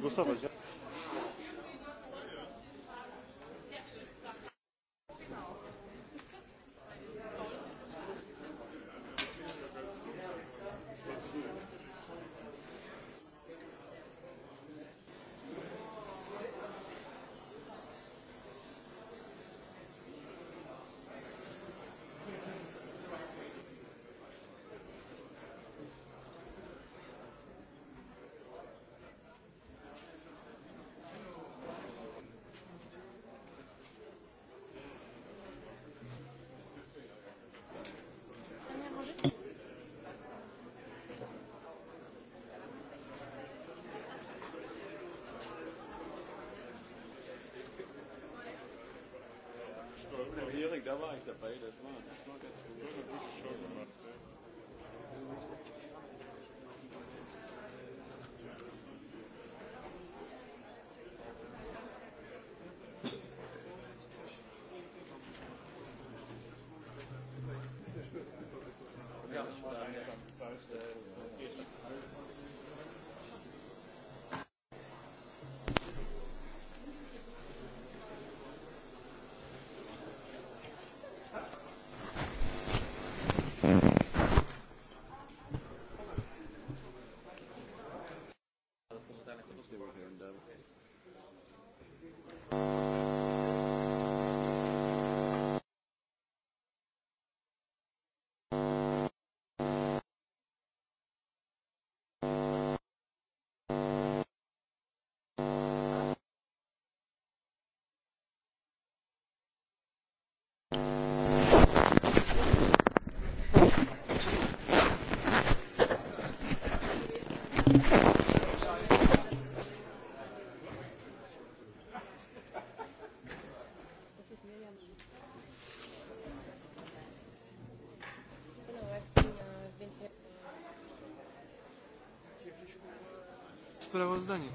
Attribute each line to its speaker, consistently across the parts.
Speaker 1: głosować. Erik, da war ich dabei, das sprawozdanie.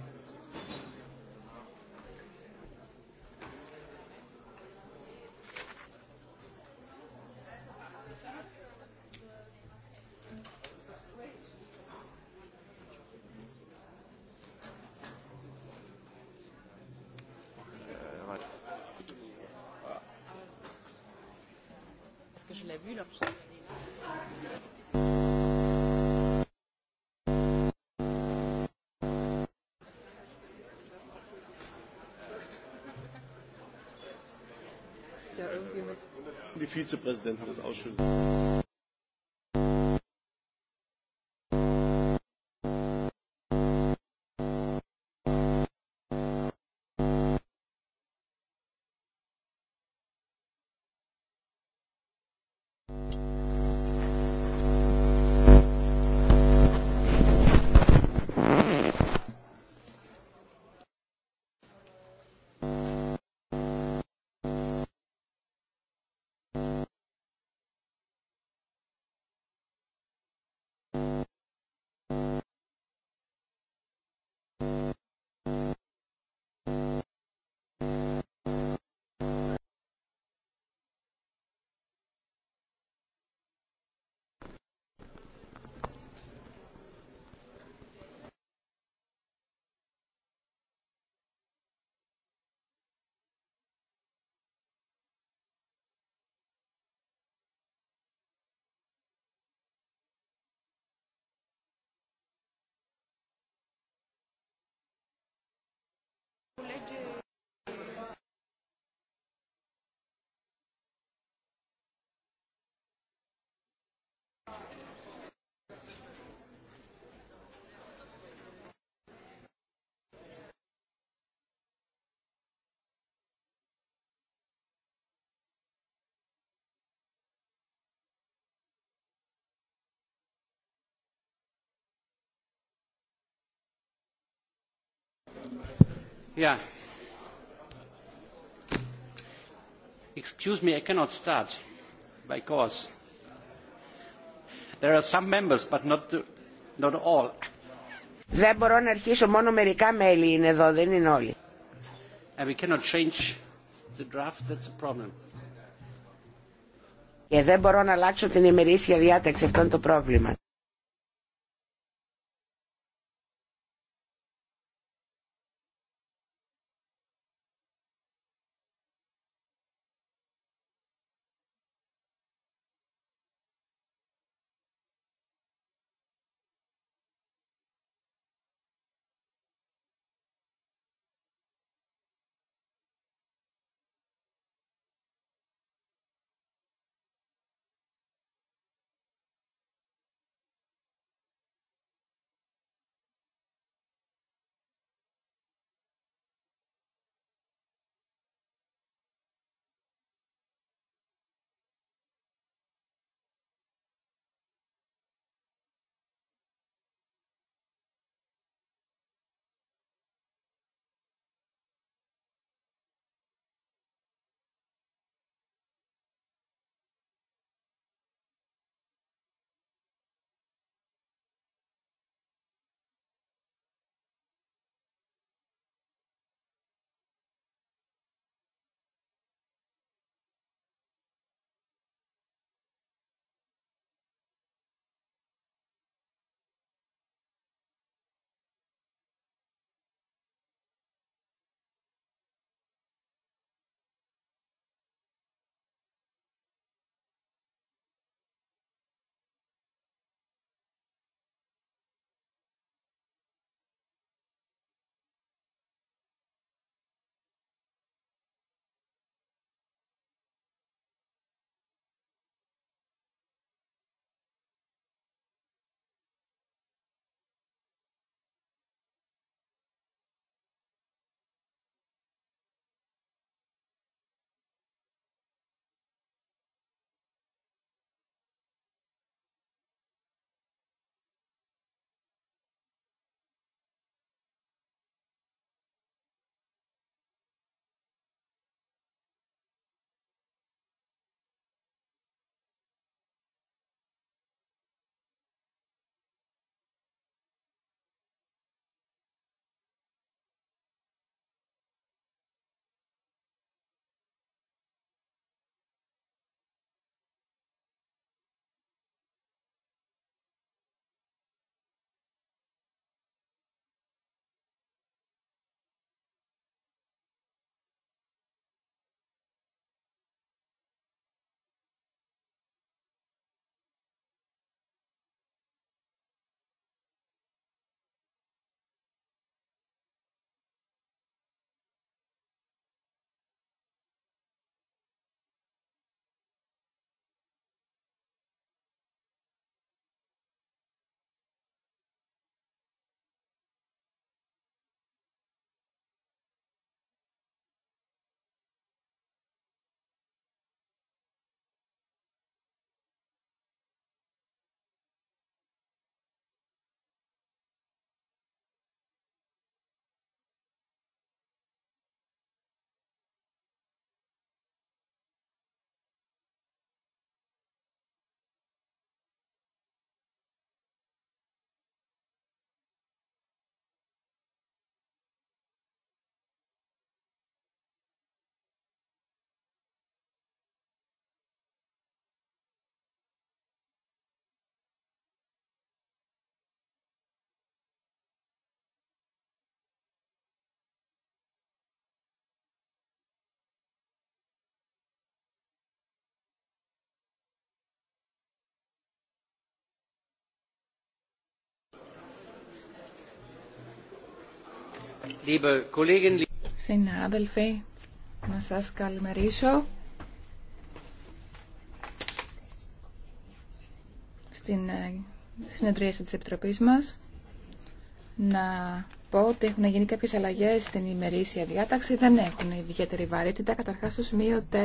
Speaker 2: Parce que je l'ai vu là.
Speaker 3: die Vizepräsidenten des Ausschusses.
Speaker 4: Yeah. Excuse me, I cannot start because there are some members, but not not all.
Speaker 5: Δεν μπορώ να αρχίσω, μόνο μερικά μέλη είναι εδώ, δεν είναι όλοι.
Speaker 4: And we cannot change the draft, that's a problem.
Speaker 5: Και δεν μπορώ να αλλάξω την ημερήσια διάταξη, αυτό είναι το πρόβλημα.
Speaker 2: Συνάδελφοι, να σας καλημερίσω στην ε, συνεδρίαση της Επιτροπής μας. Να πω ότι έχουν γίνει κάποιες αλλαγές στην ημερήσια διάταξη. Δεν έχουν ιδιαίτερη βαρύτητα. Καταρχάς, στο σημείο 4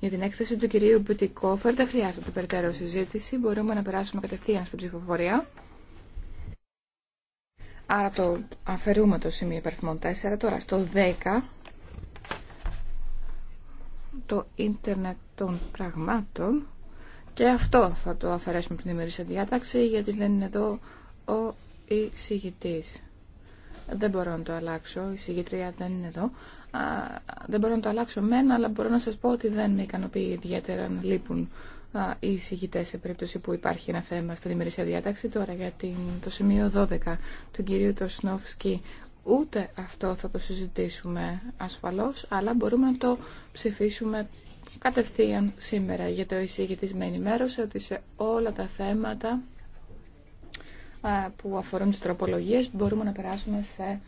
Speaker 2: για την έκθεση του κυρίου Μπουτικόφερ δεν χρειάζεται περαιτέρω συζήτηση. Μπορούμε να περάσουμε κατευθείαν στην ψηφοφορία. Άρα το αφαιρούμε το σημείο υπερθμών 4. Τώρα στο 10 το ίντερνετ των πραγμάτων και αυτό θα το αφαιρέσουμε από την ημερήσια διάταξη γιατί δεν είναι εδώ ο εισηγητής. Δεν μπορώ να το αλλάξω, η εισηγητρία δεν είναι εδώ. δεν μπορώ να το αλλάξω μένα, αλλά μπορώ να σας πω ότι δεν με ικανοποιεί ιδιαίτερα να λείπουν οι εισηγητέ σε περίπτωση που υπάρχει ένα θέμα στην ημερήσια διάταξη. Τώρα για το σημείο 12 του κυρίου Τοσνόφσκι ούτε αυτό θα το συζητήσουμε ασφαλώς, αλλά μπορούμε να το ψηφίσουμε κατευθείαν σήμερα για το εισηγητή με ενημέρωσε ότι σε όλα τα θέματα που αφορούν τις τροπολογίες μπορούμε να περάσουμε σε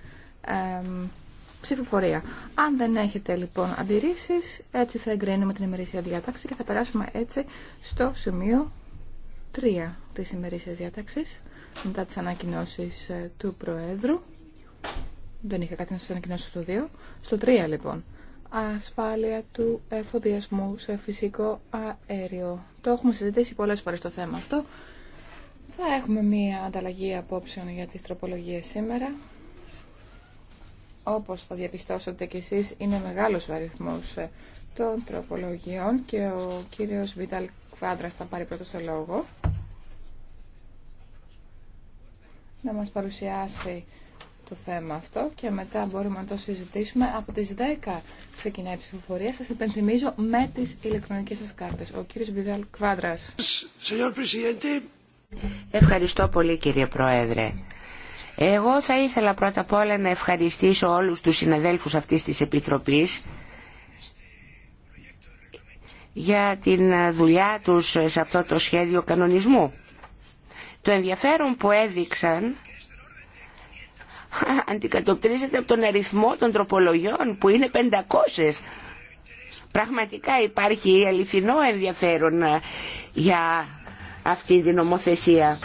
Speaker 2: ψηφοφορία. Αν δεν έχετε λοιπόν αντιρρήσεις, έτσι θα εγκρίνουμε την ημερήσια διάταξη και θα περάσουμε έτσι στο σημείο 3 της ημερήσιας διάταξης, μετά τις ανακοινώσεις ε, του Προέδρου. Δεν είχα κάτι να σας ανακοινώσω στο 2. Στο 3 λοιπόν. Ασφάλεια του εφοδιασμού σε φυσικό αέριο. Το έχουμε συζητήσει πολλές φορές το θέμα αυτό. Θα έχουμε μία ανταλλαγή απόψεων για τις τροπολογίες σήμερα όπως θα διαπιστώσετε κι εσείς, είναι μεγάλος ο αριθμός ε, των τροπολογιών και ο κύριος Βιτάλ Κβάντρας θα πάρει πρώτο το λόγο να μας παρουσιάσει το θέμα αυτό και μετά μπορούμε να το συζητήσουμε από τις 10 ξεκινάει η ψηφοφορία σας υπενθυμίζω με τις ηλεκτρονικές σας κάρτες ο κύριος Βιτάλ Κβάντρας
Speaker 5: Ευχαριστώ πολύ κύριε Πρόεδρε εγώ θα ήθελα πρώτα απ' όλα να ευχαριστήσω όλους τους συναδέλφους αυτής της Επιτροπής για την δουλειά τους σε αυτό το σχέδιο κανονισμού. Το ενδιαφέρον που έδειξαν αντικατοπτρίζεται από τον αριθμό των τροπολογιών που είναι 500. Πραγματικά υπάρχει αληθινό ενδιαφέρον για αυτή την νομοθεσία.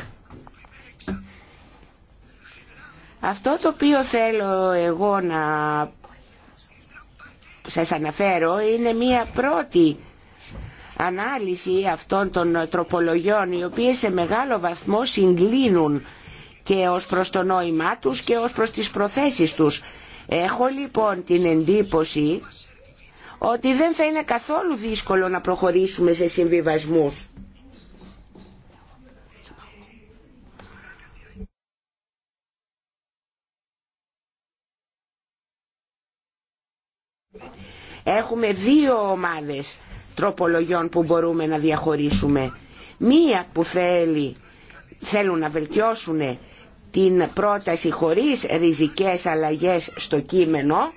Speaker 5: Αυτό το οποίο θέλω εγώ να σας αναφέρω είναι μία πρώτη ανάλυση αυτών των τροπολογιών οι οποίες σε μεγάλο βαθμό συγκλίνουν και ως προς το νόημά τους και ως προς τις προθέσεις τους. Έχω λοιπόν την εντύπωση ότι δεν θα είναι καθόλου δύσκολο να προχωρήσουμε σε συμβιβασμούς. Έχουμε δύο ομάδες τροπολογιών που μπορούμε να διαχωρίσουμε. Μία που θέλει, θέλουν να βελτιώσουν την πρόταση χωρίς ριζικές αλλαγές στο κείμενο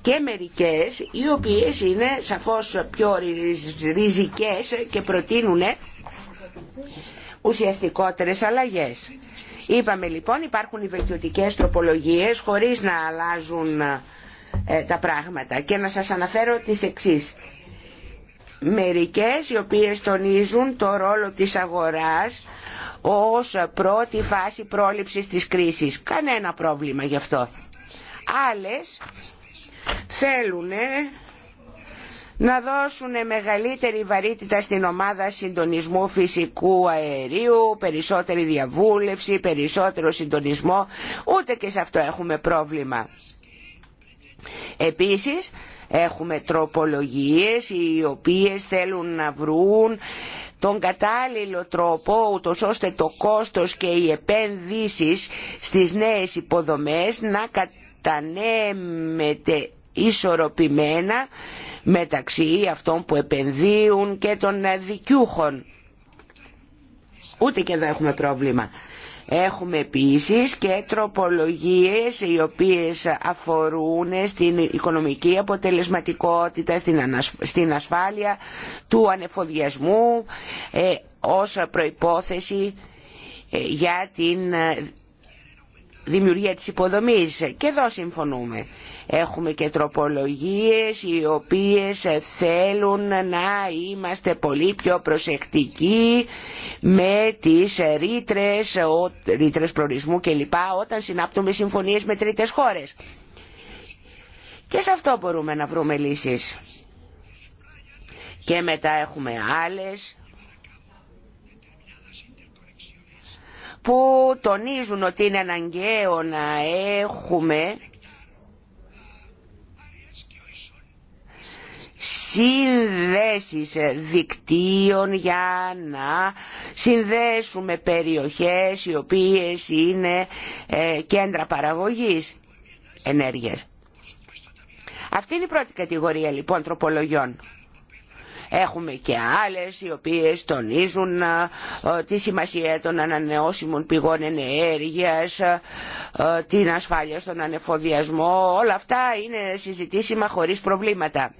Speaker 5: και μερικές οι οποίες είναι σαφώς πιο ριζικές και προτείνουν ουσιαστικότερες αλλαγές. Είπαμε λοιπόν υπάρχουν οι βελτιωτικές τροπολογίες χωρίς να αλλάζουν ε, τα πράγματα και να σας αναφέρω τις εξής. Μερικές οι οποίες τονίζουν το ρόλο της αγοράς ως πρώτη φάση πρόληψης της κρίσης. Κανένα πρόβλημα γι' αυτό. Άλλες θέλουν να δώσουν μεγαλύτερη βαρύτητα στην ομάδα συντονισμού φυσικού αερίου, περισσότερη διαβούλευση, περισσότερο συντονισμό. Ούτε και σε αυτό έχουμε πρόβλημα. Επίσης έχουμε τροπολογίες οι οποίες θέλουν να βρουν τον κατάλληλο τρόπο ούτως ώστε το κόστος και οι επένδυσεις στις νέες υποδομές να κατανέμεται ισορροπημένα μεταξύ αυτών που επενδύουν και των δικιούχων. Ούτε και εδώ έχουμε πρόβλημα. Έχουμε επίσης και τροπολογίες οι οποίες αφορούν στην οικονομική αποτελεσματικότητα, στην ασφάλεια του ανεφοδιασμού ε, ως προϋπόθεση ε, για την ε, δημιουργία της υποδομής. Και εδώ συμφωνούμε. Έχουμε και τροπολογίες οι οποίες θέλουν να είμαστε πολύ πιο προσεκτικοί με τις ρήτρες, ρήτρες προορισμού κλπ. όταν συνάπτουμε συμφωνίες με τρίτες χώρες. Και σε αυτό μπορούμε να βρούμε λύσεις. Και μετά έχουμε άλλες που τονίζουν ότι είναι αναγκαίο να έχουμε σύνδεσεις δικτύων για να συνδέσουμε περιοχές οι οποίες είναι ε, κέντρα παραγωγής ενέργειας. Αυτή είναι η πρώτη κατηγορία λοιπόν τροπολογιών. Έχουμε και άλλες οι οποίες τονίζουν ε, τη σημασία των ανανεώσιμων πηγών ενέργειας, ε, την ασφάλεια στον ανεφοδιασμό. Όλα αυτά είναι συζητήσιμα χωρίς προβλήματα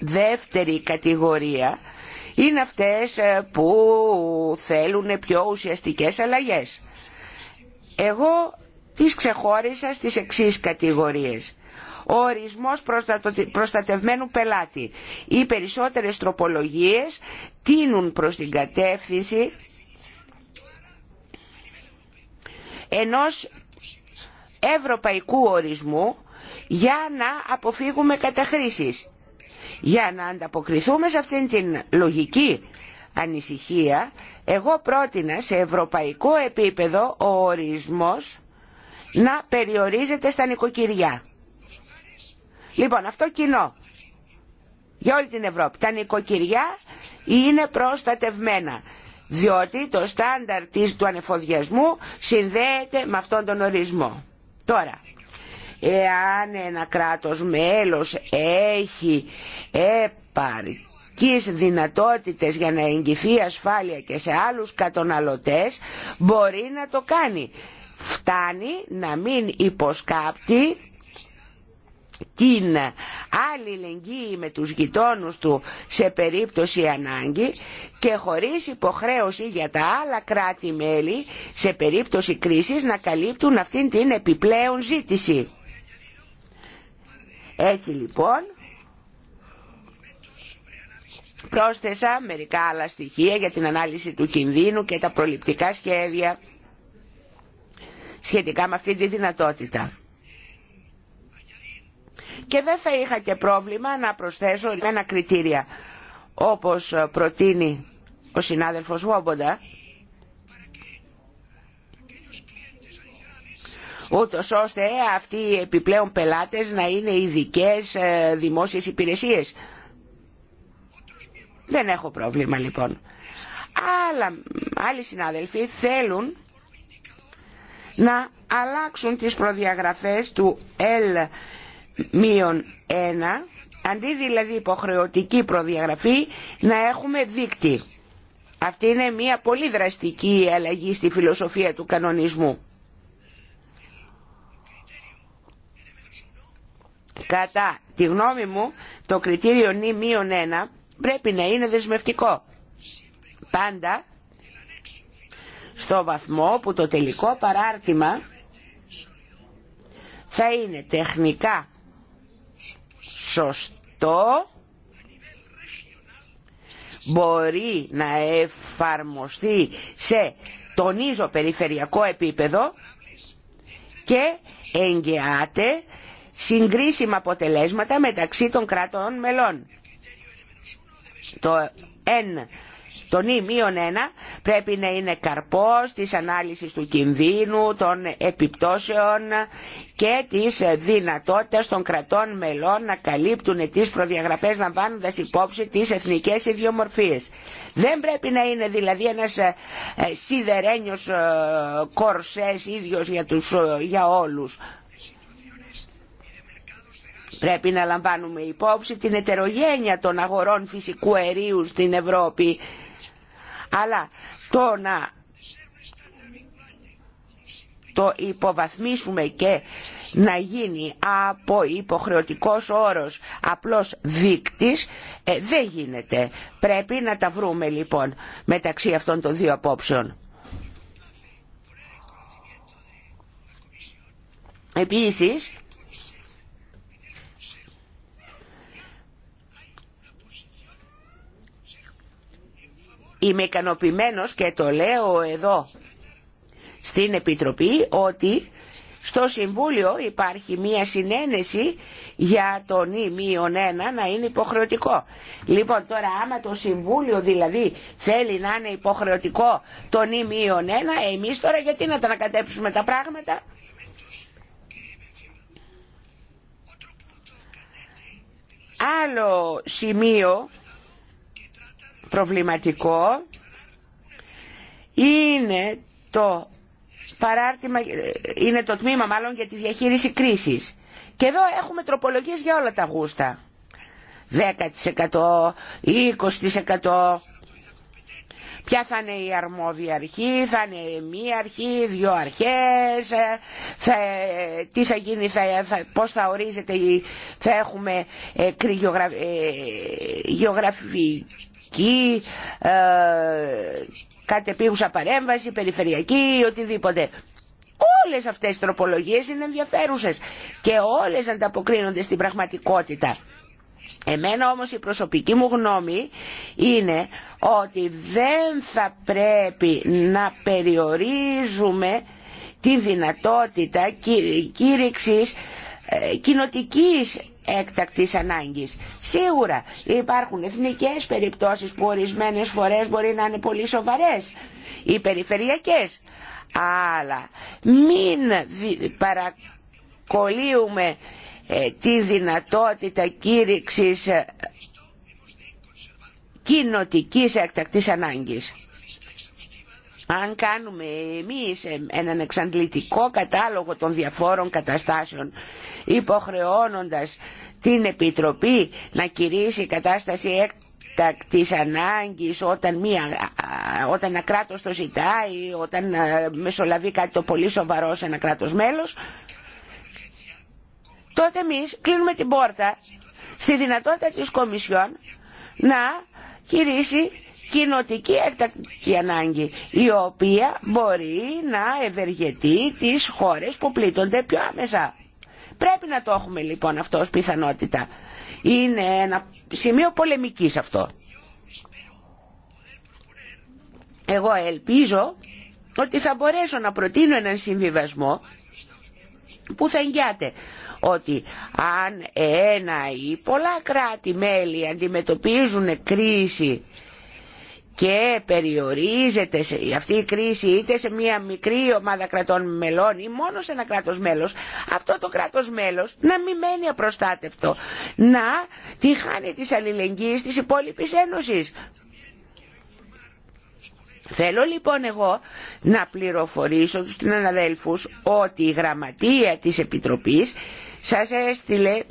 Speaker 5: δεύτερη κατηγορία είναι αυτές ε, που θέλουν πιο ουσιαστικές αλλαγές. Εγώ τις ξεχώρισα στις εξής κατηγορίες. Ο ορισμός προστατευμένου πελάτη. Οι περισσότερες τροπολογίες τίνουν προς την κατεύθυνση ενός ευρωπαϊκού ορισμού για να αποφύγουμε καταχρήσεις για να ανταποκριθούμε σε αυτήν την λογική ανησυχία, εγώ πρότεινα σε ευρωπαϊκό επίπεδο ο ορισμός να περιορίζεται στα νοικοκυριά. Λοιπόν, αυτό κοινό για όλη την Ευρώπη. Τα νοικοκυριά είναι προστατευμένα, διότι το στάνταρ του ανεφοδιασμού συνδέεται με αυτόν τον ορισμό. Τώρα, εάν ένα κράτος μέλος έχει επαρκείς δυνατότητες για να εγγυθεί ασφάλεια και σε άλλους καταναλωτές μπορεί να το κάνει. Φτάνει να μην υποσκάπτει την αλληλεγγύη με τους γειτόνους του σε περίπτωση ανάγκη και χωρίς υποχρέωση για τα άλλα κράτη-μέλη σε περίπτωση κρίσης να καλύπτουν αυτήν την επιπλέον ζήτηση. Έτσι λοιπόν πρόσθεσα μερικά άλλα στοιχεία για την ανάλυση του κινδύνου και τα προληπτικά σχέδια σχετικά με αυτή τη δυνατότητα. Και δεν θα είχα και πρόβλημα να προσθέσω ένα κριτήρια όπως προτείνει ο συνάδελφος Βόμποντα ούτως ώστε αυτοί οι επιπλέον πελάτες να είναι ειδικέ ε, δημόσιες υπηρεσίες. Δεν έχω πρόβλημα λοιπόν. Αλλά άλλοι συνάδελφοι θέλουν να αλλάξουν τις προδιαγραφές του L-1 αντί δηλαδή υποχρεωτική προδιαγραφή να έχουμε δίκτυ. Αυτή είναι μια πολύ δραστική αλλαγή στη φιλοσοφία του κανονισμού. Κατά τη γνώμη μου, το κριτήριο νη μείον ένα πρέπει να είναι δεσμευτικό. Πάντα στο βαθμό που το τελικό παράρτημα θα είναι τεχνικά σωστό, μπορεί να εφαρμοστεί σε τονίζω περιφερειακό επίπεδο και εγκαιάται συγκρίσιμα αποτελέσματα μεταξύ των κρατών μελών. Το N, το νη πρέπει να είναι καρπός της ανάλυσης του κινδύνου, των επιπτώσεων και της δυνατότητας των κρατών μελών να καλύπτουν τις προδιαγραφές λαμβάνοντας υπόψη τις εθνικές ιδιομορφίες. Δεν πρέπει να είναι δηλαδή ένας ε, ε, σιδερένιος ε, κορσές ίδιος για, τους, για όλους. Πρέπει να λαμβάνουμε υπόψη την ετερογένεια των αγορών φυσικού αερίου στην Ευρώπη. Αλλά το να το υποβαθμίσουμε και να γίνει από υποχρεωτικός όρος απλώς δείκτης ε, δεν γίνεται. Πρέπει να τα βρούμε λοιπόν μεταξύ αυτών των δύο απόψεων. Επίσης είμαι ικανοποιημένο και το λέω εδώ στην Επιτροπή ότι στο Συμβούλιο υπάρχει μία συνένεση για τον ή μείον ένα να είναι υποχρεωτικό. Λοιπόν τώρα άμα το Συμβούλιο δηλαδή θέλει να είναι υποχρεωτικό τον ή μείον ένα, εμείς τώρα γιατί να τα ανακατέψουμε τα πράγματα. Άλλο σημείο προβληματικό είναι το παράρτημα, είναι το τμήμα μάλλον για τη διαχείριση κρίσης. Και εδώ έχουμε τροπολογίες για όλα τα γούστα. 10%, 20%. Ποια θα είναι η αρμόδια αρχή, θα είναι μία αρχή, δύο αρχές, ε, θα, τι θα γίνει, θα, θα, πώς θα ορίζεται, θα έχουμε ε, ε γεωγραφική τοπική, ε, αυτές οι τροπολογίες είναι ενδιαφέρουσες και όλες ανταποκρίνονται στην πραγματικότητα. Εμένα όμως η προσωπική μου γνώμη είναι ότι δεν θα πρέπει να περιορίζουμε τη δυνατότητα κήρυξης ε, κοινοτικής έκτακτης ανάγκης. Σίγουρα υπάρχουν εθνικές περιπτώσεις που ορισμένες φορές μπορεί να είναι πολύ σοβαρές ή περιφερειακές. Αλλά μην παρακολύουμε ε, τη δυνατότητα κήρυξης ε, κοινοτικής έκτακτης ανάγκης. Αν κάνουμε εμείς ε, έναν εξαντλητικό κατάλογο των διαφόρων καταστάσεων υποχρεώνοντας την Επιτροπή να κηρύσει η κατάσταση έκτακτης ανάγκης όταν, μια, όταν ένα κράτο το ζητάει, όταν ε, μεσολαβεί κάτι το πολύ σοβαρό σε ένα κράτος μέλος, τότε εμεί κλείνουμε την πόρτα στη δυνατότητα της Κομισιόν να κηρύσει κοινοτική εκτακτη ανάγκη η οποία μπορεί να ευεργετεί τις χώρες που πλήττονται πιο άμεσα. Πρέπει να το έχουμε λοιπόν αυτό ως πιθανότητα. Είναι ένα σημείο πολεμικής αυτό. Εγώ ελπίζω ότι θα μπορέσω να προτείνω έναν συμβιβασμό που θα εγγυάται ότι αν ένα ή πολλά κράτη-μέλη αντιμετωπίζουν κρίση και περιορίζεται σε, αυτή η κρίση είτε σε μια μικρή ομάδα κρατών μελών ή μόνο σε ένα κράτος μέλος, αυτό το κράτος μέλος να μην μένει απροστάτευτο, να τη χάνει της αλληλεγγύης της υπόλοιπης Ένωσης. Θέλω λοιπόν εγώ να πληροφορήσω τους την αναδέλφους ότι η γραμματεία της Επιτροπής σας έστειλε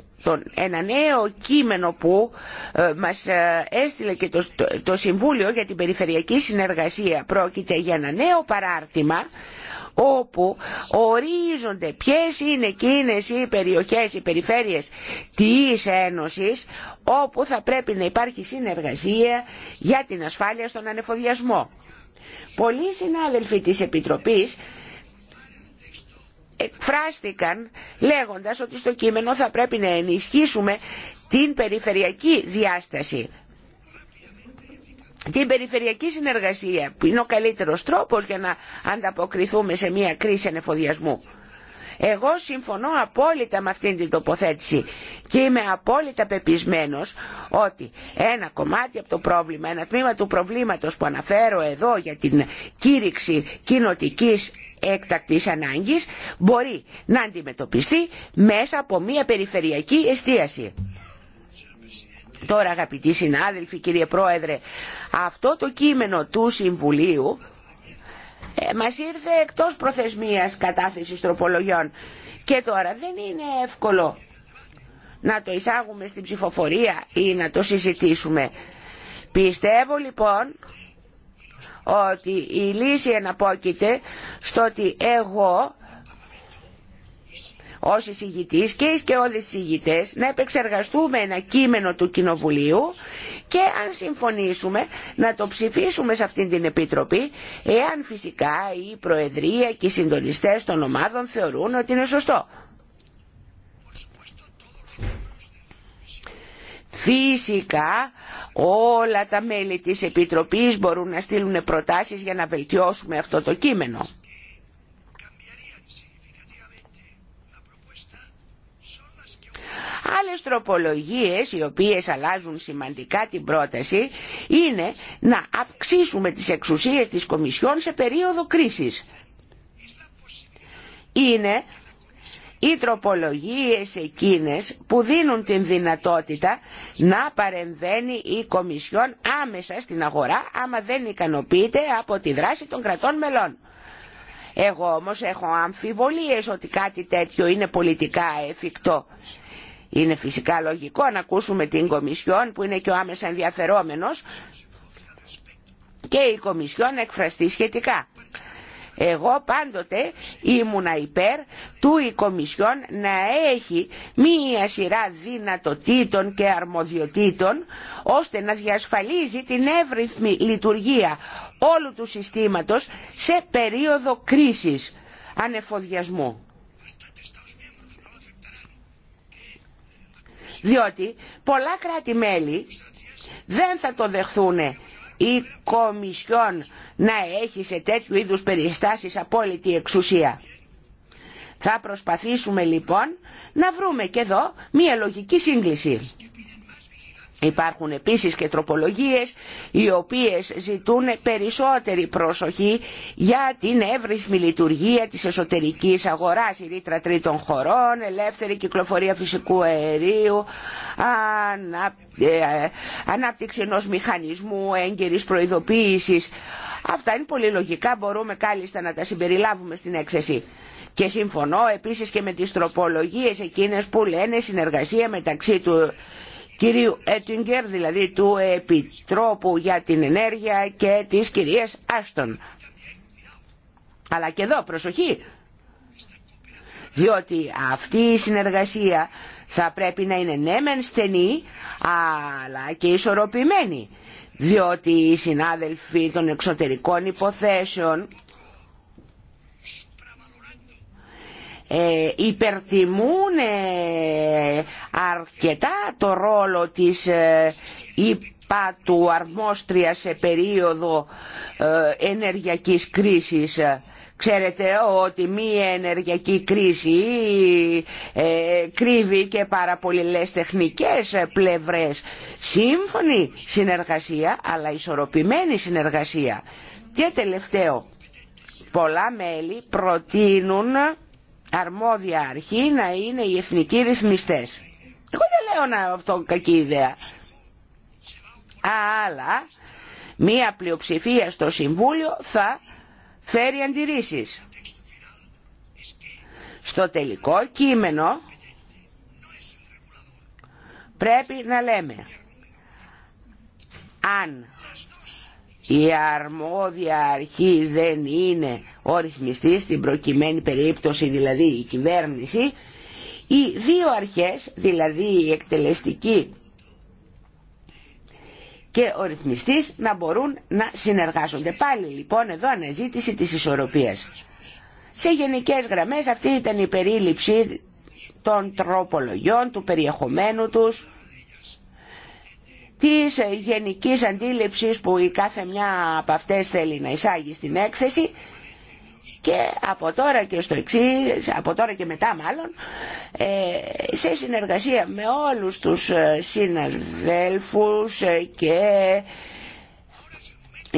Speaker 5: ένα νέο κείμενο που ε, μας ε, έστειλε και το, Συμβούλιο για την Περιφερειακή Συνεργασία πρόκειται για ένα νέο παράρτημα όπου ορίζονται ποιες είναι εκείνες οι περιοχές, οι περιφέρειες της Ένωσης όπου θα πρέπει να υπάρχει συνεργασία για την ασφάλεια στον ανεφοδιασμό. Πολλοί συνάδελφοι της Επιτροπής εκφράστηκαν λέγοντας ότι στο κείμενο θα πρέπει να ενισχύσουμε την περιφερειακή διάσταση την περιφερειακή συνεργασία που είναι ο καλύτερος τρόπος για να ανταποκριθούμε σε μια κρίση ανεφοδιασμού. Εγώ συμφωνώ απόλυτα με αυτήν την τοποθέτηση και είμαι απόλυτα πεπισμένος ότι ένα κομμάτι από το πρόβλημα, ένα τμήμα του προβλήματος που αναφέρω εδώ για την κήρυξη κοινοτικής έκτακτης ανάγκης μπορεί να αντιμετωπιστεί μέσα από μια περιφερειακή εστίαση. Τώρα αγαπητοί συνάδελφοι, κύριε Πρόεδρε, αυτό το κείμενο του Συμβουλίου ε, μας ήρθε εκτός προθεσμίας κατάθεσης τροπολογιών. Και τώρα δεν είναι εύκολο να το εισάγουμε στην ψηφοφορία ή να το συζητήσουμε. Πιστεύω λοιπόν ότι η λύση εναπόκειται στο ότι εγώ ως εισηγητής και, και όλοι οι εισηγητές να επεξεργαστούμε ένα κείμενο του Κοινοβουλίου και αν συμφωνήσουμε να το ψηφίσουμε σε αυτήν την Επιτροπή εάν φυσικά η Προεδρία και οι συντονιστές των ομάδων θεωρούν ότι είναι σωστό. Φυσικά όλα τα μέλη της Επιτροπής μπορούν να στείλουν προτάσεις για να βελτιώσουμε αυτό το κείμενο. Άλλες τροπολογίες οι οποίες αλλάζουν σημαντικά την πρόταση είναι να αυξήσουμε τις εξουσίες της Κομισιόν σε περίοδο κρίσης. Είναι οι τροπολογίες εκείνες που δίνουν την δυνατότητα να παρεμβαίνει η Κομισιόν άμεσα στην αγορά άμα δεν ικανοποιείται από τη δράση των κρατών μελών. Εγώ όμως έχω αμφιβολίες ότι κάτι τέτοιο είναι πολιτικά εφικτό. Είναι φυσικά λογικό να ακούσουμε την Κομισιόν που είναι και ο άμεσα ενδιαφερόμενος και η Κομισιόν να εκφραστεί σχετικά. Εγώ πάντοτε ήμουνα υπέρ του η Κομισιόν να έχει μία σειρά δυνατοτήτων και αρμοδιοτήτων ώστε να διασφαλίζει την εύρυθμη λειτουργία όλου του συστήματος σε περίοδο κρίσης ανεφοδιασμού. διότι πολλά κράτη-μέλη δεν θα το δεχθούν η Κομισιόν να έχει σε τέτοιου είδους περιστάσεις απόλυτη εξουσία. Θα προσπαθήσουμε λοιπόν να βρούμε και εδώ μία λογική σύγκληση. Υπάρχουν επίσης και τροπολογίες οι οποίες ζητούν περισσότερη προσοχή για την εύρυθμη λειτουργία της εσωτερικής αγοράς, η ρήτρα τρίτων χωρών, ελεύθερη κυκλοφορία φυσικού αερίου, ε, ανάπτυξη ενός μηχανισμού έγκαιρης προειδοποίησης. Αυτά είναι πολύ λογικά, μπορούμε κάλλιστα να τα συμπεριλάβουμε στην έκθεση. Και συμφωνώ επίσης και με τις τροπολογίες εκείνες που λένε συνεργασία μεταξύ του κυρίου Έτιγκερ, δηλαδή του Επιτρόπου για την Ενέργεια και της κυρίας Άστον. Αλλά και εδώ προσοχή, διότι αυτή η συνεργασία θα πρέπει να είναι ναι μεν στενή, αλλά και ισορροπημένη, διότι οι συνάδελφοι των εξωτερικών υποθέσεων ε, υπερτιμούν ε, αρκετά το ρόλο της ε, ΥΠΑ του αρμόστρια σε περίοδο ε, ενεργειακής κρίσης. Ξέρετε ότι μία ενεργειακή κρίση ε, κρύβει και πάρα πολλές τεχνικές πλευρές. Σύμφωνη συνεργασία, αλλά ισορροπημένη συνεργασία. Και τελευταίο, πολλά μέλη προτείνουν αρμόδια αρχή να είναι οι εθνικοί ρυθμιστές. Εγώ δεν λέω να αυτό κακή ιδέα. Αλλά μία πλειοψηφία στο Συμβούλιο θα φέρει αντιρρήσεις. Στο τελικό κείμενο πρέπει να λέμε αν η αρμόδια αρχή δεν είναι ο ρυθμιστής, στην προκειμένη περίπτωση δηλαδή η κυβέρνηση, οι δύο αρχές, δηλαδή η εκτελεστική και ο ρυθμιστής, να μπορούν να συνεργάζονται. Πάλι λοιπόν εδώ αναζήτηση της ισορροπίας. Σε γενικές γραμμές αυτή ήταν η περίληψη των τροπολογιών, του περιεχομένου τους, της γενικής αντίληψης που η κάθε μια από αυτές θέλει να εισάγει στην έκθεση και από τώρα και στο εξή, από τώρα και μετά μάλλον, ε, σε συνεργασία με όλους τους ε, συναδέλφους ε, και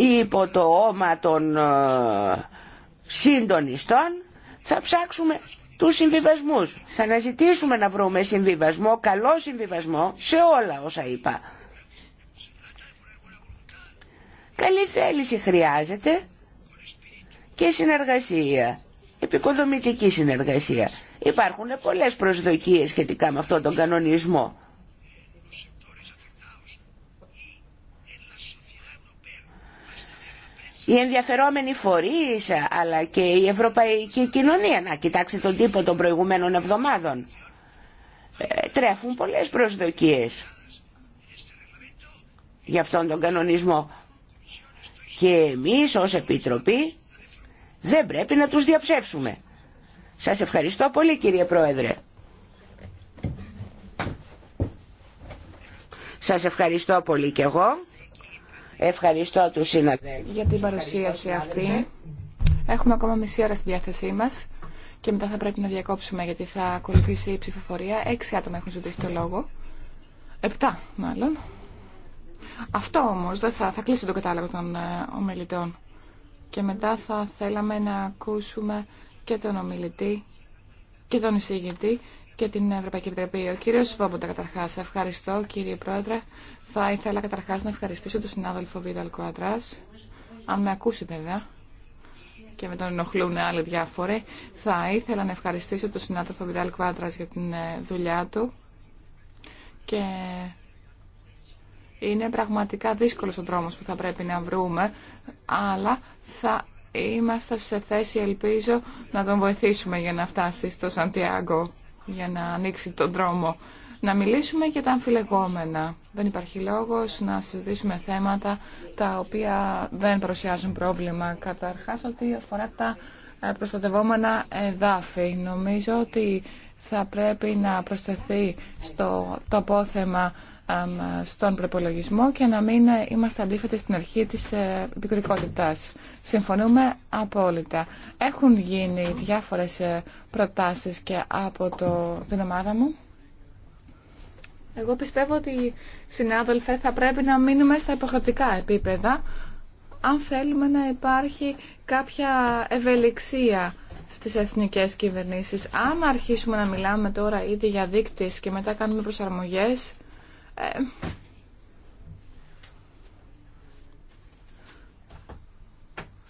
Speaker 5: υπό το όμα των συντονιστών θα ψάξουμε τους συμβιβασμούς. Θα αναζητήσουμε να βρούμε συμβιβασμό, καλό συμβιβασμό σε όλα όσα είπα. Καλή θέληση χρειάζεται και συνεργασία, επικοδομητική συνεργασία. Υπάρχουν πολλές προσδοκίες σχετικά με αυτόν τον κανονισμό. οι ενδιαφερόμενοι φορείς αλλά και η ευρωπαϊκή κοινωνία. Να κοιτάξτε τον τύπο των προηγουμένων εβδομάδων. Ε, τρέφουν πολλές προσδοκίες για αυτόν τον κανονισμό και εμείς ως Επιτροπή δεν πρέπει να τους διαψεύσουμε. Σας ευχαριστώ πολύ κύριε Πρόεδρε. Σας ευχαριστώ πολύ και εγώ. Ευχαριστώ τους συναδέλφους.
Speaker 2: Για την παρουσίαση αυτή. Έχουμε ακόμα μισή ώρα στη διάθεσή μας και μετά θα πρέπει να διακόψουμε γιατί θα ακολουθήσει η ψηφοφορία. Έξι άτομα έχουν ζητήσει το λόγο. Επτά μάλλον. Αυτό όμως δεν θα, θα κλείσει το κατάλογο των ε, ομιλητών. Και μετά θα θέλαμε να ακούσουμε και τον ομιλητή και τον εισηγητή και την Ευρωπαϊκή Επιτροπή. Ο κύριος Βόμποντα, καταρχάς. Ευχαριστώ κύριε Πρόεδρε. Θα ήθελα καταρχάς να ευχαριστήσω τον συνάδελφο Βίδαλ Κουάτρας. Αν με ακούσει βέβαια και με τον ενοχλούν άλλοι διάφοροι. Θα ήθελα να ευχαριστήσω τον συνάδελφο Βιντάλ Κουάτρας για την ε, δουλειά του είναι πραγματικά δύσκολος ο δρόμος που θα πρέπει να βρούμε, αλλά θα είμαστε σε θέση, ελπίζω, να τον βοηθήσουμε για να φτάσει στο Σαντιάγκο, για να ανοίξει τον δρόμο. Να μιλήσουμε για τα αμφιλεγόμενα. Δεν υπάρχει λόγος να συζητήσουμε θέματα τα οποία δεν παρουσιάζουν πρόβλημα. Καταρχάς, ότι αφορά τα ε, προστατευόμενα εδάφη. Νομίζω ότι θα πρέπει να προσθεθεί στο τοπόθεμα στον προπολογισμό και να μην είμαστε αντίθετοι στην αρχή της ε, επικουρικότητας. Συμφωνούμε απόλυτα. Έχουν γίνει διάφορες ε, προτάσεις και από το, την ομάδα μου. Εγώ πιστεύω ότι, συνάδελφε, θα πρέπει να μείνουμε στα υποχρεωτικά επίπεδα αν θέλουμε να υπάρχει κάποια ευελιξία στις εθνικές κυβερνήσεις. Αν αρχίσουμε να μιλάμε τώρα ήδη για δείκτες και μετά κάνουμε προσαρμογές, ε,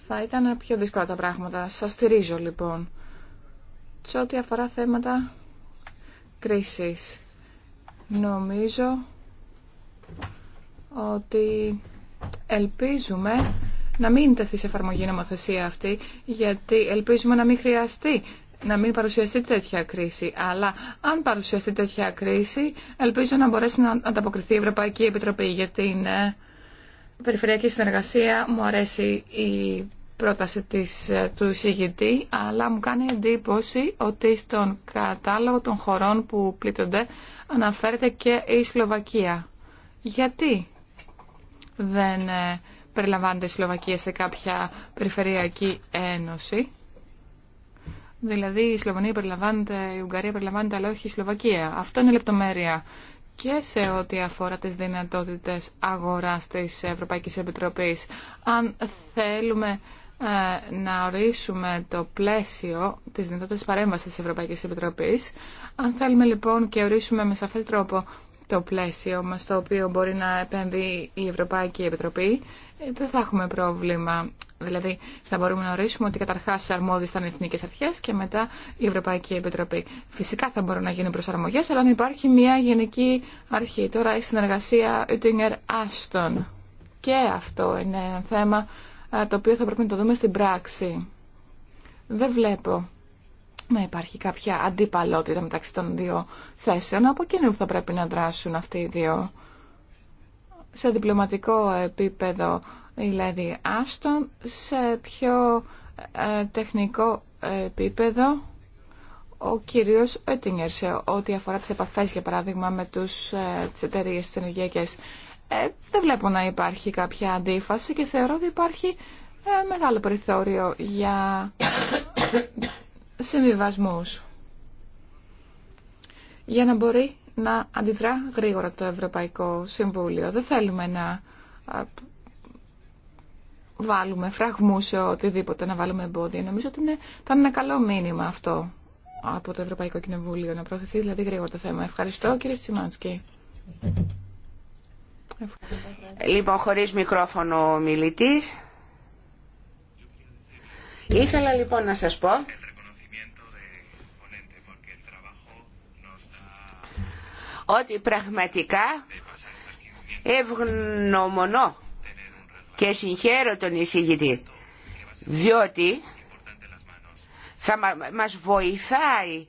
Speaker 2: θα ήταν πιο δύσκολα τα πράγματα. Σας στηρίζω λοιπόν. Σε ό,τι αφορά θέματα κρίσης, νομίζω ότι ελπίζουμε να μην τεθεί σε εφαρμογή η νομοθεσία αυτή, γιατί ελπίζουμε να μην χρειαστεί να μην παρουσιαστεί τέτοια κρίση. Αλλά αν παρουσιαστεί τέτοια κρίση, ελπίζω να μπορέσει να ανταποκριθεί η Ευρωπαϊκή Επιτροπή για την ε, περιφερειακή συνεργασία. Μου αρέσει η πρόταση της, ε, του εισηγητή, αλλά μου κάνει εντύπωση ότι στον κατάλογο των χωρών που πλήττονται αναφέρεται και η Σλοβακία. Γιατί δεν ε, περιλαμβάνεται η Σλοβακία σε κάποια περιφερειακή ένωση. Δηλαδή η Σλοβενία περιλαμβάνεται, η Ουγγαρία περιλαμβάνεται, αλλά όχι η Σλοβακία. Αυτό είναι λεπτομέρεια και σε ό,τι αφορά τις δυνατότητες αγοράς της Ευρωπαϊκής Επιτροπής. Αν θέλουμε ε, να ορίσουμε το πλαίσιο της δυνατότητας παρέμβασης της Ευρωπαϊκής Επιτροπής, αν θέλουμε λοιπόν και ορίσουμε με σαφέ τρόπο το πλαίσιο μας το οποίο μπορεί να επέμβει η Ευρωπαϊκή Επιτροπή, ε, δεν θα έχουμε πρόβλημα. Δηλαδή, θα μπορούμε να ορίσουμε ότι καταρχά αρμόδιε οι οι εθνικέ αρχέ και μετά η Ευρωπαϊκή Επιτροπή. Φυσικά θα μπορούν να γίνουν προσαρμογέ, αλλά αν υπάρχει μια γενική αρχή. Τώρα η συνεργασία Ουτίνγκερ Άστον. Και αυτό είναι ένα θέμα ε, το οποίο θα πρέπει να το δούμε στην πράξη. Δεν βλέπω να υπάρχει κάποια αντίπαλότητα μεταξύ των δύο θέσεων. Από εκείνου θα πρέπει να δράσουν αυτοί οι δύο σε διπλωματικό επίπεδο δηλαδή Άστον, σε πιο ε, τεχνικό επίπεδο ο κύριος Έτινγκερ σε ό,τι αφορά τις επαφές για παράδειγμα με τους, ε, τις εταιρείες ε, δεν βλέπω να υπάρχει κάποια αντίφαση και θεωρώ ότι υπάρχει ε, μεγάλο περιθώριο για συμβιβασμούς. Για να μπορεί να αντιδρά γρήγορα το Ευρωπαϊκό Συμβούλιο. Δεν θέλουμε να βάλουμε φραγμού σε οτιδήποτε, να βάλουμε εμπόδια. Νομίζω ότι είναι, θα είναι ένα καλό μήνυμα αυτό από το Ευρωπαϊκό Κοινοβούλιο, να προωθηθεί δηλαδή γρήγορα το θέμα. Ευχαριστώ κύριε Τσιμάνσκι.
Speaker 5: Ε, λοιπόν, χωρί μικρόφωνο ο μιλητής. Ήθελα λοιπόν να σας πω ότι πραγματικά ευγνωμονώ και συγχαίρω τον εισηγητή διότι θα μας βοηθάει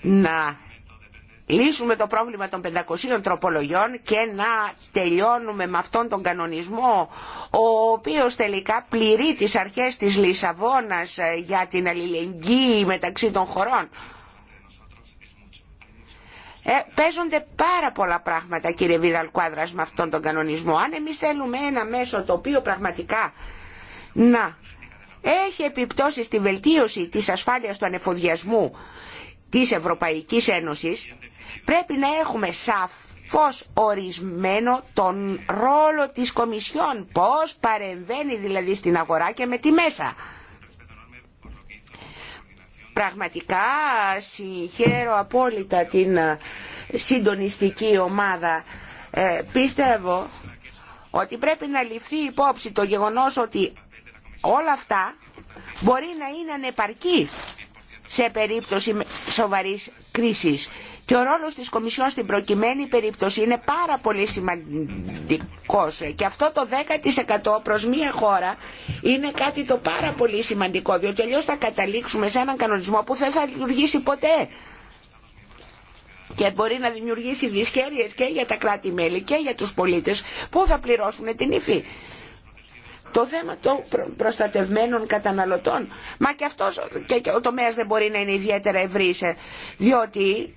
Speaker 5: να λύσουμε το πρόβλημα των 500 τροπολογιών και να τελειώνουμε με αυτόν τον κανονισμό ο οποίος τελικά πληρεί τις αρχές της Λισαβόνας ε, για την αλληλεγγύη μεταξύ των χωρών. Ε, παίζονται πάρα πολλά πράγματα κύριε Βίδαλ Κουάδρας με αυτόν τον κανονισμό. Αν εμείς θέλουμε ένα μέσο το οποίο πραγματικά να έχει επιπτώσει στη βελτίωση της ασφάλειας του ανεφοδιασμού της Ευρωπαϊκής Ένωσης, πρέπει να έχουμε σαφώς ορισμένο τον ρόλο της Κομισιόν, πώς παρεμβαίνει δηλαδή στην αγορά και με τη μέσα. Πραγματικά συγχαίρω απόλυτα την ε, συντονιστική ομάδα. Ε, πίστευω ότι πρέπει να ληφθεί υπόψη το γεγονός ότι όλα αυτά μπορεί να είναι ανεπαρκή σε περίπτωση σοβαρής κρίσης. Και ο ρόλος της Κομισιόν στην προκειμένη περίπτωση είναι πάρα πολύ σημαντικός. Και αυτό το 10% προς μία χώρα είναι κάτι το πάρα πολύ σημαντικό, διότι αλλιώ θα καταλήξουμε σε έναν κανονισμό που δεν θα λειτουργήσει ποτέ. Και μπορεί να δημιουργήσει δυσχέρειες και για τα κράτη-μέλη και για τους πολίτες που θα πληρώσουν την ύφη το θέμα των προστατευμένων καταναλωτών. Μα και αυτός και, ο τομέας δεν μπορεί να είναι ιδιαίτερα ευρύς, ε, διότι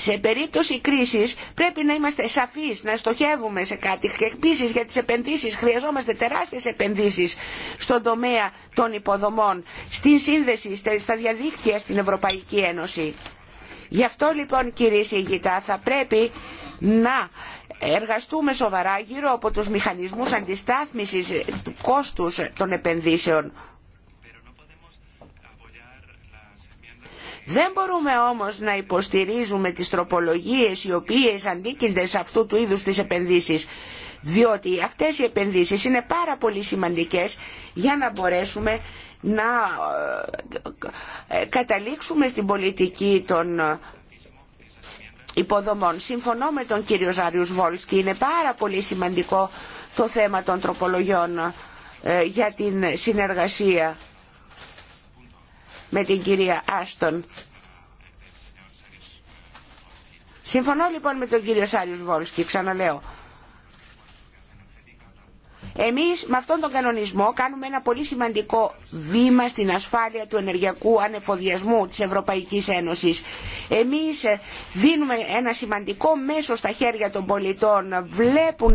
Speaker 5: σε περίπτωση κρίσης πρέπει να είμαστε σαφείς, να στοχεύουμε σε κάτι. Και επίση για τις επενδύσεις χρειαζόμαστε τεράστιες επενδύσεις στον τομέα των υποδομών, στην σύνδεση, στα διαδίκτυα στην Ευρωπαϊκή Ένωση. Γι' αυτό λοιπόν κύριε Σιγητά θα πρέπει να εργαστούμε σοβαρά γύρω από τους μηχανισμούς αντιστάθμισης του κόστους των επενδύσεων. Δεν μπορούμε όμως να υποστηρίζουμε τις τροπολογίες οι οποίες αντίκυνται σε αυτού του είδους τις επενδύσεις, διότι αυτές οι επενδύσεις είναι πάρα πολύ σημαντικές για να μπορέσουμε να ε, καταλήξουμε στην πολιτική των υποδομών. Συμφωνώ με τον κύριο Ζάριους Βόλσκι, είναι πάρα πολύ σημαντικό το θέμα των τροπολογιών ε, για την συνεργασία με την κυρία Άστον. Συμφωνώ λοιπόν με τον κύριο Σάριους Βόλσκι, ξαναλέω. Εμείς με αυτόν τον κανονισμό κάνουμε ένα πολύ σημαντικό βήμα στην ασφάλεια του ενεργειακού ανεφοδιασμού της Ευρωπαϊκής Ένωσης. Εμείς ε, δίνουμε ένα σημαντικό μέσο στα χέρια των πολιτών. Βλέπουν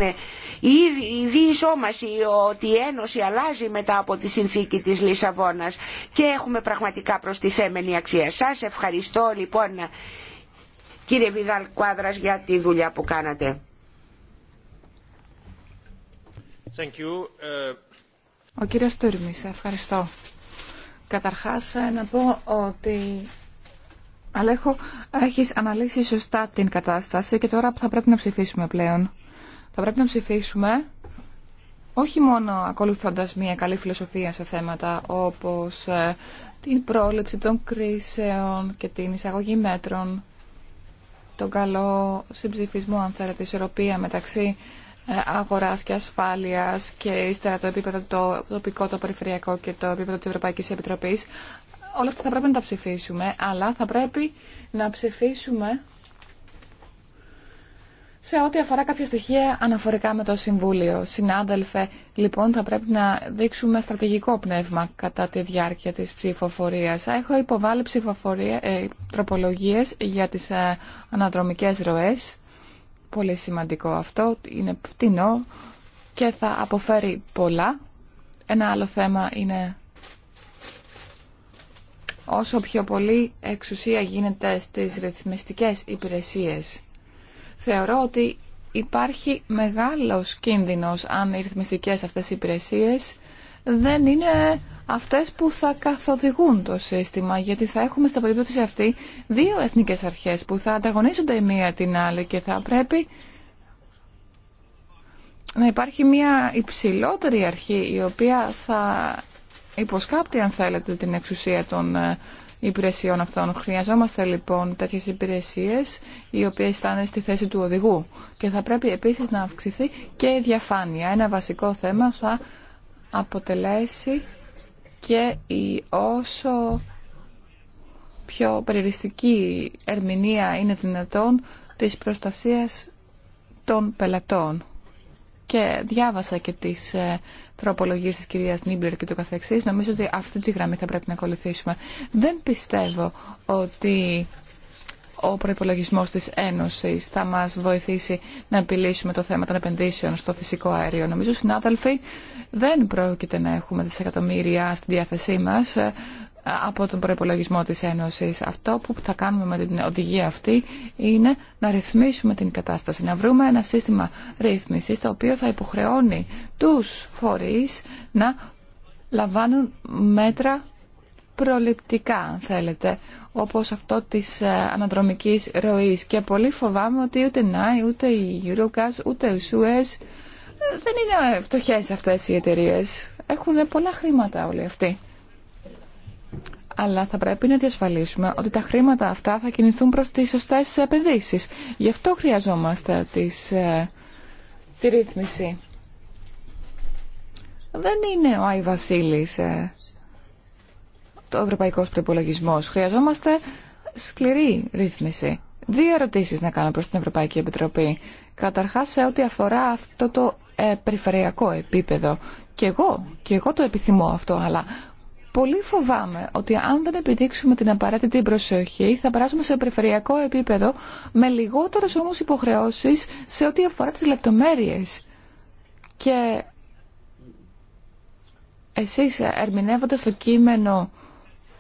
Speaker 5: η διεισόμαση ότι η Ένωση αλλάζει μετά από τη συνθήκη της Λισαβόνας και έχουμε πραγματικά προστιθέμενη αξία. Σας ευχαριστώ λοιπόν κύριε Βιδάλ Κουάδρας για τη δουλειά που κάνατε.
Speaker 4: Ε,
Speaker 2: Ο κύριος Τούρμης, ευχαριστώ. Καταρχάς ε, να πω ότι Αλέχο, έχεις αναλύσει σωστά την κατάσταση και τώρα θα πρέπει να ψηφίσουμε πλέον. Θα πρέπει να ψηφίσουμε όχι μόνο ακολουθώντας μια καλή φιλοσοφία σε θέματα όπως ε, την πρόληψη των κρίσεων και την εισαγωγή μέτρων, τον καλό συμψηφισμό, αν θέλετε, ισορροπία μεταξύ ε, Αγορά και ασφάλεια και ύστερα το επίπεδο το τοπικό, το περιφερειακό και το επίπεδο τη Ευρωπαϊκής Επιτροπής. Όλα αυτά θα πρέπει να τα ψηφίσουμε, αλλά θα πρέπει να ψηφίσουμε σε ό,τι αφορά κάποια στοιχεία αναφορικά με το Συμβούλιο. Συνάδελφε, λοιπόν, θα πρέπει να δείξουμε στρατηγικό πνεύμα κατά τη διάρκεια της ψηφοφορίας. Έχω υποβάλει ε, τροπολογίες για τις ε, αναδρομικές ροές Πολύ σημαντικό αυτό, είναι φτηνό και θα αποφέρει πολλά. Ένα άλλο θέμα είναι όσο πιο πολύ εξουσία γίνεται στις ρυθμιστικές υπηρεσίες. Θεωρώ ότι υπάρχει μεγάλος κίνδυνος αν οι ρυθμιστικές αυτές υπηρεσίες δεν είναι αυτές που θα καθοδηγούν το σύστημα, γιατί θα έχουμε στα περίπτωση αυτή δύο εθνικές αρχές που θα ανταγωνίζονται η μία την άλλη και θα πρέπει να υπάρχει μια υψηλότερη αρχή η οποία θα υποσκάπτει αν θέλετε την εξουσία των ε, υπηρεσιών αυτών. Χρειαζόμαστε λοιπόν τέτοιες υπηρεσίες οι οποίες θα είναι στη θέση του οδηγού και θα πρέπει επίσης να αυξηθεί και η διαφάνεια. Ένα βασικό θέμα θα αποτελέσει και η όσο πιο περιοριστική ερμηνεία είναι δυνατόν της προστασίας των πελατών. Και διάβασα και τις ε, τροπολογίες της κυρίας Νίμπλερ και του καθεξής. Νομίζω ότι αυτή τη γραμμή θα πρέπει να ακολουθήσουμε. Δεν πιστεύω ότι ο προπολογισμό της Ένωσης θα μας βοηθήσει να επιλύσουμε το θέμα των επενδύσεων στο φυσικό αέριο. Νομίζω, συνάδελφοι, δεν πρόκειται να έχουμε δισεκατομμύρια στη διάθεσή μα ε, από τον προπολογισμό της Ένωσης. Αυτό που θα κάνουμε με την οδηγία αυτή είναι να ρυθμίσουμε την κατάσταση, να βρούμε ένα σύστημα ρύθμισης το οποίο θα υποχρεώνει τους φορείς να λαμβάνουν μέτρα προληπτικά, αν θέλετε, όπως αυτό της ε, αναδρομικής ροής. Και πολύ φοβάμαι ότι ούτε ΝΑΙ, ούτε η Eurocas, ούτε ο ΣΟΕΣ δεν είναι φτωχέ αυτές οι εταιρείε. Έχουν πολλά χρήματα όλοι αυτοί. Αλλά θα πρέπει να διασφαλίσουμε ότι τα χρήματα αυτά θα κινηθούν προς τις σωστές επενδύσεις. Γι' αυτό χρειαζόμαστε τις, ε, τη ρύθμιση. Δεν είναι ο Άι Βασίλης ε, το Ευρωπαϊκό προπολογισμό. Χρειαζόμαστε σκληρή ρύθμιση. Δύο ερωτήσει να κάνω προς την Ευρωπαϊκή Επιτροπή. Καταρχάς σε ό,τι αφορά αυτό το ε, περιφερειακό επίπεδο. Και εγώ, και εγώ το επιθυμώ αυτό, αλλά πολύ φοβάμαι ότι αν δεν επιδείξουμε την απαραίτητη προσοχή θα περάσουμε σε περιφερειακό επίπεδο με λιγότερε όμω υποχρεώσει σε ό,τι αφορά τι λεπτομέρειε. Και εσείς ερμηνεύοντας το κείμενο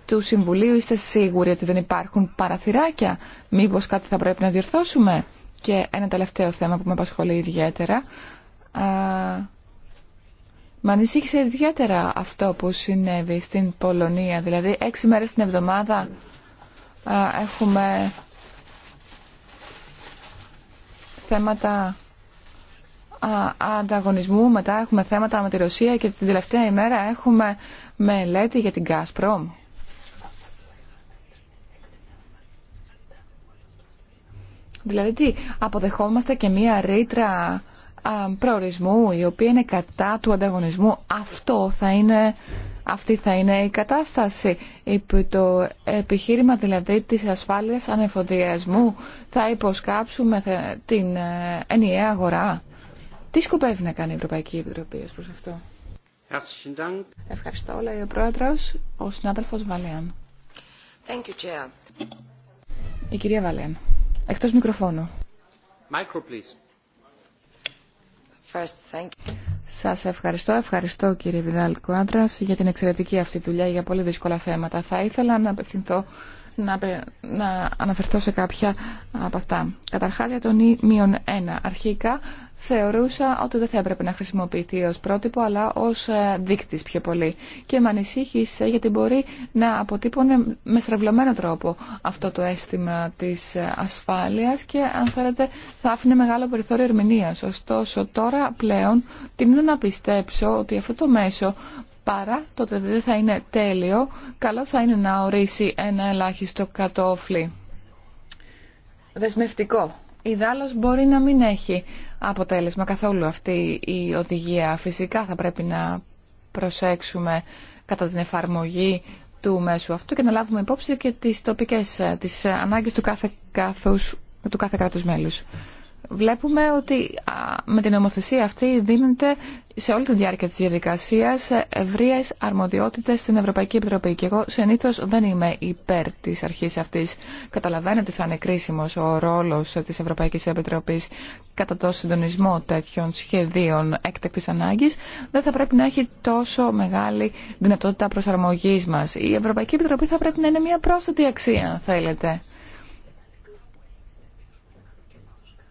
Speaker 2: του Συμβουλίου είστε σίγουροι ότι δεν υπάρχουν παραθυράκια. Μήπως κάτι θα πρέπει να διορθώσουμε. Και ένα τελευταίο θέμα που με απασχολεί ιδιαίτερα. Α, με ανησύχησε ιδιαίτερα αυτό που συνέβη στην Πολωνία. Δηλαδή έξι μέρες την εβδομάδα α, έχουμε θέματα ανταγωνισμού, μετά έχουμε θέματα με τη Ρωσία και την τελευταία ημέρα έχουμε μελέτη για την Gazprom. Δηλαδή τι, αποδεχόμαστε και μία ρήτρα προορισμού η οποία είναι κατά του ανταγωνισμού. Αυτό θα είναι, αυτή θα είναι η κατάσταση. Το επιχείρημα δηλαδή της ασφάλειας ανεφοδιασμού θα υποσκάψουμε την ε, ενιαία αγορά. Τι σκοπεύει να κάνει η Ευρωπαϊκή Επιτροπή ως προς αυτό. Ευχαριστώ, λέει ο Πρόεδρος, ο συνάδελφος Βαλέαν. Η κυρία Βαλέαν. Εκτός μικροφώνου.
Speaker 4: Micro, First, thank you.
Speaker 2: Σας ευχαριστώ. Ευχαριστώ κύριε Βιδάλ Κουάντρας για την εξαιρετική αυτή δουλειά για πολύ δύσκολα θέματα. Θα ήθελα να απευθυνθώ να, να αναφερθώ σε κάποια από αυτά. Καταρχάς για τον μείον 1. Αρχικά θεωρούσα ότι δεν θα έπρεπε να χρησιμοποιηθεί ως πρότυπο αλλά ως ε, δείκτης πιο πολύ. Και με ανησύχησε γιατί μπορεί να αποτύπωνε με στρεβλωμένο τρόπο αυτό το αίσθημα της ε, ασφάλειας και αν θέλετε θα άφηνε μεγάλο περιθώριο ερμηνεία. Ωστόσο τώρα πλέον τίμουν να πιστέψω ότι αυτό το μέσο παρά το ότι δεν θα είναι τέλειο, καλό θα είναι να ορίσει ένα ελάχιστο κατόφλι. Δεσμευτικό. Ιδάλλως μπορεί να μην έχει αποτέλεσμα καθόλου αυτή η οδηγία. Φυσικά θα πρέπει να προσέξουμε κατά την εφαρμογή του μέσου αυτού και να λάβουμε υπόψη και τις τοπικές, ε, τις ανάγκες του κάθε, καθούς, του κάθε κράτους μέλους βλέπουμε ότι με την νομοθεσία αυτή δίνεται σε όλη τη διάρκεια της διαδικασίας ευρείες αρμοδιότητες στην Ευρωπαϊκή Επιτροπή. Και εγώ συνήθω δεν είμαι υπέρ της αρχής αυτής. Καταλαβαίνω ότι θα είναι κρίσιμο ο ρόλος της Ευρωπαϊκής Επιτροπής κατά το συντονισμό τέτοιων σχεδίων έκτακτης ανάγκης. Δεν θα πρέπει να έχει τόσο μεγάλη δυνατότητα προσαρμογής μας. Η Ευρωπαϊκή Επιτροπή θα πρέπει να είναι μια πρόσθετη αξία, αν θέλετε.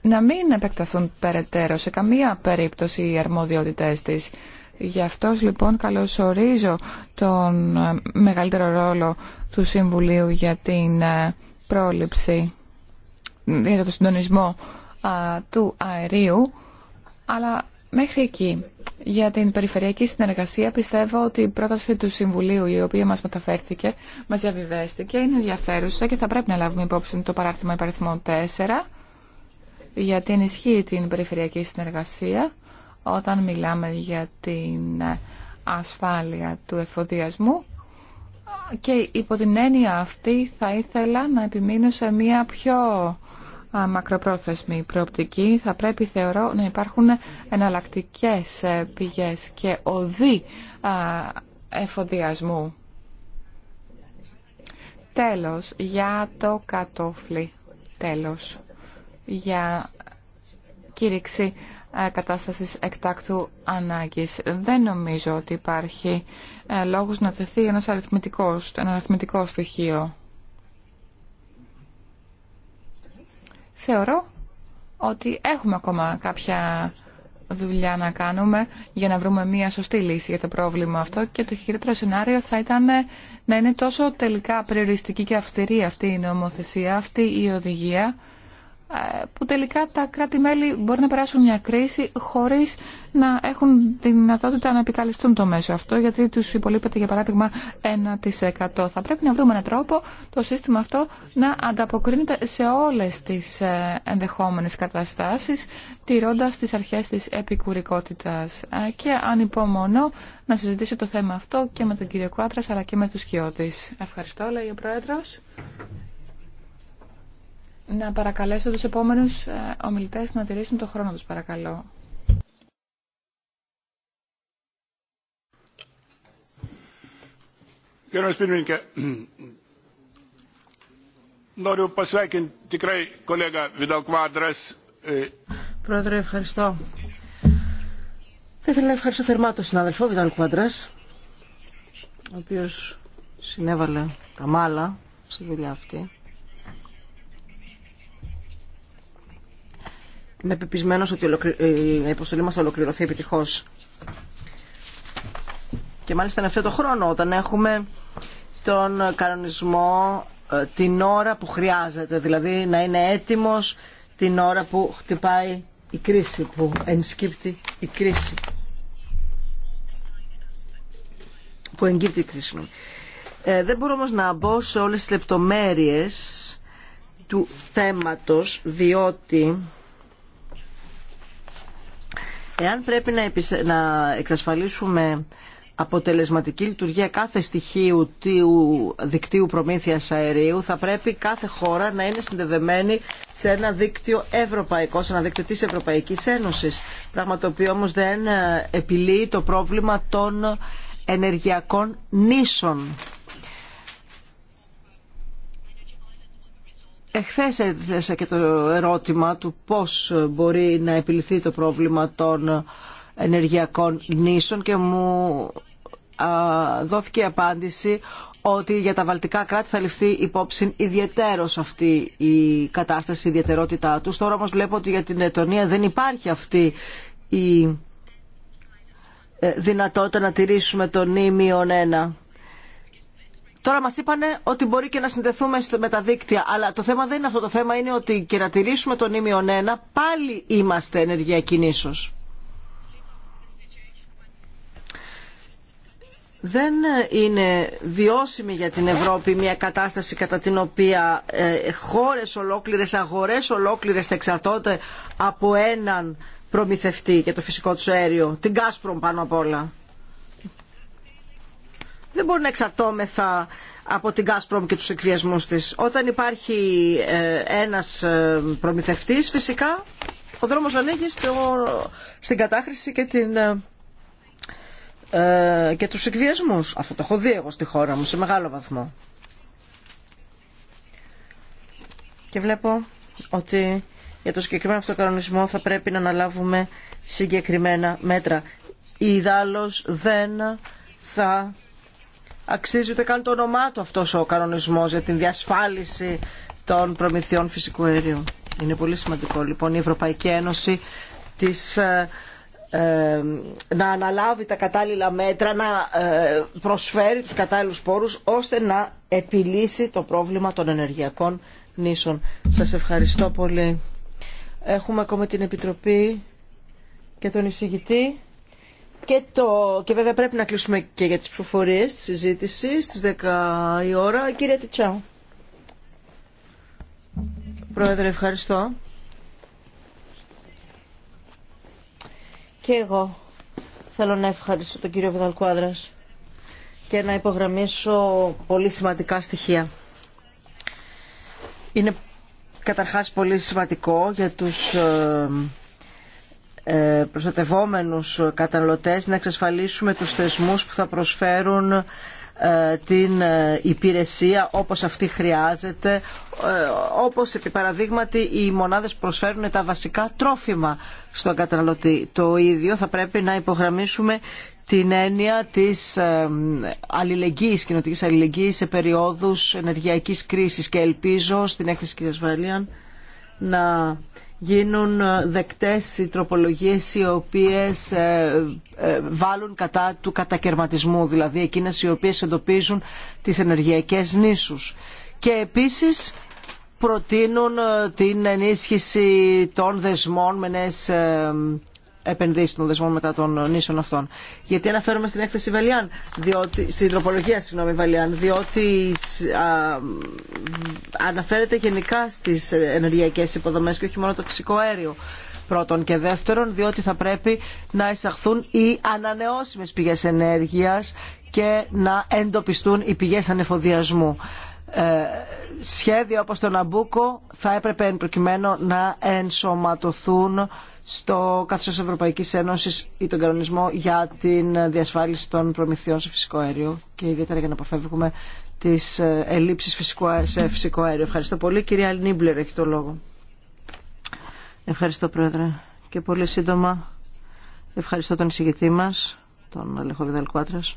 Speaker 2: να μην επεκταθούν περαιτέρω σε καμία περίπτωση οι αρμοδιότητές της. Γι' αυτό λοιπόν καλωσορίζω τον ε, μεγαλύτερο ρόλο του Συμβουλίου για την ε, πρόληψη, για τον συντονισμό του αερίου, αλλά μέχρι εκεί. Για την περιφερειακή συνεργασία πιστεύω ότι η πρόταση του Συμβουλίου η οποία μας μεταφέρθηκε, μας διαβιβέστηκε, είναι ενδιαφέρουσα και θα πρέπει να λάβουμε υπόψη το παράρτημα υπαριθμών 4 γιατί ενισχύει την περιφερειακή συνεργασία όταν μιλάμε για την ασφάλεια του εφοδιασμού και υπό την έννοια αυτή θα ήθελα να επιμείνω σε μια πιο μακροπρόθεσμη προοπτική. Θα πρέπει θεωρώ να υπάρχουν εναλλακτικές ε, πηγές και οδοί εφοδιασμού. Τέλος, για το κατόφλι. Τέλος για κήρυξη ε, κατάστασης εκτάκτου ανάγκης. Δεν νομίζω ότι υπάρχει ε, λόγος να θεθεί ένας αριθμητικός, ένα αριθμητικό στοιχείο. Θεωρώ ότι έχουμε ακόμα κάποια δουλειά να κάνουμε για να βρούμε μια σωστή λύση για το πρόβλημα αυτό και το χειρότερο σενάριο θα ήταν ε, να είναι τόσο τελικά περιοριστική και αυστηρή αυτή η νομοθεσία, αυτή η οδηγία που τελικά τα κράτη-μέλη μπορεί να περάσουν μια κρίση χωρίς να έχουν τη δυνατότητα να επικαλυστούν το μέσο αυτό, γιατί τους υπολείπεται για παράδειγμα 1%. Θα πρέπει να βρούμε έναν τρόπο το σύστημα αυτό να ανταποκρίνεται σε όλες τις ε, ενδεχόμενες καταστάσεις, τηρώντας τις αρχές της επικουρικότητας. Ε, και ανυπομονώ να συζητήσω το θέμα αυτό και με τον κύριο Κουάτρας, αλλά και με τους Κιώτης. Ευχαριστώ, λέει ο Πρόεδρος. Να παρακαλέσω τους επόμενους ε, ομιλητές να τηρήσουν το χρόνο τους, παρακαλώ.
Speaker 4: Ε,
Speaker 3: Πρόεδρε, ευχαριστώ. Θα ήθελα να ευχαριστώ θερμά τον συνάδελφο Βιτάλ Κουάντρας, ο οποίος συνέβαλε τα μάλα στη δουλειά αυτή. Είμαι πεπισμένος ότι η υποστολή μας θα ολοκληρωθεί επιτυχώς. Και μάλιστα είναι αυτό το χρόνο όταν έχουμε τον κανονισμό ε, την ώρα που χρειάζεται, δηλαδή να είναι έτοιμος την ώρα που χτυπάει η κρίση, που ενσκύπτει η κρίση. Που εγκύπτει η κρίση. Ε, δεν μπορώ όμως να μπω σε όλες τις λεπτομέρειες του θέματος, διότι Εάν πρέπει να εξασφαλίσουμε αποτελεσματική λειτουργία κάθε στοιχείου του δικτύου προμήθειας αερίου θα πρέπει κάθε χώρα να είναι συνδεδεμένη σε ένα δίκτυο ευρωπαϊκό, σε ένα δίκτυο της Ευρωπαϊκής Ένωσης. Πράγμα το οποίο όμως δεν ε, επιλύει το πρόβλημα των ενεργειακών νήσων Εχθές έθεσα και το ερώτημα του πώς μπορεί να επιληθεί το πρόβλημα των ενεργειακών νήσων και μου δόθηκε απάντηση ότι για τα βαλτικά κράτη θα ληφθεί υπόψη ιδιαιτέρως αυτή η κατάσταση, η ιδιαιτερότητά τους. Τώρα όμως βλέπω ότι για την Ετωνία δεν υπάρχει αυτή η ε, δυνατότητα να τηρήσουμε τον νήμιον ένα. Τώρα μα είπανε ότι μπορεί και να συνδεθούμε με τα δίκτυα. Αλλά το θέμα δεν είναι αυτό. Το θέμα είναι ότι και να τηρήσουμε τον ήμιον 1, πάλι είμαστε ενεργειακή νήσος. Δεν είναι βιώσιμη για την Ευρώπη μια κατάσταση κατά την οποία ε, χώρες ολόκληρες, αγορές ολόκληρες θα εξαρτώνται από έναν προμηθευτή για το φυσικό του αέριο, την Gazprom πάνω απ' όλα δεν μπορεί να εξαρτώμεθα από την Gazprom και τους εκβιασμούς της. Όταν υπάρχει ε, ένας ε, προμηθευτής φυσικά ο δρόμος ανοίγει στην κατάχρηση και την ε, και τους εκβιασμούς. Αυτό το έχω δει εγώ στη χώρα μου σε μεγάλο βαθμό. Και βλέπω ότι για το συγκεκριμένο αυτοκανονισμό θα πρέπει να αναλάβουμε συγκεκριμένα μέτρα. Ιδάλλως δεν θα αξίζει ούτε καν το όνομά του αυτός ο κανονισμός για την διασφάλιση των προμηθειών φυσικού αερίου. Είναι πολύ σημαντικό λοιπόν η Ευρωπαϊκή Ένωση της, ε, ε, να αναλάβει τα κατάλληλα μέτρα, να ε, προσφέρει τους κατάλληλους πόρους ώστε να επιλύσει το πρόβλημα των ενεργειακών νήσων. Σας ευχαριστώ πολύ. Έχουμε ακόμα την Επιτροπή και τον εισηγητή. Και, το, και βέβαια πρέπει να κλείσουμε και για τις ψηφοφορίες τη συζήτηση στις 10 η ώρα. Κύριε Τιτσάου. Πρόεδρε, ευχαριστώ. Και εγώ θέλω να ευχαριστώ τον κύριο Βιδαλκουάδρας και να υπογραμμίσω πολύ σημαντικά στοιχεία. Είναι καταρχάς πολύ σημαντικό για τους ε, ε, προστατευόμενους καταναλωτές, να εξασφαλίσουμε τους θεσμούς που θα προσφέρουν ε, την ε, υπηρεσία όπως αυτή χρειάζεται, όπως επί παραδείγματι οι μονάδες προσφέρουν τα βασικά τρόφιμα στον καταναλωτή. Το ίδιο θα πρέπει να υπογραμμίσουμε την έννοια της αλληλεγγύης, κοινωτικής αλληλεγγύης σε περιόδους ενεργειακής κρίσης και ελπίζω στην έκθεση κ. Βαλίαν να γίνουν ε, δεκτές οι τροπολογίες οι οποίες ε, ε, βάλουν κατά του κατακαιρματισμού, δηλαδή εκείνες οι οποίες εντοπίζουν τις ενεργειακές νήσους. Και επίσης προτείνουν την ενίσχυση των δεσμών με επενδύσει των δεσμών μετά των νήσων αυτών. Γιατί αναφέρομαι στην έκθεση Βαλιάν, διότι, στην τροπολογία συγγνώμη, Βαλιάν, διότι αναφέρεται γενικά στι ενεργειακέ υποδομές και όχι μόνο το φυσικό αέριο πρώτον και δεύτερον διότι θα πρέπει να εισαχθούν οι ανανεώσιμες πηγές ενέργειας και να εντοπιστούν οι πηγές ανεφοδιασμού. Ε, σχέδια όπως το Ναμπούκο θα έπρεπε εν προκειμένου να ενσωματωθούν στο καθεστώς Ευρωπαϊκής Ένωσης ή τον κανονισμό για την διασφάλιση των προμηθειών σε φυσικό αέριο και ιδιαίτερα για να αποφεύγουμε τις ε, ελλείψεις φυσικό, σε φυσικό αέριο. Ευχαριστώ πολύ. Κυρία Νίμπλερ έχει το λόγο. Ευχαριστώ Πρόεδρε. Και πολύ σύντομα ευχαριστώ τον εισηγητή μας, τον Αλέχο Βιδαλκουάτρας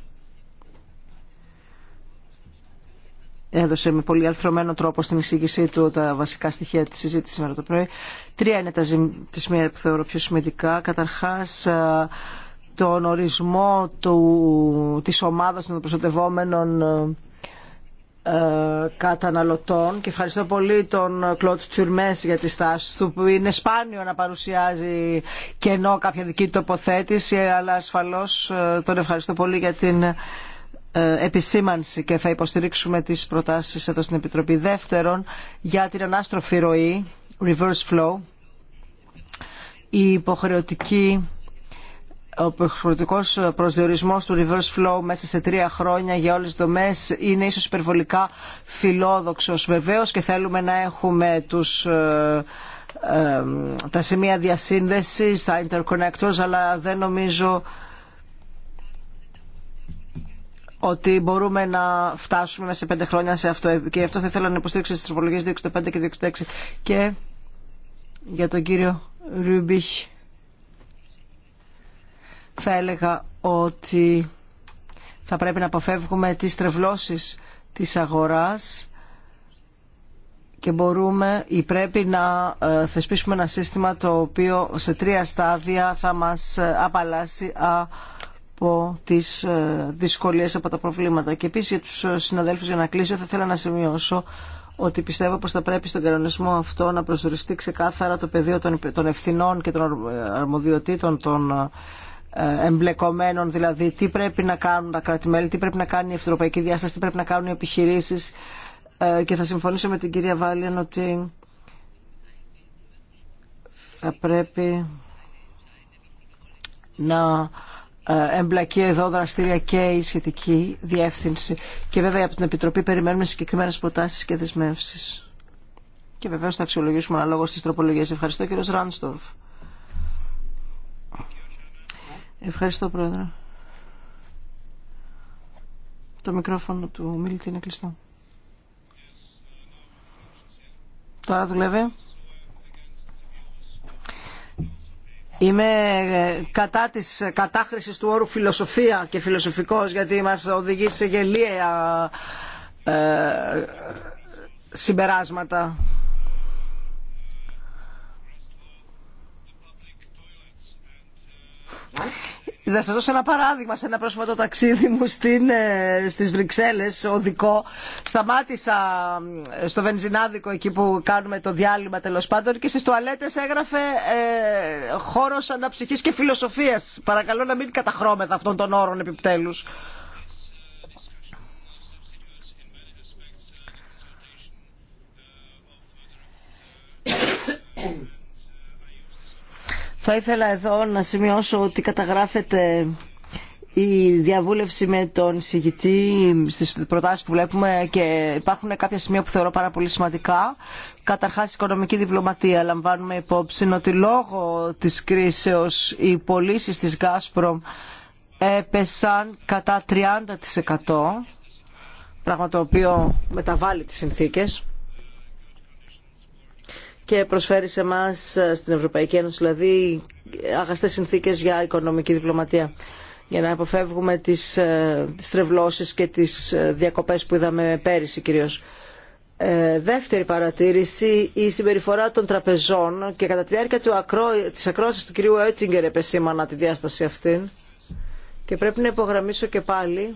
Speaker 3: έδωσε με πολύ αλθρωμένο τρόπο στην εισήγησή του τα βασικά στοιχεία της συζήτησης σήμερα το πρωί. Τρία είναι τα σημεία που θεωρώ πιο σημαντικά. Καταρχάς, τον ορισμό του, της ομάδας των προστατευόμενων καταναλωτών και ευχαριστώ πολύ τον Κλωτ Τσουρμές για τη στάση του που είναι σπάνιο να παρουσιάζει κενό κάποια δική τοποθέτηση αλλά ασφαλώς τον ευχαριστώ πολύ για την ε, επισήμανση και θα υποστηρίξουμε τις προτάσεις εδώ στην Επιτροπή. Δεύτερον, για την ανάστροφη ροή, reverse flow, η υποχρεωτική ο υποχρεωτικό προσδιορισμό του reverse flow μέσα σε τρία χρόνια για όλε τι δομέ είναι ίσω υπερβολικά φιλόδοξο. Βεβαίω και θέλουμε να έχουμε τους, ε, ε, τα σημεία διασύνδεση, τα interconnectors, αλλά δεν νομίζω ότι μπορούμε να φτάσουμε σε πέντε χρόνια σε αυτό. Και αυτό θα ήθελα να υποστήριξω στις τροπολογίες 265 και 266. Και για τον κύριο Ρούμπιχ θα έλεγα ότι θα πρέπει να αποφεύγουμε τις τρευλώσεις της αγοράς και μπορούμε ή πρέπει να ε, θεσπίσουμε ένα σύστημα το οποίο σε τρία στάδια θα μας ε, απαλλάσσει από τις ε, δυσκολίες, από τα προβλήματα. Και επίσης για τους ε, συναδέλφους για να κλείσω θα ήθελα να σημειώσω ότι πιστεύω πως θα πρέπει στον κανονισμό αυτό να προσδιοριστεί ξεκάθαρα το πεδίο των ευθυνών και των ε, αρμοδιοτήτων των εμπλεκομένων, δηλαδή τι πρέπει να κάνουν τα κράτη-μέλη, τι πρέπει να κάνει η Ευρωπαϊκή Διάσταση, τι πρέπει να κάνουν οι επιχειρήσεις και θα συμφωνήσω με την κυρία Βάλιαν ότι θα πρέπει να ε, εμπλακεί εδώ δραστήρια και η σχετική διεύθυνση. Και βέβαια από την Επιτροπή περιμένουμε συγκεκριμένε προτάσει και δεσμεύσει. Και βεβαίω θα αξιολογήσουμε αναλόγω τι τροπολογίε. Ευχαριστώ κύριο Ράνστορφ. Ευχαριστώ πρόεδρε. Το μικρόφωνο του μίλητη είναι κλειστό. Τώρα δουλεύει. Είμαι ε, κατά της κατάχρησης του όρου φιλοσοφία και φιλοσοφικός γιατί μας οδηγεί σε γελία ε, συμπεράσματα. Να σας δώσω ένα παράδειγμα σε ένα πρόσφατο ταξίδι μου στην, ε, στις Βρυξέλλες, οδικό. Σταμάτησα ε, στο βενζινάδικο εκεί που κάνουμε το διάλειμμα τέλο πάντων και στις τουαλέτες έγραφε ε, χώρος αναψυχής και φιλοσοφίας. Παρακαλώ να μην καταχρώμεθα αυτών των όρων επιπτέλους. Θα ήθελα εδώ να σημειώσω ότι καταγράφεται η διαβούλευση με τον συγητή στις προτάσεις που βλέπουμε και υπάρχουν κάποια σημεία που θεωρώ πάρα πολύ σημαντικά. Καταρχάς, οικονομική διπλωματία. Λαμβάνουμε υπόψη ότι λόγω της κρίσεως οι πωλήσει της Gazprom έπεσαν κατά 30%, πράγμα το οποίο μεταβάλλει τις συνθήκες και προσφέρει σε εμά στην Ευρωπαϊκή Ένωση δηλαδή αγαστές συνθήκες για οικονομική διπλωματία για να αποφεύγουμε τις ε, τρευλώσεις και τις ε, διακοπές που είδαμε πέρυσι κυρίως. Ε, δεύτερη παρατήρηση, η συμπεριφορά των τραπεζών και κατά τη διάρκεια του ακρό, της ακρόασης του κυρίου Έτσιγκερ επεσήμανα τη διάσταση αυτή και πρέπει να υπογραμμίσω και πάλι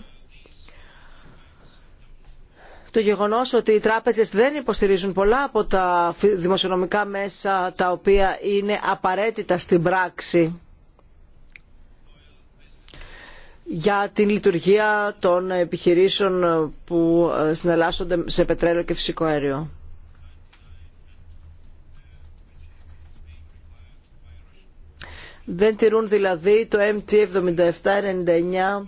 Speaker 3: το γεγονός ότι οι Τράπεζε δεν υποστηρίζουν πολλά από τα δημοσιονομικά μέσα τα οποία είναι απαραίτητα στην πράξη για την λειτουργία των επιχειρήσεων που ε, συναλλάσσονται σε πετρέλαιο και φυσικό αέριο. Δεν τηρούν δηλαδή το MT 7799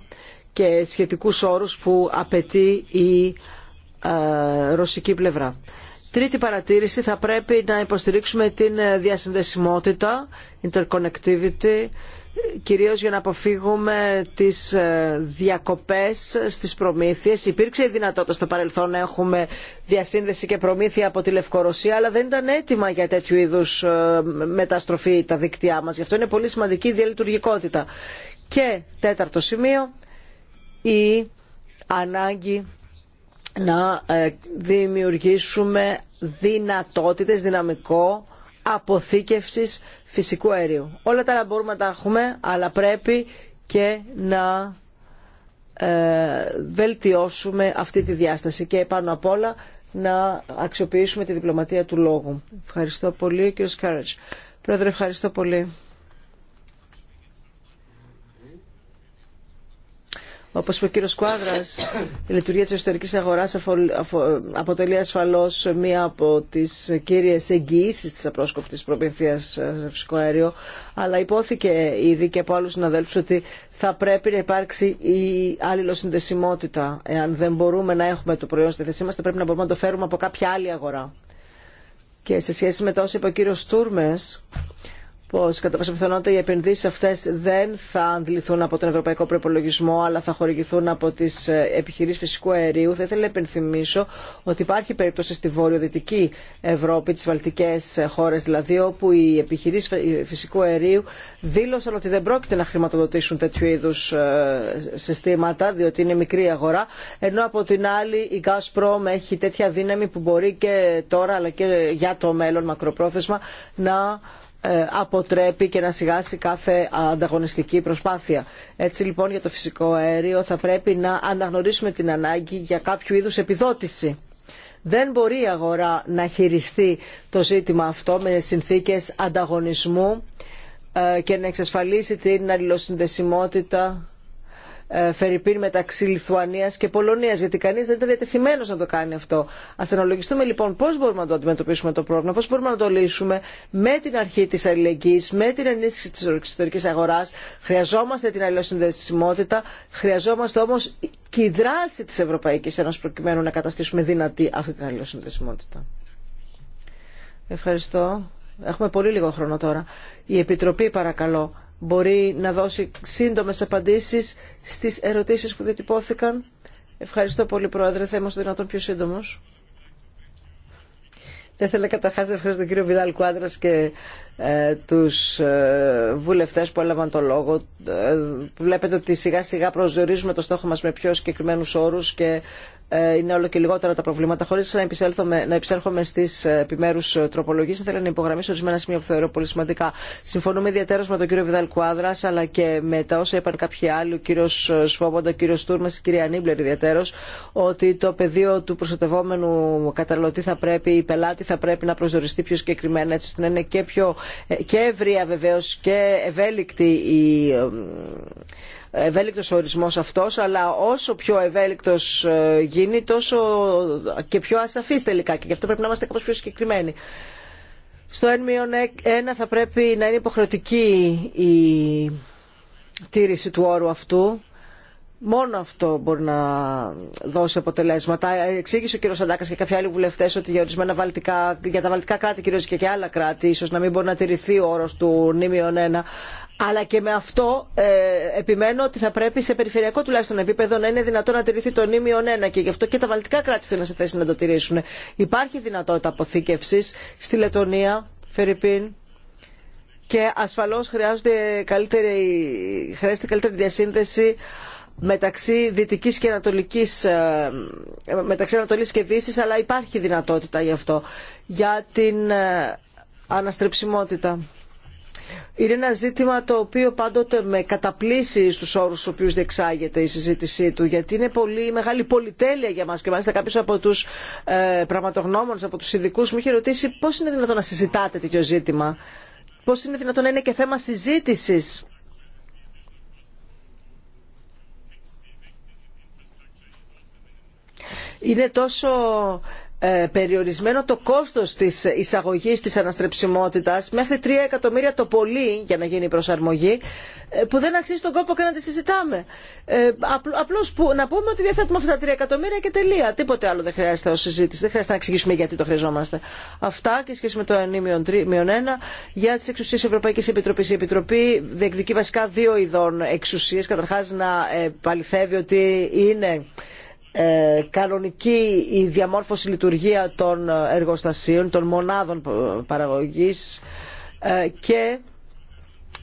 Speaker 3: και σχετικούς όρους που απαιτεί η ε, ρωσική πλευρά. Τρίτη παρατήρηση, θα πρέπει να υποστηρίξουμε την διασυνδεσιμότητα, interconnectivity, κυρίως για να αποφύγουμε τις ε, διακοπές στις προμήθειες. Υπήρξε η δυνατότητα στο παρελθόν να έχουμε διασύνδεση και προμήθεια από τη Λευκορωσία, αλλά δεν ήταν έτοιμα για τέτοιου είδους ε, μεταστροφή τα δίκτυά μας. Γι' αυτό είναι πολύ σημαντική η διαλειτουργικότητα. Και τέταρτο σημείο, η ανάγκη να ε, δημιουργήσουμε δυνατότητες, δυναμικό αποθήκευσης φυσικού αερίου. Όλα τα άλλα μπορούμε να τα έχουμε, αλλά πρέπει και να ε, βελτιώσουμε αυτή τη διάσταση και πάνω απ' όλα να αξιοποιήσουμε τη διπλωματία του λόγου. Ευχαριστώ πολύ, κύριε Σκάρετς. Πρόεδρε, ευχαριστώ πολύ. Όπως είπε ο κύριος Κουάδρας, η λειτουργία της εσωτερικής αγοράς αποτελεί ασφαλώς μία από τις κύριες εγγυήσεις της απρόσκοπτης προμήθειας ε, φυσικό αέριο, αλλά υπόθηκε ήδη και από άλλους συναδέλφους ότι θα πρέπει να υπάρξει η αλληλοσυνδεσιμότητα. Εάν δεν μπορούμε να έχουμε το προϊόν στη θέση μας, θα πρέπει να μπορούμε να το φέρουμε από κάποια άλλη αγορά. Και σε σχέση με τα όσα είπε ο κύριος Τούρμες, πως κατά πάσα πιθανότητα οι επενδύσεις αυτές δεν θα αντιληθούν από τον Ευρωπαϊκό Προπολογισμό αλλά θα χορηγηθούν από τις ε, επιχειρήσεις φυσικού αερίου. Θα ήθελα να επενθυμίσω ότι υπάρχει περίπτωση στη βορειοδυτική Ευρώπη, τις βαλτικές χώρες δηλαδή, όπου οι επιχειρήσεις φυσικού αερίου δήλωσαν ότι δεν πρόκειται να χρηματοδοτήσουν τέτοιου είδους ε, συστήματα διότι είναι μικρή αγορά, ενώ από την άλλη η Gazprom έχει τέτοια δύναμη που μπορεί και τώρα αλλά και για το μέλλον μακροπρόθεσμα να ε, αποτρέπει και να σιγάσει κάθε ανταγωνιστική προσπάθεια. Έτσι λοιπόν για το φυσικό αέριο θα πρέπει να αναγνωρίσουμε την ανάγκη για κάποιο είδους επιδότηση. Δεν μπορεί η αγορά να χειριστεί το ζήτημα αυτό με συνθήκες ανταγωνισμού ε, και να εξασφαλίσει την αλληλοσυνδεσιμότητα ε, Φερρυπίν μεταξύ Λιθουανίας και Πολωνία. γιατί κανεί δεν ήταν διατεθειμένο να το κάνει αυτό. Α αναλογιστούμε λοιπόν πώ μπορούμε να το αντιμετωπίσουμε το πρόβλημα, πώ μπορούμε να το λύσουμε με την αρχή τη αλληλεγγύη, με την ενίσχυση τη εξωτερική αγορά. Χρειαζόμαστε την αλληλοσυνδεσιμότητα, χρειαζόμαστε όμω και η δράση τη Ευρωπαϊκή Ένωση προκειμένου να καταστήσουμε δυνατή αυτή την αλληλοσυνδεσιμότητα. Ευχαριστώ. Έχουμε πολύ λίγο χρόνο τώρα. Η Επιτροπή παρακαλώ μπορεί να δώσει σύντομες απαντήσεις στις ερωτήσεις που διατυπώθηκαν. Ευχαριστώ πολύ Πρόεδρε, θα είμαστε δυνατόν πιο σύντομο. Θα ήθελα καταρχάς να ευχαριστώ τον κύριο Βιδάλ Κουάντρας και ε, τους ε, βουλευτές που έλαβαν το λόγο. Ε, βλέπετε ότι σιγά σιγά προσδιορίζουμε το στόχο μας με πιο συγκεκριμένου όρους και ε, είναι όλο και λιγότερα τα προβλήματα. Χωρί να, να επισέρχομαι στι ε, επιμέρου ε, τροπολογίε, θα ήθελα να υπογραμμίσω ορισμένα σημεία που θεωρώ πολύ σημαντικά. Συμφωνούμε ιδιαίτερω με τον κύριο Βιδάλ Κουάδρα, αλλά και με τα όσα είπαν κάποιοι άλλοι, ο κύριο Σφόμποντα, ο κύριο Τούρμα, η κυρία Νίμπλερ ιδιαίτερω, ότι το πεδίο του προστατευόμενου καταναλωτή θα πρέπει, η πελάτη θα πρέπει να προσδιοριστεί πιο συγκεκριμένα, έτσι ώστε να είναι και πιο ευρεία βεβαίω και ευέλικτη η ευέλικτος ο ορισμός αυτός, αλλά όσο πιο ευέλικτος ε, γίνει τόσο και πιο ασαφής τελικά και γι' αυτό πρέπει να είμαστε κάπως πιο συγκεκριμένοι. Στο 1-1 θα πρέπει να είναι υποχρεωτική η τήρηση του όρου αυτού Μόνο αυτό μπορεί να δώσει αποτελέσματα. Εξήγησε ο κύριο Σαντάκα και κάποιοι άλλοι βουλευτέ ότι για ορισμένα βαλτικά, για τα βαλτικά κράτη κυρίω και, και άλλα κράτη, ίσω να μην μπορεί να τηρηθεί ο όρο του νήμιον 1. Αλλά και με αυτό ε, επιμένω ότι θα πρέπει σε περιφερειακό τουλάχιστον επίπεδο να είναι δυνατό να τηρηθεί το νήμιον 1 και γι' αυτό και τα βαλτικά κράτη θέλουν σε θέση να το τηρήσουν. Υπάρχει δυνατότητα αποθήκευση στη Λετωνία, Φερρυπίν, και ασφαλώ χρειάζεται καλύτερη διασύνδεση μεταξύ Δυτικής και Ανατολικής, ε, μεταξύ Ανατολής και Δύσης, αλλά υπάρχει δυνατότητα γι' αυτό, για την ε, αναστρεψιμότητα. Είναι ένα ζήτημα το οποίο πάντοτε με καταπλήσει στου όρου στου οποίου διεξάγεται η συζήτησή του, γιατί είναι πολύ μεγάλη πολυτέλεια για μα. Και μάλιστα κάποιο από του ε, πραγματογνώμονε, από του ειδικού, μου είχε ρωτήσει πώ είναι δυνατόν να συζητάτε τέτοιο ζήτημα. Πώ είναι δυνατόν να είναι και θέμα συζήτηση είναι τόσο ε, περιορισμένο το κόστος της εισαγωγής της αναστρεψιμότητας μέχρι 3 εκατομμύρια το πολύ για να γίνει η προσαρμογή ε, που δεν αξίζει τον κόπο και να τη συζητάμε. Ε, απλώς που, να πούμε ότι διαθέτουμε αυτά τα 3 εκατομμύρια και τελεία. Τίποτε άλλο δεν χρειάζεται ως συζήτηση. Δεν χρειάζεται να εξηγήσουμε γιατί το χρειαζόμαστε. Αυτά και σχέση με το 1 1 για τις εξουσίες Ευρωπαϊκής Επιτροπής. Η Επιτροπή διεκδικεί βασικά δύο ειδών εξουσίες. Καταρχάς να ε, παληθεύει ότι είναι ε, κανονική η διαμόρφωση λειτουργία των εργοστασίων, των μονάδων παραγωγής ε, και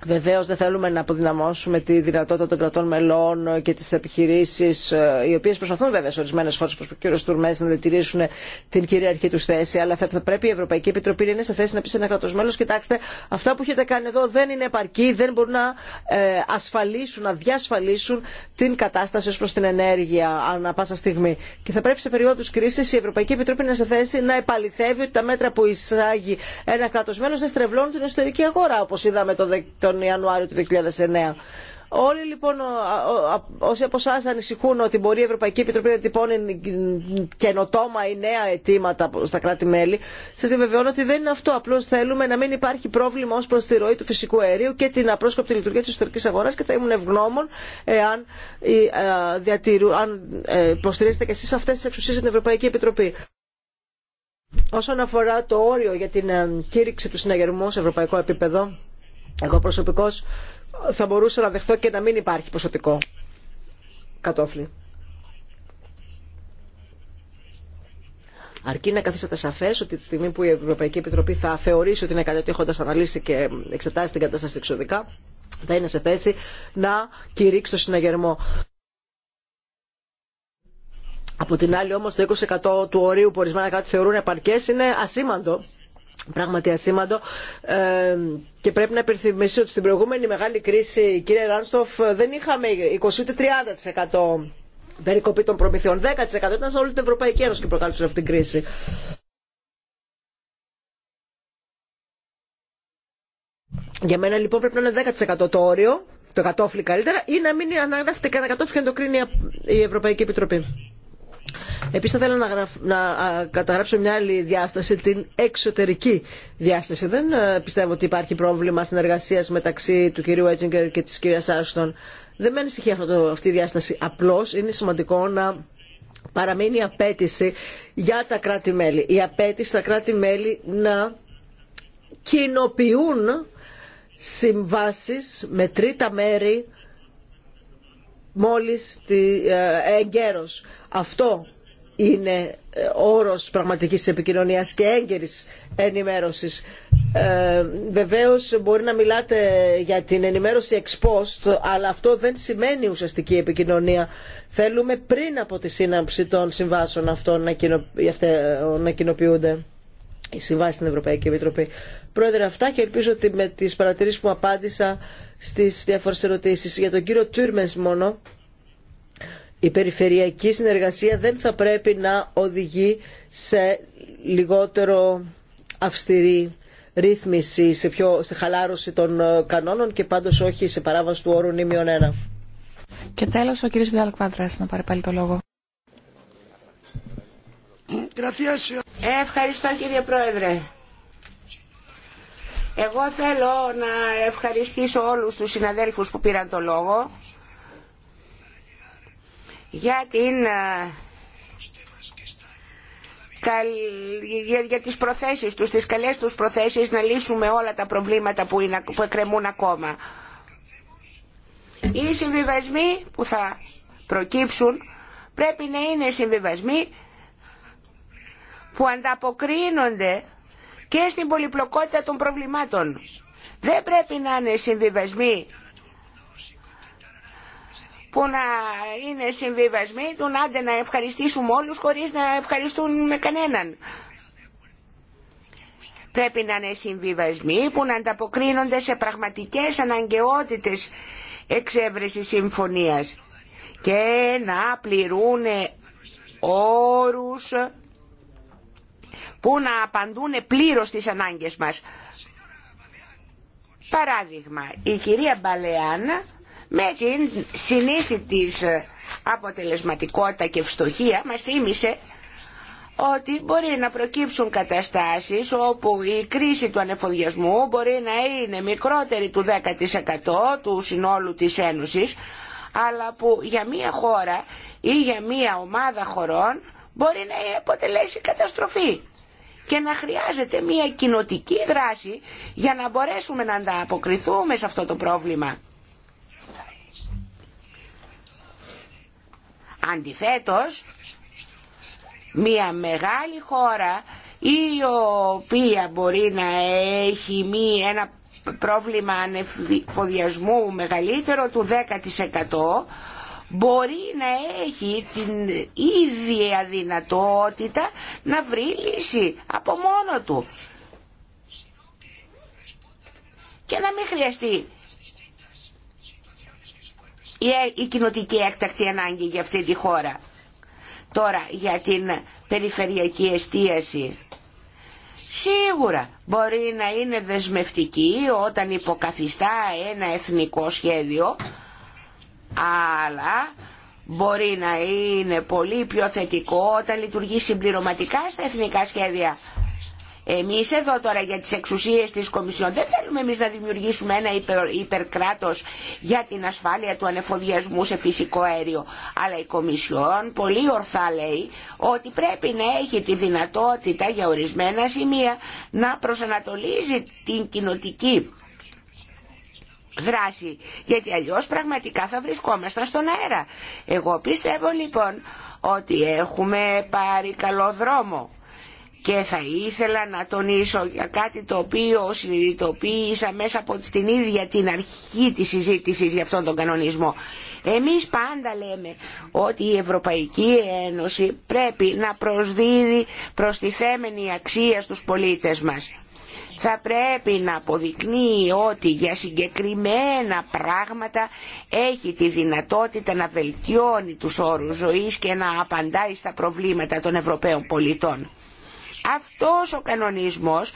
Speaker 3: Βεβαίω δεν θέλουμε να αποδυναμώσουμε τη δυνατότητα των κρατών μελών και τι επιχειρήσει, ε, οι οποίε προσπαθούν βέβαια σε ορισμένες χώρες προς κύριο τουρμέ να διατηρήσουν την κυριαρχή του θέση αλλά θα πρέπει η Ευρωπαϊκή Επιτροπή να είναι σε θέση να πει σε ένα κρατό κοιτάξτε αυτά που έχετε κάνει εδώ δεν είναι επαρκή, δεν μπορούν να ε, ασφαλίσουν, να διασφαλίσουν την κατάσταση ω προ την ενέργεια ανά πάσα στιγμή. Και θα πρέπει σε περίοδου κρίση, η Ευρωπαϊκή Επιτροπή να είναι σε θέση να επαληθεύει ότι τα μέτρα που εισάγει ένα κρατό μέλο δεν στρεβλώνουν την εσωτερική αγορά όπω είδαμε το τον Ιανουάριο του 2009. Όλοι λοιπόν όσοι από εσά ανησυχούν ότι μπορεί η Ευρωπαϊκή Επιτροπή να τυπώνει καινοτόμα ή νέα αιτήματα στα κράτη-μέλη, σα διαβεβαιώνω ότι δεν είναι αυτό. Απλώ θέλουμε να μην υπάρχει πρόβλημα ω προ τη ροή του φυσικού αερίου και την απρόσκοπτη λειτουργία τη εσωτερική αγορά και θα ήμουν ευγνώμων εάν ε, ε, υποστηρίζετε και εσεί αυτέ τι εξουσίε στην Ευρωπαϊκή Επιτροπή. Όσον αφορά το όριο για την ε, κήρυξη του συναγερμού σε ευρωπαϊκό επίπεδο, εγώ προσωπικώ θα μπορούσα να δεχθώ και να μην υπάρχει ποσοτικό κατόφλι. Αρκεί να καθίσατε σαφέ ότι τη στιγμή που η Ευρωπαϊκή Επιτροπή θα θεωρήσει ότι είναι κάτι ότι έχοντα αναλύσει και εξετάσει την κατάσταση εξωτικά θα είναι σε θέση να κηρύξει το συναγερμό. Από την άλλη όμως το 20% του ορίου που ορισμένα κάτι θεωρούν επαρκές είναι ασήμαντο πράγματι ασήμαντο ε, και πρέπει να υπενθυμίσω ότι στην προηγούμενη μεγάλη κρίση κύριε Ράνστοφ δεν είχαμε 20 ούτε 30% περικοπή των προμηθειών. 10% ήταν σε όλη την Ευρωπαϊκή Ένωση και προκάλεσε αυτή την κρίση. Για μένα λοιπόν πρέπει να είναι 10% το όριο, το κατόφλι καλύτερα, ή να μην αναγράφεται κανένα κατόφλι και να το κρίνει η Ευρωπαϊκή Επιτροπή. Επίσης θα θέλω να, να καταγράψω μια άλλη διάσταση, την εξωτερική διάσταση. Δεν ε, πιστεύω ότι υπάρχει πρόβλημα συνεργασίας μεταξύ του κυρίου Έτσιγκερ και της κυρίας Άστον. Δεν με ανησυχεί αυτή η διάσταση. Απλώς είναι σημαντικό να παραμείνει η απέτηση για τα κράτη-μέλη. Η απέτηση στα κράτη-μέλη να κοινοποιούν συμβάσεις με τρίτα μέρη μόλις ε, εγκαίρως. Αυτό είναι ε, όρος πραγματικής επικοινωνίας και έγκαιρης ενημέρωσης. Ε, βεβαίως μπορεί να μιλάτε για την ενημέρωση ex post, αλλά αυτό δεν σημαίνει ουσιαστική επικοινωνία. Θέλουμε πριν από τη σύναψη των συμβάσεων αυτών να κοινοποιούνται η συμβάσει στην Ευρωπαϊκή Επιτροπή. Πρόεδρε, αυτά και ελπίζω ότι με τι παρατηρήσει που απάντησα στι διάφορε ερωτήσει. Για τον κύριο Τούρμεν μόνο, η περιφερειακή συνεργασία δεν θα πρέπει να οδηγεί σε λιγότερο αυστηρή ρύθμιση, σε, πιο, σε χαλάρωση των ε, κανόνων και πάντως όχι σε παράβαση του όρου νήμιον 1.
Speaker 2: Και τέλος ο κύριος Βιδάλ να πάρει πάλι το λόγο.
Speaker 5: Ευχαριστώ κύριε Πρόεδρε. Εγώ θέλω να ευχαριστήσω όλους τους συναδέλφους που πήραν το λόγο για την ε, για τις προθέσεις τους, τις καλές τους προθέσεις να λύσουμε όλα τα προβλήματα που, είναι, που εκκρεμούν ακόμα. Οι συμβιβασμοί που θα προκύψουν πρέπει να είναι συμβιβασμοί που ανταποκρίνονται και στην πολυπλοκότητα των προβλημάτων. Δεν πρέπει να είναι συμβιβασμοί που να είναι συμβιβασμοί του να να ευχαριστήσουμε όλους χωρίς να ευχαριστούν με κανέναν. Πρέπει να είναι συμβιβασμοί που να ανταποκρίνονται σε πραγματικές αναγκαιότητες εξέβρεσης συμφωνίας και να πληρούν όρους που να απαντούν πλήρως στις ανάγκες μας. Παράδειγμα, η κυρία Μπαλεάν με την συνήθη της αποτελεσματικότητα και ευστοχία μας θύμισε ότι μπορεί να προκύψουν καταστάσεις όπου η κρίση του ανεφοδιασμού μπορεί να είναι μικρότερη του 10% του συνόλου της Ένωσης αλλά που για μία χώρα ή για μία ομάδα χωρών μπορεί να αποτελέσει καταστροφή και να χρειάζεται μια κοινοτική δράση για να μπορέσουμε να ανταποκριθούμε σε αυτό το πρόβλημα. Αντιθέτως, μια μεγάλη χώρα η οποία μπορεί να έχει μία, ένα πρόβλημα ανεφοδιασμού μεγαλύτερο του 10% μπορεί να έχει την ίδια δυνατότητα να βρει λύση από μόνο του και να μην χρειαστεί η κοινοτική έκτακτη ανάγκη για αυτή τη χώρα. Τώρα για την περιφερειακή εστίαση. Σίγουρα μπορεί να είναι δεσμευτική όταν υποκαθιστά ένα εθνικό σχέδιο αλλά μπορεί να είναι πολύ πιο θετικό όταν λειτουργεί συμπληρωματικά στα εθνικά σχέδια. Εμείς εδώ τώρα για τις εξουσίες της Κομισιόν δεν θέλουμε εμείς να δημιουργήσουμε ένα υπερ, υπερκράτος για την ασφάλεια του ανεφοδιασμού σε φυσικό αέριο. Αλλά η Κομισιόν πολύ ορθά λέει ότι πρέπει να έχει τη δυνατότητα για ορισμένα σημεία να προσανατολίζει την κοινοτική δράση, γιατί αλλιώς πραγματικά θα βρισκόμασταν στον αέρα. Εγώ πιστεύω λοιπόν ότι έχουμε πάρει καλό δρόμο και θα ήθελα να τονίσω για κάτι το οποίο συνειδητοποίησα μέσα από την ίδια την αρχή της συζήτησης για αυτόν τον κανονισμό. Εμείς πάντα λέμε ότι η Ευρωπαϊκή Ένωση πρέπει να προσδίδει προστιθέμενη αξία στους πολίτες μας θα πρέπει να αποδεικνύει ότι για συγκεκριμένα πράγματα έχει τη δυνατότητα να βελτιώνει τους όρους ζωής και να απαντάει στα προβλήματα των Ευρωπαίων πολιτών. Αυτός ο κανονισμός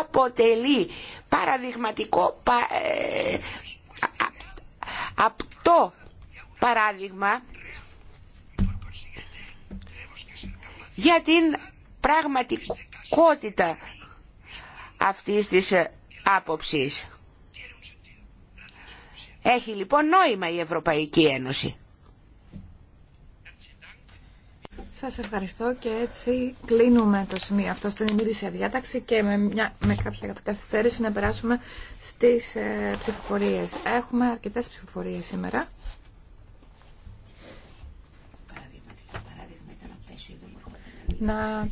Speaker 5: αποτελεί παραδειγματικό, πα, ε, απτό παράδειγμα για την πραγματικότητα αυτής της ε, άποψης. Έχει λοιπόν νόημα η Ευρωπαϊκή Ένωση.
Speaker 2: Σας ευχαριστώ και έτσι κλείνουμε το σημείο αυτό στην ημερήσια διάταξη και με, με κάποια καθυστέρηση να περάσουμε στις ε, ψηφοφορίες. Έχουμε αρκετές ψηφοφορίες σήμερα. Να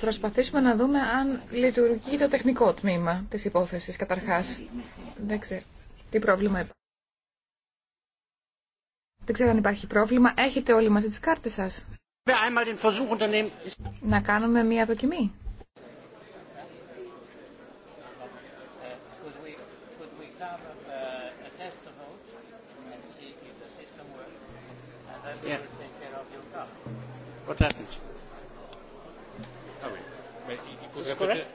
Speaker 2: προσπαθήσουμε να δούμε αν λειτουργεί το τεχνικό τμήμα της υπόθεσης καταρχάς. Δεν ξέρω τι πρόβλημα υπάρχει. Δεν ξέρω αν υπάρχει πρόβλημα. Έχετε όλοι μαζί τις κάρτες σας. Να κάνουμε μία δοκιμή.
Speaker 1: What happens?
Speaker 4: correct?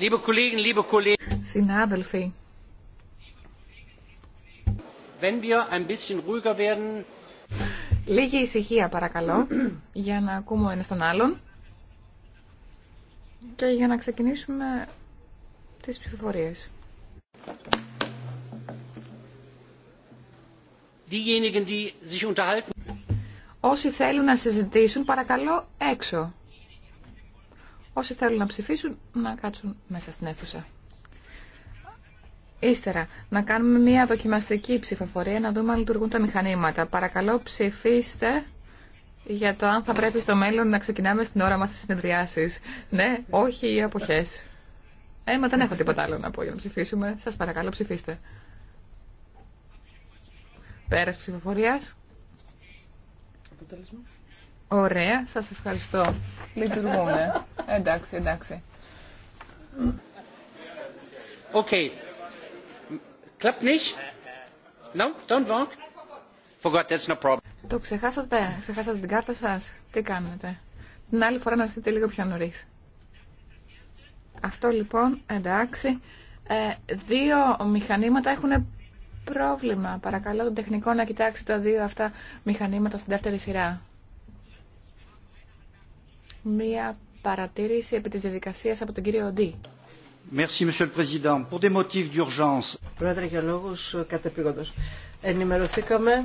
Speaker 4: Liebe Kolleginnen, liebe Kollegen.
Speaker 2: Συνάδελφοι, λίγη ησυχία παρακαλώ για να ακούμε ένα τον άλλον και για να ξεκινήσουμε τις ψηφοφορίες. Όσοι θέλουν να συζητήσουν, παρακαλώ έξω. Όσοι θέλουν να ψηφίσουν, να κάτσουν μέσα στην αίθουσα. Ύστερα, να κάνουμε μια δοκιμαστική ψηφοφορία, να δούμε αν λειτουργούν τα μηχανήματα. Παρακαλώ ψηφίστε για το αν θα πρέπει στο μέλλον να ξεκινάμε στην ώρα μας τις συνεδριάσεις. Ναι, όχι οι αποχές. Ε, μα δεν έχω τίποτα άλλο να πω για να ψηφίσουμε. Σας παρακαλώ ψηφίστε. Πέρας ψηφοφορίας. Ωραία, σας ευχαριστώ.
Speaker 4: Λειτουργούμε.
Speaker 2: Εντάξει, εντάξει. Okay. Το ξεχάσατε, ξεχάσατε την κάρτα σας. Τι κάνετε. Την άλλη φορά να έρθετε λίγο πιο νωρί. Αυτό λοιπόν, εντάξει. Ε, δύο μηχανήματα έχουν πρόβλημα. Παρακαλώ τον τεχνικό να κοιτάξει τα δύο αυτά μηχανήματα στην δεύτερη σειρά. Μία παρατήρηση επί της διαδικασίας από τον κύριο Ντί.
Speaker 3: Merci, Monsieur le Président. Pour des motifs d'urgence. Πρόεδρε, για λόγου Ενημερωθήκαμε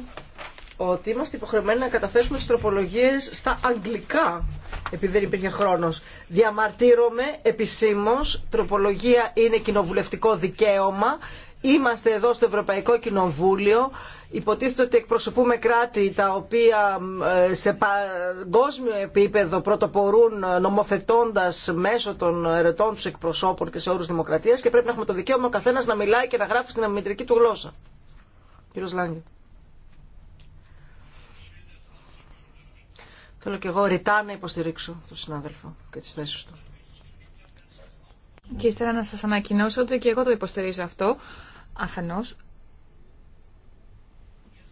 Speaker 3: ότι είμαστε υποχρεωμένοι να καταθέσουμε τι τροπολογίε στα αγγλικά, επειδή δεν υπήρχε χρόνο. Διαμαρτύρομαι επισήμω. Τροπολογία είναι κοινοβουλευτικό δικαίωμα είμαστε εδώ στο Ευρωπαϊκό Κοινοβούλιο. Υποτίθεται ότι εκπροσωπούμε κράτη τα οποία ε, σε παγκόσμιο επίπεδο πρωτοπορούν ε, νομοθετώντας μέσω των ερετών τους εκπροσώπων και σε όρους δημοκρατίας και πρέπει να έχουμε το δικαίωμα ο καθένας να μιλάει και να γράφει στην αμυντρική του γλώσσα. Κύριος Λάγκη. Θέλω και εγώ ρητά να υποστηρίξω τον συνάδελφο και τις θέσεις του. Και
Speaker 2: ύστερα να σας ανακοινώσω ότι και εγώ το υποστηρίζω αυτό αφενός.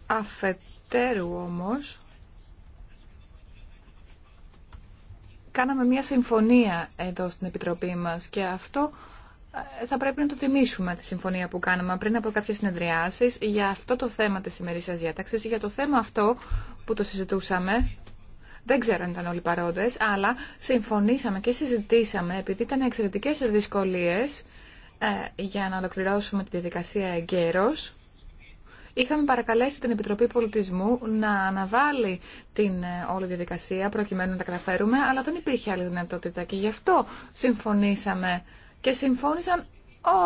Speaker 2: Αφετέρου όμως, κάναμε μια συμφωνία εδώ στην Επιτροπή μας και αυτό ε, θα πρέπει να το τιμήσουμε τη συμφωνία που κάναμε πριν από κάποιες συνεδριάσεις για αυτό το θέμα της ημερήσιας διάταξης, για το θέμα αυτό που το συζητούσαμε. Δεν ξέρω αν ήταν όλοι παρόντες, αλλά συμφωνήσαμε και συζητήσαμε επειδή ήταν εξαιρετικές δυσκολίες ε, για να ολοκληρώσουμε τη διαδικασία εγκαίρως, είχαμε παρακαλέσει την Επιτροπή Πολιτισμού να αναβάλει την ε, όλη διαδικασία προκειμένου να τα καταφέρουμε, αλλά δεν υπήρχε άλλη δυνατότητα και γι' αυτό συμφωνήσαμε και συμφώνησαν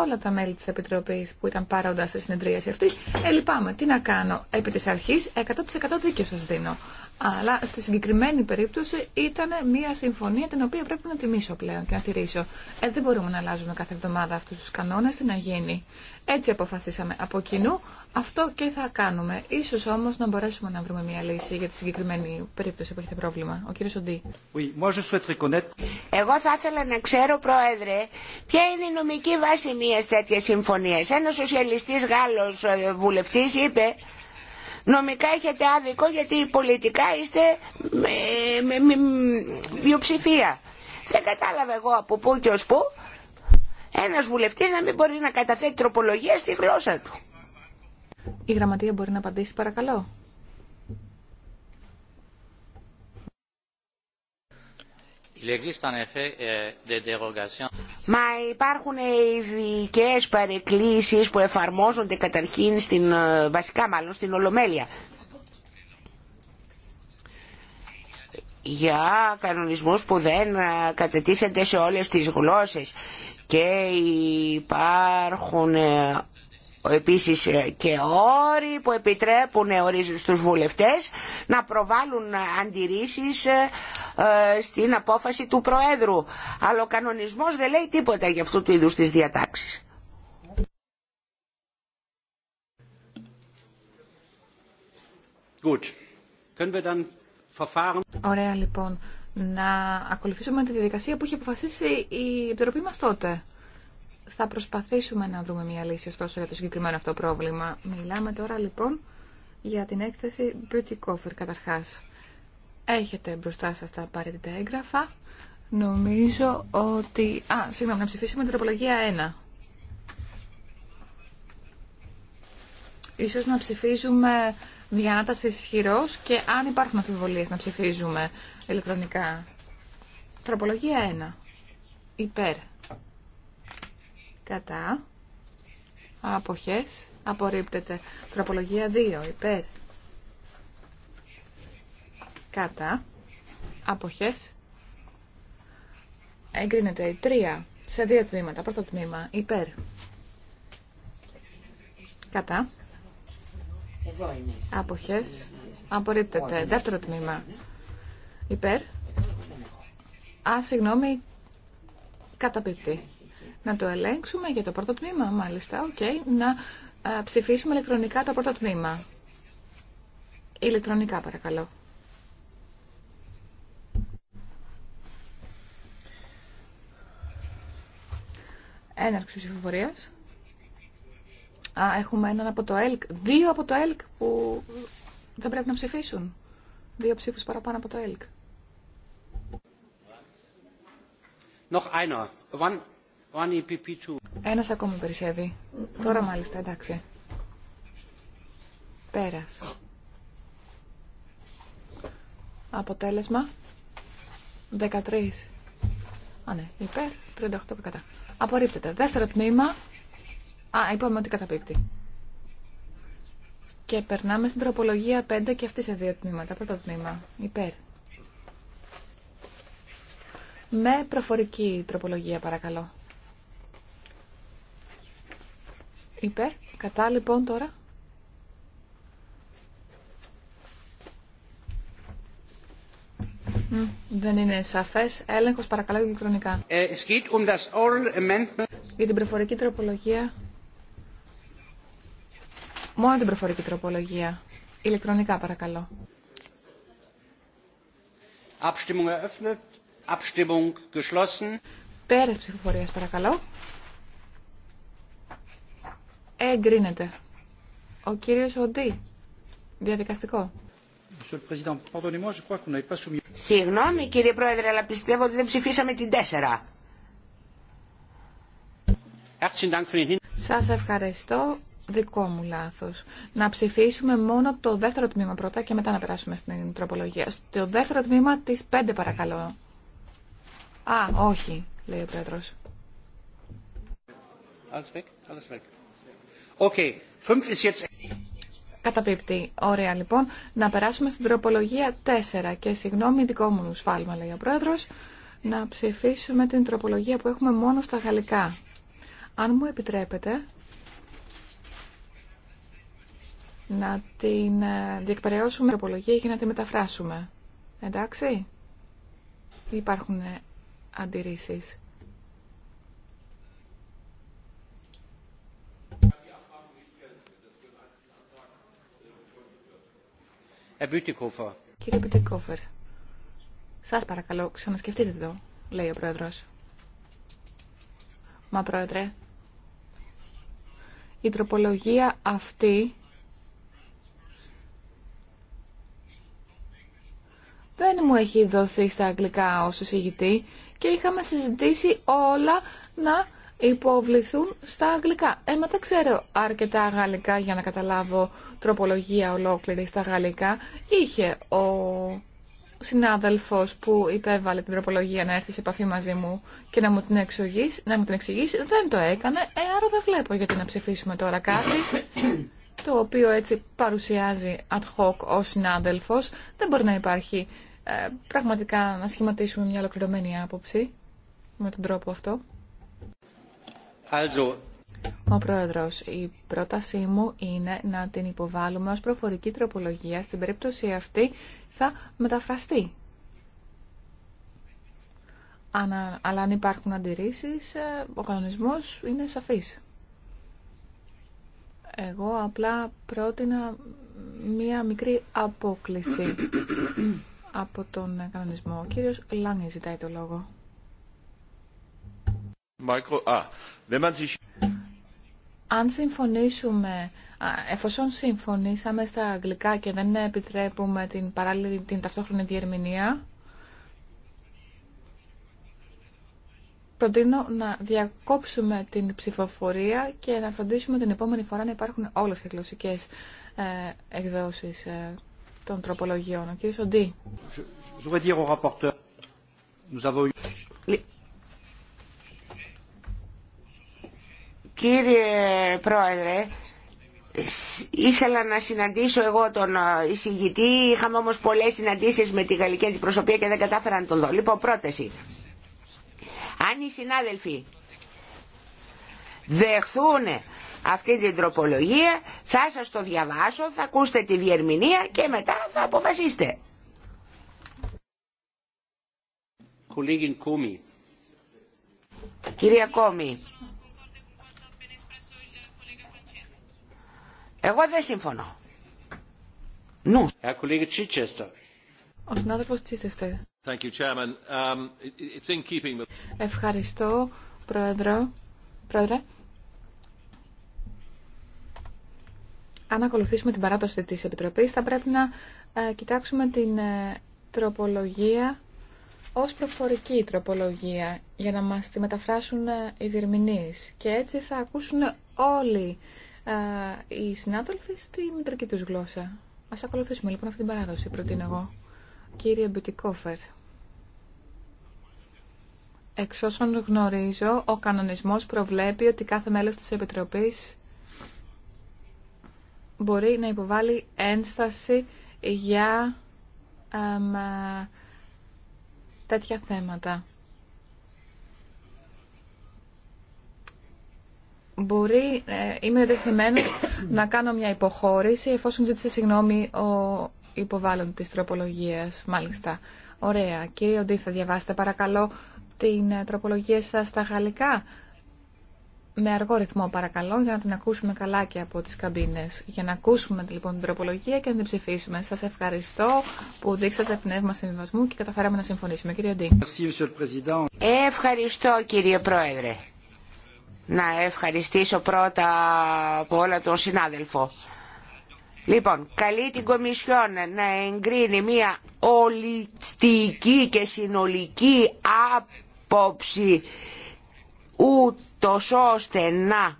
Speaker 2: όλα τα μέλη της Επιτροπής που ήταν παρόντα στη συνεδρίαση αυτή. Ε, λυπάμαι, τι να κάνω. Επί της αρχής, 100% δίκιο σας δίνω. Αλλά στη συγκεκριμένη περίπτωση ήταν μια συμφωνία την οποία πρέπει να τιμήσω πλέον και να τηρήσω. Ε, δεν μπορούμε να αλλάζουμε κάθε εβδομάδα αυτού του κανόνε, να γίνει. Έτσι αποφασίσαμε από κοινού, αυτό και θα κάνουμε. Ίσως όμω να μπορέσουμε να βρούμε μια λύση για τη συγκεκριμένη περίπτωση που έχετε πρόβλημα. Ο κύριος Οντί. Εγώ θα ήθελα να ξέρω, Πρόεδρε, ποια
Speaker 5: είναι η νομική βάση μια τέτοια συμφωνία. ένα σοσιαλιστής Γάλλος ε, βουλευτή είπε νομικά έχετε άδικο γιατί πολιτικά είστε με μειοψηφία. Δεν κατάλαβα εγώ από πού και ως πού ένας βουλευτής να μην μπορεί να καταθέτει τροπολογία στη γλώσσα του.
Speaker 2: Η γραμματεία μπορεί να απαντήσει παρακαλώ.
Speaker 1: Euh,
Speaker 2: Μα υπάρχουν
Speaker 5: ειδικέ παρεκκλήσει που εφαρμόζονται καταρχήν στην, ε, βασικά μάλλον στην Ολομέλεια. Για κανονισμούς που δεν ε, κατετίθενται σε όλες τις γλώσσες και υπάρχουν ε, επίσης ε, και όροι που επιτρέπουν ε, στους βουλευτές να προβάλλουν αντιρρήσεις ε, στην απόφαση του Προέδρου. Αλλά ο κανονισμός δεν λέει τίποτα για αυτού του είδους τις διατάξεις.
Speaker 2: Ωραία λοιπόν. Να ακολουθήσουμε τη διαδικασία που είχε αποφασίσει η Επιτροπή μας τότε θα προσπαθήσουμε να βρούμε μια λύση ωστόσο για το συγκεκριμένο αυτό πρόβλημα. Μιλάμε τώρα λοιπόν για την έκθεση Beauty Coffer καταρχάς. Έχετε μπροστά σας τα απαραίτητα έγγραφα. Νομίζω ότι... Α, συγγνώμη, να ψηφίσουμε την τροπολογία 1. Ίσως να ψηφίζουμε διανάταση ισχυρό και αν υπάρχουν αμφιβολίες να ψηφίζουμε ηλεκτρονικά. Τροπολογία 1. Υπέρ κατά, αποχές, απορρίπτεται. Τροπολογία 2, υπέρ, κατά, αποχές, εγκρίνεται η 3 σε δύο τμήματα. Πρώτο τμήμα, υπέρ, κατά, αποχές, απορρίπτεται. Δεύτερο τμήμα, υπέρ, α, συγγνώμη, καταπληκτή. Να το ελέγξουμε για το πρώτο τμήμα, μάλιστα. Οκ, να ε, ψηφίσουμε ηλεκτρονικά το πρώτο τμήμα. Ηλεκτρονικά, παρακαλώ. Έναρξη ψηφοφορία. Α, έχουμε έναν από το ΕΛΚ. Δύο από το ΕΛΚ που δεν πρέπει να ψηφίσουν. Δύο ψήφους παραπάνω από το ΕΛΚ.
Speaker 4: Noch einer. E
Speaker 2: Ένας ακόμα περισσεύει. Τώρα μάλιστα, εντάξει. Πέρας. Αποτέλεσμα 13. Α, ναι, υπέρ, 38 κατά. Απορρίπτεται. Δεύτερο τμήμα. Α, είπαμε ότι καταπίπτει. Και περνάμε στην τροπολογία 5 και αυτή σε δύο τμήματα. Πρώτο τμήμα. Υπέρ. Με προφορική τροπολογία, παρακαλώ. Υπέρ. Κατά λοιπόν τώρα. δεν είναι σαφές. Έλεγχος παρακαλώ ηλεκτρονικά. Ε, Για την προφορική τροπολογία. Μόνο την προφορική τροπολογία. Ηλεκτρονικά παρακαλώ.
Speaker 4: Abstimmung eröffnet. Abstimmung geschlossen.
Speaker 2: Πέρας ψηφοφορίας παρακαλώ. Εγκρίνεται. Ο κύριος Οντί. Διαδικαστικό.
Speaker 4: Συγγνώμη
Speaker 5: κύριε Πρόεδρε, αλλά πιστεύω ότι δεν ψηφίσαμε την 4.
Speaker 2: Σας ευχαριστώ. Δικό μου λάθος. Να ψηφίσουμε μόνο το δεύτερο τμήμα πρώτα και μετά να περάσουμε στην τροπολογία. Στο δεύτερο τμήμα τις πέντε παρακαλώ. Α, όχι, λέει ο Πετρος.
Speaker 4: Alles weg, alles Okay.
Speaker 2: Καταπίπτει. Ωραία λοιπόν. Να περάσουμε στην τροπολογία 4. Και συγγνώμη, δικό μου σφάλμα λέει ο πρόεδρος. Να ψηφίσουμε την τροπολογία που έχουμε μόνο στα γαλλικά. Αν μου επιτρέπετε να την ε, διεκπαιρεώσουμε τροπολογία για να τη μεταφράσουμε. Εντάξει. Υπάρχουν αντιρρήσεις. Ε, Κύριε Πιτεκόφερ, σας παρακαλώ, ξανασκεφτείτε το, λέει ο Πρόεδρος. Μα Πρόεδρε, η τροπολογία αυτή δεν μου έχει δοθεί στα αγγλικά ως εισηγητή και είχαμε συζητήσει όλα να υποβληθούν στα αγγλικά. Ε, μα δεν ξέρω αρκετά γαλλικά για να καταλάβω τροπολογία ολόκληρη στα γαλλικά. Είχε ο συνάδελφος που υπέβαλε την τροπολογία να έρθει σε επαφή μαζί μου και να μου την εξηγήσει, να μου την εξηγήσει. δεν το έκανε, ε, άρα δεν βλέπω γιατί να ψηφίσουμε τώρα κάτι το οποίο έτσι παρουσιάζει ad hoc ο συνάδελφος. Δεν μπορεί να υπάρχει ε, πραγματικά να σχηματίσουμε μια ολοκληρωμένη άποψη με τον τρόπο αυτό. Ο Πρόεδρος, η πρότασή μου είναι να την υποβάλουμε ως προφορική τροπολογία. Στην περίπτωση αυτή θα μεταφραστεί. Αλλά αν υπάρχουν αντιρρήσεις, ε, ο κανονισμός είναι σαφής. Εγώ απλά πρότεινα μία μικρή απόκληση από τον κανονισμό. Ο κύριος Λάνη ζητάει το λόγο. Αν συμφωνήσουμε, εφόσον συμφωνήσαμε στα αγγλικά και δεν επιτρέπουμε την παράλληλη, την ταυτόχρονη διερμηνία, προτείνω να διακόψουμε την ψηφοφορία και να φροντίσουμε την επόμενη φορά να υπάρχουν όλες οι γλωσσικές ε, εκδόσεις ε, των τροπολογιών. Κύριε Σοντή.
Speaker 5: Κύριε Πρόεδρε, ήθελα να συναντήσω εγώ τον ε, εισηγητή, είχαμε όμως πολλές συναντήσεις με τη γαλλική αντιπροσωπεία και δεν κατάφερα να τον δω. Λοιπόν, πρόταση. Αν οι συνάδελφοι δεχθούν αυτή την τροπολογία, θα σας το διαβάσω, θα ακούσετε τη διερμηνία και μετά θα αποφασίσετε. Κυρία Κόμι, Εγώ δεν συμφωνώ.
Speaker 2: Νου. Ο συνάδελφος um, with... Ευχαριστώ, Πρόεδρο. Πρόεδρε. Αν ακολουθήσουμε την παράδοση της Επιτροπής, θα πρέπει να ε, κοιτάξουμε την ε, τροπολογία ως προφορική τροπολογία για να μας τη μεταφράσουν ε, οι διερμηνείς. Και έτσι θα ακούσουν όλοι οι συνάδελφοι στη μητρική τους γλώσσα. Α ακολουθήσουμε λοιπόν αυτή την παράδοση, προτείνω εγώ. Κύριε Μπιτικόφερ, εξ όσων γνωρίζω, ο κανονισμός προβλέπει ότι κάθε μέλος τη Επιτροπής μπορεί να υποβάλει ένσταση για τέτοια θέματα. μπορεί, ε, είμαι δεθυμένος να κάνω μια υποχώρηση εφόσον ζήτησε συγγνώμη ο υποβάλλον της τροπολογίας, μάλιστα. Ωραία. Κύριε Οντί, θα διαβάσετε παρακαλώ την ε, τροπολογία σας στα γαλλικά. Με αργό ρυθμό παρακαλώ για να την ακούσουμε καλά και από τις καμπίνες. Για να ακούσουμε λοιπόν την τροπολογία και να την ψηφίσουμε. Σας ευχαριστώ που δείξατε πνεύμα συμβιβασμού και καταφέραμε να συμφωνήσουμε. Κύριε Οντί.
Speaker 5: Ευχαριστώ κύριε Πρόεδρε να ευχαριστήσω πρώτα από όλα τον συνάδελφο. Λοιπόν, καλεί την Κομισιόν να εγκρίνει μια ολιστική και συνολική άποψη ούτω ώστε να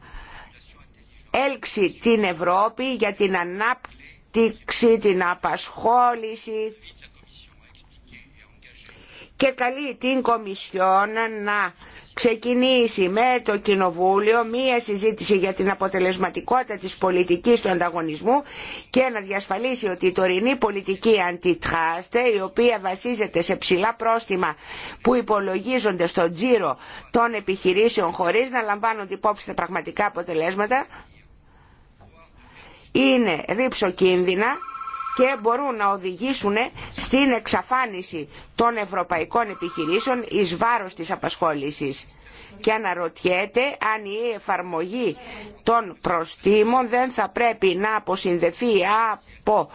Speaker 5: έλξει την Ευρώπη για την ανάπτυξη, την απασχόληση και καλεί την Κομισιόν να ξεκινήσει με το Κοινοβούλιο μία συζήτηση για την αποτελεσματικότητα της πολιτικής του ανταγωνισμού και να διασφαλίσει ότι η τωρινή πολιτική αντιτράστε η οποία βασίζεται σε ψηλά πρόστιμα που υπολογίζονται στο τζίρο των επιχειρήσεων χωρίς να λαμβάνονται υπόψη τα πραγματικά αποτελέσματα είναι ρήψο κίνδυνα και μπορούν να οδηγήσουν στην εξαφάνιση των ευρωπαϊκών επιχειρήσεων εις βάρος της απασχόλησης. Και αναρωτιέται αν η εφαρμογή των προστήμων δεν θα πρέπει να αποσυνδεθεί από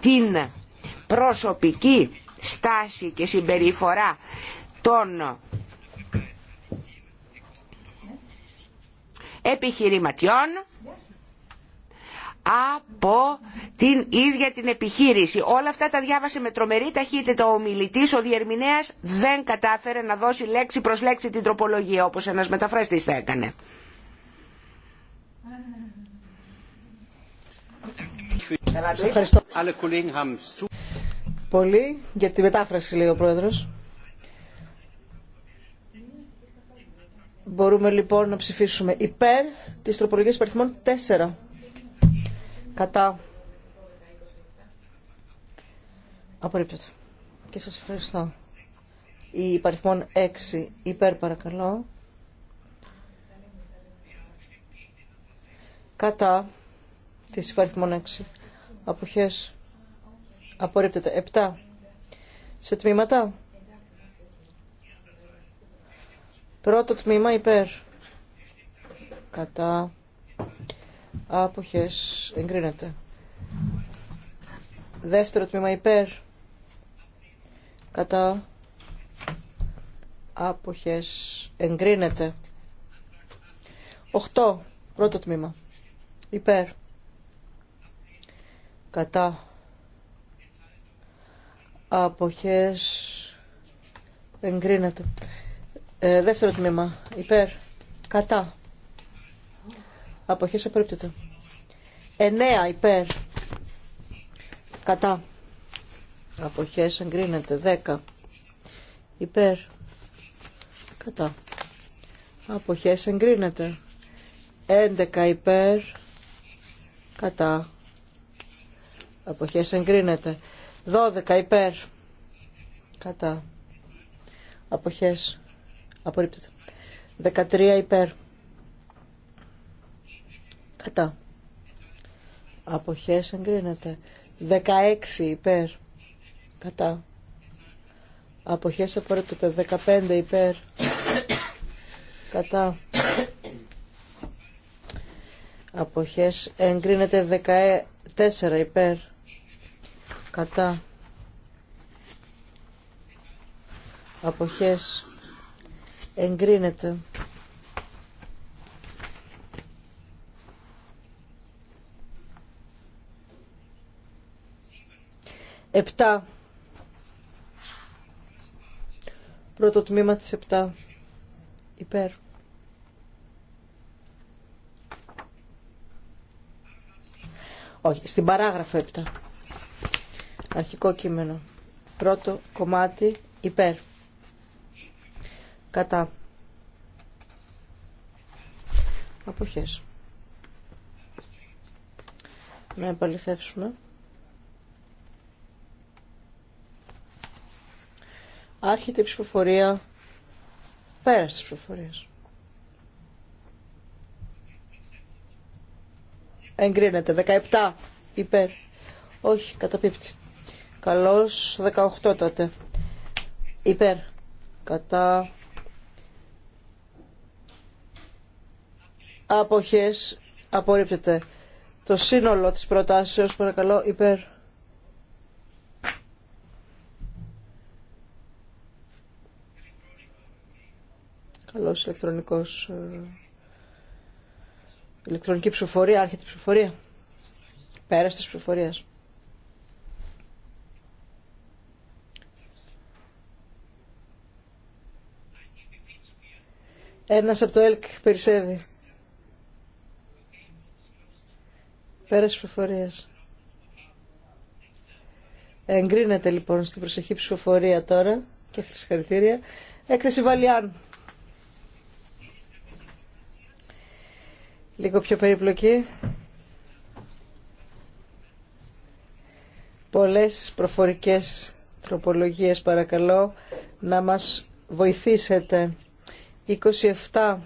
Speaker 5: την προσωπική στάση και συμπεριφορά των επιχειρηματιών από την ίδια την επιχείρηση. Όλα αυτά τα διάβασε με τρομερή ταχύτητα ο μιλητής, ο διερμηνέα δεν κατάφερε να δώσει λέξη προς λέξη την τροπολογία όπως ένας μεταφραστής θα έκανε.
Speaker 3: Πολύ για τη μετάφραση λέει ο Πρόεδρος. Μπορούμε λοιπόν να ψηφίσουμε υπέρ της τροπολογίας περιθμών 4. Κατά. Απορρίπτεται. Και σας ευχαριστώ. Η υπαριθμόν 6 υπέρ παρακαλώ. Κατά της υπαριθμόν 6. Αποχές. Απορρίπτεται. 7. Σε τμήματα. Πρώτο τμήμα υπέρ. Κατά. Άποχες. Εγκρίνεται. Δεύτερο τμήμα υπέρ. Κατά. Άποχες. Εγκρίνεται. Οχτώ. Πρώτο τμήμα. Υπέρ. Κατά. Αποχές. Εγκρίνεται. Ε, δεύτερο τμήμα. Υπέρ. Κατά. Αποχές απορρίπτεται. 9 υπέρ. Κατά. Αποχές εγκρίνεται. 10 υπέρ. Κατά. Αποχές εγκρίνεται. 11 υπέρ. Κατά. Αποχές εγκρίνεται. 12 υπέρ. Κατά. Αποχές απορρίπτεται. 13 υπέρ. Κατά. Αποχές εγκρίνεται. 16 υπέρ. Κατά. Αποχές απορρίπτεται. 15 υπέρ. Κατά. Αποχές εγκρίνεται 14 υπέρ. Κατά. Αποχές εγκρίνεται Επτά, Πρώτο τμήμα της επτά, Υπέρ. Όχι, στην παράγραφο επτά, Αρχικό κείμενο. Πρώτο κομμάτι υπέρ. Κατά. Αποχές. Να επαληθεύσουμε. Άρχεται η ψηφοφορία. πέρα τη ψηφοφορία. Εγκρίνεται. 17 υπέρ. Όχι, καταπίπτει. Καλώς 18 τότε. Υπέρ. Κατά. Αποχές. Απορρίπτεται. Το σύνολο της προτάσεως παρακαλώ υπέρ. καλός ηλεκτρονικός ε, ηλεκτρονική ψηφοφορία, άρχεται η ψηφοφορία. Πέρα της ψηφοφορίας. Ένας από το ΕΛΚ περισσεύει. Πέρα της ψηφοφορίας. Εγκρίνεται λοιπόν στην προσεχή ψηφοφορία τώρα και συγχαρητήρια. Έκθεση Βαλιάν. λίγο πιο περιπλοκή. Πολλές προφορικές τροπολογίες παρακαλώ να μας βοηθήσετε. 27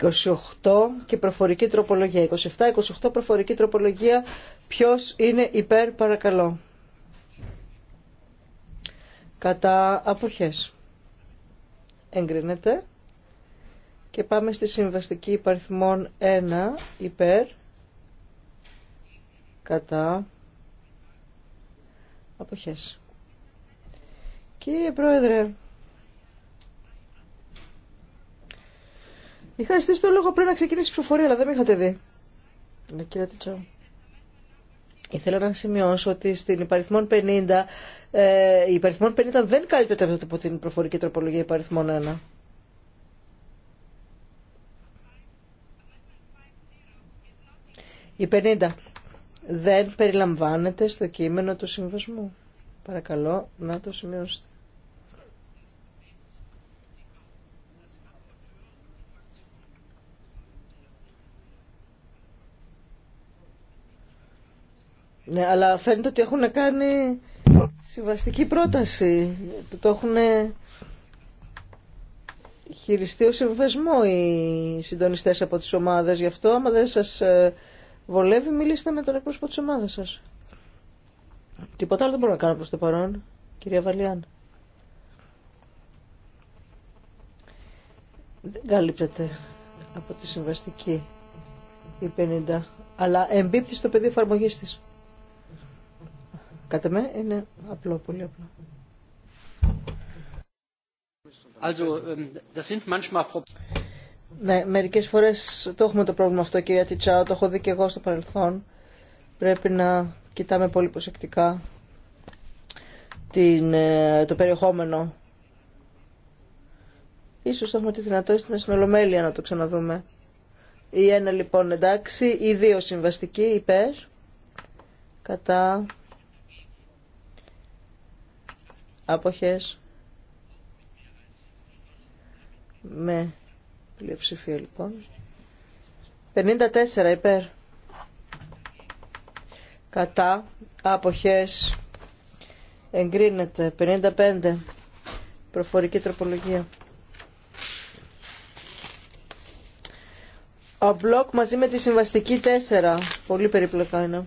Speaker 3: 28 και προφορική τροπολογία. 27-28 προφορική τροπολογία. Ποιος είναι υπέρ παρακαλώ. Κατά αποχές εγκρίνεται και πάμε στη συμβαστική υπαριθμών 1 υπέρ κατά αποχές. Κύριε Πρόεδρε, είχα ζητήσει το λόγο πριν να ξεκινήσει η ψηφοφορία, αλλά δεν με είχατε δει. Ναι, κύριε Τιτσό. Ήθελα να σημειώσω ότι στην υπαριθμόν 50 ε, υπαριθμών 50 δεν καλύπτεται από την προφορική τροπολογία υπαριθμών 1. Η 50 δεν περιλαμβάνεται στο κείμενο του συμβασμού. Παρακαλώ να το σημειώσετε. Ναι, αλλά φαίνεται ότι έχουν κάνει Συμβαστική πρόταση. Το έχουν χειριστεί ως συμβασμό οι συντονιστές από τις ομάδες. Γι' αυτό άμα δεν σας ε, βολεύει μιλήστε με τον εκπρόσωπο της ομάδας σας. Τίποτα άλλο δεν μπορούμε να κάνουμε προς το παρόν. Κυρία Βαλιάν. Δεν καλύπτεται από τη συμβαστική η 50, αλλά εμπίπτει στο πεδίο εφαρμογή της. Κατά με είναι απλό, πολύ απλό.
Speaker 4: Also, ähm, das sind manchmal...
Speaker 3: Ναι, μερικές φορές το έχουμε το πρόβλημα αυτό κυρία Τιτσάου, το έχω δει και εγώ στο παρελθόν. Πρέπει να κοιτάμε πολύ προσεκτικά την, ε, το περιεχόμενο. Ίσως έχουμε τη δυνατότητα στην συνολομέλεια να το ξαναδούμε. Η ένα λοιπόν εντάξει, η δύο συμβαστική υπέρ, κατά Αποχές. Με πλειοψηφία λοιπόν. 54 υπέρ. Κατά. Αποχές. Εγκρίνεται. 55. Προφορική τροπολογία. Ο μπλοκ μαζί με τη συμβαστική 4. Πολύ περίπλοκα είναι.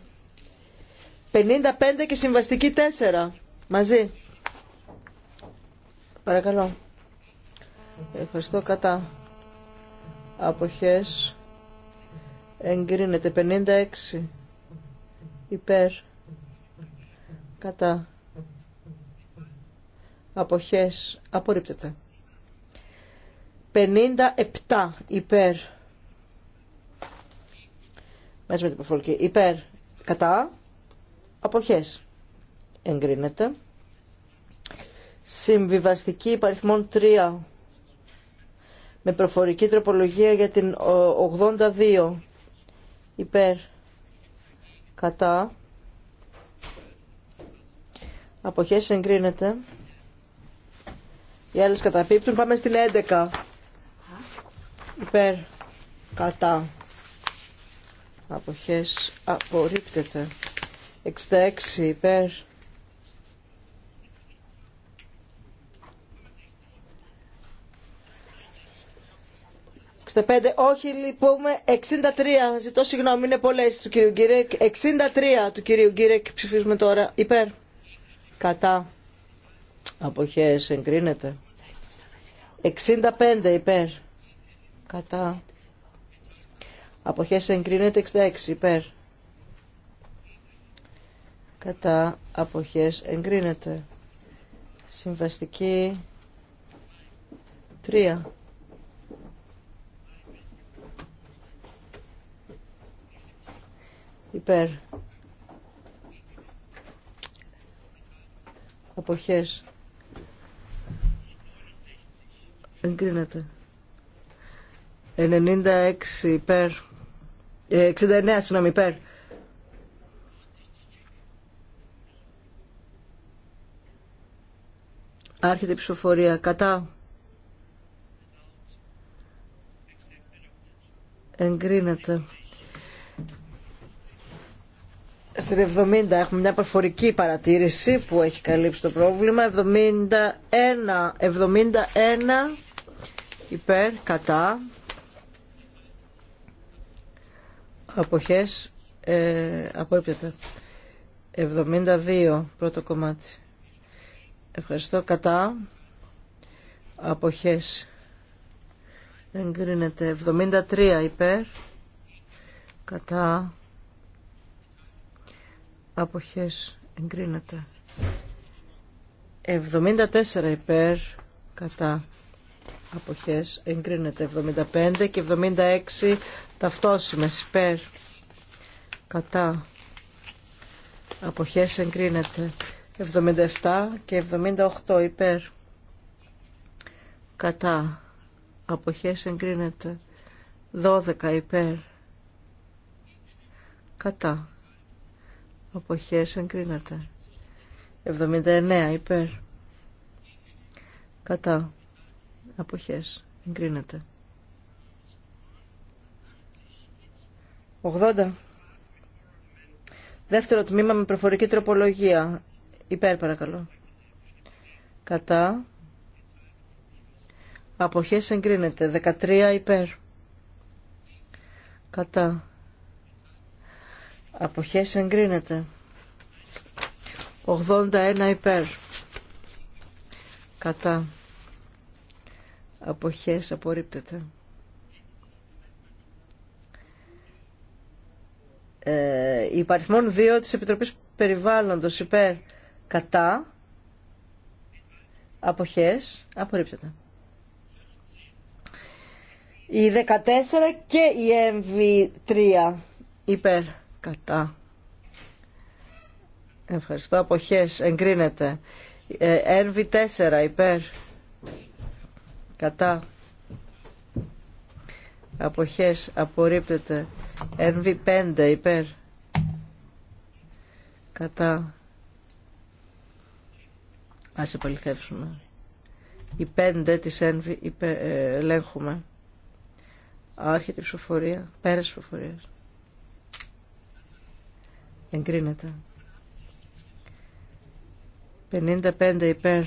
Speaker 3: 55 και συμβαστική 4. Μαζί. Παρακαλώ. Ευχαριστώ κατά. Αποχές. Εγκρίνεται 56. Υπέρ. Κατά. Αποχές. Απορρίπτεται. 57 υπέρ. Μέσα με την Υπέρ. Κατά. Αποχές. Εγκρίνεται. Συμβιβαστική υπαριθμών 3 με προφορική τροπολογία για την 82 υπέρ κατά αποχές εγκρίνεται οι άλλες καταπίπτουν πάμε στην 11 υπέρ κατά αποχές απορρίπτεται 66 υπέρ 65, όχι λυπούμε, 63, ζητώ συγγνώμη, είναι πολλές του κυρίου Γκίρεκ, 63 του κυρίου Γκίρεκ ψηφίζουμε τώρα, υπέρ, κατά, αποχές, εγκρίνεται, 65 υπέρ, κατά, αποχές, εγκρίνεται, 66 υπέρ, κατά, αποχές, εγκρίνεται, συμβαστική, 3 υπέρ αποχές εγκρίνεται 96 υπέρ 69 ε, συγγνώμη υπέρ Άρχεται η ψηφοφορία κατά εγκρίνεται στην 70 έχουμε μια προφορική παρατήρηση που έχει καλύψει το πρόβλημα. 71, 71 υπέρ, κατά. Αποχές, ε, απορρίπτεται. 72, πρώτο κομμάτι. Ευχαριστώ, κατά. Αποχές. Εγκρίνεται. 73 υπέρ. Κατά αποχές εγκρίνεται 74 υπέρ κατά αποχές εγκρίνεται 75 και 76 ταυτόσιμες υπέρ κατά αποχές εγκρίνεται 77 και 78 υπέρ κατά αποχές εγκρίνεται 12 υπέρ κατά Αποχές εγκρίνεται. 79 υπέρ. Κατά. Αποχές εγκρίνεται. 80. Δεύτερο τμήμα με προφορική τροπολογία. Υπέρ παρακαλώ. Κατά. Αποχές εγκρίνεται. 13 υπέρ. Κατά. Αποχές εγκρίνεται. 81 υπέρ. Κατά. Αποχές απορρίπτεται. Ε, παριθμόν 2 της Επιτροπής Περιβάλλοντος υπέρ. Κατά. Αποχές απορρίπτεται. Η 14 και η MV3 υπέρ Κατά. Ευχαριστώ. Αποχές. ε, NV4 υπέρ. Κατά. Αποχές. Έρβη NV5 υπέρ. Κατά. Ας επαληθεύσουμε. Οι πέντε της NV ε, ελέγχουμε. Άρχεται η ψηφοφορία. Πέρας ψηφοφορίας. Εγκρίνεται. 55 υπέρ.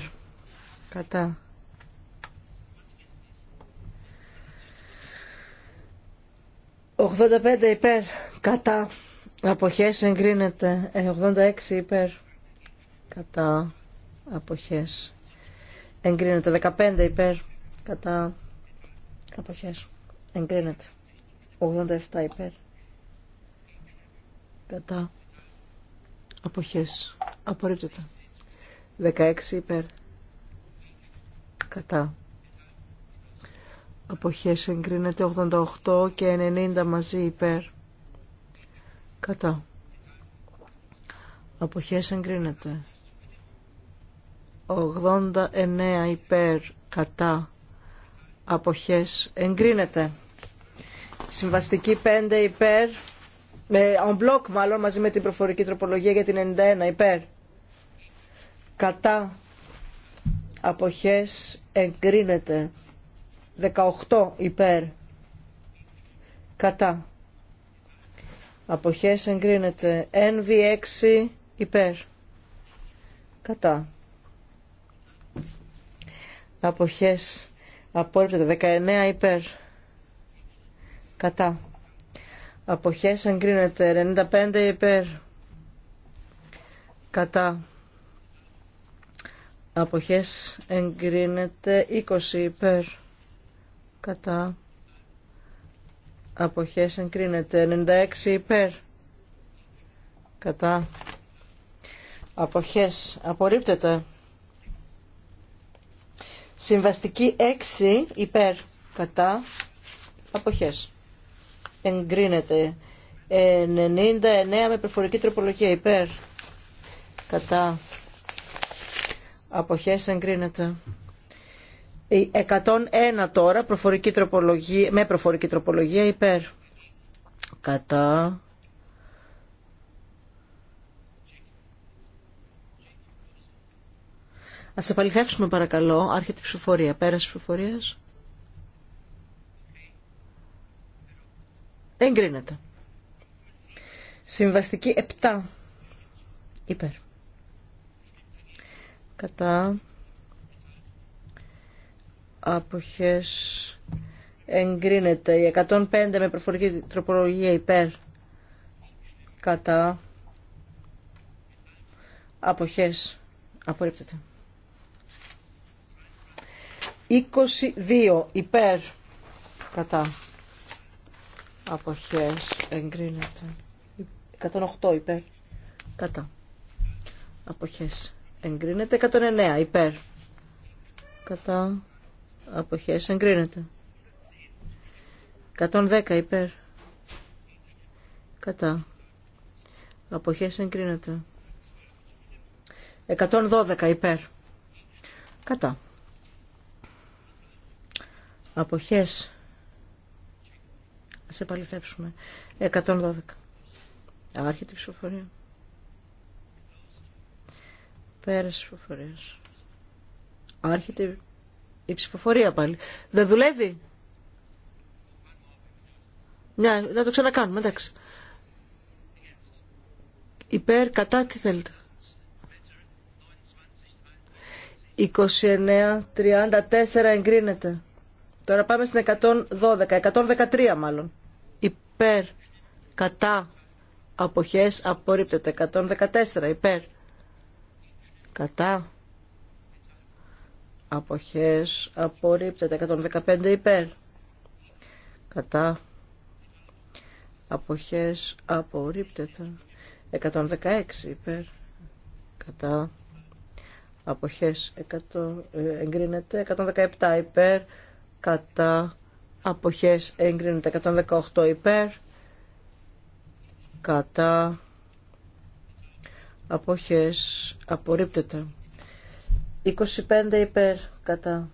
Speaker 3: Κατά. 85 υπέρ. Κατά. Αποχές εγκρίνεται. 86 ε, υπέρ. Κατά. Αποχές. Εγκρίνεται. 15 υπέρ. Κατά. Αποχές. Εγκρίνεται. 87 υπέρ. Κατά. Αποχές. Απορρίπτωτα. 16 υπέρ. Κατά. Αποχές εγκρίνεται 88 και 90 μαζί υπέρ. Κατά. Αποχές εγκρίνεται. 89 υπέρ. Κατά. Αποχές εγκρίνεται. Συμβαστική 5 υπέρ με en μάλλον μαζί με την προφορική τροπολογία για την 91 υπέρ κατά αποχές εγκρίνεται 18 υπέρ κατά αποχές εγκρίνεται NV6 υπέρ κατά αποχές απόρριπτεται 19 υπέρ κατά Αποχές εγκρίνεται 95 υπέρ. Κατά. Αποχές εγκρίνεται 20 υπέρ. Κατά. Αποχές εγκρίνεται 96 υπέρ. Κατά. Αποχές απορρίπτεται. Συμβαστική 6 υπέρ. Κατά. Αποχές εγκρίνεται. 99 με προφορική τροπολογία υπέρ. Κατά. Αποχές εγκρίνεται. 101 τώρα προφορική τροπολογία, με προφορική τροπολογία υπέρ. Κατά. Ας επαληθεύσουμε παρακαλώ. Άρχεται η ψηφοφορία. Πέρας ψηφοφορίας. Εγκρίνεται. Συμβαστική 7. Υπέρ. Κατά. Αποχές. Εγκρίνεται. Η 105 με προφορική τροπολογία υπέρ. Κατά. Αποχές. Απορρίπτεται. 22 υπέρ. Κατά Αποχές εγκρίνεται. 108 υπέρ. Κατά. Αποχές εγκρίνεται. 109 υπέρ. Κατά. Αποχές εγκρίνεται. 110 υπέρ. Κατά. Αποχές εγκρίνεται. 112 υπέρ. Κατά. Αποχές Ας επαληθεύσουμε. 112. Άρχεται η ψηφοφορία. Πέρασε ψηφοφορία. Άρχεται η ψηφοφορία πάλι. Δεν δουλεύει. Ναι, να το ξανακάνουμε, εντάξει. Υπέρ, κατά, τι θέλετε. 29, 34 εγκρίνεται. Τώρα πάμε στην 112, 113 μάλλον υπέρ κατά αποχές απορρίπτεται 114 υπέρ κατά αποχές απορρίπτεται 115 υπέρ κατά αποχές απορρίπτεται 116 υπέρ κατά αποχές 100, ε, εγκρίνεται 117 υπέρ κατά αποχές εγκρίνεται 118 υπέρ κατά αποχές απορρίπτεται 25 υπέρ κατά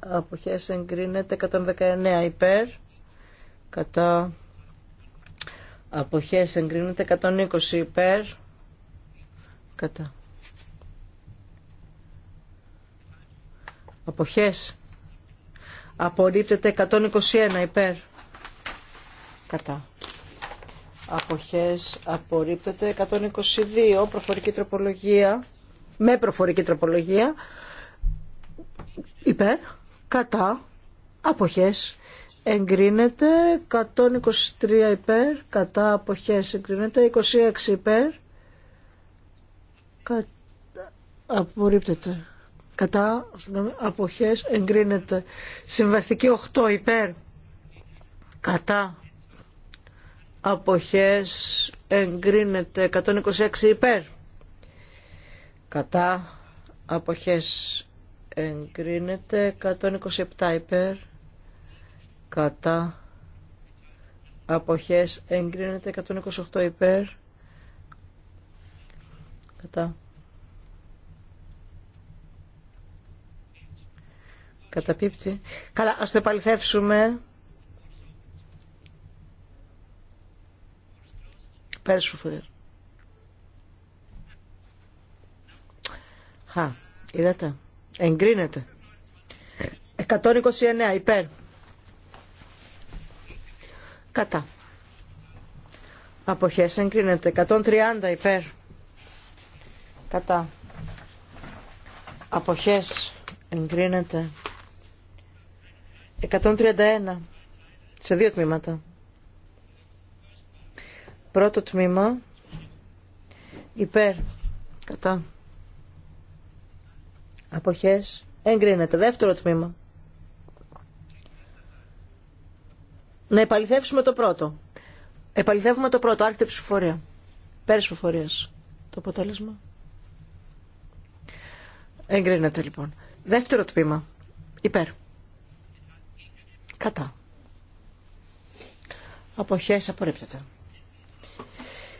Speaker 3: αποχές εγκρίνεται 119 υπέρ κατά αποχές εγκρίνεται 120 υπέρ κατά αποχές Απορρίπτεται 121 υπέρ. Κατά. Αποχές απορρίπτεται 122 προφορική τροπολογία. Με προφορική τροπολογία. Υπέρ. Κατά. Αποχές εγκρίνεται. 123 υπέρ. Κατά. Αποχές εγκρίνεται. 26 υπέρ. Κατά. Απορρίπτεται κατά αποχές εγκρίνεται. Συμβαστική 8 υπέρ κατά αποχές εγκρίνεται 126 υπέρ κατά αποχές εγκρίνεται 127 υπέρ κατά αποχές εγκρίνεται 128 υπέρ κατά Καταπίπτει. Καλά, ας το επαληθεύσουμε. Πέρασε φορέ. Χα, είδατε. Εγκρίνεται. 129 υπέρ. Κατά. Αποχές εγκρίνεται. 130 υπέρ. Κατά. Αποχές εγκρίνεται. 131 σε δύο τμήματα. Πρώτο τμήμα υπέρ κατά αποχές εγκρίνεται. Δεύτερο τμήμα. Να επαληθεύσουμε το πρώτο. Επαληθεύουμε το πρώτο. Άρχεται ψηφοφορία. Πέρυσι ψηφοφορίας. Το αποτέλεσμα. Εγκρίνεται λοιπόν. Δεύτερο τμήμα. Υπέρ. Κατά. Αποχές απορρίπτεται.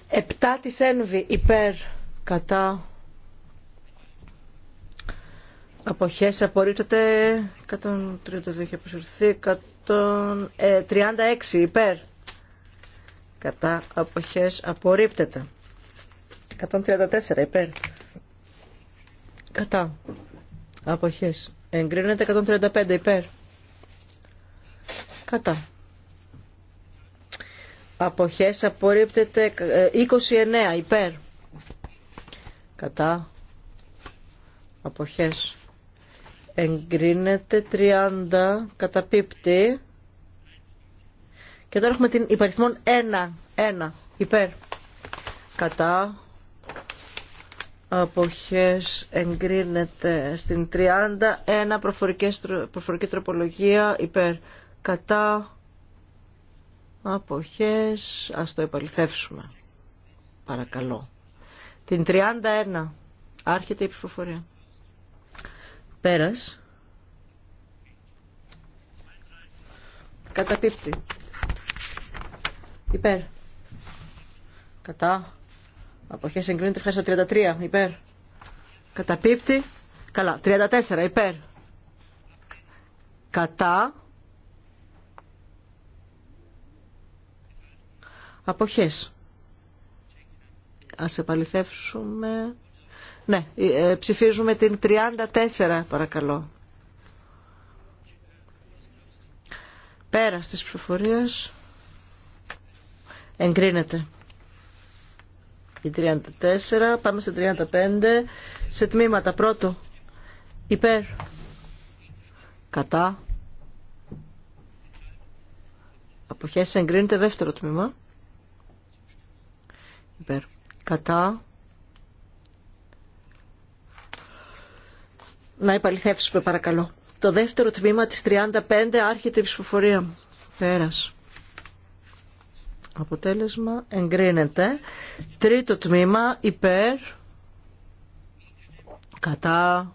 Speaker 3: 7 της ένβη υπέρ κατά αποχές απορρίπτεται 132 έχει αποσυρθεί 136 ε, υπέρ κατά αποχές απορρίπτεται 134 υπέρ κατά αποχές εγκρίνεται 135 υπέρ Κατά. Αποχές απορρίπτεται 29 ε, υπέρ. Κατά. Αποχές. Εγκρίνεται 30 καταπίπτει. Και τώρα έχουμε την υπαριθμόν 1. 1 υπέρ. Κατά. Αποχές εγκρίνεται στην 31 προφορική τροπολογία υπέρ κατά αποχές ας το επαληθεύσουμε παρακαλώ την 31 άρχεται η ψηφοφορία πέρας καταπίπτει υπέρ κατά αποχές εγκρίνεται ευχαριστώ 33 υπέρ καταπίπτει καλά 34 υπέρ κατά Αποχές. Ας επαληθεύσουμε. Ναι, ε, ε, ψηφίζουμε την 34 παρακαλώ. Πέρα στις ψηφοφορίας εγκρίνεται. Η 34, πάμε σε 35, σε τμήματα. Πρώτο, υπέρ, κατά, αποχές εγκρίνεται δεύτερο τμήμα υπέρ κατά να επαληθεύσουμε παρακαλώ το δεύτερο τμήμα της 35 άρχεται η ψηφοφορία πέρας αποτέλεσμα εγκρίνεται τρίτο τμήμα υπέρ κατά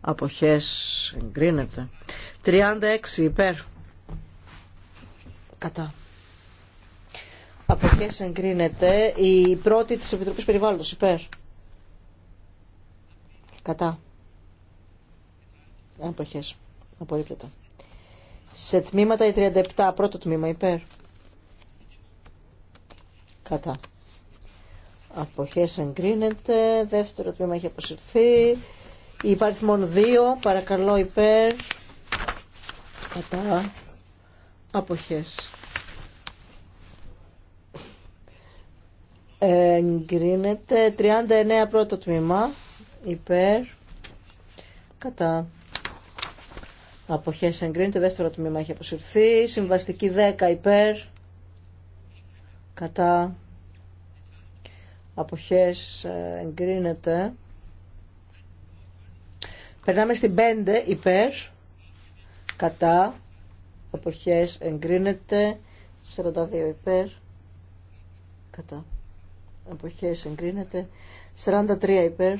Speaker 3: αποχές εγκρίνεται 36 υπέρ κατά Αποχές εγκρίνεται. Η πρώτη τη Επιτροπή Περιβάλλοντο, Υπέρ. Κατά. Αποχές. Απορρίπτεται. Σε τμήματα η 37. Πρώτο τμήμα. Υπέρ. Κατά. Αποχές εγκρίνεται. Δεύτερο τμήμα έχει αποσυρθεί. Υπάρχει μόνο δύο. Παρακαλώ υπέρ. Κατά. Αποχές εγκρίνεται 39 πρώτο τμήμα υπέρ κατά αποχές εγκρίνεται δεύτερο τμήμα έχει αποσυρθεί συμβαστική 10 ε, υπέρ κατά αποχές εγκρίνεται περνάμε στην 5 υπέρ κατά αποχές εγκρίνεται 42 υπέρ κατά αποχές εγκρίνεται 43 υπέρ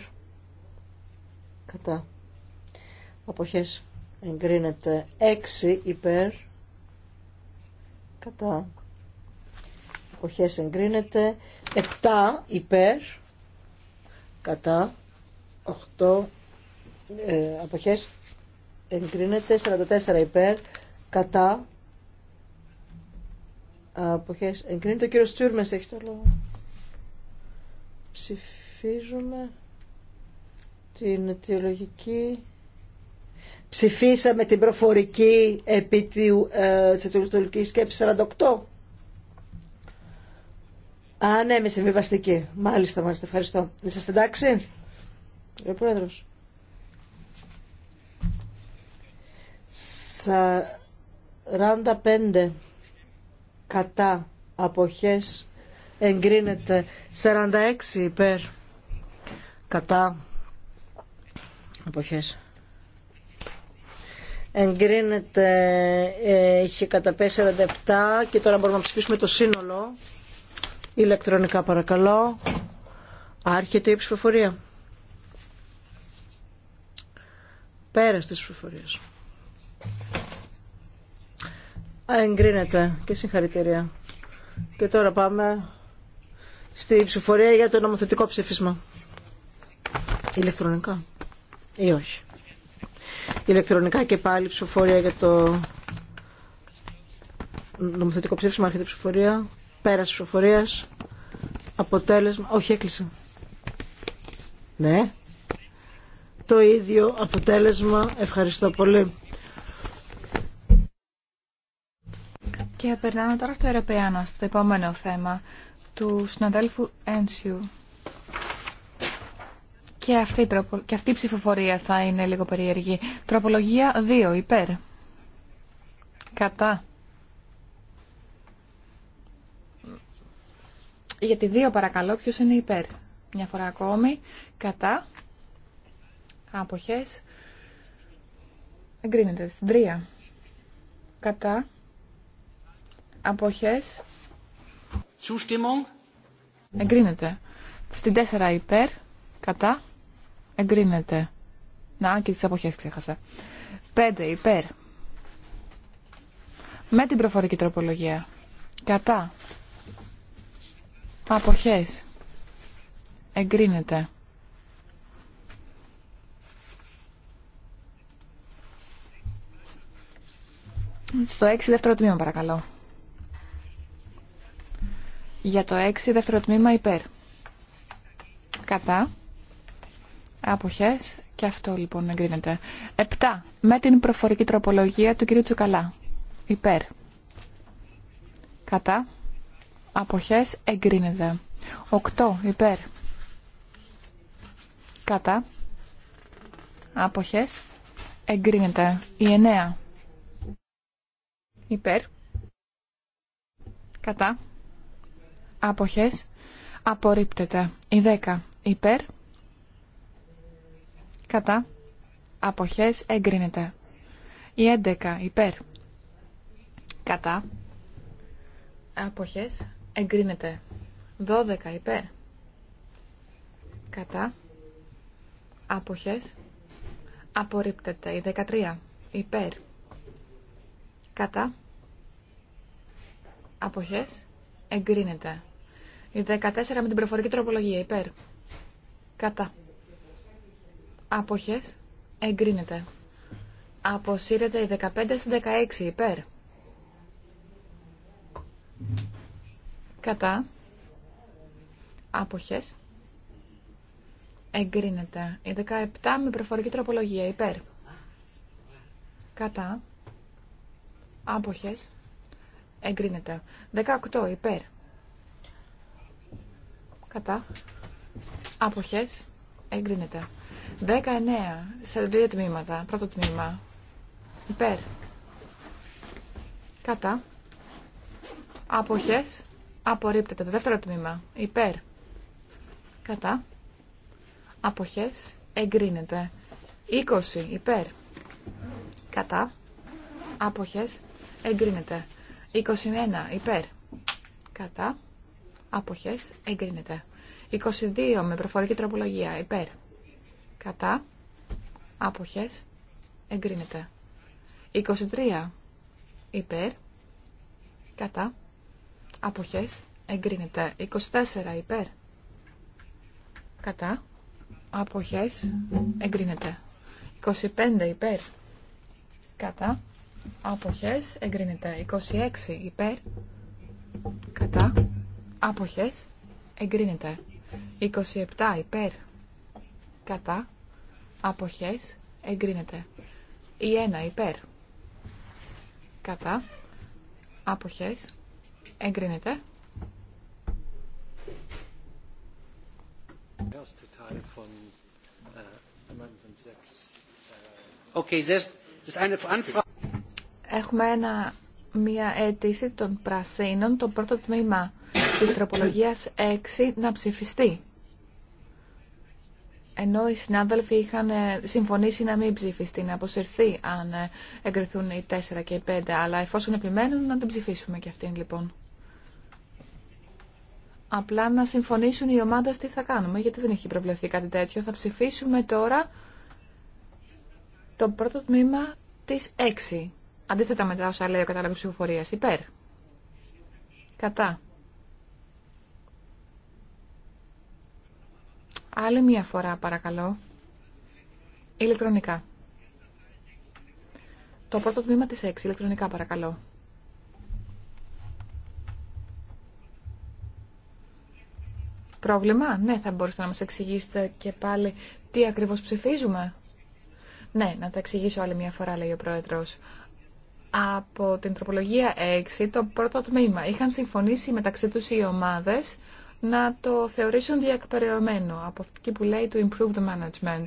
Speaker 3: κατά αποχές εγκρίνεται 6 υπέρ κατά αποχές εγκρίνεται 7 υπέρ κατά 8 ε, εγκρίνεται 44 υπέρ κατά αποχές εγκρίνεται ο κύριος Τσούρμες έχει το λόγο Ψηφίζουμε την αιτιολογική. Ψηφίσαμε την προφορική επί ε, της αιτιολογικής σκέψης 48. Α, ναι, με συμβιβαστική. Μάλιστα, μάλιστα. Ευχαριστώ. Είσαστε εντάξει, κύριε Πρόεδρος. Σα... 45 κατά αποχές εγκρίνεται 46 υπέρ κατά εποχές εγκρίνεται είχε κατά 47 και τώρα μπορούμε να ψηφίσουμε το σύνολο ηλεκτρονικά παρακαλώ άρχεται η ψηφοφορία πέρας της ψηφοφορίας εγκρίνεται και συγχαρητήρια και τώρα πάμε στη ψηφορία για το νομοθετικό ψήφισμα. Ηλεκτρονικά ή όχι. Ηλεκτρονικά και πάλι ψηφοφορία για το νομοθετικό ψήφισμα, αρχή ψηφοφορία, πέρας ψηφοφορίας, αποτέλεσμα, όχι έκλεισε. Ναι, το ίδιο αποτέλεσμα, ευχαριστώ πολύ.
Speaker 2: Και περνάμε τώρα στο Ευρωπαϊκό, στο επόμενο θέμα του συναδέλφου Ένσιου. Και αυτή, και αυτή η ψηφοφορία θα είναι λίγο περίεργη. Τροπολογία 2, υπέρ. Κατά. Για τη 2 παρακαλώ, ποιος είναι υπέρ. Μια φορά ακόμη. Κατά. Άποχες. Εγκρίνεται. 3. Κατά. Αποχές Εγκρίνεται. Στην 4 υπέρ, κατά, εγκρίνεται. Να, και τις αποχές ξέχασα. 5 υπέρ. Με την προφορική τροπολογία. Κατά. Αποχές. Εγκρίνεται. Στο 6 δεύτερο τμήμα παρακαλώ. Για το 6, δεύτερο τμήμα υπέρ. Κατά. Αποχές. Και αυτό λοιπόν εγκρίνεται. 7. Με την προφορική τροπολογία του κυρίου Τσουκαλά. Υπέρ. Κατά. Αποχές εγκρίνεται. 8. Υπέρ. Κατά. Αποχές εγκρίνεται. Η 9. Υπέρ. Κατά. Αποχές. Απορρίπτεται. Η 10. Υπέρ. Κατά. Αποχές. Εγκρίνεται. Η 11. Υπέρ. Κατά. Αποχές. Εγκρίνεται. 12. Υπέρ. Κατά. Αποχές. Απορρίπτεται. Η 13. Υπέρ. Κατά. Αποχές. Εγκρίνεται. Η 14 με την προφορική τροπολογία. Υπέρ. Κατά. Άποχες. Εγκρίνεται. Αποσύρεται η 15 στην 16. Υπέρ. Κατά. Άποχες. Εγκρίνεται. Η 17 με προφορική τροπολογία. Υπέρ. Κατά. Άποχες. Εγκρίνεται. 18. Υπέρ κατά, αποχές, εγκρίνεται. 19 σε δύο τμήματα, πρώτο τμήμα, υπέρ, κατά, αποχές, απορρίπτεται. Το δεύτερο τμήμα, υπέρ, κατά, αποχές, εγκρίνεται. 20 υπέρ, κατά, αποχές, εγκρίνεται. 21 υπέρ, κατά, Αποχές εγκρίνεται. 22 με προφορική τροπολογία. Υπέρ. Κατά. άποχέ. εγκρίνεται. 23 υπέρ. Κατά. Αποχέ. εγκρίνεται. 24 υπέρ. Κατά. Αποχέ. εγκρίνεται. 25 υπέρ. Κατά. Αποχέ. εγκρίνεται. 26 υπέρ. Κατά Άποχες. Εγκρίνεται. 27 υπέρ. Κατά. Άποχες. Εγκρίνεται. Η 1 υπέρ. Κατά. Άποχες. Εγκρίνεται.
Speaker 1: Äh,
Speaker 2: Έχουμε ένα, μια αίτηση των πρασίνων, το πρώτο τμήμα Τη τροπολογία 6 να ψηφιστεί. Ενώ οι συνάδελφοι είχαν ε, συμφωνήσει να μην ψηφιστεί, να αποσυρθεί αν ε, εγκριθούν οι 4 και οι 5, αλλά εφόσον επιμένουν να την ψηφίσουμε και αυτήν λοιπόν. Απλά να συμφωνήσουν οι ομάδες τι θα κάνουμε, γιατί δεν έχει προβλεφθεί κάτι τέτοιο. Θα ψηφίσουμε τώρα το πρώτο τμήμα της 6. Αντίθετα μετά όσα λέει ο κατάλληλος ψηφοφορίας. Υπέρ. Κατά. Άλλη μία φορά παρακαλώ. Ηλεκτρονικά. Το πρώτο τμήμα της 6. Ηλεκτρονικά παρακαλώ. Πρόβλημα. Ναι, θα μπορούσατε να μας εξηγήσετε και πάλι τι ακριβώς ψηφίζουμε. Ναι, να τα εξηγήσω άλλη μια φορά, λέει ο Πρόεδρος. Από την τροπολογία 6, το πρώτο τμήμα. Είχαν συμφωνήσει μεταξύ τους οι ομάδες να το θεωρήσουν διακπεραιωμένο από αυτή που λέει to improve the management.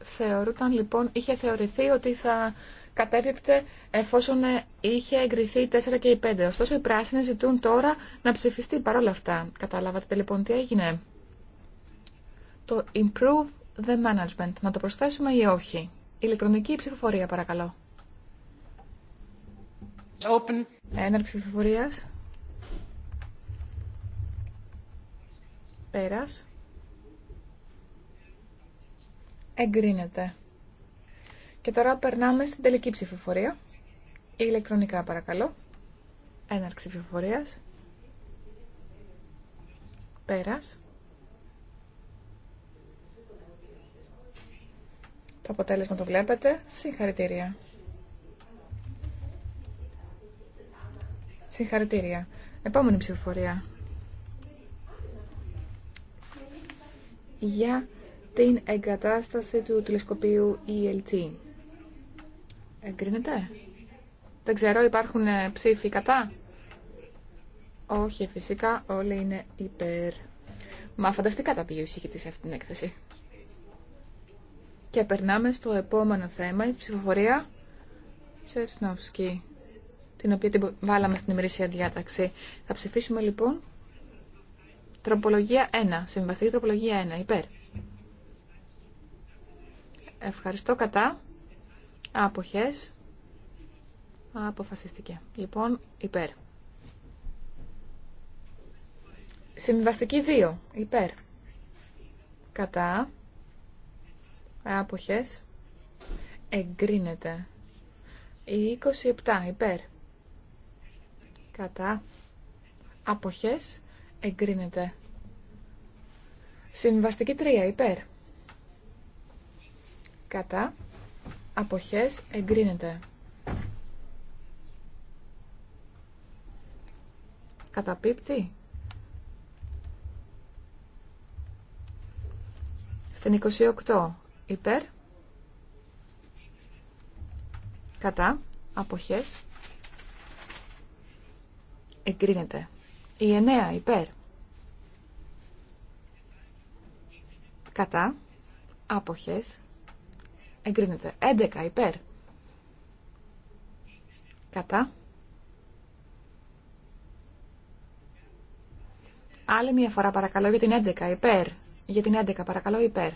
Speaker 2: Θεωρούταν λοιπόν, είχε θεωρηθεί ότι θα κατέπιπτε εφόσον είχε εγκριθεί 4 και 5. Ωστόσο οι πράσινοι ζητούν τώρα να ψηφιστεί παρόλα αυτά. Καταλάβατε λοιπόν τι έγινε. Το improve the management. Να το προσθέσουμε ή όχι. Ηλεκτρονική ψηφοφορία παρακαλώ. Έναρξη ψηφοφορίας. Πέρας. Εγκρίνεται. Και τώρα περνάμε στην τελική ψηφοφορία. ηλεκτρονικά παρακαλώ. Έναρξη ψηφοφορίας. Πέρας. Το αποτέλεσμα το βλέπετε. Συγχαρητήρια. Συγχαρητήρια. Επόμενη ψηφοφορία. για την εγκατάσταση του τηλεσκοπίου ELT. Εγκρίνεται. Δεν ξέρω, υπάρχουν ε, ψήφοι κατά. Όχι, φυσικά, όλοι είναι υπέρ. Μα φανταστικά τα πήγε ο εισηγητή σε αυτήν την έκθεση. Και περνάμε στο επόμενο θέμα, η ψηφοφορία Τσερσνόφσκι, την οποία την βάλαμε στην ημερήσια διάταξη. Θα ψηφίσουμε λοιπόν Τροπολογία 1. Συμβαστική τροπολογία 1. Υπέρ. Ευχαριστώ κατά. Άποχες. Αποφασίστηκε. Λοιπόν, υπέρ. Συμβαστική 2. Υπέρ. Κατά. Άποχες. Εγκρίνεται. Η 27. Υπέρ. Κατά. Άποχες εγκρίνεται. Συμβαστική τρία υπέρ. Κατά. Αποχές εγκρίνεται. Καταπίπτει. Στην 28 υπέρ. Κατά. Αποχές εγκρίνεται. Η 9 υπέρ. Κατά. Άποχες. Εγκρίνεται. 11 υπέρ. Κατά. Άλλη μια φορά παρακαλώ για την 11 υπέρ. Για την 11 παρακαλώ υπέρ.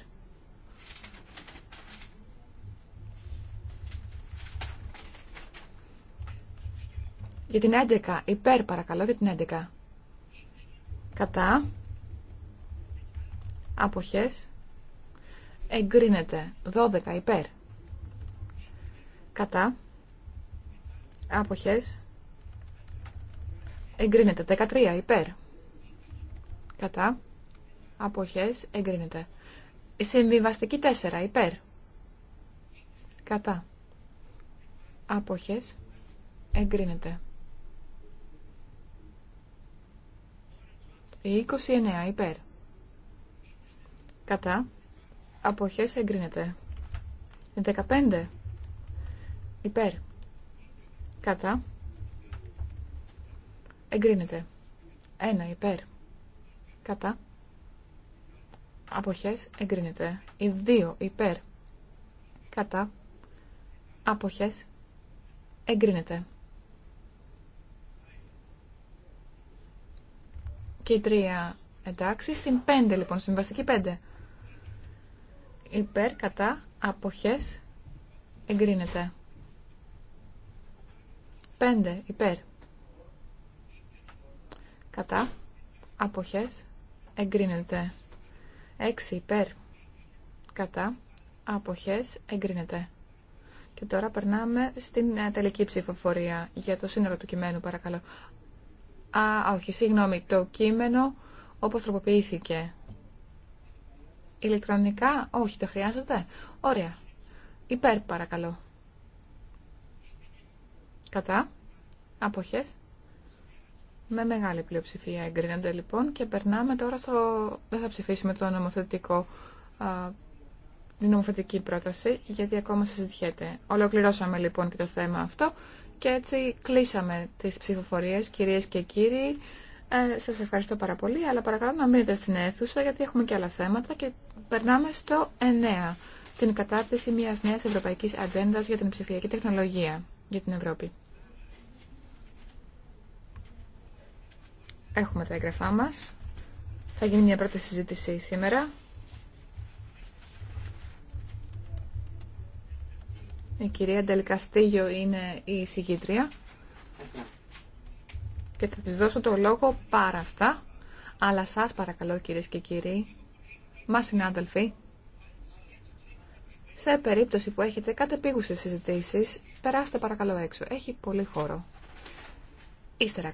Speaker 2: Για την 11 υπέρ παρακαλώ για την 11 κατά αποχές εγκρίνεται 12 υπέρ κατά αποχές εγκρίνεται 13 υπέρ κατά αποχές εγκρίνεται συμβιβαστική 4 υπέρ κατά αποχές εγκρίνεται Η 29 υπέρ. Κατά. Αποχές εγκρίνεται. 15 υπέρ. Κατά. Εγκρίνεται. 1 υπέρ. Κατά. Αποχέ εγκρίνεται. Η 2 υπέρ. Κατά. Αποχές εγκρίνεται. και η τρία εντάξει. Στην πέντε λοιπόν, στην βασική πέντε. Υπέρ, κατά, αποχές, εγκρίνεται. Πέντε, υπέρ. Κατά, αποχές, εγκρίνεται. Έξι, υπέρ. Κατά, αποχές, εγκρίνεται. Και τώρα περνάμε στην ε, τελική ψηφοφορία για το σύνολο του κειμένου, παρακαλώ. Α, όχι, συγγνώμη, το κείμενο όπως τροποποιήθηκε. Ηλεκτρονικά, όχι, το χρειάζεται. Ωραία. Υπέρ, παρακαλώ. Κατά. Αποχές. Με μεγάλη πλειοψηφία εγκρίνονται λοιπόν και περνάμε τώρα στο... Δεν θα ψηφίσουμε το νομοθετικό, την νομοθετική πρόταση γιατί ακόμα συζητιέται. Ολοκληρώσαμε λοιπόν και το θέμα αυτό και έτσι κλείσαμε τις ψηφοφορίες, κυρίες και κύριοι. Ε, σας ευχαριστώ πάρα πολύ, αλλά παρακαλώ να μείνετε στην αίθουσα γιατί έχουμε και άλλα θέματα και περνάμε στο 9. Την κατάρτιση μιας νέας ευρωπαϊκής ατζέντας για την ψηφιακή τεχνολογία για την Ευρώπη. Έχουμε τα έγγραφά μας. Θα γίνει μια πρώτη συζήτηση σήμερα. Η κυρία Ντελκαστήγιο είναι η συγκήτρια και θα της δώσω το λόγο πάρα αυτά. Αλλά σας παρακαλώ κυρίες και κύριοι, μα συνάδελφοι, σε περίπτωση που έχετε επίγουσε συζητήσει. περάστε παρακαλώ έξω. Έχει πολύ χώρο. Ύστερα.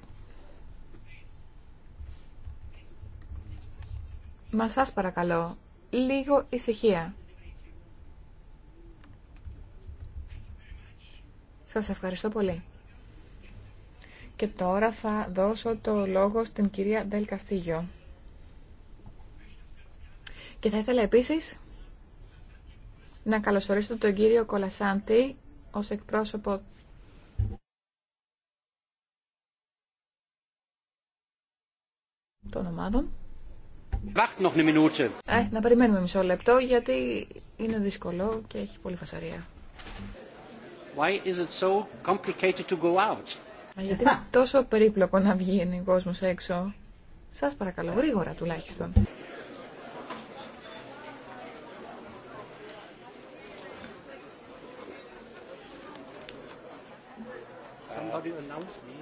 Speaker 2: Μα σας παρακαλώ, λίγο ησυχία. Σας ευχαριστώ πολύ. Και τώρα θα δώσω το λόγο στην κυρία Ντέλ Καστίγιο. Και θα ήθελα επίσης να καλωσορίσω τον κύριο Κολασάντη ως εκπρόσωπο των ομάδων. Ε, να περιμένουμε μισό λεπτό γιατί είναι δύσκολο και έχει πολύ φασαρία.
Speaker 4: Why is it so complicated to go out?
Speaker 2: γιατί είναι τόσο περίπλοκο να βγει ο κόσμο έξω. Σας παρακαλώ, γρήγορα τουλάχιστον.
Speaker 4: Somebody announced me.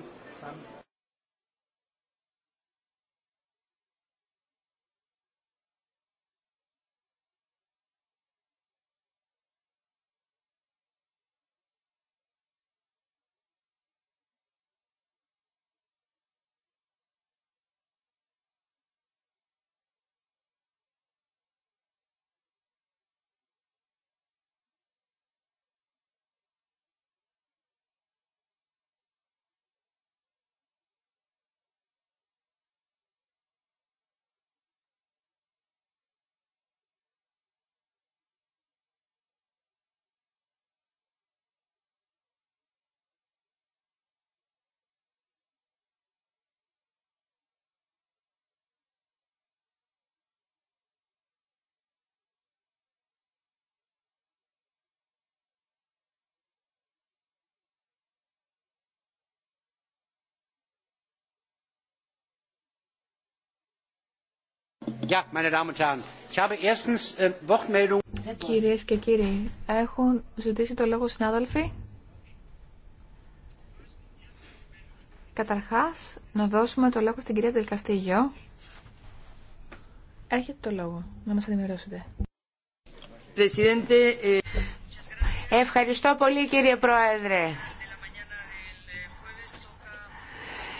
Speaker 4: Äh, ε,
Speaker 2: Κυρίε και κύριοι, έχουν ζητήσει το λόγο συνάδελφοι. Καταρχάς, να δώσουμε το λόγο στην κυρία Δελκαστήγιο. Έχετε το λόγο, να μα ενημερώσετε.
Speaker 3: Ε,
Speaker 5: Ευχαριστώ πολύ κύριε Πρόεδρε.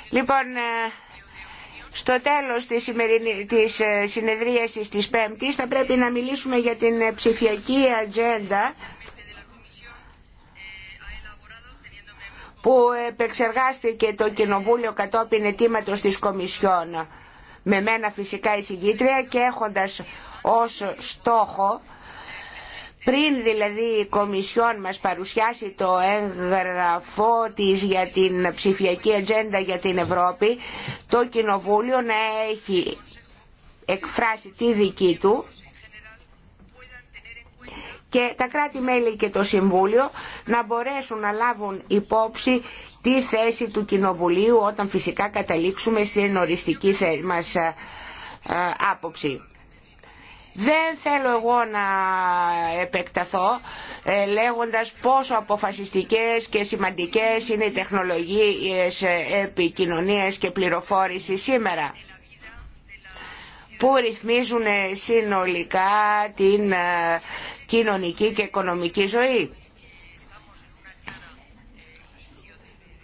Speaker 5: Λοιπόν, ε, στο τέλος της, σημερινή, της ε, συνεδρίασης της Πέμπτης θα πρέπει να μιλήσουμε για την ε, ψηφιακή ατζέντα που επεξεργάστηκε το Κοινοβούλιο κατόπιν αιτήματος της Κομισιόν με μένα φυσικά η συγκήτρια και έχοντας ως στόχο πριν δηλαδή η Κομισιόν μας παρουσιάσει το έγγραφό της για την ψηφιακή ατζέντα για την Ευρώπη, το Κοινοβούλιο να έχει εκφράσει τη δική του και τα κράτη-μέλη και το Συμβούλιο να μπορέσουν να λάβουν υπόψη τη θέση του Κοινοβουλίου όταν φυσικά καταλήξουμε στην οριστική μας ε, ε, άποψη. Δεν θέλω εγώ να επεκταθώ ε, λέγοντας πόσο αποφασιστικές και σημαντικές είναι οι τεχνολογίες ε, επικοινωνίας και πληροφόρηση σήμερα που ρυθμίζουν ε, συνολικά την κοινωνική και οικονομική ζωή.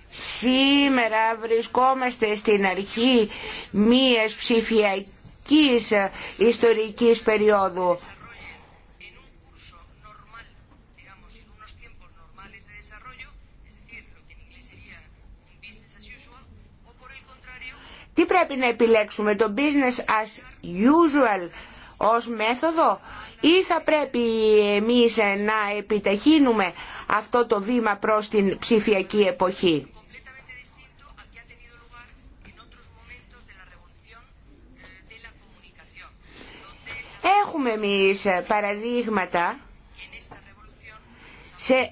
Speaker 5: Σήμερα βρισκόμαστε στην αρχή μίας ψηφιακής ε, ιστορικής περίοδου. Τι πρέπει να επιλέξουμε, το business as usual ως μέθοδο ή θα πρέπει εμείς ε, να επιταχύνουμε αυτό το βήμα προς την ψηφιακή εποχή. Έχουμε εμείς ε, παραδείγματα σε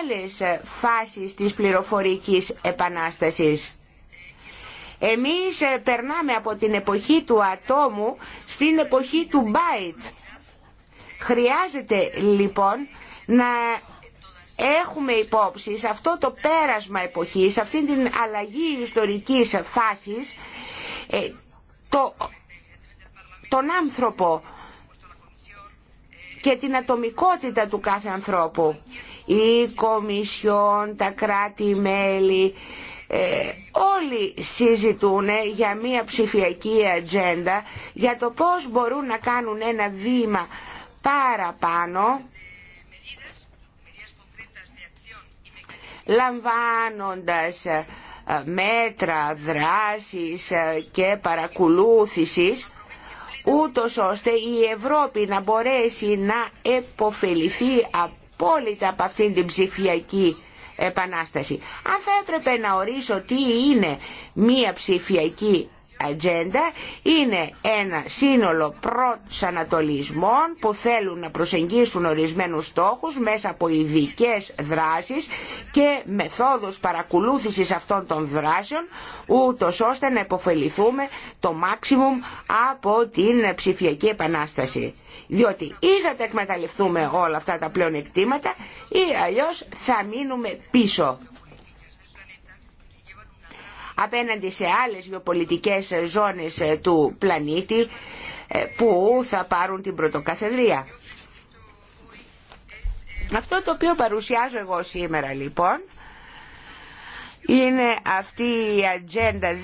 Speaker 5: άλλες ε, φάσεις της πληροφορικής επανάστασης. Εμείς ε, περνάμε από την εποχή του ατόμου στην εποχή του byte. Χρειάζεται λοιπόν να έχουμε υπόψη σε αυτό το πέρασμα εποχής, σε αυτή την αλλαγή ιστορικής φάσης, το, τον άνθρωπο, και την ατομικότητα του κάθε ανθρώπου. Η Κομισιόν, τα κράτη-μέλη, ε, όλοι συζητούν για μια ψηφιακή ατζέντα για το πώς μπορούν να κάνουν ένα βήμα παραπάνω λαμβάνοντας ε, μέτρα δράσης ε, και παρακολούθησης ούτως ώστε η Ευρώπη να μπορέσει να επωφεληθεί απόλυτα από αυτήν την ψηφιακή επανάσταση. Αν θα έπρεπε να ορίσω τι είναι μία ψηφιακή ατζέντα είναι ένα σύνολο προσανατολισμών που θέλουν να προσεγγίσουν ορισμένους στόχους μέσα από ειδικέ δράσεις και μεθόδους παρακολούθησης αυτών των δράσεων ούτω ώστε να υποφεληθούμε το μάξιμουμ από την ψηφιακή επανάσταση. Διότι ή θα τα εκμεταλλευτούμε όλα αυτά τα πλεονεκτήματα ή αλλιώς θα μείνουμε πίσω απέναντι σε άλλες γεωπολιτικές ζώνες ε, του πλανήτη ε, που θα πάρουν την πρωτοκαθεδρία. Αυτό το οποίο παρουσιάζω εγώ σήμερα λοιπόν είναι αυτή η ατζέντα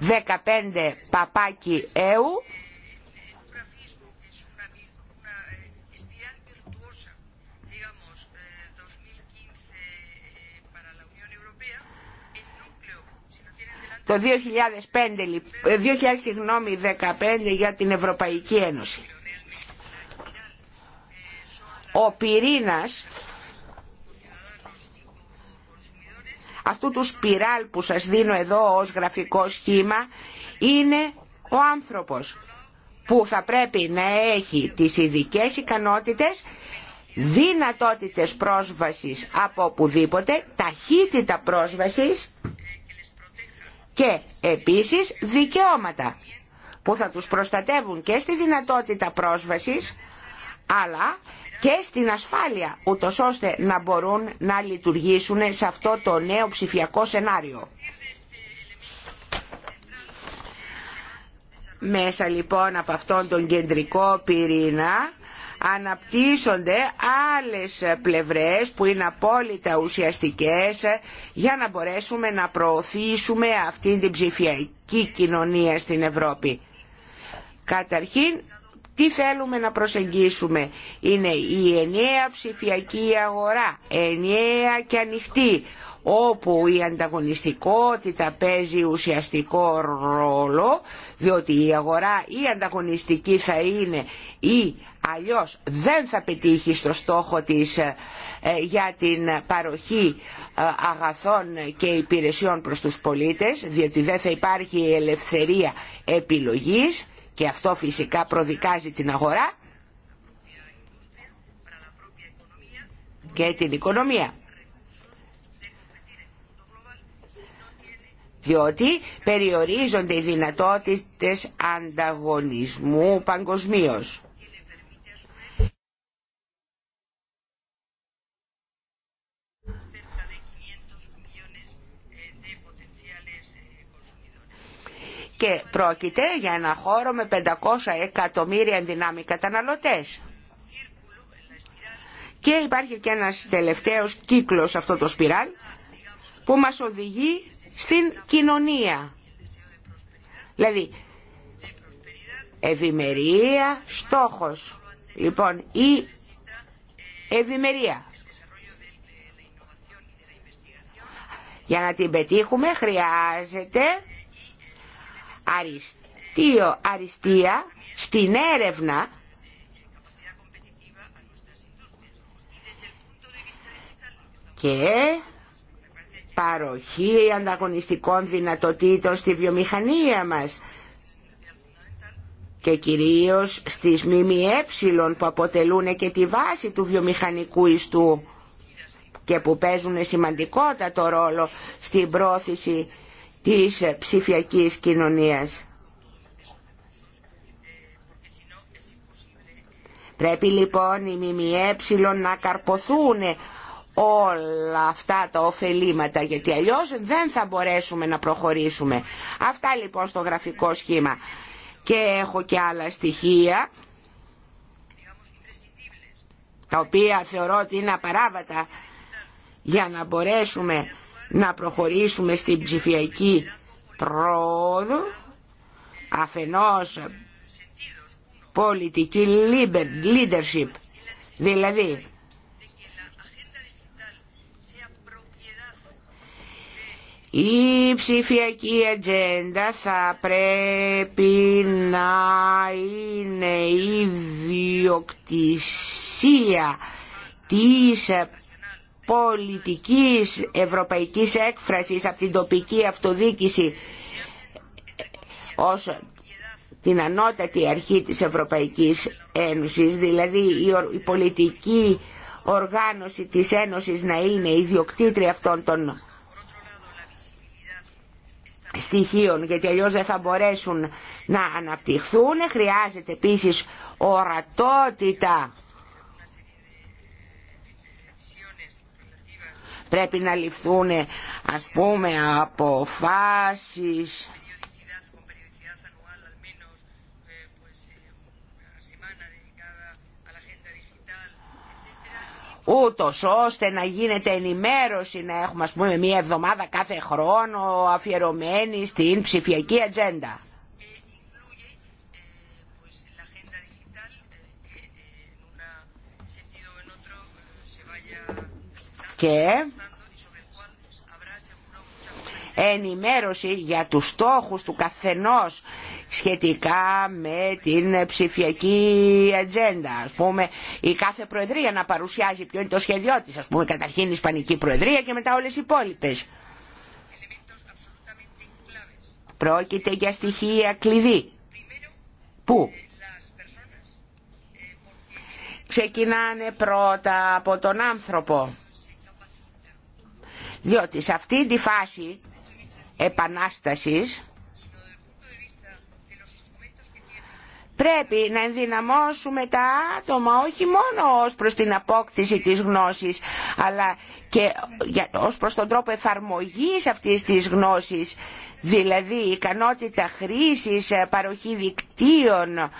Speaker 5: 2015 παπάκι ΕΟΥ το 2005, 2015 ε, για την Ευρωπαϊκή Ένωση. Ο πυρήνας αυτού του σπιράλ που σας δίνω εδώ ως γραφικό σχήμα είναι ο άνθρωπος που θα πρέπει να έχει τις ειδικέ ικανότητες, δυνατότητες πρόσβασης από οπουδήποτε, ταχύτητα πρόσβασης και επίσης δικαιώματα που θα τους προστατεύουν και στη δυνατότητα πρόσβασης αλλά και στην ασφάλεια ούτως ώστε να μπορούν να λειτουργήσουν σε αυτό το νέο ψηφιακό σενάριο. Μέσα λοιπόν από αυτόν τον κεντρικό πυρήνα αναπτύσσονται άλλες πλευρές που είναι απόλυτα ουσιαστικές για να μπορέσουμε να προωθήσουμε αυτή την ψηφιακή κοινωνία στην Ευρώπη. Καταρχήν, τι θέλουμε να προσεγγίσουμε. Είναι η ενιαία ψηφιακή αγορά, ενιαία και ανοιχτή, όπου η ανταγωνιστικότητα παίζει ουσιαστικό ρόλο, διότι η αγορά η ανταγωνιστική θα είναι η Αλλιώς δεν θα πετύχει στο στόχο της ε, ε, για την παροχή ε, αγαθών και υπηρεσιών προς τους πολίτες, διότι δεν θα υπάρχει ελευθερία επιλογής και αυτό φυσικά προδικάζει την αγορά και την οικονομία. διότι περιορίζονται οι δυνατότητες ανταγωνισμού παγκοσμίως. και πρόκειται για ένα χώρο με 500 εκατομμύρια ενδυνάμει καταναλωτές. Και υπάρχει και ένας τελευταίος κύκλος αυτό το σπιράλ που μας οδηγεί στην κοινωνία. Δηλαδή, ευημερία, στόχος. Λοιπόν, η ευημερία. Για να την πετύχουμε χρειάζεται αριστείο, αριστεία στην έρευνα και παροχή ανταγωνιστικών δυνατοτήτων στη βιομηχανία μας και κυρίως στις ΜΜΕ που αποτελούν και τη βάση του βιομηχανικού ιστού και που παίζουν σημαντικότατο ρόλο στην πρόθεση της ψηφιακής κοινωνίας. Πρέπει λοιπόν οι ΜΜΕ να καρποθούν όλα αυτά τα ωφελήματα γιατί αλλιώς δεν θα μπορέσουμε να προχωρήσουμε. Αυτά λοιπόν στο γραφικό σχήμα. Και έχω και άλλα στοιχεία τα οποία θεωρώ ότι είναι απαράβατα για να μπορέσουμε να προχωρήσουμε στην ψηφιακή πρόοδο αφενός πολιτική leadership δηλαδή Η ψηφιακή ατζέντα θα πρέπει να είναι η διοκτησία της πολιτικής ευρωπαϊκής έκφρασης από την τοπική αυτοδίκηση ως την ανώτατη αρχή της Ευρωπαϊκής Ένωσης, δηλαδή η πολιτική οργάνωση της Ένωσης να είναι ιδιοκτήτρια αυτών των στοιχείων, γιατί αλλιώς δεν θα μπορέσουν να αναπτυχθούν. Χρειάζεται επίσης ορατότητα πρέπει να ληφθούν ας πούμε αποφάσεις ούτω ώστε να γίνεται ενημέρωση, να έχουμε ας πούμε μία εβδομάδα κάθε χρόνο αφιερωμένη στην ψηφιακή ατζέντα. και ενημέρωση για τους στόχους του καθενός σχετικά με την ψηφιακή ατζέντα. Ας πούμε, η κάθε προεδρία να παρουσιάζει ποιο είναι το σχέδιό της. Ας πούμε, καταρχήν η Ισπανική Προεδρία και μετά όλες οι υπόλοιπες. Πρόκειται για στοιχεία κλειδί. Πού? Ξεκινάνε πρώτα από τον άνθρωπο διότι σε αυτή τη φάση επανάστασης πρέπει να ενδυναμώσουμε τα άτομα όχι μόνο ως προς την απόκτηση της γνώσης αλλά και ως προς τον τρόπο εφαρμογής αυτής της γνώσης δηλαδή ικανότητα χρήσης, ε, παροχή δικτύων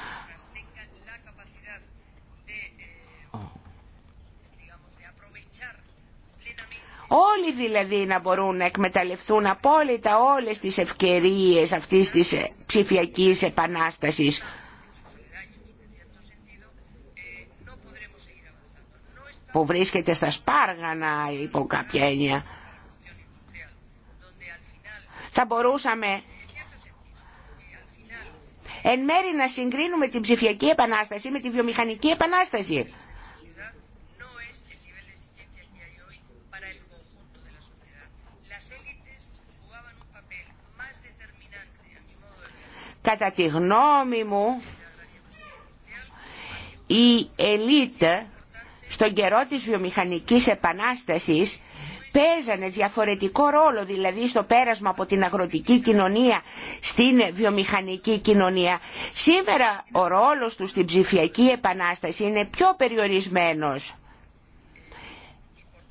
Speaker 5: Όλοι δηλαδή να μπορούν να εκμεταλλευτούν απόλυτα όλες τις ευκαιρίες αυτής της ε, ψηφιακής επανάστασης. που βρίσκεται στα σπάργανα υπό κάποια έννοια. Θα μπορούσαμε εν μέρη να συγκρίνουμε την ψηφιακή επανάσταση με τη βιομηχανική επανάσταση. Κατά τη γνώμη μου, η ελίτ στον καιρό της βιομηχανικής επανάστασης παίζανε διαφορετικό ρόλο δηλαδή στο πέρασμα από την αγροτική κοινωνία στην βιομηχανική κοινωνία. Σήμερα ο ρόλος του στην ψηφιακή επανάσταση είναι πιο περιορισμένος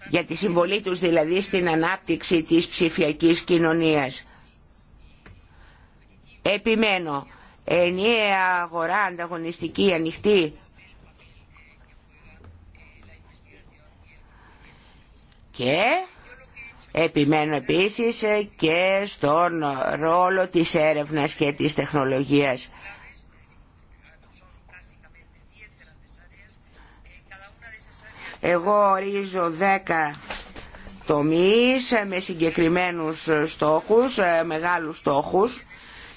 Speaker 5: για τη συμβολή τους δηλαδή στην ανάπτυξη της ψηφιακής κοινωνίας. Επιμένω, ενιαία αγορά, ανταγωνιστική, ανοιχτή. Και επιμένω επίσης και στον ρόλο της έρευνας και της τεχνολογίας. Εγώ ορίζω 10 τομείς με συγκεκριμένους στόχους, ε, μεγάλους στόχους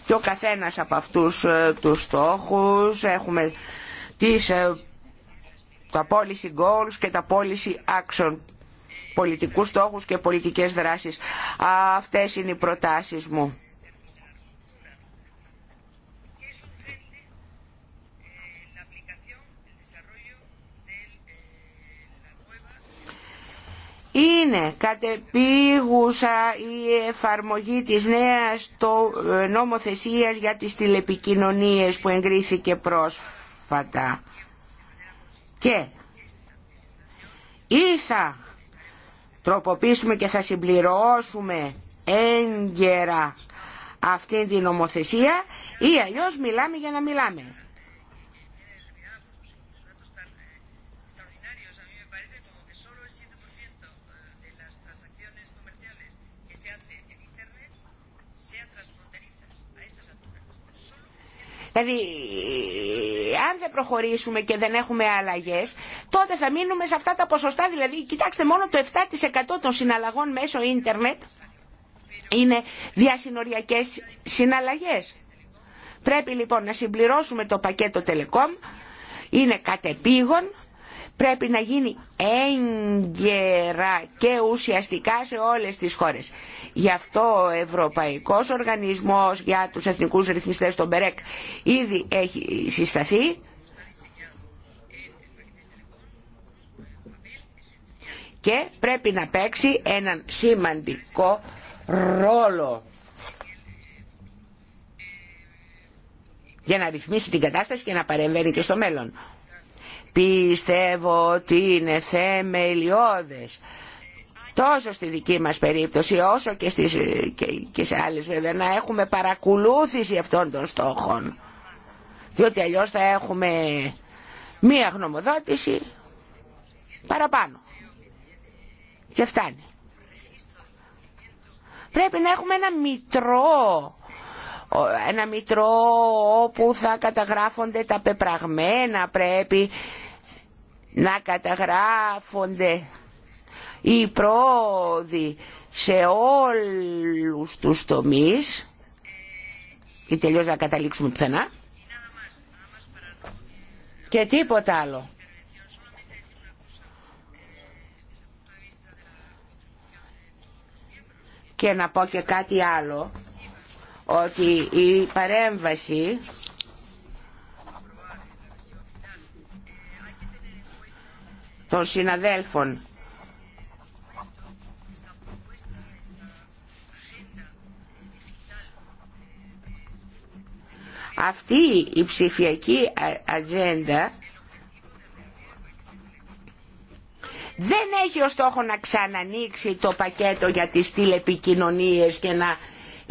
Speaker 5: και ο καθένας από αυτούς ε, τους στόχους έχουμε τις, ε, τα policy goals και τα policy action πολιτικούς στόχους και πολιτικές δράσεις. Αυτές είναι οι προτάσεις μου. είναι κατεπίγουσα η εφαρμογή της νέας ε, νομοθεσίας για τις τηλεπικοινωνίες που εγκρίθηκε πρόσφατα. Και ή θα τροποποιήσουμε και θα συμπληρώσουμε έγκαιρα αυτή την νομοθεσία ή αλλιώς μιλάμε για να μιλάμε. Δηλαδή, αν δεν προχωρήσουμε και δεν έχουμε αλλαγές, τότε θα μείνουμε σε αυτά τα ποσοστά. Δηλαδή, κοιτάξτε, μόνο το 7% των συναλλαγών μέσω ίντερνετ είναι διασυνοριακές συναλλαγέ. Πρέπει λοιπόν να συμπληρώσουμε το πακέτο Telecom, είναι κατεπήγον πρέπει να γίνει έγκαιρα και ουσιαστικά σε όλες τις χώρες. Γι' αυτό ο Ευρωπαϊκός Οργανισμός για τους Εθνικούς Ρυθμιστές, τον ΠΕΡΕΚ, ήδη έχει συσταθεί. και πρέπει να παίξει έναν σημαντικό ρόλο για να ρυθμίσει την κατάσταση και να παρεμβαίνει και στο μέλλον πιστεύω ότι είναι θεμελιώδες τόσο στη δική μας περίπτωση όσο και, στις, και, σε άλλες βέβαια να έχουμε παρακολούθηση αυτών των στόχων διότι αλλιώς θα έχουμε μία γνωμοδότηση παραπάνω και φτάνει πρέπει να έχουμε ένα μητρό ένα μητρό όπου θα καταγράφονται τα πεπραγμένα πρέπει να καταγράφονται οι πρόοδοι σε όλους τους τομείς Και τελειώς να καταλήξουμε πουθενά και τίποτα άλλο. Και να πω και κάτι άλλο ότι η παρέμβαση των συναδέλφων αυτή η ψηφιακή ατζέντα δεν έχει ως στόχο να ξανανοίξει το πακέτο για τις τηλεπικοινωνίες και να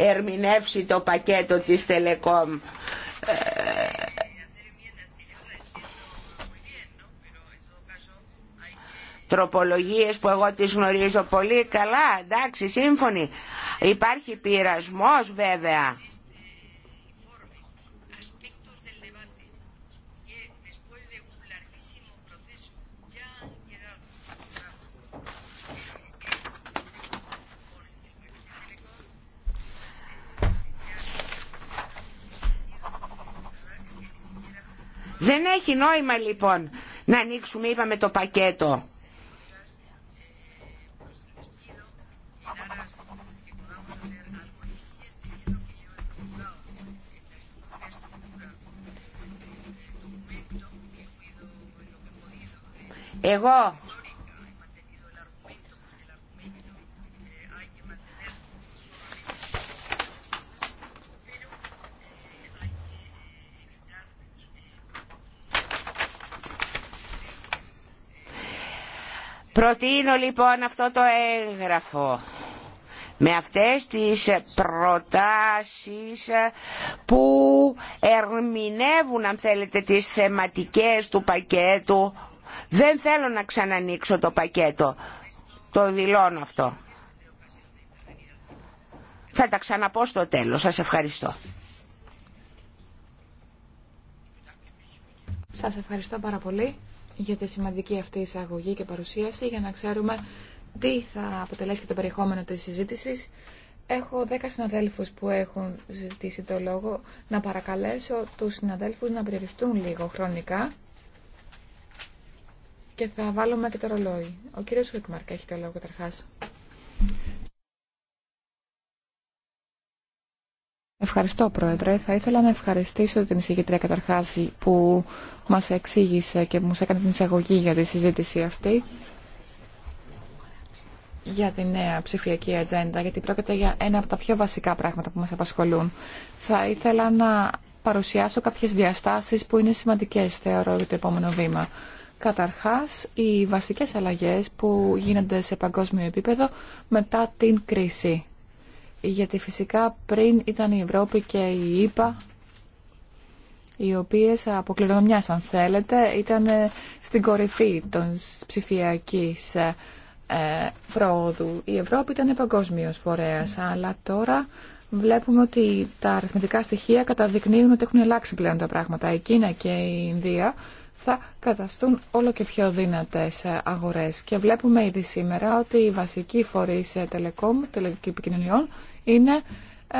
Speaker 5: ερμηνεύσει το πακέτο της Τελεκόμ. Ε, τροπολογίες που εγώ τις γνωρίζω πολύ καλά, εντάξει, σύμφωνοι. Υπάρχει πειρασμός βέβαια. Δεν έχει νόημα λοιπόν να ανοίξουμε, είπαμε, το πακέτο. Εγώ Προτείνω λοιπόν αυτό το έγγραφο με αυτές τις προτάσεις ε, που ερμηνεύουν αν θέλετε τις θεματικές του πακέτου δεν θέλω να ξανανοίξω το πακέτο το δηλώνω αυτό θα τα ξαναπώ στο τέλος σας ευχαριστώ
Speaker 2: Σας ευχαριστώ πάρα πολύ για τη σημαντική αυτή εισαγωγή και παρουσίαση για να ξέρουμε τι θα αποτελέσει και το περιεχόμενο της συζήτησης. Έχω δέκα συναδέλφους που έχουν ζητήσει το λόγο να παρακαλέσω τους συναδέλφους να περιοριστούν λίγο χρονικά και θα βάλουμε και το ρολόι. Ο κύριος Βικμαρκ έχει το λόγο καταρχάς. Ευχαριστώ, Πρόεδρε. Θα ήθελα να ευχαριστήσω την εισηγητρία καταρχάς που μας εξήγησε και μου έκανε την εισαγωγή για τη συζήτηση αυτή για τη νέα ψηφιακή ατζέντα, γιατί πρόκειται για ένα από τα πιο βασικά πράγματα που μας απασχολούν. Θα ήθελα να παρουσιάσω κάποιες διαστάσεις που είναι σημαντικές, θεωρώ, για το επόμενο βήμα. Καταρχάς, οι βασικές αλλαγές που γίνονται σε παγκόσμιο επίπεδο μετά την κρίση γιατί φυσικά πριν ήταν η Ευρώπη και η ΕΠΑ οι οποίες από αν θέλετε ήταν ε, στην κορυφή των ψηφιακής ε, ε, προόδου. Η Ευρώπη ήταν παγκόσμιο φορέας, αλλά τώρα βλέπουμε ότι τα αριθμητικά στοιχεία καταδεικνύουν ότι έχουν αλλάξει πλέον τα πράγματα. Η Κίνα και η Ινδία θα καταστούν όλο και πιο δυνατές αγορές. Και βλέπουμε ήδη σήμερα ότι οι βασικοί φορείς τελεκόμ, επικοινωνιών είναι ε,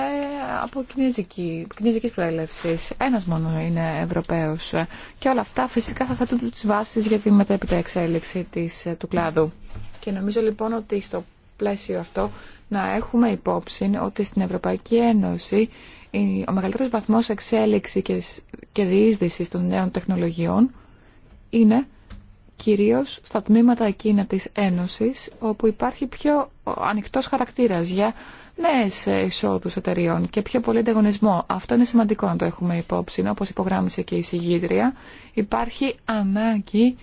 Speaker 2: από κινέζικη, κινέζικης προέλευσης. Ένας μόνο είναι Ευρωπαίος. Και όλα αυτά φυσικά θα θέτουν τις βάσεις για τη μετέπειτα εξέλιξη της, ε, του κλάδου. Και νομίζω λοιπόν ότι στο πλαίσιο αυτό να έχουμε υπόψη ότι στην Ευρωπαϊκή Ένωση ο μεγαλύτερος βαθμός εξέλιξη και, και διείσδυσης των νέων τεχνολογιών είναι κυρίως στα τμήματα εκείνα της Ένωσης, όπου υπάρχει πιο ανοιχτός χαρακτήρας για νέες εισόδους εταιριών και πιο πολύ ανταγωνισμό. Αυτό είναι σημαντικό να το έχουμε υπόψη. Όπως υπογράμμισε και η συγγήτρια, υπάρχει ανάγκη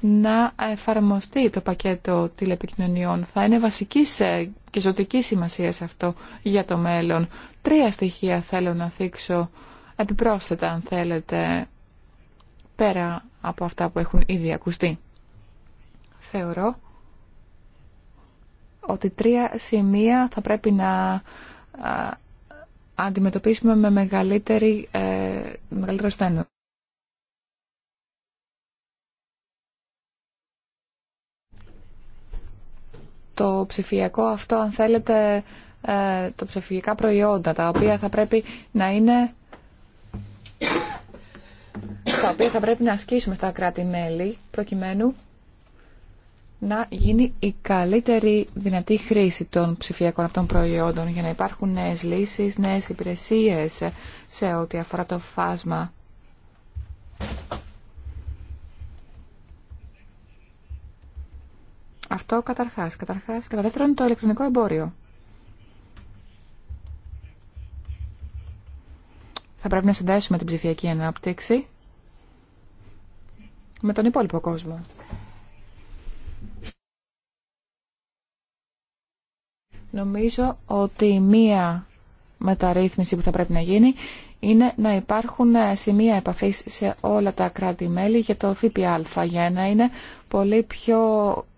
Speaker 2: να εφαρμοστεί το πακέτο τηλεπικοινωνιών. Θα είναι βασική ε, και ζωτική σημασία σε αυτό για το μέλλον. Τρία στοιχεία θέλω να θίξω επιπρόσθετα, αν θέλετε, πέρα από αυτά που έχουν ήδη ακουστεί. Θεωρώ ότι τρία σημεία θα πρέπει να αντιμετωπίσουμε με μεγαλύτερη, ε, μεγαλύτερο στένο. Το ψηφιακό αυτό, αν θέλετε, ε, το ψηφιακά προϊόντα, τα οποία θα πρέπει να είναι τα οποία θα πρέπει να ασκήσουμε στα κράτη-μέλη, προκειμένου να γίνει η καλύτερη δυνατή χρήση των ψηφιακών αυτών προϊόντων για να υπάρχουν νέες λύσεις, νέες υπηρεσίες σε ό,τι αφορά το φάσμα. Αυτό καταρχάς. Καταρχάς, κατά δεύτερον, το ηλεκτρονικό εμπόριο. Θα πρέπει να συνδέσουμε την ψηφιακή ανάπτυξη με τον υπόλοιπο κόσμο. Νομίζω ότι μία μεταρρύθμιση που θα πρέπει να γίνει είναι να υπάρχουν ε, σημεία επαφής σε όλα τα κράτη-μέλη για το ΦΠΑ για να είναι πολύ πιο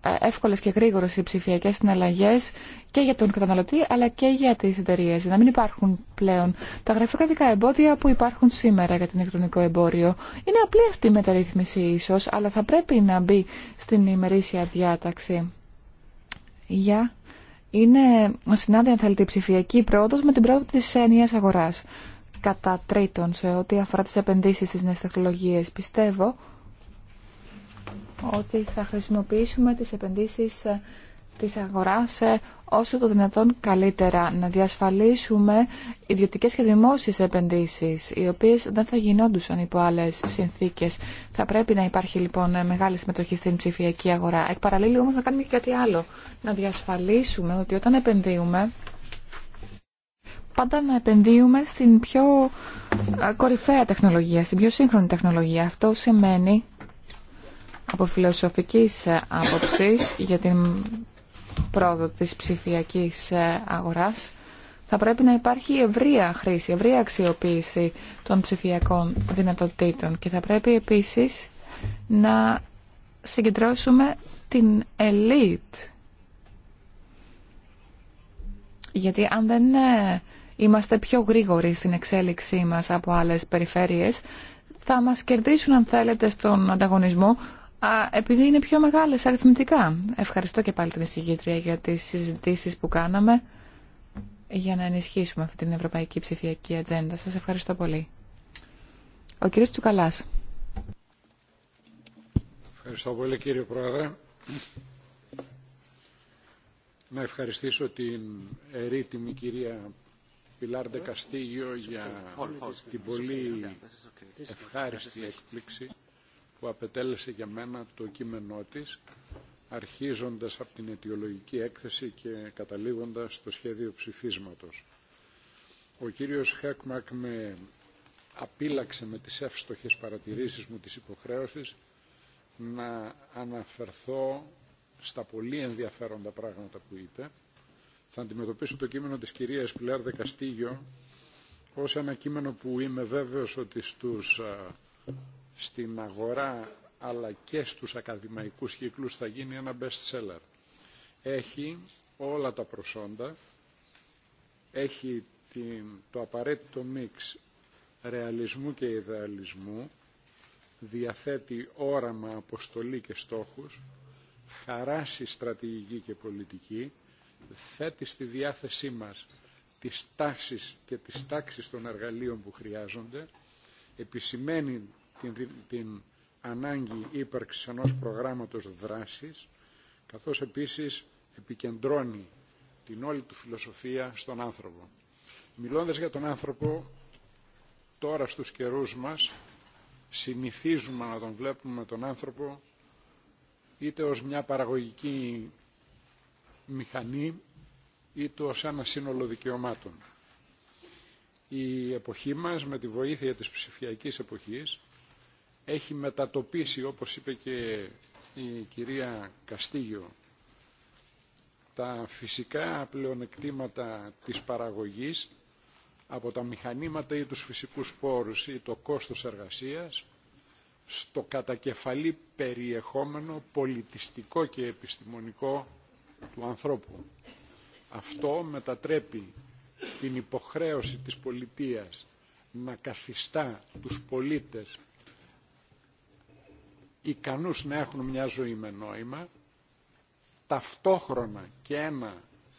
Speaker 2: ε, εύκολες και γρήγορες οι ψηφιακές συναλλαγές και για τον καταναλωτή αλλά και για τις εταιρείες. Να μην υπάρχουν πλέον τα γραφειοκρατικά εμπόδια που υπάρχουν σήμερα για την ηλεκτρονικό εμπόριο. Είναι απλή αυτή η μεταρρύθμιση ίσως, αλλά θα πρέπει να μπει στην ημερήσια διάταξη για είναι συνάδεια, αν θέλετε, η ψηφιακή πρόοδος με την πρόοδο της ενιαίας αγοράς. Κατά τρίτον, σε ό,τι αφορά τις επενδύσεις στις νέες τεχνολογίες, πιστεύω ότι θα χρησιμοποιήσουμε τις επενδύσεις της αγοράς ε, όσο το δυνατόν καλύτερα να διασφαλίσουμε ιδιωτικές και δημόσιες επενδύσεις οι οποίες δεν θα γινόντουσαν υπό άλλες συνθήκες. Θα πρέπει να υπάρχει λοιπόν ε, μεγάλη συμμετοχή στην ψηφιακή αγορά. Εκ παραλίλου όμως να κάνουμε και κάτι άλλο. Να διασφαλίσουμε ότι όταν επενδύουμε πάντα να επενδύουμε στην πιο ε, κορυφαία τεχνολογία, στην πιο σύγχρονη τεχνολογία. Αυτό σημαίνει από φιλοσοφικής άποψης για την πρόοδο της ψηφιακής ε, αγοράς, θα πρέπει να υπάρχει ευρεία χρήση, ευρεία αξιοποίηση των ψηφιακών δυνατοτήτων και θα πρέπει επίσης να συγκεντρώσουμε την ελίτ. Γιατί αν δεν ε, είμαστε πιο γρήγοροι στην εξέλιξή μας από άλλες περιφέρειες, θα μας κερδίσουν αν θέλετε στον ανταγωνισμό επειδή είναι πιο μεγάλες αριθμητικά. Ευχαριστώ και πάλι την εισηγήτρια για τις συζητήσεις που κάναμε για να ενισχύσουμε αυτή την ευρωπαϊκή ψηφιακή ατζέντα. Σας ευχαριστώ πολύ. Ο κύριος Τσουκαλάς.
Speaker 4: Ευχαριστώ πολύ κύριε Πρόεδρε. Να ευχαριστήσω την ερήτημη κυρία Πιλάρντε Καστίγιο για την πολύ
Speaker 1: ευχάριστη
Speaker 4: έκπληξη που απετέλεσε για μένα το κείμενό της, αρχίζοντας από την αιτιολογική έκθεση και καταλήγοντας στο σχέδιο ψηφίσματος. Ο κύριος Χέκμακ με απίλαξε με τις εύστοχες παρατηρήσεις μου της υποχρέωσης να αναφερθώ στα πολύ ενδιαφέροντα πράγματα που είπε. Θα αντιμετωπίσω το κείμενο της κυρίας Πλέρ Δεκαστήγιο ως ένα κείμενο που είμαι βέβαιος ότι στους στην αγορά αλλά και στους ακαδημαϊκούς κύκλους θα γίνει ένα best seller. Έχει όλα τα προσόντα, έχει την, το απαραίτητο μίξ ρεαλισμού και ιδεαλισμού, διαθέτει όραμα, αποστολή και στόχους, χαράσει στρατηγική και πολιτική, θέτει στη διάθεσή μας τις τάξεις και τις τάξεις των εργαλείων που χρειάζονται, επισημαίνει την ανάγκη ύπαρξης ενός προγράμματος δράσης, καθώς επίσης επικεντρώνει την όλη του φιλοσοφία στον άνθρωπο. Μιλώντας για τον άνθρωπο, τώρα στους καιρούς μας, συνηθίζουμε να τον βλέπουμε τον άνθρωπο είτε ως μια παραγωγική μηχανή, είτε ως ένα σύνολο δικαιωμάτων. Η εποχή μας, με τη βοήθεια της ψηφιακής εποχής, έχει μετατοπίσει, όπως είπε και η κυρία Καστίγιο, τα φυσικά πλεονεκτήματα της παραγωγής από τα μηχανήματα ή τους φυσικούς πόρους ή το κόστος εργασίας στο κατακεφαλή περιεχόμενο πολιτιστικό και επιστημονικό του ανθρώπου. Αυτό μετατρέπει την υποχρέωση της πολιτείας να καθιστά τους πολίτες ικανούς να έχουν μια ζωή με νόημα, ταυτόχρονα και ένα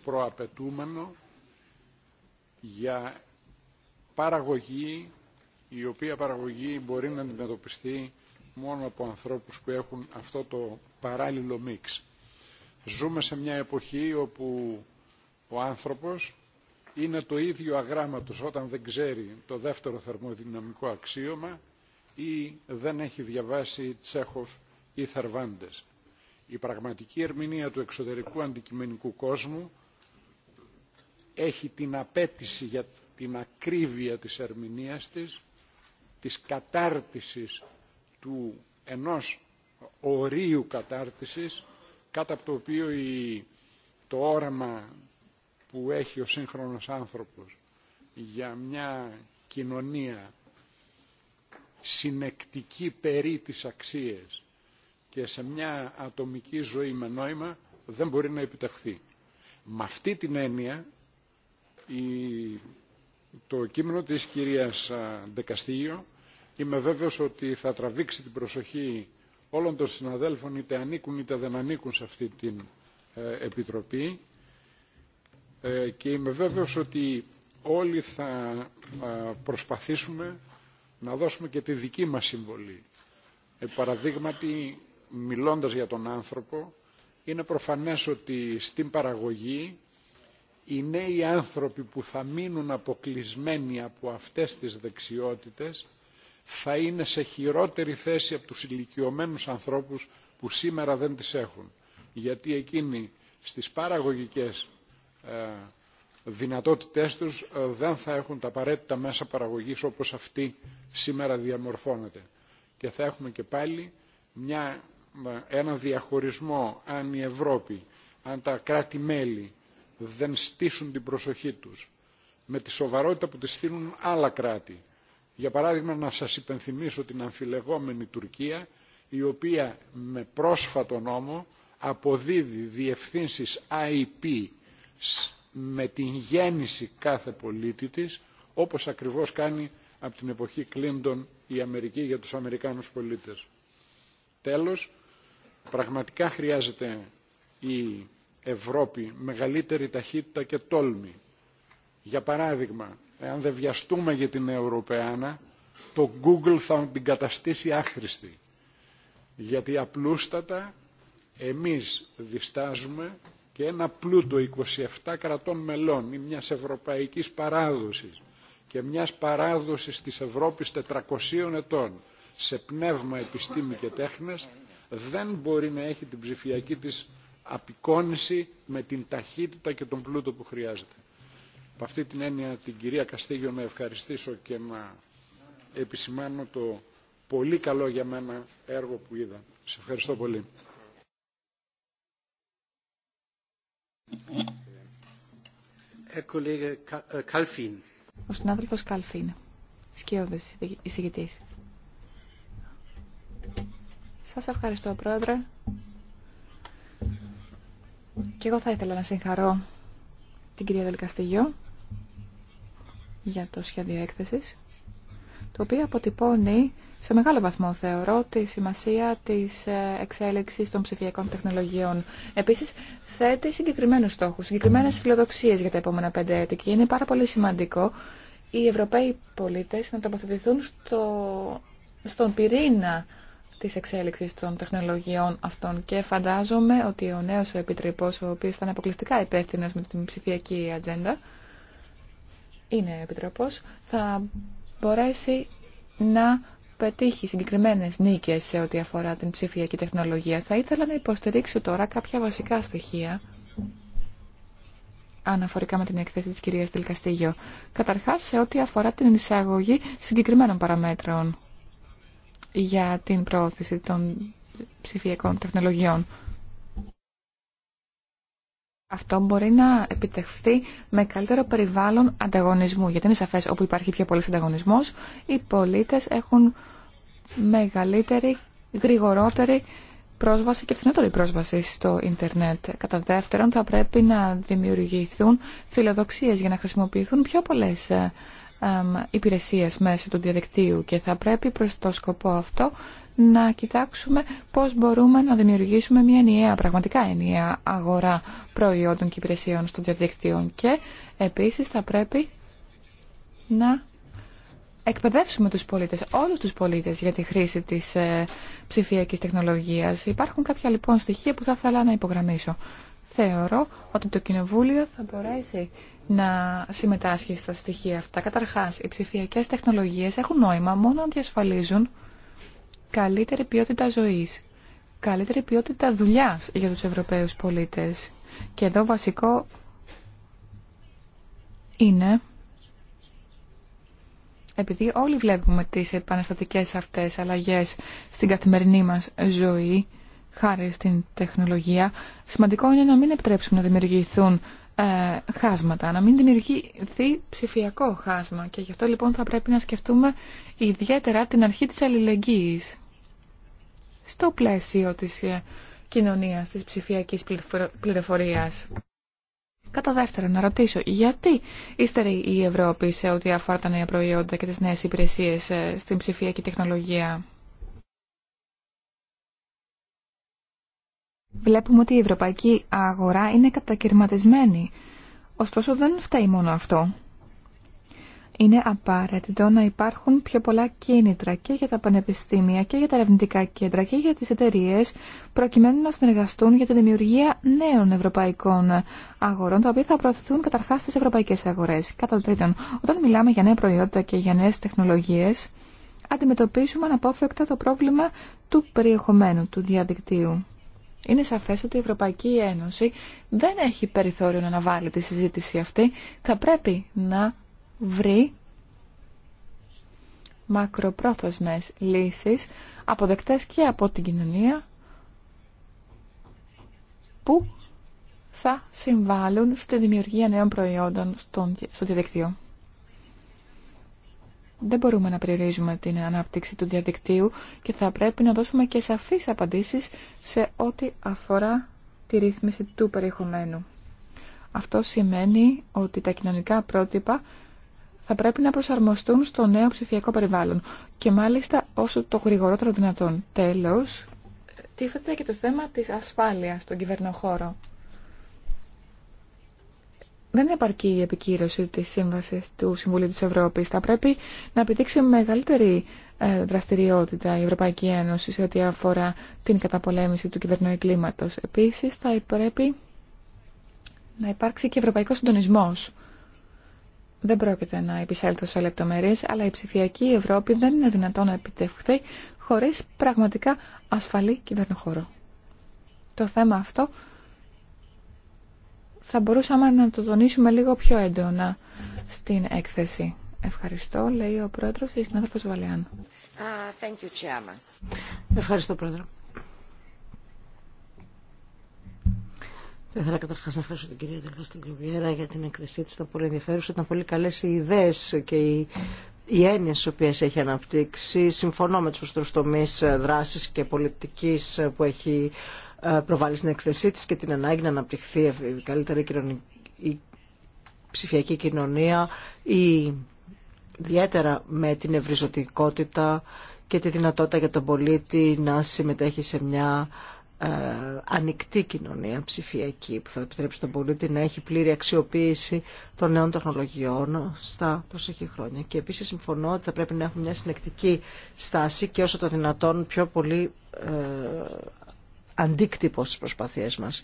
Speaker 4: προαπαιτούμενο για παραγωγή, η οποία παραγωγή μπορεί να αντιμετωπιστεί μόνο από ανθρώπους που έχουν αυτό το παράλληλο μίξ. Ζούμε σε μια εποχή όπου ο άνθρωπος είναι το ίδιο αγράμματος όταν δεν ξέρει το δεύτερο θερμοδυναμικό αξίωμα ή δεν έχει διαβάσει Τσέχοφ ή Θερβάντες. Η πραγματική ερμηνεία του εξωτερικού αντικειμενικού κόσμου έχει την απέτηση για την ακρίβεια της ερμηνείας της, της κατάρτισης του ενός ορίου κατάρτισης, κάτω από το οποίο το όραμα που έχει ο σύγχρονος άνθρωπος για μια κοινωνία συνεκτική περί της αξίες και σε μια ατομική ζωή με νόημα δεν μπορεί να επιτευχθεί. Με αυτή την έννοια το κείμενο της κυρίας Ντεκαστήγιο είμαι βέβαιος ότι θα τραβήξει την προσοχή όλων των συναδέλφων είτε ανήκουν είτε δεν ανήκουν σε αυτή την ε, Επιτροπή ε, και είμαι βέβαιος ότι όλοι θα προσπαθήσουμε να δώσουμε και τη δική μας συμβολή. Ε, παραδείγματι, μιλώντας για τον άνθρωπο, είναι προφανές ότι στην παραγωγή οι νέοι άνθρωποι που θα μείνουν αποκλεισμένοι από αυτές τις δεξιότητες θα είναι σε χειρότερη θέση από τους ηλικιωμένους ανθρώπους που σήμερα δεν τις έχουν. Γιατί εκείνοι στις παραγωγικές ε, δυνατότητές τους ε, δεν θα έχουν τα απαραίτητα μέσα παραγωγής όπως αυτή σήμερα διαμορφώνεται. Και θα έχουμε και πάλι μια, ε, ένα διαχωρισμό αν η Ευρώπη, αν τα κράτη-μέλη δεν στήσουν την προσοχή τους με τη σοβαρότητα που τη στείλουν άλλα κράτη. Για παράδειγμα να σας υπενθυμίσω την αμφιλεγόμενη Τουρκία η οποία με πρόσφατο νόμο αποδίδει διευθύνσεις IP με την γέννηση κάθε πολίτη της, όπως ακριβώς κάνει από την εποχή Κλίντον η Αμερική για τους Αμερικάνους πολίτες. Τέλος, πραγματικά χρειάζεται η Ευρώπη μεγαλύτερη ταχύτητα και τόλμη. Για παράδειγμα, εάν δεν βιαστούμε για την Ευρωπαϊκή, το Google θα την καταστήσει άχρηστη. Γιατί απλούστατα εμείς διστάζουμε και ένα πλούτο 27 κρατών μελών ή μιας ευρωπαϊκής παράδοσης και μιας παράδοσης της Ευρώπης 400 ετών σε πνεύμα επιστήμη και τέχνες δεν μπορεί να έχει την ψηφιακή της απεικόνηση με την ταχύτητα και τον πλούτο που χρειάζεται. Από αυτή την έννοια την κυρία Καστίγιο να ευχαριστήσω και να επισημάνω το πολύ καλό για μένα έργο που είδα. Σε ευχαριστώ πολύ. Äh,
Speaker 2: Ο συνάδελφος Καλφίν, σκιώδης εισηγητής. Σας ευχαριστώ, Πρόεδρε. Και εγώ θα ήθελα να συγχαρώ την κυρία Δελκαστηγιό για το σχέδιο έκθεσης το οποίο αποτυπώνει σε μεγάλο βαθμό, θεωρώ, τη σημασία της ε, εξέλιξης των ψηφιακών τεχνολογιών. Επίσης, θέτει συγκεκριμένους στόχους, συγκεκριμένες φιλοδοξίες για τα επόμενα πέντε έτη και είναι πάρα πολύ σημαντικό οι Ευρωπαίοι πολίτες να τοποθετηθούν στο, στον πυρήνα της εξέλιξης των τεχνολογιών αυτών και φαντάζομαι ότι ο νέος ο επιτρεπός, ο οποίος ήταν αποκλειστικά υπεύθυνο με την ψηφιακή ατζέντα, είναι επιτροπός, θα μπορέσει να πετύχει συγκεκριμένες νίκες σε ό,τι αφορά την ψηφιακή τεχνολογία. Θα ήθελα να υποστηρίξω τώρα κάποια βασικά στοιχεία αναφορικά με την εκθέση της κυρίας Τελκαστήγιο. Καταρχάς, σε ό,τι αφορά την εισαγωγή συγκεκριμένων παραμέτρων για την πρόωθηση των ψηφιακών τεχνολογιών. Αυτό μπορεί να επιτευχθεί με καλύτερο περιβάλλον ανταγωνισμού. Γιατί είναι σαφέ όπου υπάρχει πιο πολύ ανταγωνισμός, οι πολίτες έχουν μεγαλύτερη, γρηγορότερη πρόσβαση και φθηνότερη πρόσβαση στο ίντερνετ. Κατά δεύτερον, θα πρέπει να δημιουργηθούν φιλοδοξίε για να χρησιμοποιηθούν πιο πολλέ. Ε, υπηρεσίες μέσω του διαδικτύου και θα πρέπει προς το σκοπό αυτό να κοιτάξουμε πώς μπορούμε να δημιουργήσουμε μια ενιαία, πραγματικά ενιαία αγορά προϊόντων και υπηρεσιών στο διαδικτύο και επίσης θα πρέπει να εκπαιδεύσουμε τους πολίτες, όλους τους πολίτες για τη χρήση της ε, ψηφιακής τεχνολογίας. Υπάρχουν κάποια λοιπόν στοιχεία που θα ήθελα να υπογραμμίσω θεωρώ ότι το Κοινοβούλιο θα μπορέσει να συμμετάσχει στα στοιχεία αυτά. Καταρχάς, οι ψηφιακές τεχνολογίες έχουν νόημα μόνο αν διασφαλίζουν καλύτερη ποιότητα ζωής, καλύτερη ποιότητα δουλειάς για τους Ευρωπαίους πολίτες. Και εδώ βασικό είναι, επειδή όλοι βλέπουμε τις επαναστατικές αυτές αλλαγές στην καθημερινή μας ζωή, χάρη στην τεχνολογία, σημαντικό είναι να μην επιτρέψουμε να δημιουργηθούν ε, χάσματα, να μην δημιουργηθεί ψηφιακό χάσμα. Και γι' αυτό λοιπόν θα πρέπει να σκεφτούμε ιδιαίτερα την αρχή της αλληλεγγύης στο πλαίσιο της ε, κοινωνίας, της ψηφιακής πληροφορίας. Κατά δεύτερον, να ρωτήσω, γιατί ύστερε η Ευρώπη σε ό,τι αφορά τα νέα προϊόντα και τις νέες υπηρεσίες ε, στην ψηφιακή τεχνολογία. βλέπουμε ότι η ευρωπαϊκή αγορά είναι κατακαιρματισμένη. Ωστόσο δεν φταίει μόνο αυτό. Είναι απαραίτητο να υπάρχουν πιο πολλά κίνητρα και για τα πανεπιστήμια και για τα ερευνητικά κέντρα και για τις εταιρείε προκειμένου να συνεργαστούν για τη δημιουργία νέων ευρωπαϊκών αγορών, τα οποία θα προωθηθούν καταρχάς στις ευρωπαϊκές αγορές. Κατά τρίτον, όταν μιλάμε για νέα προϊόντα και για νέες τεχνολογίες, αντιμετωπίζουμε αναπόφευκτα το πρόβλημα του περιεχομένου του διαδικτύου είναι σαφές ότι η Ευρωπαϊκή Ένωση δεν έχει περιθώριο να αναβάλει τη συζήτηση αυτή. Θα πρέπει να βρει μακροπρόθεσμες λύσεις αποδεκτές και από την κοινωνία που θα συμβάλλουν στη δημιουργία νέων προϊόντων στο διαδικτύο. Δεν μπορούμε να περιορίζουμε την ανάπτυξη του διαδικτύου και θα πρέπει να δώσουμε και σαφείς απαντήσεις σε ό,τι αφορά τη ρύθμιση του περιεχομένου. Αυτό σημαίνει ότι τα κοινωνικά πρότυπα θα πρέπει να προσαρμοστούν στο νέο ψηφιακό περιβάλλον και μάλιστα όσο το γρηγορότερο δυνατόν. Τέλος, τίθεται και το θέμα της ασφάλειας στον κυβερνοχώρο δεν επαρκεί η επικύρωση της Σύμβασης του Συμβουλίου της Ευρώπης. Θα πρέπει να επιτύξει μεγαλύτερη ε, δραστηριότητα η Ευρωπαϊκή Ένωση σε ό,τι αφορά την καταπολέμηση του κυβερνού κλίματος. Επίσης, θα πρέπει να υπάρξει και ευρωπαϊκός συντονισμός. Δεν πρόκειται να επισέλθω σε λεπτομέρειε, αλλά η ψηφιακή Ευρώπη δεν είναι δυνατόν να επιτευχθεί χωρίς πραγματικά ασφαλή κυβερνοχώρο. Το θέμα αυτό θα μπορούσαμε να το τονίσουμε λίγο πιο έντονα στην έκθεση. Ευχαριστώ, λέει ο Πρόεδρος, η συνάδελφος Βαλεάν.
Speaker 5: thank you,
Speaker 2: Ευχαριστώ, Πρόεδρο.
Speaker 3: Θα ήθελα καταρχά να ευχαριστήσω την κυρία Τελφά στην Κλουβιέρα για την εκκλησία τη Ήταν πολύ ενδιαφέρουσα, ήταν πολύ καλέ οι ιδέε και οι οι έννοιε τι οποίε έχει αναπτύξει, συμφωνώ με του τομεί δράση και πολιτική που έχει ε, προβάλλει στην εκθεσή της και την ανάγκη να αναπτυχθεί η καλύτερη η ψηφιακή κοινωνία, η, ιδιαίτερα με την ευρυζωτικότητα και τη δυνατότητα για τον πολίτη να συμμετέχει σε μια ε, ανοιχτή κοινωνία ψηφιακή που θα επιτρέψει τον πολίτη να έχει πλήρη αξιοποίηση των νέων τεχνολογιών στα προσεχή χρόνια. Και επίσης συμφωνώ ότι θα πρέπει να έχουμε μια συνεκτική στάση και όσο το δυνατόν πιο πολύ ε, αντίκτυπο στις προσπαθίες μας.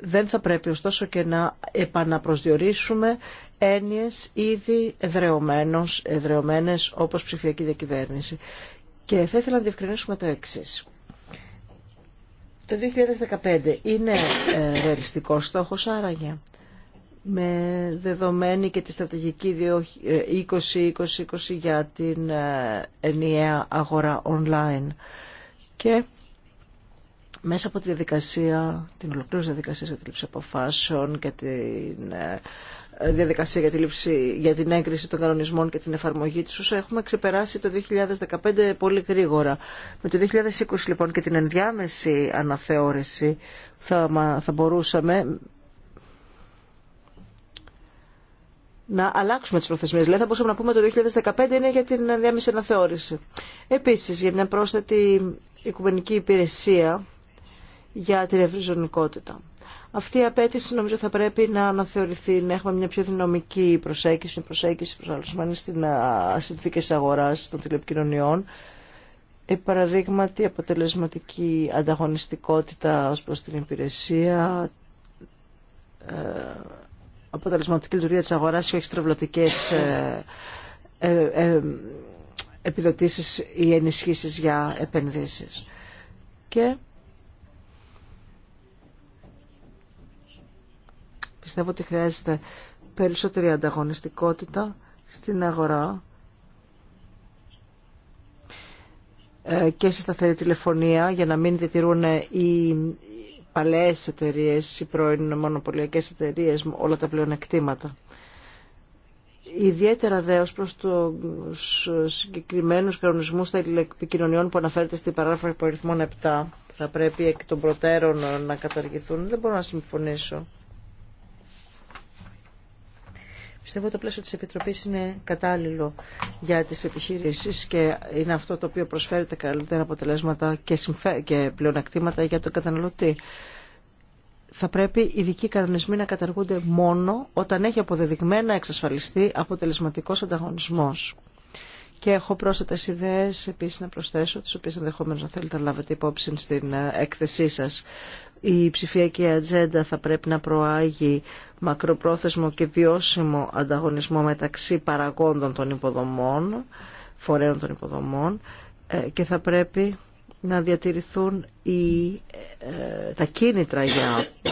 Speaker 3: Δεν θα πρέπει ωστόσο και να επαναπροσδιορίσουμε έννοιες ήδη εδρεωμένες, εδρεωμένες όπως ψηφιακή διακυβέρνηση. Και θα ήθελα να διευκρινίσουμε το εξή. Το 2015 είναι ε, ρεαλιστικό στόχο άραγε με δεδομένη και τη στρατηγική 20-20-20 ε, για την ε, ενιαία αγορά online. Και μέσα από τη διαδικασία, την ολοκλήρωση διαδικασία για τη λήψη αποφάσεων και την ε, διαδικασία για, τη λήψη, για την έγκριση των κανονισμών και την εφαρμογή της όσο έχουμε ξεπεράσει το 2015 πολύ γρήγορα. Με το 2020 λοιπόν και την ενδιάμεση αναθεώρηση θα, θα μπορούσαμε να αλλάξουμε τις προθεσμίες. Δηλαδή θα μπορούσαμε να πούμε το 2015 είναι για την ενδιάμεση αναθεώρηση. Επίσης για μια πρόσθετη οικουμενική υπηρεσία για την ευρυζωνικότητα. Αυτή η απέτηση νομίζω θα πρέπει να αναθεωρηθεί, να έχουμε μια πιο δυναμική προσέγγιση, μια προσέγγιση προσαρμοσμένη στην συνθήκε αγορά των τηλεπικοινωνιών. Ε, παραδείγματι αποτελεσματική ανταγωνιστικότητα ω προ την υπηρεσία, ε, αποτελεσματική λειτουργία τη αγορά ε, και όχι ε, επιδοτήσει ή ενισχύσει για επενδύσει. Και Πιστεύω ότι χρειάζεται περισσότερη ανταγωνιστικότητα στην αγορά ε, και στη σταθερή τηλεφωνία για να μην διατηρούν οι παλαιές εταιρείε, οι πρώην μονοπωλιακές εταιρείε όλα τα πλεονεκτήματα. Ιδιαίτερα δε ως προς τους συγκεκριμένους κανονισμούς κοινωνιών που αναφέρεται στην παράγραφο αριθμών 7 που θα πρέπει εκ των προτέρων να καταργηθούν δεν μπορώ να συμφωνήσω. Πιστεύω ότι το πλαίσιο της Επιτροπής είναι κατάλληλο για τις επιχειρήσεις και είναι αυτό το οποίο προσφέρει τα καλύτερα αποτελέσματα και, συμφε... και πλεονεκτήματα για τον καταναλωτή. Θα πρέπει οι ειδικοί κανονισμοί να καταργούνται μόνο όταν έχει αποδεδειγμένα εξασφαλιστεί αποτελεσματικός ανταγωνισμός. Και έχω πρόσθετε ιδέε επίση να προσθέσω, τι οποίε ενδεχομένω να θέλετε να λάβετε υπόψη στην ε, έκθεσή σα. Η ψηφιακή ατζέντα θα πρέπει να προάγει μακροπρόθεσμο και βιώσιμο ανταγωνισμό μεταξύ παραγόντων των υποδομών, φορέων των υποδομών ε, και θα πρέπει να διατηρηθούν οι, ε, τα κίνητρα για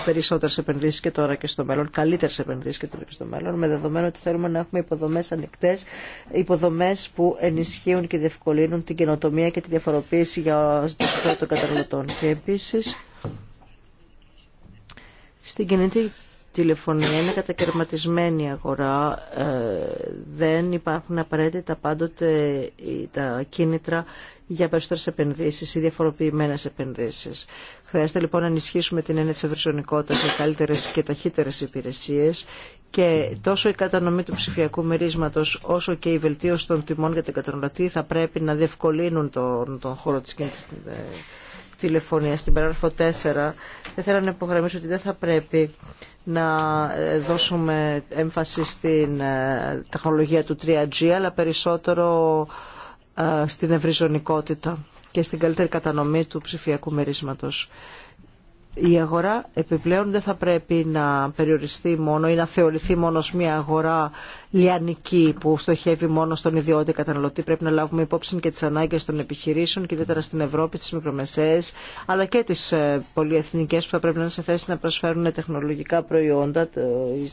Speaker 3: περισσότερε επενδύσει και τώρα και στο μέλλον, καλύτερες επενδύσεις και τώρα και στο μέλλον, με δεδομένο ότι θέλουμε να έχουμε υποδομές ανοιχτέ, υποδομές που ενισχύουν και διευκολύνουν την καινοτομία και τη διαφοροποίηση για το των καταναλωτών. Και επίσης τηλεφωνία είναι κατακαιρματισμένη η αγορά, ε, δεν υπάρχουν απαραίτητα πάντοτε τα κίνητρα για περισσότερε επενδύσεις ή διαφοροποιημένες επενδύσεις. Χρειάζεται λοιπόν να ενισχύσουμε την έννοια της ευρυζωνικότητας για καλύτερες και ταχύτερες υπηρεσίες και τόσο η διαφοροποιημενες επενδυσεις χρειαζεται λοιπον να ενισχυσουμε την εννοια τη ευρυζωνικοτητας για καλυτερες και ταχυτερες υπηρεσιες και τοσο η κατανομη του ψηφιακού μερίσματος όσο και η βελτίωση των τιμών για την καταναλωτή θα πρέπει να διευκολύνουν τον, τον χώρο της ε, τηλεφωνία στην παράγραφο 4 θα ήθελα να υπογραμμίσω ότι δεν θα πρέπει να ε, δώσουμε έμφαση στην ε, τεχνολογία του 3G αλλά περισσότερο ε, στην ευρυζωνικότητα και στην καλύτερη κατανομή του ψηφιακού μερίσματος. Η αγορά επιπλέον δεν θα πρέπει να περιοριστεί μόνο ή να θεωρηθεί μόνο μια αγορά λιανική που στοχεύει μόνο στον ιδιώτη καταναλωτή. Πρέπει να λάβουμε υπόψη και τι ανάγκε των επιχειρήσεων και ιδιαίτερα στην Ευρώπη, τι μικρομεσαίε, αλλά και τι ε, πολυεθνικέ που θα πρέπει να είναι σε θέση να προσφέρουν τεχνολογικά προϊόντα, τι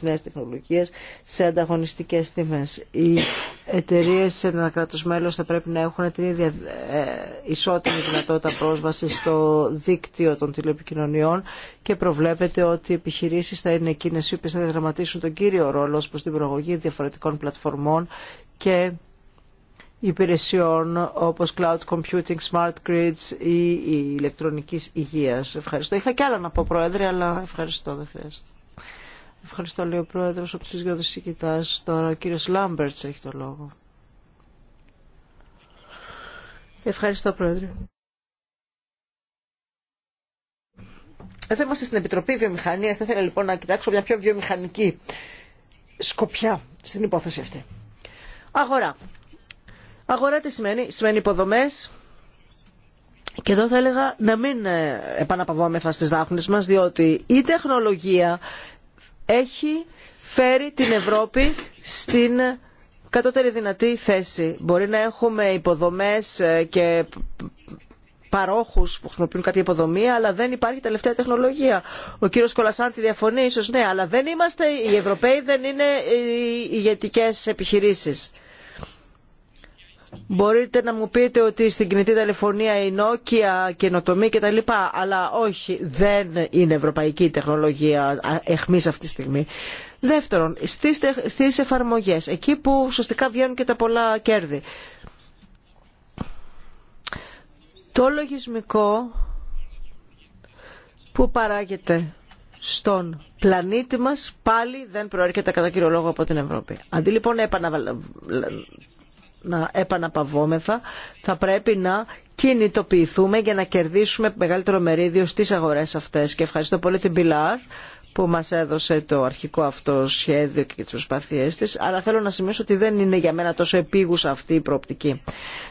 Speaker 3: νέε τεχνολογίε, σε ανταγωνιστικέ τιμέ. Οι εταιρείε σε ένα κράτο μέλο θα πρέπει να έχουν την ίδια ε, ισότιμη δυνατότητα πρόσβαση στο δίκτυο των τηλεπικοινωνιών και προβλέπεται ότι οι επιχειρήσει θα είναι εκείνε οι οποίε θα διαδραματίσουν τον κύριο ρόλο προ την προγωγή διαφορετικών διαφορετικών πλατφορμών και υπηρεσιών όπως cloud computing, smart grids ή, ή ηλεκτρονικής υγείας. Ευχαριστώ. Είχα και άλλα να πω, Πρόεδρε, αλλά ευχαριστώ, δεν χρειάζεται. Ευχαριστώ, λέει ο Πρόεδρος, ο τους δυο Τώρα ο κύριος Λάμπερτς έχει το λόγο. Ευχαριστώ, Πρόεδρε. Εδώ είμαστε στην Επιτροπή Βιομηχανίας. Θα ήθελα λοιπόν να κοιτάξω μια πιο βιομηχανική σκοπιά στην υπόθεση αυτή. Αγορά. Αγορά τι σημαίνει. Σημαίνει υποδομές, και εδώ θα έλεγα να μην ε, επαναπαυόμεθα στις δάφνες μας, διότι η τεχνολογία έχει φέρει την Ευρώπη στην κατώτερη δυνατή θέση. Μπορεί να έχουμε υποδομές ε, και παρόχους που χρησιμοποιούν κάποια υποδομή, αλλά δεν υπάρχει τελευταία τεχνολογία. Ο κύριο Κολασάντη διαφωνεί, ίσω ναι, αλλά δεν είμαστε, οι Ευρωπαίοι δεν είναι οι ηγετικές επιχειρήσεις. Μπορείτε να μου πείτε ότι στην κινητή τηλεφωνία η Nokia καινοτομή κτλ. Αλλά όχι, δεν είναι ευρωπαϊκή τεχνολογία εχμή αυτή τη στιγμή. Δεύτερον, στις εφαρμογές, εκεί που ουσιαστικά βγαίνουν και τα πολλά κέρδη το λογισμικό που παράγεται στον πλανήτη μας πάλι δεν προέρχεται κατά κύριο λόγο από την Ευρώπη. Αντί λοιπόν να επαναπαυόμεθα θα πρέπει να κινητοποιηθούμε για να κερδίσουμε μεγαλύτερο μερίδιο στις αγορές αυτές. Και ευχαριστώ πολύ την Πιλάρ που μας έδωσε το αρχικό αυτό σχέδιο και τις προσπάθειές της, αλλά θέλω να σημειώσω ότι δεν είναι για μένα τόσο επίγουσα αυτή η προοπτική.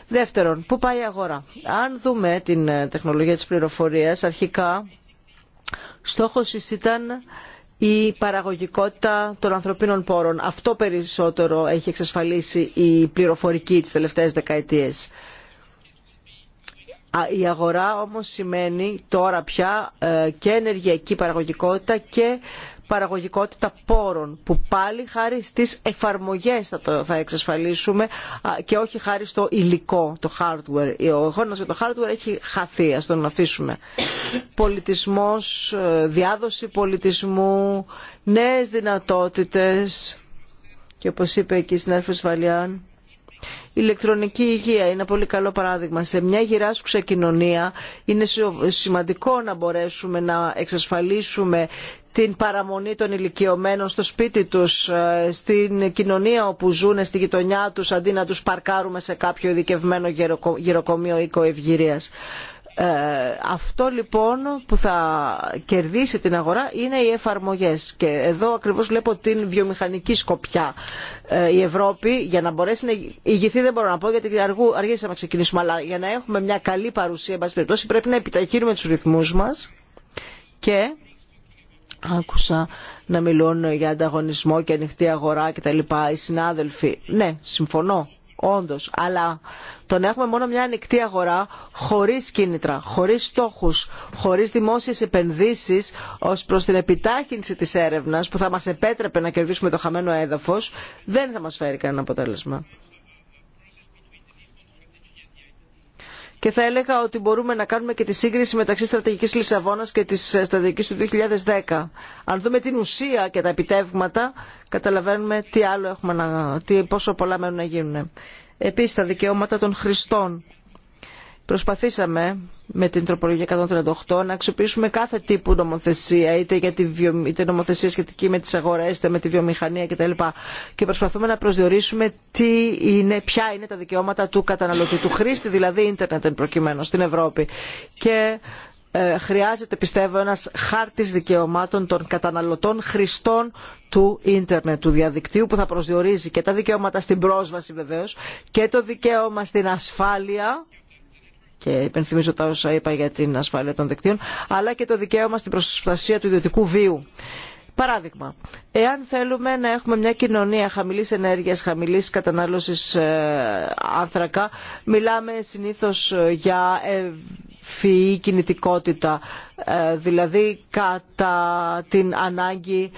Speaker 3: Δεύτερον, πού πάει η αγορά. Αν δούμε την ε, τεχνολογία της πληροφορίας, αρχικά στόχος ήταν η παραγωγικότητα των ανθρωπίνων πόρων. Αυτό περισσότερο έχει εξασφαλίσει η πληροφορική τις τελευταίες δεκαετίες. Η αγορά όμως σημαίνει τώρα πια ε, και ενεργειακή παραγωγικότητα και παραγωγικότητα πόρων που πάλι χάρη στις εφαρμογές θα, το, θα εξασφαλίσουμε και όχι χάρη στο υλικό, το hardware. Ο χώρος για το hardware έχει χαθεί, ας τον αφήσουμε. Πολιτισμός, ε, διάδοση πολιτισμού, νέες δυνατότητες και όπως είπε εκεί στην Αρφή η ηλεκτρονική υγεία είναι ένα πολύ καλό παράδειγμα. Σε μια γυράσκουσα κοινωνία είναι σημαντικό να μπορέσουμε να εξασφαλίσουμε την παραμονή των ηλικιωμένων στο σπίτι τους, ε, στην κοινωνία όπου ζουν, στη γειτονιά τους, αντί να τους παρκάρουμε σε κάποιο ειδικευμένο γεροκομείο οίκο ε, αυτό λοιπόν που θα κερδίσει την αγορά είναι οι εφαρμογές και εδώ ακριβώς βλέπω την βιομηχανική σκοπιά. Ε, η Ευρώπη για να μπορέσει να ηγηθεί δεν μπορώ να πω γιατί αργού, αργήσαμε να ξεκινήσουμε αλλά για να έχουμε μια καλή παρουσία περιπτώσει πρέπει να επιταχύνουμε τους ρυθμούς μας και άκουσα να μιλούν για ανταγωνισμό και ανοιχτή αγορά κτλ. Οι συνάδελφοι, ναι συμφωνώ Όντω. Αλλά το να έχουμε μόνο μια ανοιχτή αγορά χωρίς κίνητρα, χωρίς στόχους, χωρίς δημόσιες επενδύσεις ως προς την επιτάχυνση της έρευνας που θα μας επέτρεπε να κερδίσουμε το χαμένο έδαφος, δεν θα μας φέρει κανένα αποτέλεσμα. και θα έλεγα ότι μπορούμε να κάνουμε και τη σύγκριση μεταξύ στρατηγικής Λισαβόνας και της στρατηγικής του 2010. Αν δούμε την ουσία και τα επιτεύγματα, καταλαβαίνουμε τι άλλο έχουμε να, τι, πόσο πολλά μένουν να γίνουν. Επίσης τα δικαιώματα των χρηστών Προσπαθήσαμε με την τροπολογία 138 να αξιοποιήσουμε κάθε τύπου νομοθεσία, είτε, για τη βιο... είτε νομοθεσία σχετική με τι αγορέ, είτε με τη βιομηχανία κτλ. Και προσπαθούμε να προσδιορίσουμε τι είναι, ποια είναι τα δικαιώματα του καταναλωτή, του χρήστη δηλαδή ίντερνετ εν προκειμένου στην Ευρώπη. Και ε, χρειάζεται πιστεύω ένας χάρτης δικαιωμάτων των καταναλωτών χρηστών του ίντερνετ του διαδικτύου που θα προσδιορίζει και τα δικαιώματα στην πρόσβαση βεβαίως και το δικαίωμα στην ασφάλεια και υπενθυμίζω τα όσα είπα για την ασφάλεια των δικτύων, αλλά και το δικαίωμα στην προστασία του ιδιωτικού βίου. Παράδειγμα, εάν θέλουμε να έχουμε μια κοινωνία χαμηλής ενέργειας, χαμηλής κατανάλωσης ε, άνθρακα, μιλάμε συνήθως ε, για ευφυή κινητικότητα, ε, δηλαδή κατά την ανάγκη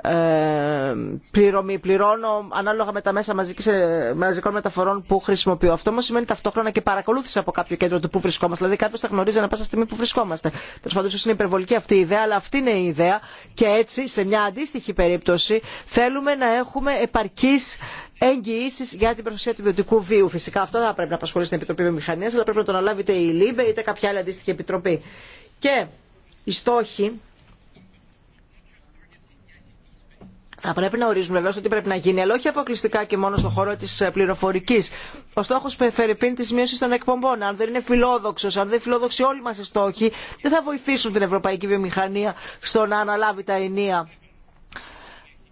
Speaker 3: ε, πληρωμή. Πληρώνω ανάλογα με τα μέσα ε, μαζικών μεταφορών που χρησιμοποιώ. Αυτό όμω σημαίνει ταυτόχρονα και παρακολούθηση από κάποιο κέντρο του που βρισκόμαστε. Δηλαδή κάποιο θα γνωρίζει ανά πάσα στιγμή που βρισκόμαστε. Τέλο πάντων, είναι υπερβολική αυτή η ιδέα, αλλά αυτή είναι η ιδέα και έτσι σε μια αντίστοιχη περίπτωση θέλουμε να έχουμε επαρκή εγγυήσει για την προστασία του ιδιωτικού βίου. Φυσικά αυτό θα πρέπει να απασχολεί στην Επιτροπή Μηχανία, αλλά πρέπει να το αναλάβει η ΛΥΜΠΕ είτε κάποια άλλη αντίστοιχη επιτροπή. Και οι στόχοι θα πρέπει να ορίζουμε βεβαίω ότι πρέπει να γίνει, αλλά όχι αποκλειστικά και μόνο στον χώρο τη ε, πληροφορική. Ο στόχο ε, φερειπίν τη μείωση των εκπομπών. Αν δεν είναι φιλόδοξο, αν δεν είναι φιλόδοξοι όλοι μα οι στόχοι, δεν θα βοηθήσουν την ευρωπαϊκή βιομηχανία στο να αναλάβει τα ενία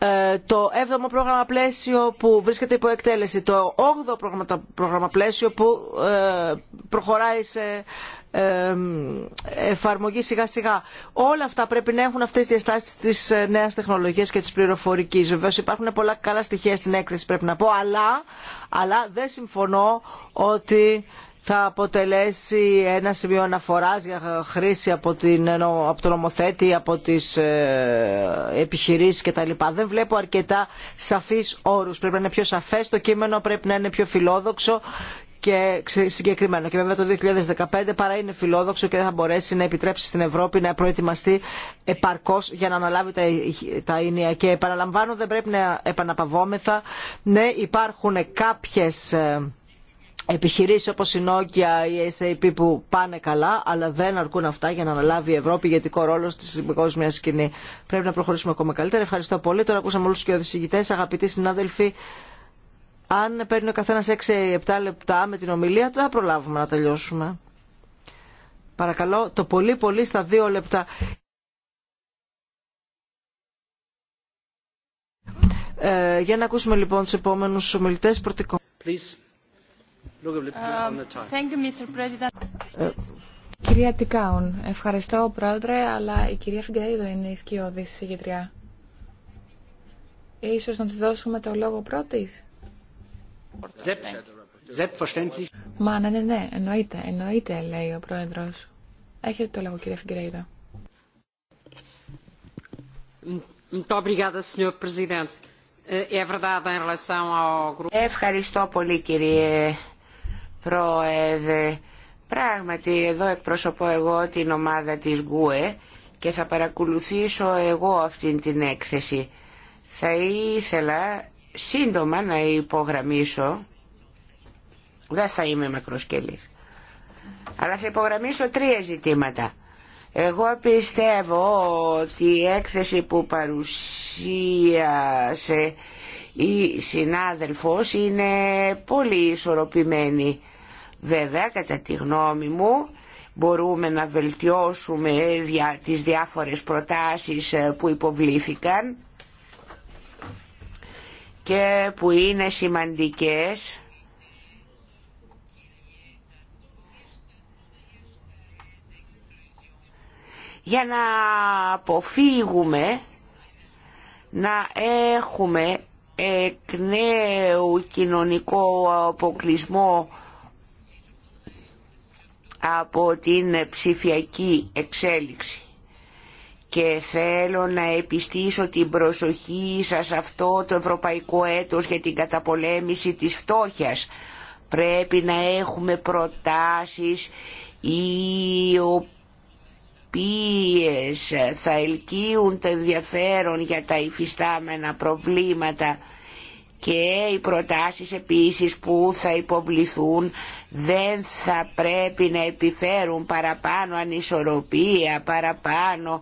Speaker 3: ε, το 7ο πρόγραμμα πλαίσιο που βρίσκεται υπό εκτέλεση, το 8ο πρόγραμμα πλαίσιο που ε, προχωράει σε ε, εφαρμογή σιγά σιγά. Όλα αυτά πρέπει να έχουν αυτές τις διαστάσεις της νέας τεχνολογίας και της πληροφορικής. Βεβαίως υπάρχουν πολλά καλά στοιχεία στην έκθεση πρέπει να πω, αλλά, αλλά δεν συμφωνώ ότι θα αποτελέσει ένα σημείο αναφοράς για χρήση από, την, από τον νομοθέτη, από τις ε, επιχειρήσεις κτλ. Δεν βλέπω αρκετά σαφείς όρους. Πρέπει να είναι πιο σαφές το κείμενο, πρέπει να είναι πιο φιλόδοξο και συγκεκριμένο. Και βέβαια το 2015 παρά είναι φιλόδοξο και δεν θα μπορέσει να επιτρέψει στην Ευρώπη να προετοιμαστεί επαρκώ για να αναλάβει τα, τα ίνια. Και παραλαμβάνω, δεν πρέπει να επαναπαυόμεθα. Ναι, υπάρχουν κάποιες ε, Επιχειρήσει όπω η Nokia ή η SAP που πάνε καλά, αλλά δεν αρκούν αυτά για να αναλάβει η Ευρώπη ηγετικό ρόλο στη παγκόσμια σκηνή. Πρέπει να προχωρήσουμε ακόμα καλύτερα. Ευχαριστώ πολύ. Τώρα ακούσαμε όλου και οδηγητέ, αγαπητοί συνάδελφοι. Αν παίρνει ο καθένα 6 6-7 λεπτά με την ομιλία, δεν θα προλάβουμε να τελειώσουμε. Παρακαλώ, το πολύ πολύ στα 2 λεπτά. Ε, για να ακούσουμε λοιπόν τους επόμενους ομιλητές. Πρωτικό. Um, ε,
Speaker 2: κυρία Τικάουν, ευχαριστώ πρόεδρε, αλλά η κυρία Φιγκαρίδο είναι η σκιώδη συγγετριά. Ίσως να της δώσουμε το λόγο πρώτης. Μα ναι, ναι, ναι, εννοείται, εννοείται, λέει ο πρόεδρος. Έχετε το λόγο κυρία Φιγκαρίδο.
Speaker 5: Ευχαριστώ πολύ κύριε Πρόεδρε, πράγματι εδώ εκπροσωπώ εγώ την ομάδα της ΓΚΟΕ και θα παρακολουθήσω εγώ αυτήν την έκθεση. Θα ήθελα σύντομα να υπογραμμίσω, δεν θα είμαι μακροσκελής, αλλά θα υπογραμμίσω τρία ζητήματα. Εγώ πιστεύω ότι η έκθεση που παρουσίασε η συνάδελφος είναι πολύ ισορροπημένη Βέβαια, κατά τη γνώμη μου, μπορούμε να βελτιώσουμε τις διάφορες προτάσεις ε, που υποβλήθηκαν και που είναι σημαντικές για να αποφύγουμε να έχουμε εκ νέου κοινωνικό αποκλεισμό από την ψηφιακή εξέλιξη. Και θέλω να επιστήσω την προσοχή σας αυτό το ευρωπαϊκό έτος για την καταπολέμηση της φτώχειας. Πρέπει να έχουμε προτάσεις οι οποίες θα ελκύουν το ενδιαφέρον για τα υφιστάμενα προβλήματα και οι προτάσεις επίσης που θα υποβληθούν δεν θα πρέπει να επιφέρουν παραπάνω ανισορροπία, παραπάνω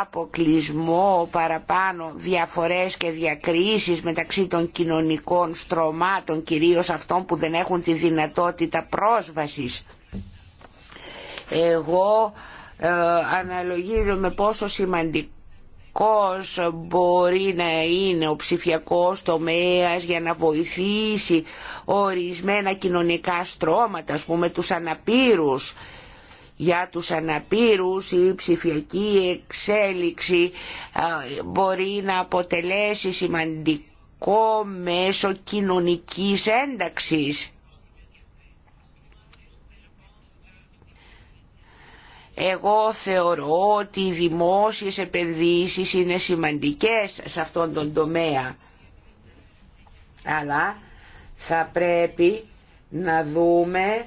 Speaker 5: αποκλεισμό, παραπάνω διαφορές και διακρίσεις μεταξύ των κοινωνικών στρωμάτων, κυρίως αυτών που δεν έχουν τη δυνατότητα πρόσβασης. Εγώ ε, αναλογίζομαι πόσο σημαντικό μπορεί να είναι ο ψηφιακός τομέας για να βοηθήσει ορισμένα κοινωνικά στρώματα, ας πούμε τους αναπήρους. Για τους αναπήρους η ψηφιακή εξέλιξη μπορεί να αποτελέσει σημαντικό μέσο κοινωνικής ένταξης Εγώ θεωρώ ότι οι δημόσιες επενδύσεις είναι σημαντικές σε αυτόν τον τομέα. Αλλά θα πρέπει να δούμε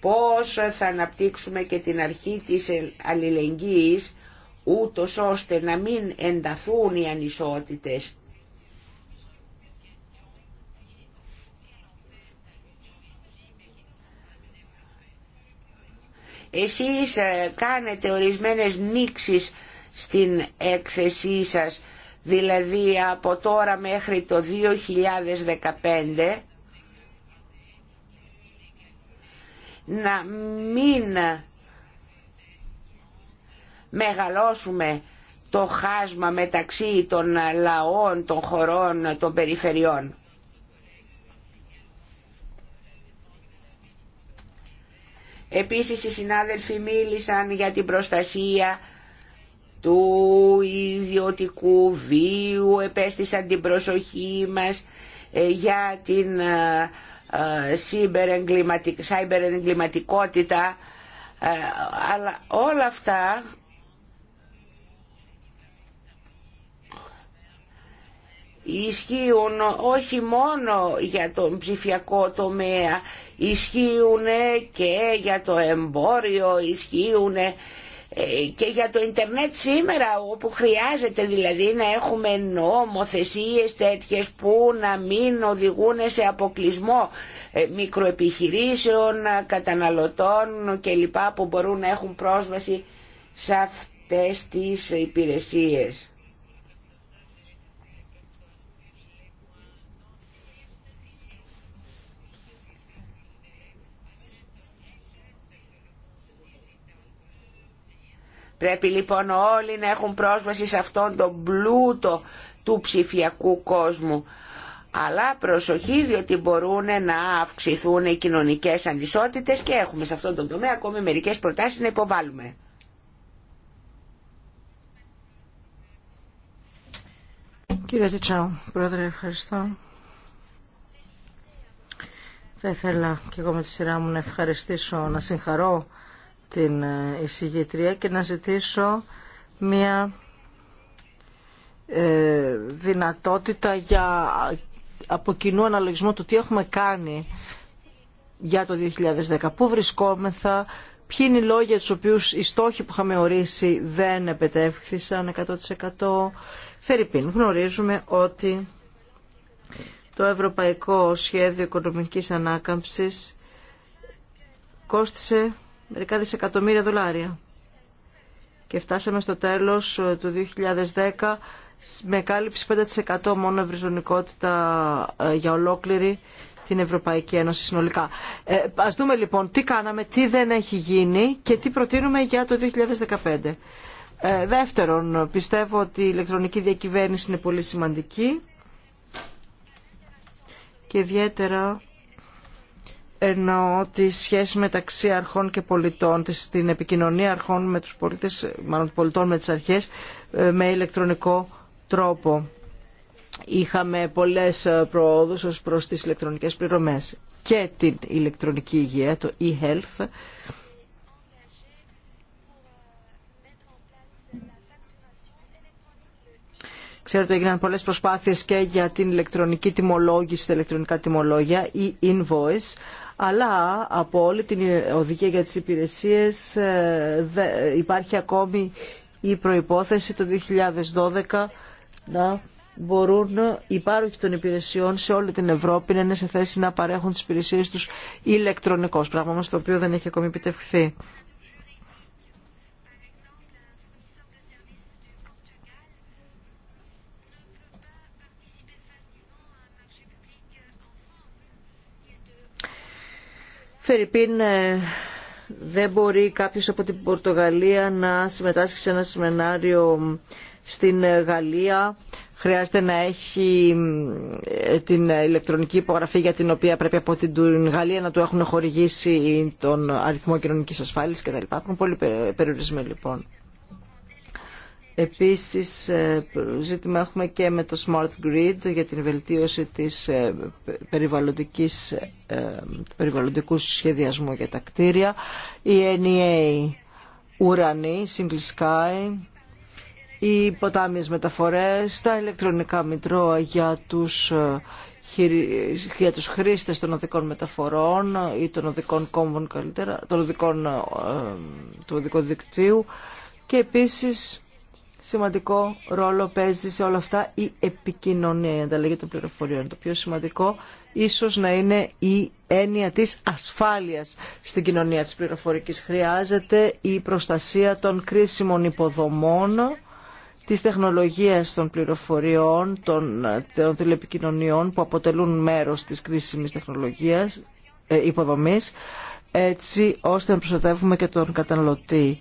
Speaker 5: πώς θα αναπτύξουμε και την αρχή της αλληλεγγύης ούτως ώστε να μην ενταθούν οι ανισότητες Εσείς ε, κάνετε ορισμένες νήξεις στην έκθεσή σας, δηλαδή από τώρα μέχρι το 2015, να μην μεγαλώσουμε το χάσμα μεταξύ των λαών, των χωρών, των περιφερειών. Επίσης οι συνάδελφοι μίλησαν για την προστασία του ιδιωτικού βίου, επέστησαν την προσοχή μας ε, για την cyber ε, ε, εγκληματικότητα, αλλά όλα αυτά ισχύουν όχι μόνο για τον ψηφιακό τομέα, ισχύουν και για το εμπόριο, ισχύουν ε, και για το ίντερνετ σήμερα όπου χρειάζεται δηλαδή να έχουμε νομοθεσίες τέτοιες που να μην οδηγούν σε αποκλεισμό ε, μικροεπιχειρήσεων, καταναλωτών κλπ που μπορούν να έχουν πρόσβαση σε αυτές τις υπηρεσίες. Πρέπει λοιπόν όλοι να έχουν πρόσβαση σε αυτόν τον πλούτο του ψηφιακού κόσμου. Αλλά προσοχή διότι μπορούν να αυξηθούν οι κοινωνικές ανισότητες και έχουμε σε αυτόν τον τομέα ακόμη μερικές προτάσεις να υποβάλουμε.
Speaker 3: Κύριε Τιτσάου, Πρόεδρε, ευχαριστώ. Θα ήθελα και εγώ με τη σειρά μου να ευχαριστήσω, να συγχαρώ την ε, εισηγήτρια και να ζητήσω μια ε, δυνατότητα για από κοινού αναλογισμό του τι έχουμε κάνει για το 2010, πού βρισκόμεθα, ποιοι είναι οι λόγοι για τους οποίους οι στόχοι που είχαμε ορίσει δεν επετεύχθησαν 100%. Φερρυπίν, γνωρίζουμε ότι το Ευρωπαϊκό Σχέδιο Οικονομικής Ανάκαμψης κόστισε μερικά δισεκατομμύρια δολάρια. Και φτάσαμε στο τέλος ε, του 2010 με κάλυψη 5% μόνο ευρυζωνικότητα ε, για ολόκληρη την Ευρωπαϊκή Ένωση συνολικά. Ε, ας δούμε λοιπόν τι κάναμε, τι δεν έχει γίνει και τι προτείνουμε για το 2015. Ε, δεύτερον, πιστεύω ότι η ηλεκτρονική διακυβέρνηση είναι πολύ σημαντική και ιδιαίτερα εννοώ τη σχέση μεταξύ αρχών και πολιτών, την επικοινωνία αρχών με τους πολίτες, μάλλον πολιτών με τις αρχές, ε, με ηλεκτρονικό τρόπο. Είχαμε πολλές ε, προόδους ως προς τις ηλεκτρονικές πληρωμές και την ηλεκτρονική υγεία, το e-health, Ξέρετε, έγιναν πολλές προσπάθειες και για την ηλεκτρονική τιμολόγηση, τα ηλεκτρονικά τιμολόγια ή invoice, αλλά από όλη την οδηγία για τις υπηρεσίες ε, υπάρχει ακόμη η προϋπόθεση το 2012 να μπορούν οι πάροχοι των υπηρεσιών σε όλη την Ευρώπη να είναι σε θέση να παρέχουν τις υπηρεσίες τους ηλεκτρονικώς, πράγμα μας το οποίο δεν έχει ακόμη επιτευχθεί. Φερρυπίν ε, δεν μπορεί κάποιος από την Πορτογαλία να συμμετάσχει σε ένα σεμινάριο στην ε, Γαλλία. Χρειάζεται να έχει ε, την ηλεκτρονική υπογραφή για την οποία πρέπει από την Γαλλία να του έχουν χορηγήσει τον αριθμό κοινωνικής ασφάλισης κλπ. Έχουν πολύ περιορισμένοι λοιπόν. Επίσης ε, ζήτημα έχουμε και με το Smart Grid για την βελτίωση της ε, περιβαλλοντικής, ε, του περιβαλλοντικού σχεδιασμού για τα κτίρια. Η NEA ουρανή, single sky, οι ποτάμιες μεταφορές, τα ηλεκτρονικά μητρώα για τους για τους χρήστες των οδικών μεταφορών ή των οδικών κόμβων καλύτερα, των οδικών, του οδικού δικτύου και επίσης σημαντικό ρόλο παίζει σε όλα αυτά η επικοινωνία, η ανταλλαγή των πληροφοριών. Το πιο σημαντικό ίσως να είναι η έννοια της ασφάλειας στην κοινωνία της πληροφορικής. Χρειάζεται η προστασία των κρίσιμων υποδομών, της τεχνολογίας των πληροφοριών, των, τηλεπικοινωνιών που αποτελούν μέρος της κρίσιμης τεχνολογίας, ε, υποδομής, έτσι ώστε να προστατεύουμε και τον καταναλωτή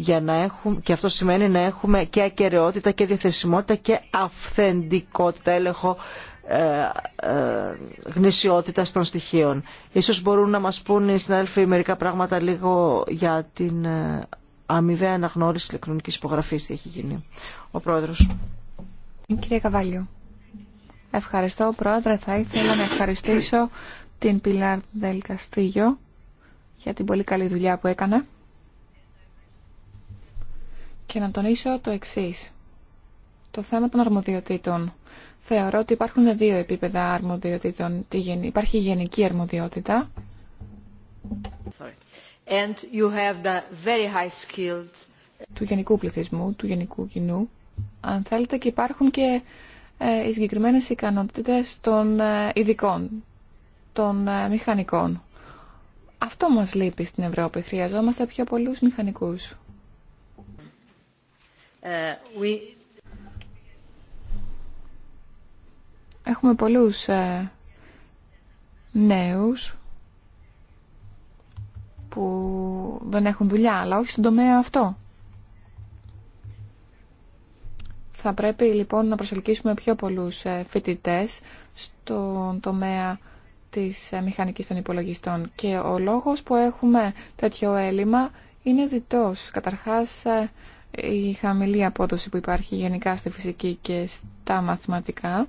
Speaker 3: για να έχουμε, και αυτό σημαίνει να έχουμε και ακαιρεότητα και διαθεσιμότητα και αυθεντικότητα, έλεγχο ε, ε γνησιότητα των στοιχείων. Ίσως μπορούν να μας πούν οι συνάδελφοι μερικά πράγματα λίγο για την ε, αμοιβαία αναγνώριση ηλεκτρονικής υπογραφής τι έχει γίνει. Ο Πρόεδρος.
Speaker 2: Κύριε Καβάλιο, ευχαριστώ. Πρόεδρε, θα ήθελα να ευχαριστήσω την Πιλάρ Δελ Καστίγιο για την πολύ καλή δουλειά που έκανε και να τονίσω το εξή: Το θέμα των αρμοδιοτήτων. Θεωρώ ότι υπάρχουν δύο επίπεδα αρμοδιοτήτων. Υπάρχει η γενική αρμοδιότητα.
Speaker 3: Sorry. And you have the very high skilled...
Speaker 2: του γενικού πληθυσμού, του γενικού κοινού. Αν θέλετε και υπάρχουν και ε, οι συγκεκριμένες ικανότητες των ε, ειδικών, των ε, μηχανικών. Αυτό μας λείπει στην Ευρώπη. Χρειαζόμαστε πιο πολλούς μηχανικούς. Ε, έχουμε πολλούς ε, νέους που δεν έχουν δουλειά, αλλά όχι στον τομέα αυτό. Θα πρέπει λοιπόν να προσελκύσουμε πιο πολλούς ε, φοιτητές στον τομέα της μηχανικής των υπολογιστών και ο λόγος που έχουμε τέτοιο έλλειμμα είναι διτός. Καταρχάς η χαμηλή απόδοση που υπάρχει γενικά στη φυσική και στα μαθηματικά.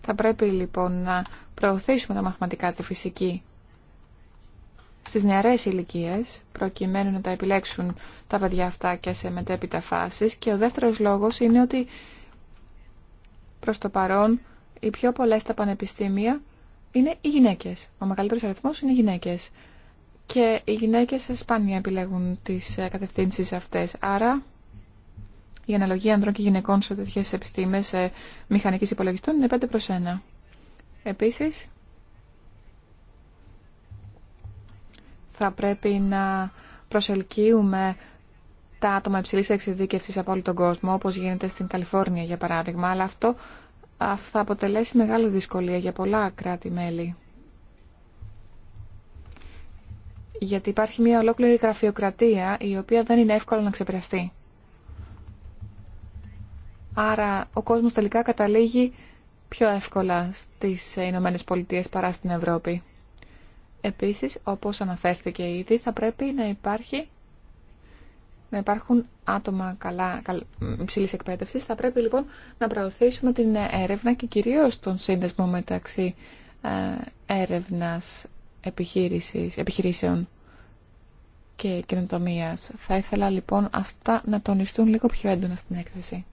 Speaker 2: Θα πρέπει λοιπόν να προωθήσουμε τα μαθηματικά τη φυσική στις νεαρές ηλικίε, προκειμένου να τα επιλέξουν τα παιδιά αυτά και σε μετέπειτα φάσεις. Και ο δεύτερος λόγος είναι ότι προς το παρόν οι πιο πολλές τα πανεπιστήμια είναι οι γυναίκε. Ο μεγαλύτερο αριθμό είναι οι γυναίκες. Και οι γυναίκε σπάνια επιλέγουν τι ε, κατευθύνσει αυτέ. Άρα η αναλογία ανδρών και γυναικών σε τέτοιε επιστήμες ε, μηχανική υπολογιστών είναι 5 προς 1. Επίσης, θα πρέπει να προσελκύουμε τα άτομα υψηλή εξειδίκευση από όλο τον κόσμο, Όπω γίνεται στην Καλιφόρνια για παράδειγμα, αλλά αυτό θα αποτελέσει μεγάλη δυσκολία για πολλά κράτη-μέλη. Γιατί υπάρχει μια ολόκληρη γραφειοκρατία η οποία δεν είναι εύκολο να ξεπεραστεί. Άρα ο κόσμος τελικά καταλήγει πιο εύκολα στις Ηνωμένε Πολιτείε παρά στην Ευρώπη. Επίσης, όπως αναφέρθηκε ήδη, θα πρέπει να υπάρχει να υπάρχουν άτομα καλά, καλ, υψηλής εκπαίδευσης. Θα πρέπει λοιπόν να προωθήσουμε την έρευνα και κυρίως τον σύνδεσμο μεταξύ ε, έρευνας επιχειρήσεων και καινοτομία. Θα ήθελα λοιπόν αυτά να τονιστούν λίγο πιο έντονα στην έκθεση.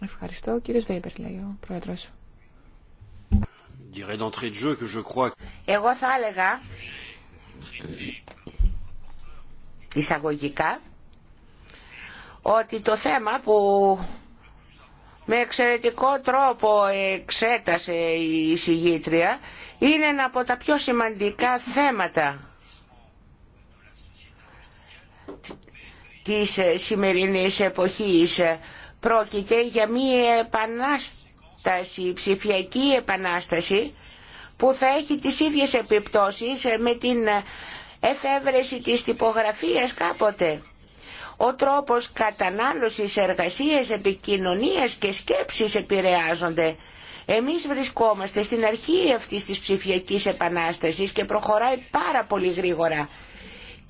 Speaker 2: Ευχαριστώ. Κύριος Βέιμπερ, λέει ο Πρόεδρος. Εγώ θα έλεγα
Speaker 5: εισαγωγικά ότι το θέμα που με εξαιρετικό τρόπο εξέτασε η συγγήτρια είναι ένα από τα πιο σημαντικά θέματα της σημερινής εποχής. Πρόκειται για μία επανάσταση, ψηφιακή επανάσταση που θα έχει τις ίδιες επιπτώσεις με την εφεύρεση της τυπογραφίας κάποτε. Ο τρόπος κατανάλωσης εργασίας, επικοινωνίας και σκέψης επηρεάζονται. Εμείς βρισκόμαστε στην αρχή αυτής της ψηφιακής επανάστασης και προχωράει πάρα πολύ γρήγορα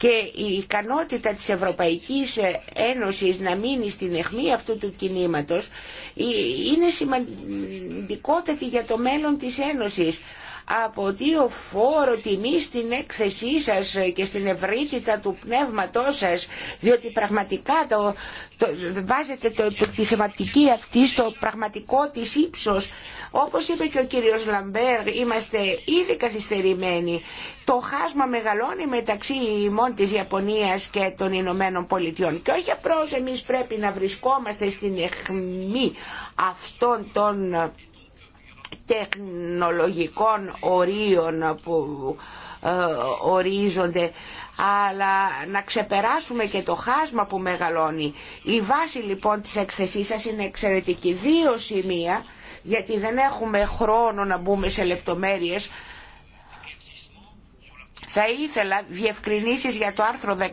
Speaker 5: και η ικανότητα της Ευρωπαϊκής Ένωσης να μείνει στην αιχμή αυτού του κινήματος ε, είναι σημαντικότατη για το μέλλον της Ένωσης. Από δύο φόρο τιμή στην έκθεσή σας και στην ευρύτητα του πνεύματός σας, διότι πραγματικά το, βάζετε το, τη θεματική αυτή στο πραγματικό της ύψος όπως είπε και ο κύριος Λαμπέρ, είμαστε ήδη καθυστερημένοι. Το χάσμα μεγαλώνει μεταξύ ημών της Ιαπωνίας και των Ηνωμένων Πολιτειών. Και όχι απρός, εμείς πρέπει να βρισκόμαστε στην αιχμή αυτών των τεχνολογικών ορίων που ε, ορίζονται αλλά να ξεπεράσουμε και το χάσμα που μεγαλώνει. Η βάση λοιπόν της εκθεσής σας είναι εξαιρετική. Δύο σημεία γιατί δεν έχουμε χρόνο να μπούμε σε λεπτομέρειες. Θα ήθελα διευκρινήσεις για το άρθρο 19,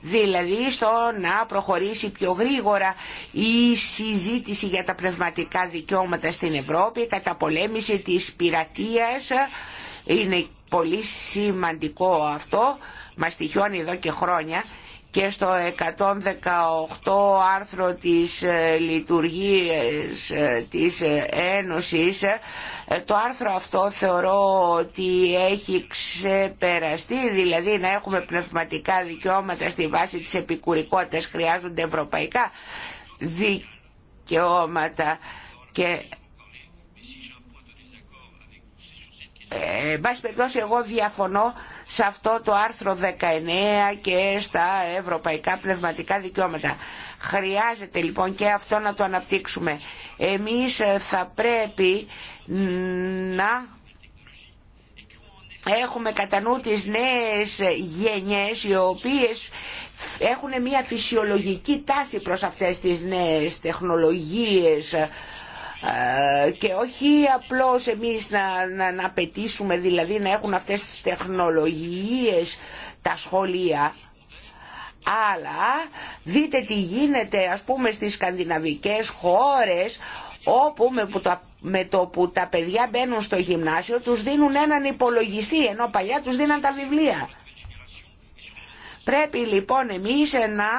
Speaker 5: δηλαδή στο να προχωρήσει πιο γρήγορα η συζήτηση για τα πνευματικά δικαιώματα στην Ευρώπη, κατά πολέμηση της πειρατείας, είναι πολύ σημαντικό αυτό, μας τυχιώνει εδώ και χρόνια και στο 118 άρθρο της ε, λειτουργίας ε, της ε, Ένωσης το άρθρο αυτό θεωρώ ότι έχει ξεπεραστεί δηλαδή να έχουμε πνευματικά δικαιώματα στη βάση της επικουρικότητας χρειάζονται ευρωπαϊκά δικαιώματα και ε, περιπτώσει εγώ διαφωνώ σε αυτό το άρθρο 19 και στα ευρωπαϊκά πνευματικά δικαιώματα. Χρειάζεται λοιπόν και αυτό να το αναπτύξουμε. Εμείς ε, θα πρέπει να έχουμε κατά νου τις νέες γενιές οι οποίες έχουν μια φυσιολογική τάση προς αυτές τις νέες τεχνολογίες ε, και όχι απλώς εμείς να, να, να απαιτήσουμε δηλαδή να έχουν αυτές τις τεχνολογίες τα σχολεία αλλά δείτε τι γίνεται ας πούμε στις σκανδιναβικές χώρες όπου με, που τα, με το που τα παιδιά μπαίνουν στο γυμνάσιο τους δίνουν έναν υπολογιστή ενώ παλιά τους δίναν τα βιβλία Πρέπει λοιπόν εμείς να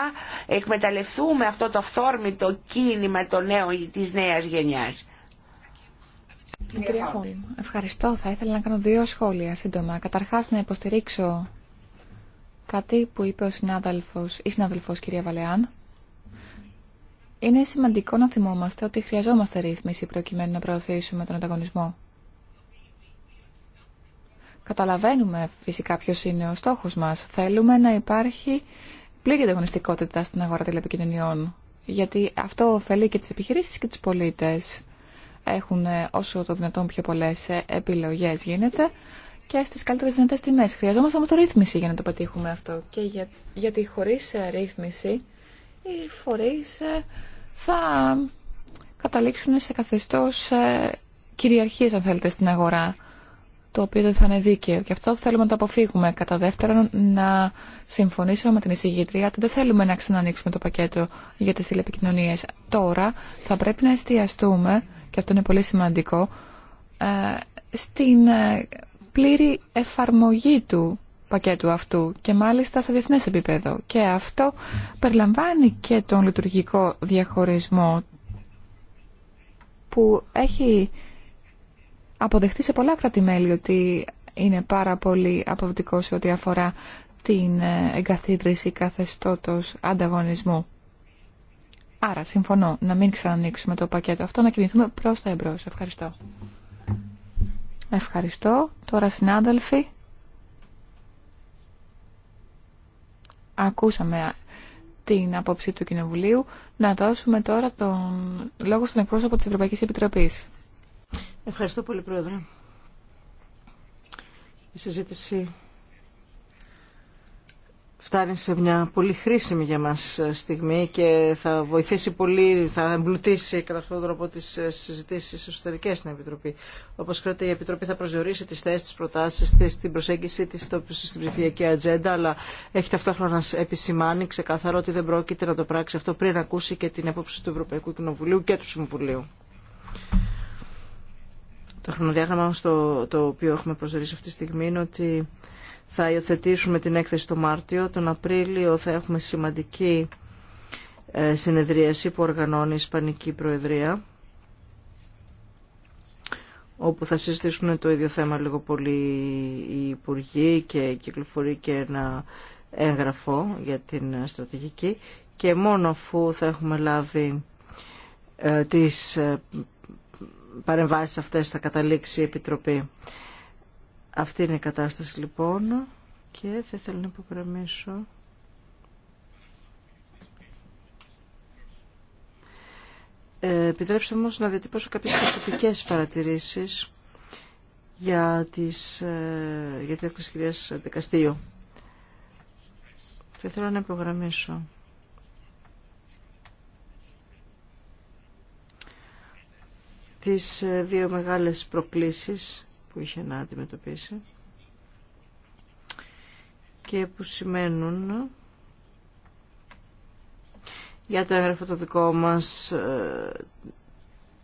Speaker 5: εκμεταλλευτούμε αυτό το φθόρμητο κίνημα το νέο της νέας γενιάς.
Speaker 2: ευχαριστώ. Θα ήθελα να κάνω δύο σχόλια σύντομα. Καταρχάς να υποστηρίξω κάτι που είπε ο συνάδελφος, η συνάδελφος κυρία Βαλεάν. Είναι σημαντικό να θυμόμαστε ότι χρειαζόμαστε ρύθμιση προκειμένου να προωθήσουμε τον ανταγωνισμό. Καταλαβαίνουμε φυσικά ποιο είναι ο στόχος μας. Θέλουμε να υπάρχει πλήρη ανταγωνιστικότητα στην αγορά τηλεπικοινωνιών. Γιατί αυτό ωφελεί και τις επιχειρήσεις και τους πολίτες. Έχουν ε, όσο το δυνατόν πιο πολλές ε, επιλογές γίνεται και στις καλύτερες δυνατές τιμές. Χρειαζόμαστε όμως το ρύθμιση για να το πετύχουμε αυτό. Και γιατί χωρίς ε, ρύθμιση οι φορεί θα καταλήξουν σε καθεστώ κυριαρχίες αν θέλετε στην αγορά το οποίο δεν θα είναι δίκαιο. Και αυτό θέλουμε να το αποφύγουμε. Κατά δεύτερον, να συμφωνήσω με την εισηγήτρια ότι δεν θέλουμε να ξανανοίξουμε το πακέτο για τις τηλεπικοινωνίες. Τώρα θα πρέπει να εστιαστούμε, και αυτό είναι πολύ σημαντικό, ε, στην ε, πλήρη εφαρμογή του πακέτου αυτού και μάλιστα σε διεθνές επίπεδο. Και αυτό περιλαμβάνει και τον λειτουργικό διαχωρισμό που έχει αποδεχτεί σε πολλά κράτη-μέλη ότι είναι πάρα πολύ αποδοτικό σε ό,τι αφορά την ε, εγκαθίδρυση καθεστώτο ανταγωνισμού. Άρα, συμφωνώ να μην ξανανοίξουμε το πακέτο αυτό, να κινηθούμε προς τα εμπρός. Ευχαριστώ. Ευχαριστώ. Τώρα, συνάδελφοι, ακούσαμε την άποψη του Κοινοβουλίου. Να δώσουμε τώρα τον λόγο στον εκπρόσωπο της Ευρωπαϊκής Επιτροπής.
Speaker 3: Ευχαριστώ πολύ, Πρόεδρε.
Speaker 2: Η συζήτηση φτάνει σε
Speaker 3: μια πολύ χρήσιμη για μας στιγμή και θα βοηθήσει πολύ, θα εμπλουτίσει κατά αυτόν τον τρόπο τις συζητήσεις εσωτερικές στην Επιτροπή. Όπως ξέρετε η Επιτροπή θα προσδιορίσει τις θέσεις, τις προτάσεις της, την προσέγγιση της στην ψηφιακή ατζέντα, αλλά έχει ταυτόχρονα επισημάνει ξεκαθαρό ότι δεν πρόκειται να το πράξει αυτό πριν ακούσει και την έποψη του Ευρωπαϊκού Κοινοβουλίου και του Συμβουλίου. Το χρονοδιάγραμμα στο το οποίο έχουμε προσδορίσει αυτή τη στιγμή είναι ότι θα υιοθετήσουμε την έκθεση το Μάρτιο. Τον Απρίλιο θα έχουμε σημαντική ε, συνεδρίαση που οργανώνει η Ισπανική Προεδρία όπου θα συζητήσουν το ίδιο θέμα λίγο πολύ οι Υπουργοί και κυκλοφορεί και ένα έγγραφο για την στρατηγική και μόνο αφού θα έχουμε λάβει ε, τις ε, παρεμβάσεις αυτές θα καταλήξει η Επιτροπή. Αυτή είναι η κατάσταση λοιπόν και θα ήθελα να υπογραμμίσω ε, Επιτρέψτε μου να διατυπώσω κάποιες προσωπικές παρατηρήσεις για, τις, ε, για την έκθεση κυρίας Δικαστήριο. Θα ήθελα να υπογραμμίσω τις ε, δύο μεγάλες προκλήσεις που είχε να αντιμετωπίσει και που σημαίνουν για το έγγραφο το δικό μας ε,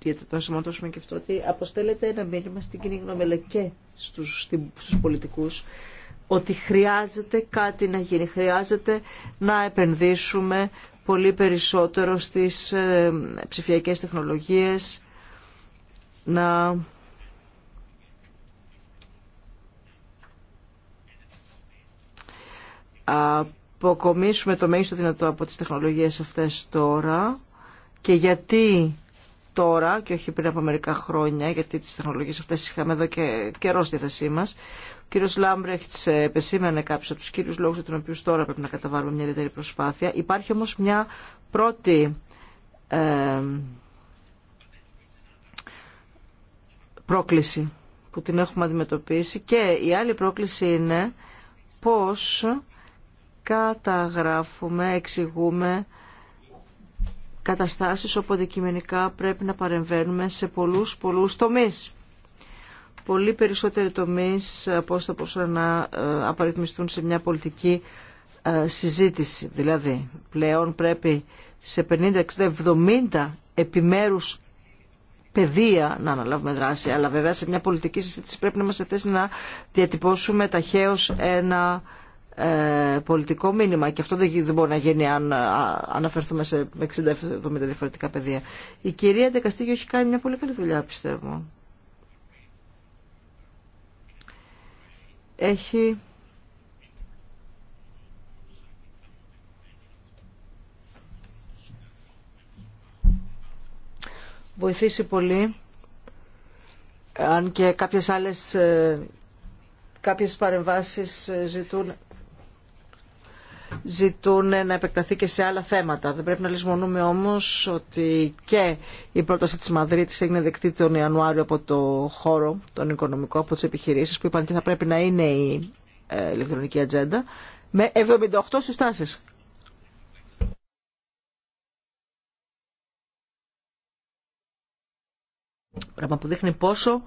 Speaker 3: γιατί το σημαντώσουμε και αυτό ότι αποστέλλεται ένα μήνυμα στην κοινή γνώμη αλλά και στους, στους πολιτικούς ότι χρειάζεται κάτι να γίνει, χρειάζεται να επενδύσουμε πολύ περισσότερο στις ε, ψηφιακές τεχνολογίες να αποκομίσουμε το μέγιστο δυνατό από τις τεχνολογίες αυτές τώρα και γιατί τώρα και όχι πριν από μερικά χρόνια, γιατί τις τεχνολογίες αυτές είχαμε εδώ και καιρό στη θέση μας. Ο κύριος Λάμπρεχτς επεσήμανε κάποιους από τους κύριους λόγους για τον οποίους τώρα πρέπει να καταβάλουμε μια ιδιαίτερη προσπάθεια. Υπάρχει όμως μια πρώτη ε, πρόκληση που την έχουμε αντιμετωπίσει και η άλλη πρόκληση είναι πώς καταγράφουμε, εξηγούμε καταστάσεις όπου αντικειμενικά πρέπει να παρεμβαίνουμε σε πολλούς πολλούς τομείς. Πολύ περισσότεροι τομείς πώς θα μπορούσαν να ε, απαριθμιστούν σε μια πολιτική ε, συζήτηση. Δηλαδή πλέον πρέπει σε 50, 60, 70 επιμέρους παιδεία να αναλάβουμε δράση. Αλλά βέβαια σε μια πολιτική συζήτηση πρέπει να είμαστε θέσει να διατυπώσουμε ταχαίως ένα ε, πολιτικό μήνυμα και αυτό δεν, μπορεί να γίνει αν αναφερθούμε σε 60-70 διαφορετικά πεδία. Η κυρία Ντεκαστήγιο έχει κάνει μια πολύ καλή δουλειά πιστεύω. Έχει βοηθήσει πολύ αν και κάποιες άλλες ε, κάποιες παρεμβάσεις ε, ζητούν ζητούν να επεκταθεί και σε άλλα θέματα. Δεν πρέπει να λησμονούμε όμως ότι και η πρόταση της Μαδρίτης έγινε δεκτή τον Ιανουάριο από το χώρο, τον οικονομικό, από τις επιχειρήσεις που είπαν τι θα πρέπει να είναι η ε, ηλεκτρονική ατζέντα με 78 συστάσεις. Πράγμα που δείχνει πόσο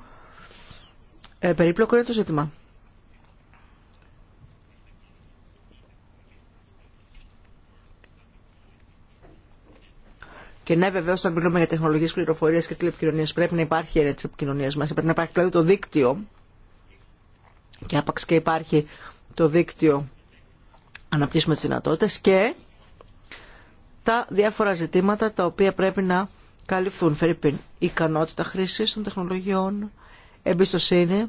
Speaker 3: ε, περίπλοκο είναι το ζήτημα. Και ναι, βεβαίω, όταν μιλούμε για τεχνολογίε πληροφορία και τηλεπικοινωνία, πρέπει να υπάρχει τη επικοινωνία μα. Πρέπει να υπάρχει δηλαδή το δίκτυο. Και άπαξ και υπάρχει το δίκτυο, αναπτύσσουμε τι δυνατότητε και τα διάφορα ζητήματα τα οποία πρέπει να καλυφθούν φερρυπίν ικανότητα χρήση των τεχνολογιών, εμπιστοσύνη,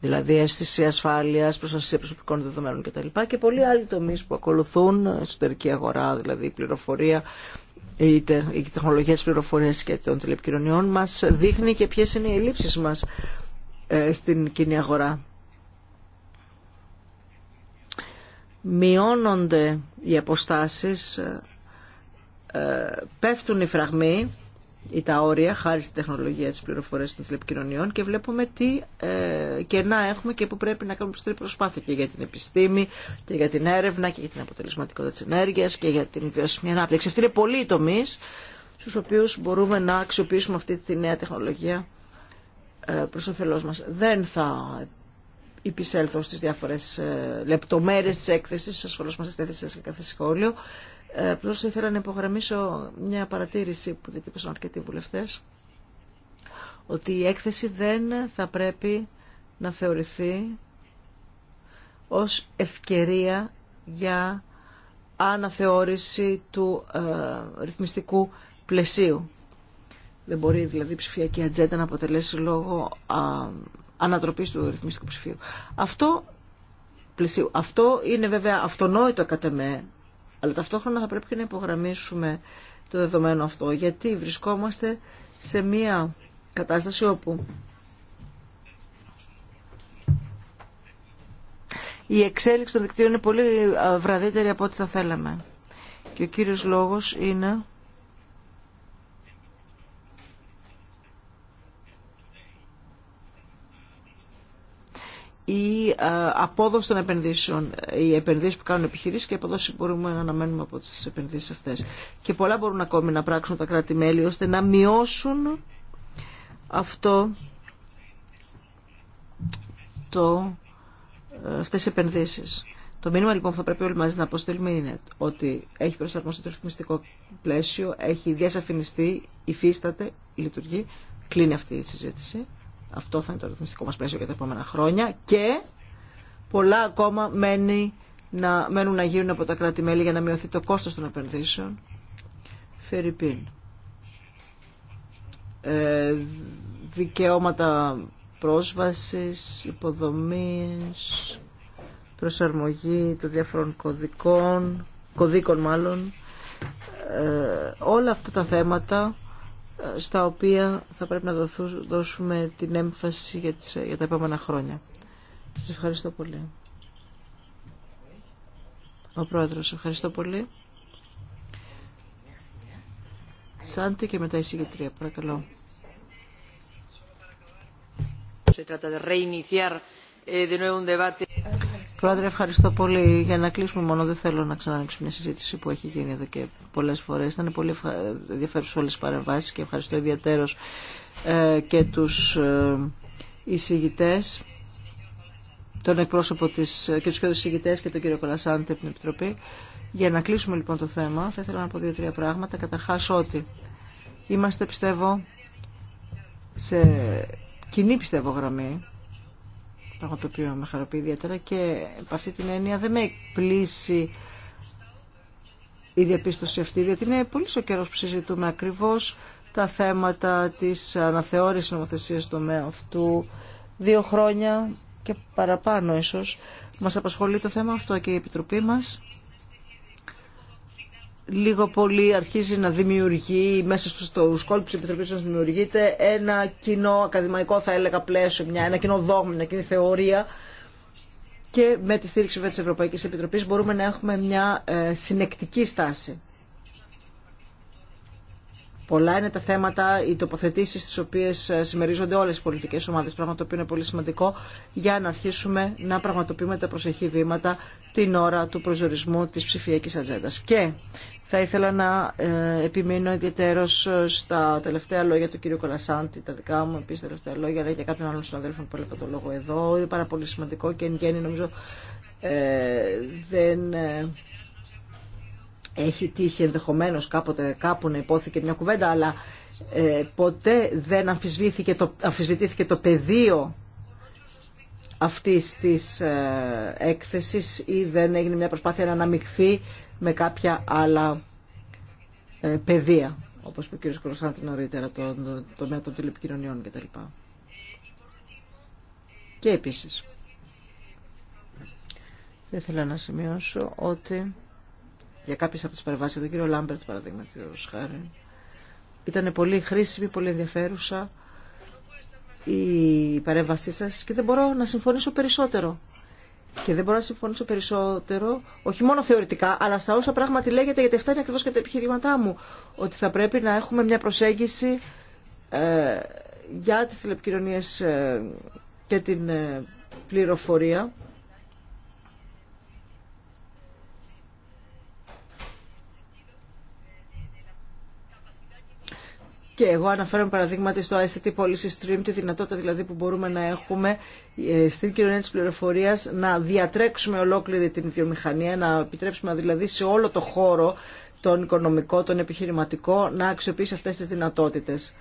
Speaker 3: δηλαδή αίσθηση ασφάλειας, προστασία προσωπικών δεδομένων κτλ. Και πολλοί άλλοι τομείς που ακολουθούν, εσωτερική αγορά, δηλαδή η πληροφορία, η, τεχνολογία της πληροφορίας και των τηλεπικοινωνιών μας δείχνει και ποιες είναι οι ελλείψεις μας ε, στην κοινή αγορά. Μειώνονται οι αποστάσεις ε, ε, πέφτουν οι φραγμοί ή τα όρια χάρη στην τεχνολογία της πληροφορίας των τηλεπικοινωνιών και βλέπουμε τι ε, κενά έχουμε και που πρέπει να κάνουμε πιστή προσπάθεια και για την επιστήμη και για την έρευνα και για την αποτελεσματικότητα της ενέργειας και για την βιώσιμη ανάπτυξη. Αυτή είναι πολλοί οι τομείς στους οποίους μπορούμε να αξιοποιήσουμε αυτή τη νέα τεχνολογία ε, προς όφελός μας. Δεν θα υπησέλθω στις διάφορες ε, λεπτομέρειες της έκθεσης, ασφαλώς μας στη σε κάθε σχόλιο. Ε, ήθελα να υπογραμμίσω μια παρατήρηση που διατύπωσαν αρκετοί βουλευτε ότι η έκθεση δεν θα πρέπει να θεωρηθεί ως ευκαιρία για αναθεώρηση του ε, ρυθμιστικού πλαισίου. Δεν μπορεί δηλαδή η ψηφιακή ατζέντα να αποτελέσει λόγο α, ανατροπής του ρυθμιστικού ψηφίου. Αυτό, πλαισίου. Αυτό είναι βέβαια αυτονόητο κατά με αλλά ταυτόχρονα θα πρέπει και να υπογραμμίσουμε το δεδομένο αυτό, γιατί βρισκόμαστε σε μία κατάσταση όπου η εξέλιξη των δικτύων είναι πολύ βραδύτερη από ό,τι θα θέλαμε. Και ο κύριος λόγος είναι η ε, απόδοση των επενδύσεων, οι επενδύσει που κάνουν επιχειρήσει και αποδόση που μπορούμε να αναμένουμε από τι επενδύσει αυτέ. Και πολλά μπορούν ακόμη να πράξουν τα κράτη-μέλη ώστε να μειώσουν αυτό το, ε, αυτές τις επενδύσεις. Το μήνυμα λοιπόν που θα πρέπει όλοι μαζί να αποστείλουμε είναι ότι έχει προσαρμοστεί το ρυθμιστικό πλαίσιο, έχει διασαφινιστεί, υφίσταται, λειτουργεί. Κλείνει αυτή η συζήτηση. Αυτό θα είναι το ρυθμιστικό μας πλαίσιο για τα επόμενα χρόνια και πολλά ακόμα μένει να, μένουν να γίνουν από τα κράτη-μέλη για να μειωθεί το κόστος των επενδύσεων. Φερρυπίν. Ε, δικαιώματα πρόσβασης, υποδομής, προσαρμογή των διαφορών κωδικών, κωδίκων μάλλον. Ε, όλα αυτά τα θέματα στα οποία θα πρέπει να δώσουμε την έμφαση για, τις, για τα επόμενα χρόνια. Σας ευχαριστώ πολύ. Ο Πρόεδρος, ευχαριστώ πολύ. Σάντι και μετά η συγκεκριά, παρακαλώ. Se trata de reiniciar eh, de nuevo un debate. Πρόεδρε, ευχαριστώ πολύ. Για να κλείσουμε μόνο, δεν θέλω να ξανανοίξω μια συζήτηση που έχει γίνει εδώ και πολλέ φορέ. Ήταν πολύ ενδιαφέρουσε όλε τι παρεμβάσει και ευχαριστώ ιδιαίτερω ε, και του ε, εισηγητέ, τον εκπρόσωπο της, και του εισηγητέ και τον κύριο Κολασάντε από την Επιτροπή. Για να κλείσουμε λοιπόν το θέμα, θα ήθελα να πω δύο-τρία πράγματα. Καταρχά, ότι είμαστε, πιστεύω, σε κοινή πιστεύω γραμμή πράγμα το οποίο με χαροποιεί ιδιαίτερα και από αυτή την έννοια δεν με εκπλήσει η διαπίστωση αυτή, διότι είναι πολύ ο καιρό που συζητούμε ακριβώς τα θέματα της αναθεώρησης νομοθεσίας του τομέα αυτού, δύο χρόνια και παραπάνω ίσως. Μας απασχολεί το θέμα αυτό και η Επιτροπή μας λίγο πολύ αρχίζει να δημιουργεί μέσα στους, στους κόλπους της Επιτροπής να δημιουργείται ένα κοινό ακαδημαϊκό θα έλεγα πλαίσιο, μια, ένα κοινό δόγμα, μια κοινή θεωρία και με τη στήριξη της Ευρωπαϊκής Επιτροπής μπορούμε να έχουμε μια ε, συνεκτική στάση. Πολλά είναι τα θέματα, οι τοποθετήσεις στις οποίες ε, συμμερίζονται όλες οι πολιτικές ομάδες, πράγμα το οποίο είναι πολύ σημαντικό, για να αρχίσουμε να πραγματοποιούμε τα προσεχή βήματα την ώρα του προσδιορισμού της ψηφιακής ατζέντας. Και θα ήθελα να ε, επιμείνω ιδιαίτερω ε, στα τελευταία λόγια του κ. Κολασάντη, τα δικά μου επίση τελευταία λόγια, αλλά και κάποιων άλλων συναδέλφων που έλεγαν το λόγο εδώ. Είναι πάρα πολύ σημαντικό και εν γέννη νομίζω ε, δεν ε, έχει τύχει ενδεχομένως κάποτε κάπου να υπόθηκε μια κουβέντα αλλά ε, ποτέ δεν αμφισβητήθηκε το, αμφισβητήθηκε το πεδίο αυτής της έκθεσης ή δεν έγινε μια προσπάθεια να αναμειχθεί με κάποια άλλα ε, παιδεία, όπως είπε ο κ. Κροσάντη νωρίτερα, το τομέα των τηλεπικοινωνιών κτλ. Και επίσης, δεν θέλω να σημειώσω ότι για κάποιες από τις παρεμβάσεις, τον κύριο Λάμπερτ παραδείγματος χάρη, ήταν πολύ χρήσιμη, πολύ ενδιαφέρουσα η παρέμβασή σας και δεν μπορώ να συμφωνήσω περισσότερο. Και δεν μπορώ να συμφωνήσω περισσότερο, όχι μόνο θεωρητικά, αλλά στα όσα πράγματι λέγεται, γιατί αυτά είναι ακριβώ και τα επιχειρήματά μου, ότι θα πρέπει να έχουμε μια προσέγγιση ε, για τις τηλεπικοινωνίες ε, και την ε, πληροφορία Και εγώ αναφέρομαι παραδείγματι στο ICT Policy Stream, τη δυνατότητα δηλαδή που μπορούμε να έχουμε ε, στην κοινωνία της πληροφορίας να διατρέξουμε ολόκληρη την βιομηχανία, να επιτρέψουμε δηλαδή σε όλο το χώρο τον οικονομικό, τον επιχειρηματικό, να αξιοποιήσει αυτές τις δυνατότητες.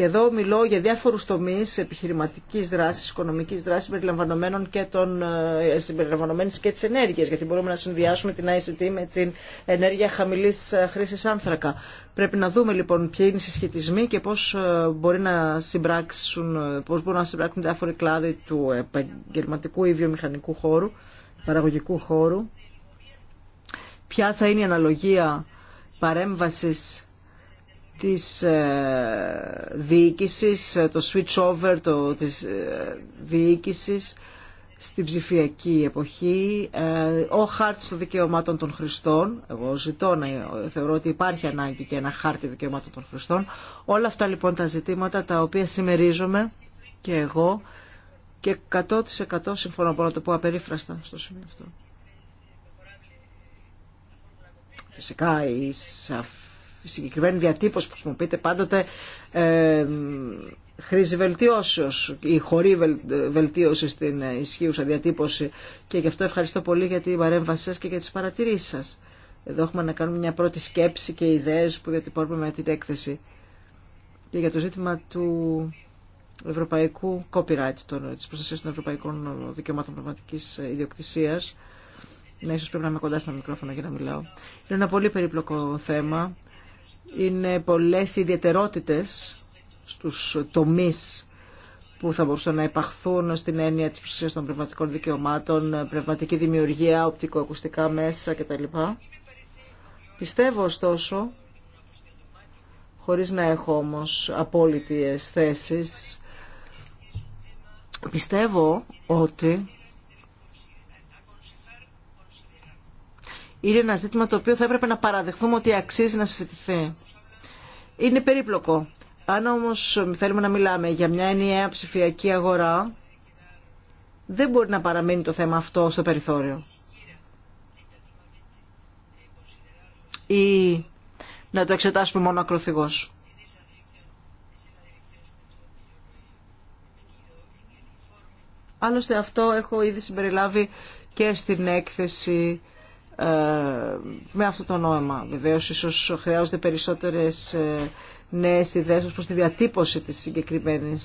Speaker 3: Και εδώ μιλώ για διάφορους τομείς επιχειρηματικής δράσης, οικονομικής δράσης, συμπεριλαμβανομένων και των, ε, συμπεριλαμβανομένης και της ενέργειας, γιατί μπορούμε να συνδυάσουμε την ICT με την ενέργεια χαμηλής ε, χρήσης άνθρακα. Πρέπει να δούμε λοιπόν ποιοι είναι οι συσχετισμοί και πώς, ε, μπορεί να συμπράξουν, πώς μπορούν να συμπράξουν διάφοροι κλάδοι του επαγγελματικού ή βιομηχανικού χώρου, παραγωγικού χώρου. Ποια θα είναι η αναλογία παρέμβασης της ε, διοίκησης, ε, το switch-over το, της ε, διοίκησης στην ψηφιακή εποχή, ο χάρτης των δικαιωμάτων των χριστών, εγώ ζητώ να θεωρώ ότι υπάρχει ανάγκη και ένα χάρτη δικαιωμάτων των χριστών, όλα αυτά λοιπόν τα ζητήματα τα οποία συμμερίζομαι και εγώ και 100% συμφωνώ, μπορώ να το πω απερίφραστα στο σημείο αυτό. Φυσικά η σαφή συγκεκριμένη διατύπωση που χρησιμοποιείται πάντοτε ε, χρήση βελτιώσεως ή χωρί βελτίωση στην ισχύουσα διατύπωση και γι' αυτό ευχαριστώ πολύ για την παρέμβασή σας και για τις παρατηρήσεις σας. Εδώ έχουμε να κάνουμε μια πρώτη σκέψη και ιδέες που διατυπώνουμε με την έκθεση και για το ζήτημα του ευρωπαϊκού copyright, τη της προστασίας των ευρωπαϊκών δικαιωμάτων πραγματικής ιδιοκτησίας. Ναι, ίσως πρέπει να είμαι κοντά στο μικρόφωνο για να μιλάω. Είναι ένα πολύ περίπλοκο θέμα είναι πολλές ιδιαιτερότητες στους τομείς που θα μπορούσαν να υπαχθούν στην έννοια της προστασίας των πνευματικών δικαιωμάτων, πνευματική δημιουργία, οπτικοακουστικά μέσα κτλ. Πιστεύω ωστόσο, χωρίς να έχω όμως απόλυτες θέσεις, πιστεύω ότι είναι ένα ζήτημα το οποίο θα έπρεπε να παραδεχθούμε ότι αξίζει να συζητηθεί. Είναι περίπλοκο. Αν όμως θέλουμε να μιλάμε για μια ενιαία ψηφιακή αγορά, δεν μπορεί να παραμείνει το θέμα αυτό στο περιθώριο. Ή να το εξετάσουμε μόνο ακροθυγός. Άλλωστε αυτό έχω ήδη συμπεριλάβει και στην έκθεση ε, με αυτό το νόημα. Βεβαίως ίσως χρειάζονται περισσότερες ε, νέε ιδέες ως προ τη διατύπωση τη συγκεκριμένη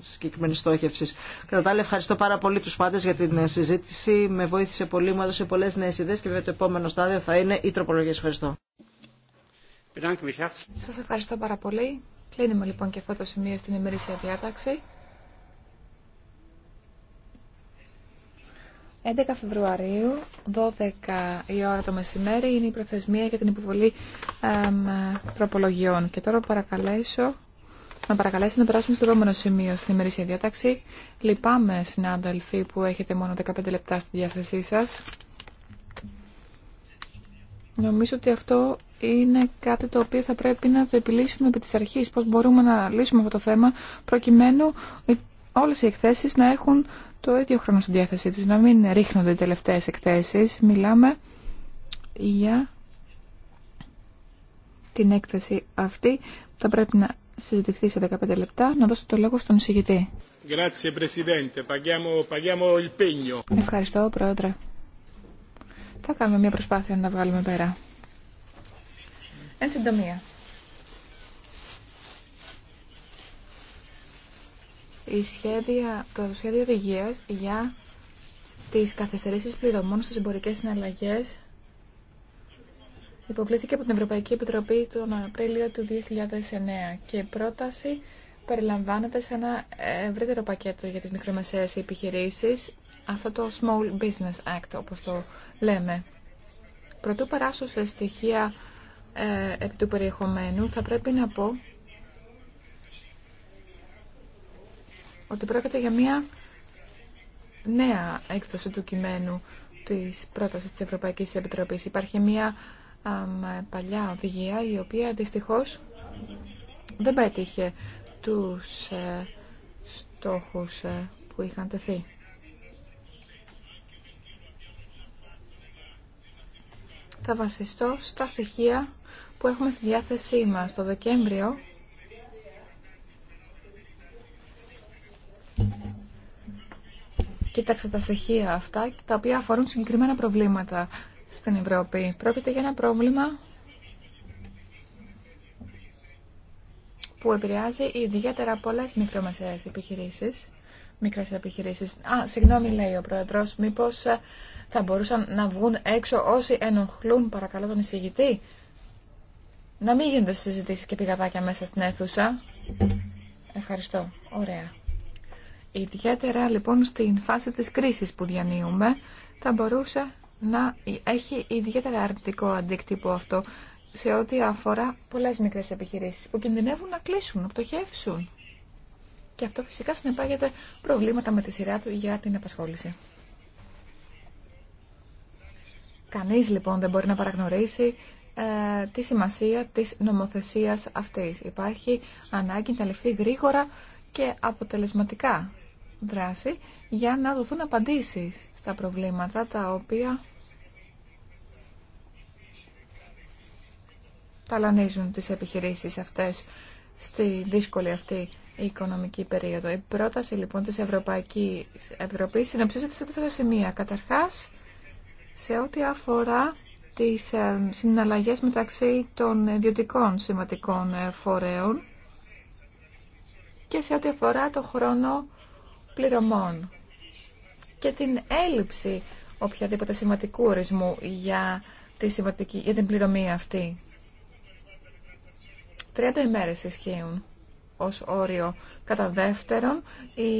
Speaker 3: συγκεκριμένης ε, στόχευση. Κατά τα άλλα, ευχαριστώ πάρα πολύ τους πάντες για την συζήτηση. Με βοήθησε πολύ, μου έδωσε πολλές νέες ιδέες και βέβαια το επόμενο στάδιο θα είναι τροπολογία. τροπολογίες. Ευχαριστώ.
Speaker 4: Σα
Speaker 2: ευχαριστώ πάρα πολύ. Κλείνουμε λοιπόν και αυτό το σημείο στην ημερήσια διάταξη. 11 Φεβρουαρίου, 12 η ώρα το μεσημέρι, είναι η προθεσμία για την υποβολή τροπολογιών. Και τώρα παρακαλέσω να παρακαλέσω να περάσουμε στο επόμενο σημείο στην ημερήσια διάταξη. Λυπάμαι, συνάδελφοι, που έχετε μόνο 15 λεπτά στη διάθεσή σας. Νομίζω ότι αυτό είναι κάτι το οποίο θα πρέπει να το επιλύσουμε επί της αρχής. Πώς μπορούμε να λύσουμε αυτό το θέμα προκειμένου όλες οι εκθέσεις να έχουν το ίδιο χρόνο στη διάθεσή τους, να μην ρίχνονται οι τελευταίες εκθέσεις. Μιλάμε για την έκθεση αυτή. Θα πρέπει να συζητηθεί σε 15 λεπτά. Να δώσω το λόγο στον εισηγητή. Ευχαριστώ, Πρόεδρε. Θα κάνουμε μια προσπάθεια να βγάλουμε πέρα. Εν συντομία. η σχέδια, το σχέδιο οδηγία για τις καθυστερήσεις πληρωμών στις εμπορικέ συναλλαγές υποβλήθηκε από την Ευρωπαϊκή Επιτροπή τον Απρίλιο του 2009 και η πρόταση περιλαμβάνεται σε ένα ευρύτερο πακέτο για τις μικρομεσαίες επιχειρήσεις, αυτό το Small Business Act όπως το λέμε. Προτού περάσω σε στοιχεία ε, επί του περιεχομένου, θα πρέπει να πω ότι πρόκειται για μια νέα έκδοση του κειμένου της πρότασης της Ευρωπαϊκής Επιτροπής. Υπάρχει μια παλιά οδηγία η οποία δυστυχώς δεν πέτυχε τους ε, στόχους ε, που είχαν τεθεί. Θα βασιστώ στα στοιχεία που έχουμε στη διάθεσή μας. Το Δεκέμβριο Κοίταξα τα στοιχεία αυτά, τα οποία αφορούν συγκεκριμένα προβλήματα στην Ευρώπη. Πρόκειται για ένα πρόβλημα που επηρεάζει ιδιαίτερα πολλές μικρομεσαίες επιχειρήσεις μικρές επιχειρήσει. Α, συγγνώμη, λέει ο Πρόεδρος μήπως ε, θα μπορούσαν να βγουν έξω όσοι ενοχλούν, παρακαλώ, τον εισηγητή. Να μην γίνονται συζητήσει και πηγαδάκια μέσα στην αίθουσα. Ευχαριστώ. Ωραία. Ιδιαίτερα λοιπόν στην φάση της κρίσης που διανύουμε θα μπορούσε να έχει ιδιαίτερα αρνητικό αντίκτυπο αυτό σε ό,τι αφορά πολλές μικρές επιχειρήσεις που κινδυνεύουν να κλείσουν, να πτωχεύσουν. Και αυτό φυσικά συνεπάγεται προβλήματα με τη σειρά του για την απασχόληση. Κανείς λοιπόν δεν μπορεί να παραγνωρίσει ε, τη σημασία της νομοθεσίας αυτής. Υπάρχει ανάγκη να ληφθεί γρήγορα και αποτελεσματικά δράση για να δοθούν απαντήσεις στα προβλήματα τα οποία ταλανίζουν τις επιχειρήσεις αυτές στη δύσκολη αυτή η οικονομική περίοδο. Η πρόταση λοιπόν της Ευρωπαϊκής Επιτροπής συνοψίζεται σε τέσσερα σημεία. Καταρχάς, σε ό,τι αφορά τις ε, συναλλαγές μεταξύ των ιδιωτικών σημαντικών ε, φορέων και σε ό,τι αφορά το χρόνο πληρωμών και την έλλειψη οποιαδήποτε σημαντικού ορισμού για, τη σημαντική, για την πληρωμή αυτή. 30 ημέρες ισχύουν ως όριο. Κατά δεύτερον, οι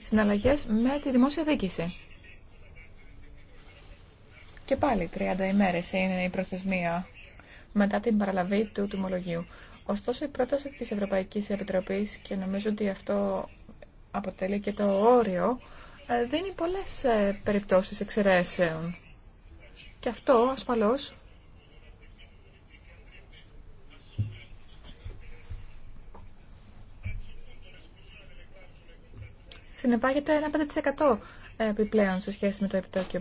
Speaker 2: συναλλαγές με τη δημόσια δίκηση. Και πάλι 30 ημέρες είναι η προθεσμία μετά την παραλαβή του τιμολογίου. Ωστόσο, η πρόταση της Ευρωπαϊκής Επιτροπής, και νομίζω ότι αυτό αποτελεί και το όριο, ε, δίνει πολλές ε, περιπτώσεις εξαιρέσεων. Και αυτό ασφαλώς συνεπάγεται ένα 5% επιπλέον σε σχέση με το επιτόκιο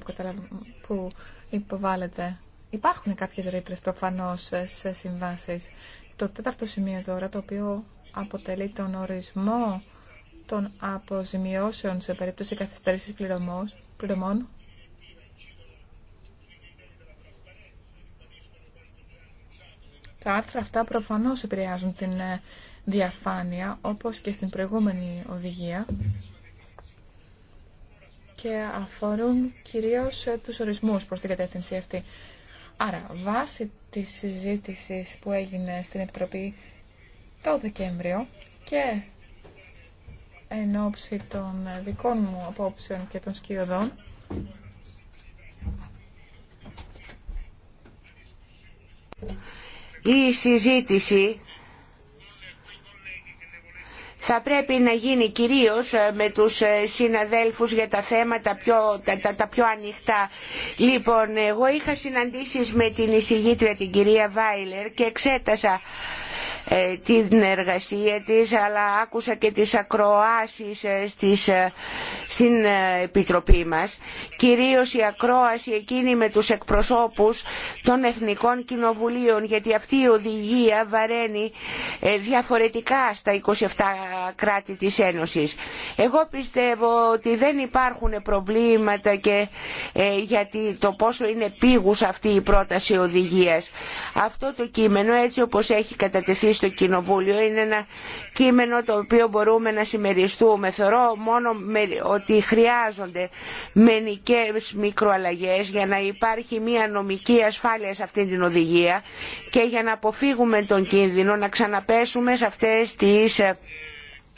Speaker 2: που υποβάλλεται. Υπάρχουν κάποιες ρήτρε προφανώς ε, σε συμβάσεις. Το τέταρτο σημείο τώρα, το οποίο αποτελεί τον ορισμό των αποζημιώσεων σε περίπτωση καθυστέρησης πληρωμών Τα άρθρα αυτά προφανώς επηρεάζουν την ε, διαφάνεια, όπως και στην προηγούμενη οδηγία και αφορούν κυρίως ε, τους ορισμούς προς την κατεύθυνση αυτή. Άρα, βάσει της συζήτησης που έγινε στην Επιτροπή το Δεκέμβριο και εν ώψη των δικών μου απόψεων και των σκιωδών.
Speaker 5: Η συζήτηση θα πρέπει να γίνει κυρίως ε, με τους ε, συναδέλφους για τα θέματα πιο, τα, τα, τα, πιο ανοιχτά. Λοιπόν, εγώ είχα συναντήσεις με την εισηγήτρια την κυρία Βάιλερ και εξέτασα ε, την εργασία της αλλά άκουσα και τις ακροάσεις ε, ε, στην Επιτροπή μας κυρίως η ακρόαση εκείνη με τους εκπροσώπους των Εθνικών Κοινοβουλίων γιατί αυτή η οδηγία βαραίνει διαφορετικά στα 27 κράτη της Ένωσης. Εγώ πιστεύω ότι δεν υπάρχουν προβλήματα και γιατί το πόσο είναι πήγους αυτή η πρόταση οδηγίας. Αυτό το κείμενο έτσι όπως έχει κατατεθεί στο Κοινοβούλιο. Είναι ένα κείμενο το οποίο μπορούμε να συμμεριστούμε. Θεωρώ μόνο ότι χρειάζονται μενικές μικροαλλαγές για να υπάρχει μια νομική ασφάλεια σε αυτή την οδηγία και για να αποφύγουμε τον κίνδυνο να ξαναπέσουμε σε αυτές τις ε,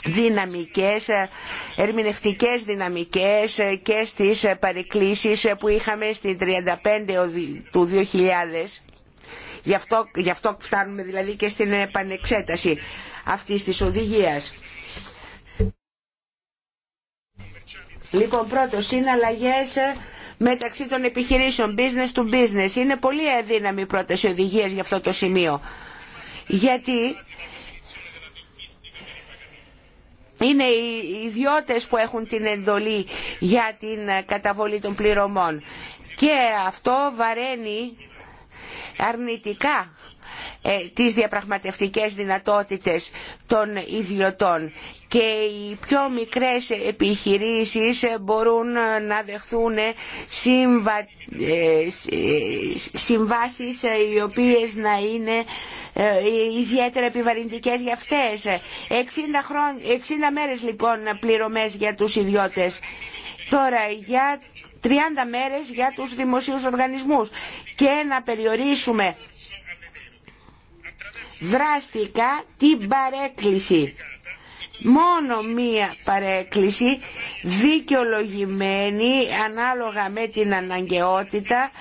Speaker 5: δυναμικές, ε, ερμηνευτικές δυναμικές ε, και στις παρεκκλήσεις που είχαμε στην 35 του 2000 Γι' αυτό, γι αυτό φτάνουμε δηλαδή και στην επανεξέταση αυτής της οδηγίας. Λοιπόν, πρώτο, συναλλαγές μεταξύ των επιχειρήσεων, business to business. Είναι πολύ αδύναμη πρόταση οδηγίας για αυτό το σημείο. Γιατί είναι οι ιδιώτες που έχουν την εντολή για την καταβολή των πληρωμών. Και αυτό βαραίνει αρνητικά ε, τις διαπραγματευτικές δυνατότητες των ιδιωτών και οι πιο μικρές επιχειρήσεις ε, μπορούν ε, να δεχθούν συμβα... συμβάσεις οι οποίες να είναι ιδιαίτερα επιβαρυντικές για αυτές. 60, χρόν... 60 μέρες λοιπόν πληρωμές για τους ιδιώτες. Τώρα για 30 μέρες για τους δημοσίους οργανισμούς και να περιορίσουμε δραστικά την παρέκκληση. Μόνο μία παρέκκληση δικαιολογημένη ανάλογα με την αναγκαιότητα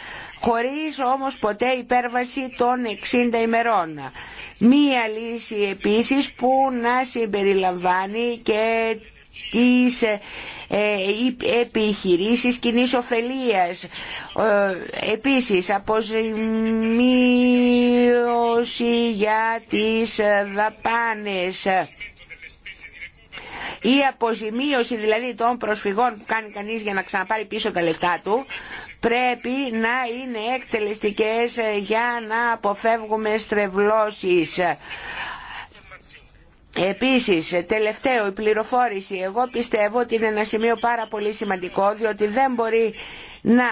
Speaker 5: χωρίς όμως ποτέ υπέρβαση των 60 ημερών. Μία λύση επίσης που να συμπεριλαμβάνει και τις ε, ε, επιχειρήσεις κοινή ωφελίας. Ε, επίσης, αποζημίωση για τις δαπάνες. Η αποζημίωση δηλαδή των προσφυγών που κάνει κανείς για να ξαναπάρει πίσω τα λεφτά του πρέπει να είναι εκτελεστικές για να αποφεύγουμε στρεβλώσεις. Επίσης, τελευταίο, η πληροφόρηση. Εγώ πιστεύω ότι είναι ένα σημείο πάρα πολύ σημαντικό, διότι δεν μπορεί να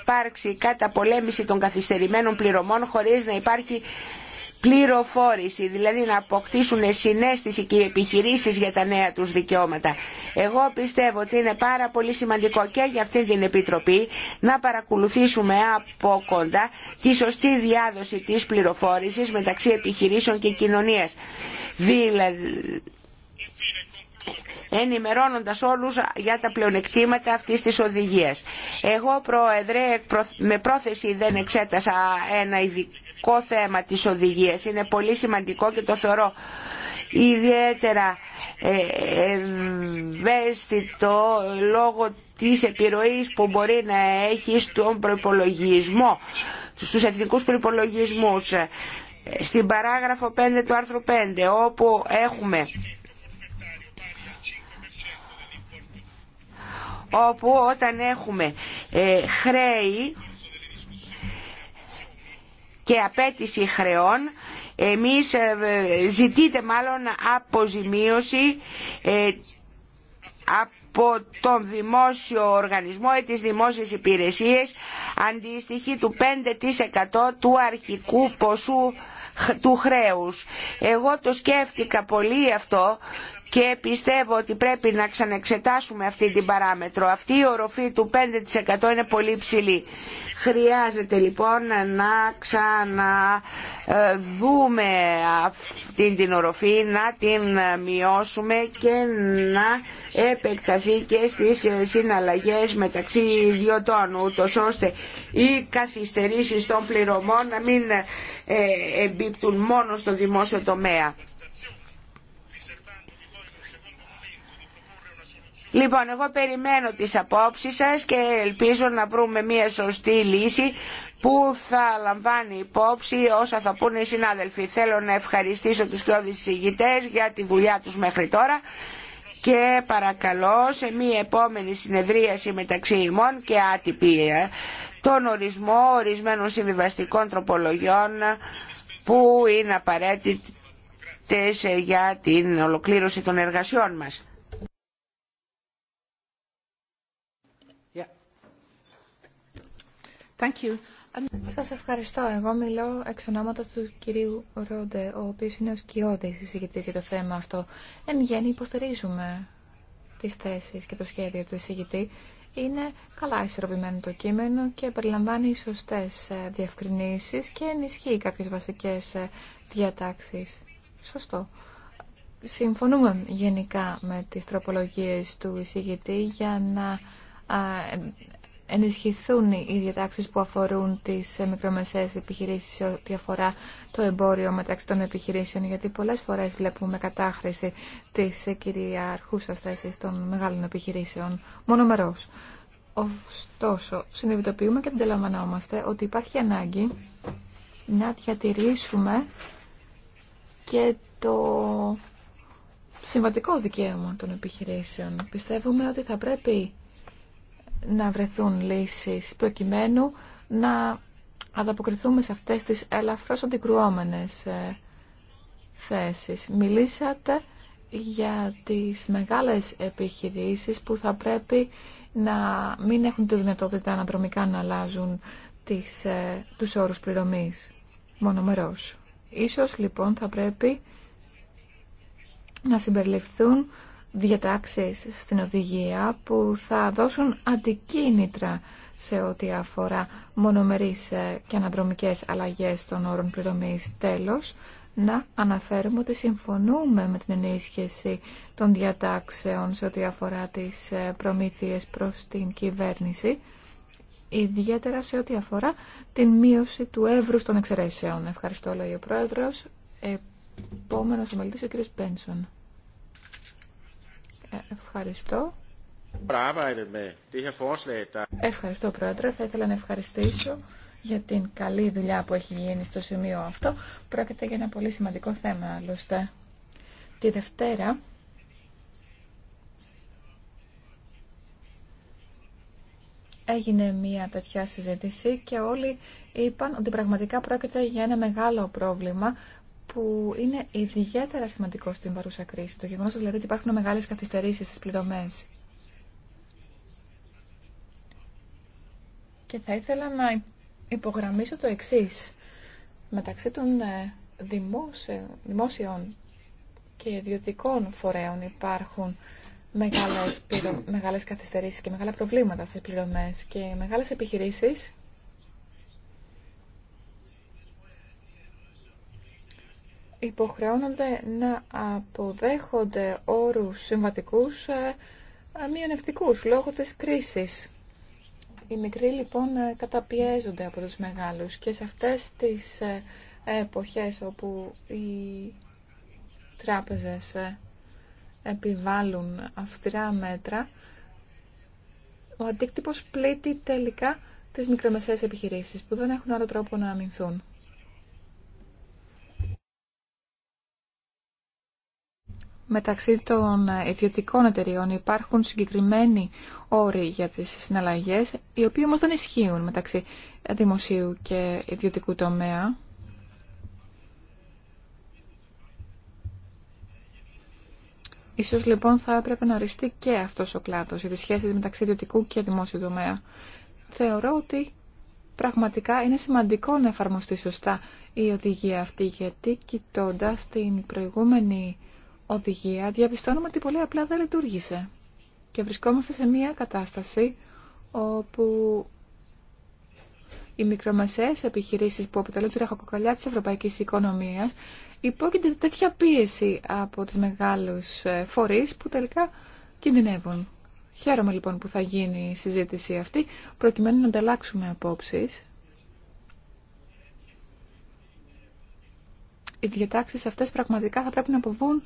Speaker 5: υπάρξει καταπολέμηση των καθυστερημένων πληρωμών χωρίς να υπάρχει πληροφόρηση, δηλαδή να αποκτήσουν συνέστηση και οι επιχειρήσεις για τα νέα τους δικαιώματα. Εγώ πιστεύω ότι είναι πάρα πολύ σημαντικό και για αυτή την Επιτροπή να παρακολουθήσουμε από κοντά τη σωστή διάδοση της πληροφόρησης μεταξύ επιχειρήσεων και κοινωνίας ενημερώνοντας όλους για τα πλεονεκτήματα αυτής της οδηγίας. Εγώ, Πρόεδρε, με πρόθεση δεν εξέτασα ένα ειδικό θέμα της οδηγίας. Είναι πολύ σημαντικό και το θεωρώ ιδιαίτερα ε, ευαίσθητο λόγω της επιρροής που μπορεί να έχει στον προϋπολογισμό, στους εθνικούς προϋπολογισμούς. Στην παράγραφο 5 του άρθρου 5 όπου έχουμε όπου όταν έχουμε ε, χρέη και απέτηση χρεών εμείς ε, ζητείτε μάλλον αποζημίωση ε, από τον δημόσιο οργανισμό ή τις δημόσιες υπηρεσίες αντίστοιχη του 5% του αρχικού ποσού του χρέους. Εγώ το σκέφτηκα πολύ αυτό και πιστεύω ότι πρέπει να ξαναεξετάσουμε αυτή την παράμετρο. Αυτή η οροφή του 5% είναι πολύ ψηλή. Χρειάζεται λοιπόν να ξαναδούμε αυτή την οροφή, να την μειώσουμε και να επεκταθεί και στις συναλλαγές μεταξύ ιδιωτών, ούτως ώστε οι καθυστερήσεις των πληρωμών να μην ε, εμπίπτουν μόνο στο δημόσιο τομέα. Λοιπόν, εγώ περιμένω τις απόψεις σας και ελπίζω να βρούμε μια σωστή λύση που θα λαμβάνει υπόψη όσα θα πούνε οι συνάδελφοι. Θέλω να ευχαριστήσω τους και ηγητές για τη δουλειά τους μέχρι τώρα και παρακαλώ σε μια επόμενη συνεδρίαση μεταξύ ημών και άτυπη ε, τον ορισμό ορισμένων συμβιβαστικών τροπολογιών που είναι απαραίτητες για την ολοκλήρωση των εργασιών μας.
Speaker 2: Thank um, Σας ευχαριστώ. Εγώ μιλώ εξ ονόματος του κυρίου Ρόντε, ο οποίος είναι ο σκιώδης εισηγητής για το θέμα αυτό. Εν γέννη υποστηρίζουμε τις θέσεις και το σχέδιο του εισηγητή. Είναι καλά ισορροπημένο το κείμενο και περιλαμβάνει σωστές ε, διευκρινήσεις και ενισχύει κάποιες βασικές ε, διατάξεις. Σωστό. Συμφωνούμε γενικά με τις τροπολογίες του εισηγητή για να ενισχυθούν οι διατάξει που αφορούν τις μικρομεσαίες επιχειρήσεις σε ό,τι αφορά το εμπόριο μεταξύ των επιχειρήσεων, γιατί πολλές φορές βλέπουμε κατάχρηση της κυριαρχούσα θέση των μεγάλων επιχειρήσεων, μονομερό. Ωστόσο, συνειδητοποιούμε και αντιλαμβανόμαστε ότι υπάρχει ανάγκη να διατηρήσουμε και το συμβατικό δικαίωμα των επιχειρήσεων. Πιστεύουμε ότι θα πρέπει να βρεθούν λύσεις προκειμένου να ανταποκριθούμε σε αυτές τις ελαφρώς αντικρουόμενες ε, θέσεις. Μιλήσατε για τις μεγάλες επιχειρήσεις που θα πρέπει να μην έχουν τη δυνατότητα αναδρομικά να αλλάζουν τις, ε, τους όρους πληρωμής μονομερός. Ίσως λοιπόν θα πρέπει να συμπεριληφθούν διατάξεις στην οδηγία που θα δώσουν αντικίνητρα σε ό,τι αφορά μονομερείς ε, και αναδρομικές αλλαγές των όρων πληρωμής. Τέλος, να αναφέρουμε ότι συμφωνούμε με την ενίσχυση των διατάξεων σε ό,τι αφορά τις ε, προμήθειες προς την κυβέρνηση, ιδιαίτερα σε ό,τι αφορά την μείωση του εύρους των εξαιρέσεων. Ευχαριστώ, λέει ο Πρόεδρος. Επόμενος ομιλητής, ο κ. Μπένσον. Ευχαριστώ. Ευχαριστώ, Πρόεδρε. Θα ήθελα να ευχαριστήσω για την καλή δουλειά που έχει γίνει στο σημείο αυτό. Πρόκειται για ένα πολύ σημαντικό θέμα, άλλωστε. Τη Δευτέρα έγινε μια τέτοια συζήτηση και όλοι είπαν ότι πραγματικά πρόκειται για ένα μεγάλο πρόβλημα που είναι ιδιαίτερα σημαντικό στην παρούσα κρίση. Το γεγονός δηλαδή ότι υπάρχουν μεγάλες καθυστερήσεις στις πληρωμές. Και θα ήθελα να υπογραμμίσω το εξής. Μεταξύ των ε, δημόσιων και ιδιωτικών φορέων υπάρχουν μεγάλες, πληρω... μεγάλες καθυστερήσεις και μεγάλα προβλήματα στις πληρωμές και μεγάλες επιχειρήσεις υποχρεώνονται να αποδέχονται όρους συμβατικούς ε, ε, μειονεκτικούς λόγω της κρίσης. Οι μικροί λοιπόν ε, καταπιέζονται από τους μεγάλους και σε αυτές τις εποχές όπου οι τράπεζες επιβάλλουν αυστηρά μέτρα, ο αντίκτυπος πλήττει τελικά τις μικρομεσαίες επιχειρήσεις που δεν έχουν άλλο τρόπο να αμυνθούν. μεταξύ των ιδιωτικών εταιριών υπάρχουν συγκεκριμένοι όροι για τις συναλλαγές, οι οποίοι όμως δεν ισχύουν μεταξύ δημοσίου και ιδιωτικού τομέα. Ίσως λοιπόν θα έπρεπε να οριστεί και αυτός ο κλάδος για τις σχέσεις μεταξύ ιδιωτικού και δημόσιου τομέα. Θεωρώ ότι πραγματικά είναι σημαντικό να εφαρμοστεί σωστά η οδηγία αυτή γιατί κοιτώντα την προηγούμενη οδηγία διαπιστώνουμε ότι πολύ απλά δεν λειτουργήσε και βρισκόμαστε σε μια κατάσταση όπου οι μικρομεσαίες επιχειρήσεις που αποτελούν τη ραχοκοκαλιά της ευρωπαϊκής οικονομίας υπόκεινται τέτοια πίεση από τις μεγάλους ε, φορείς που τελικά κινδυνεύουν. Χαίρομαι λοιπόν που θα γίνει η συζήτηση αυτή προκειμένου να ανταλλάξουμε απόψεις. Οι διατάξεις αυτές πραγματικά θα πρέπει να αποβούν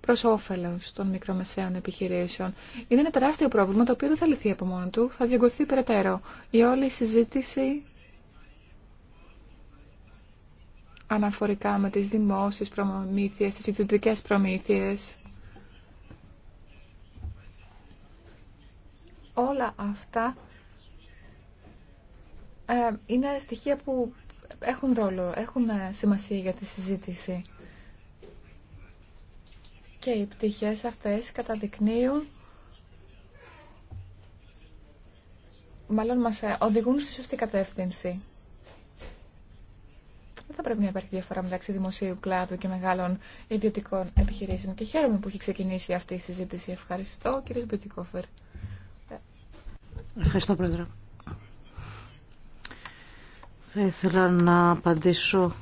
Speaker 2: προ όφελο των μικρομεσαίων επιχειρήσεων. Είναι ένα τεράστιο πρόβλημα το οποίο δεν θα λυθεί από μόνο του, θα διαγωθεί περαιτέρω. Η όλη συζήτηση αναφορικά με τις δημόσιες προμήθειες, τις ιδιωτικές προμήθειες. Όλα αυτά ε, είναι στοιχεία που έχουν ρόλο, έχουν ε, σημασία για τη συζήτηση και οι πτυχές αυτές καταδεικνύουν μάλλον μας ε, οδηγούν στη σωστή κατεύθυνση. Δεν θα πρέπει να υπάρχει διαφορά μεταξύ δημοσίου κλάδου και μεγάλων ιδιωτικών επιχειρήσεων. Και χαίρομαι που έχει ξεκινήσει αυτή η συζήτηση. Ευχαριστώ, κύριε Μπιουτικόφερ.
Speaker 3: Ευχαριστώ, Πρόεδρε. Θα ήθελα να απαντήσω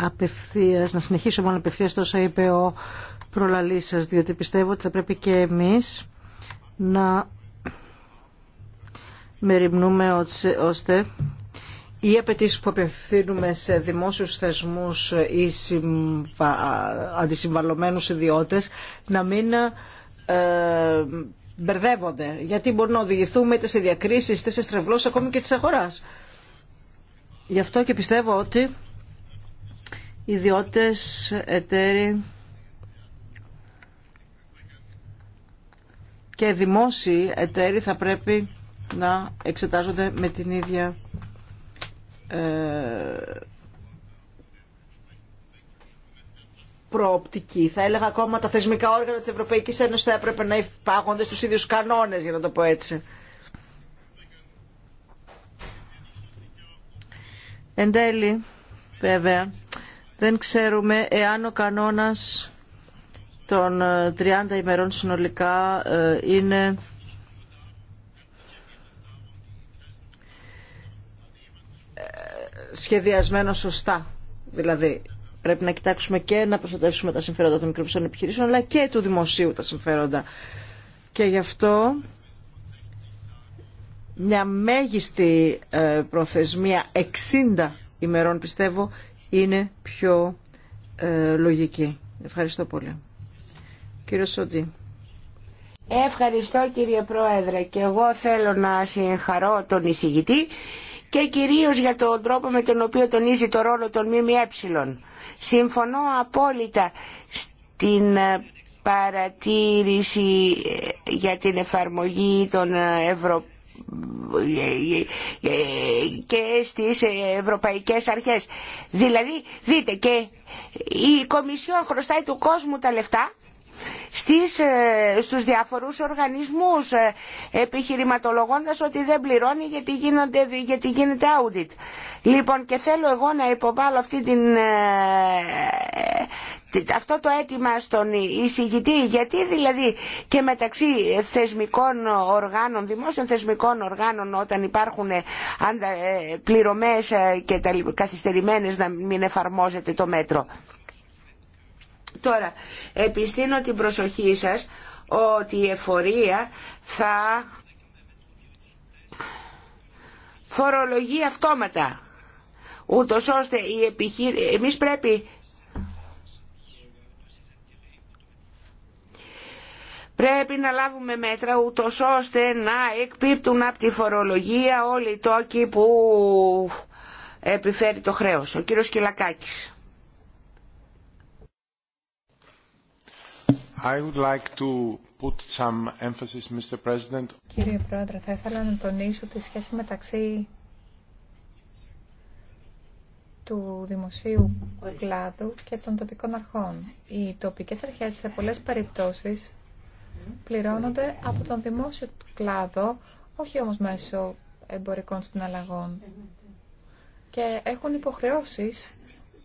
Speaker 3: απευθείας, να συνεχίσω μόνο απευθείας τόσο είπε ο προλαλή διότι πιστεύω ότι θα πρέπει και εμείς να μεριμνούμε ώστε οι απαιτήσει που απευθύνουμε σε δημόσιους θεσμούς ή συμβα... ιδιώτες να μην ε, μπερδεύονται. Γιατί μπορεί να οδηγηθούμε είτε σε διακρίσεις είτε σε στρεβλώσεις ακόμη και της αγοράς. Γι' αυτό και πιστεύω ότι ιδιώτες, εταίροι και δημόσιοι εταίροι θα πρέπει να εξετάζονται με την ίδια ε, προοπτική. Θα έλεγα ακόμα τα θεσμικά όργανα της Ευρωπαϊκής Ένωσης θα έπρεπε να υπάγονται στους ίδιους κανόνες, για να το πω έτσι. Εν τέλει, βέβαια, δεν ξέρουμε εάν ο κανόνας των 30 ε, ημερών συνολικά ε, είναι σχεδιασμένο σωστά. Δηλαδή, πρέπει να κοιτάξουμε και να προστατεύσουμε τα συμφέροντα των μικροπιστών επιχειρήσεων, αλλά και του δημοσίου τα συμφέροντα. Και γι' αυτό μια μέγιστη ε, προθεσμία 60 ημερών, πιστεύω, είναι πιο λογική. Ευχαριστώ πολύ. Κύριε Σοντή.
Speaker 5: Ευχαριστώ κύριε Πρόεδρε και εγώ θέλω να συγχαρώ τον εισηγητή και κυρίως για τον τρόπο με τον οποίο τονίζει το ρόλο των ΜΜΕ. Συμφωνώ απόλυτα στην ε, παρατήρηση ε, για την εφαρμογή των ε, και στις ευρωπαϊκές αρχές. Δηλαδή, δείτε και η Κομισιόν χρωστάει του κόσμου τα λεφτά στις, ε, στους διάφορους οργανισμούς ε, επιχειρηματολογώντας ότι δεν πληρώνει γιατί, γίνονται, γιατί γίνεται audit. Λοιπόν και θέλω εγώ να υποβάλω αυτή την, ε, αυτό το αίτημα στον εισηγητή γιατί δηλαδή και μεταξύ θεσμικών οργάνων, δημόσιων θεσμικών οργάνων όταν υπάρχουν πληρωμές και καθυστερημένες να μην εφαρμόζεται το μέτρο. Τώρα, επιστήνω την προσοχή σας ότι η εφορία θα φορολογεί αυτόματα. Ούτως ώστε η πρέπει... Πρέπει να λάβουμε μέτρα ούτω ώστε να εκπίπτουν από τη φορολογία όλοι οι τόκοι που επιφέρει το χρέος. Ο κύριος Κυλακάκης.
Speaker 2: Κύριε Πρόεδρε, θα ήθελα να τονίσω τη σχέση μεταξύ του δημοσίου κλάδου και των τοπικών αρχών. Οι τοπικές αρχές σε πολλές περιπτώσεις πληρώνονται από τον δημόσιο κλάδο, όχι όμως μέσω εμπορικών συναλλαγών. Και έχουν υποχρεώσεις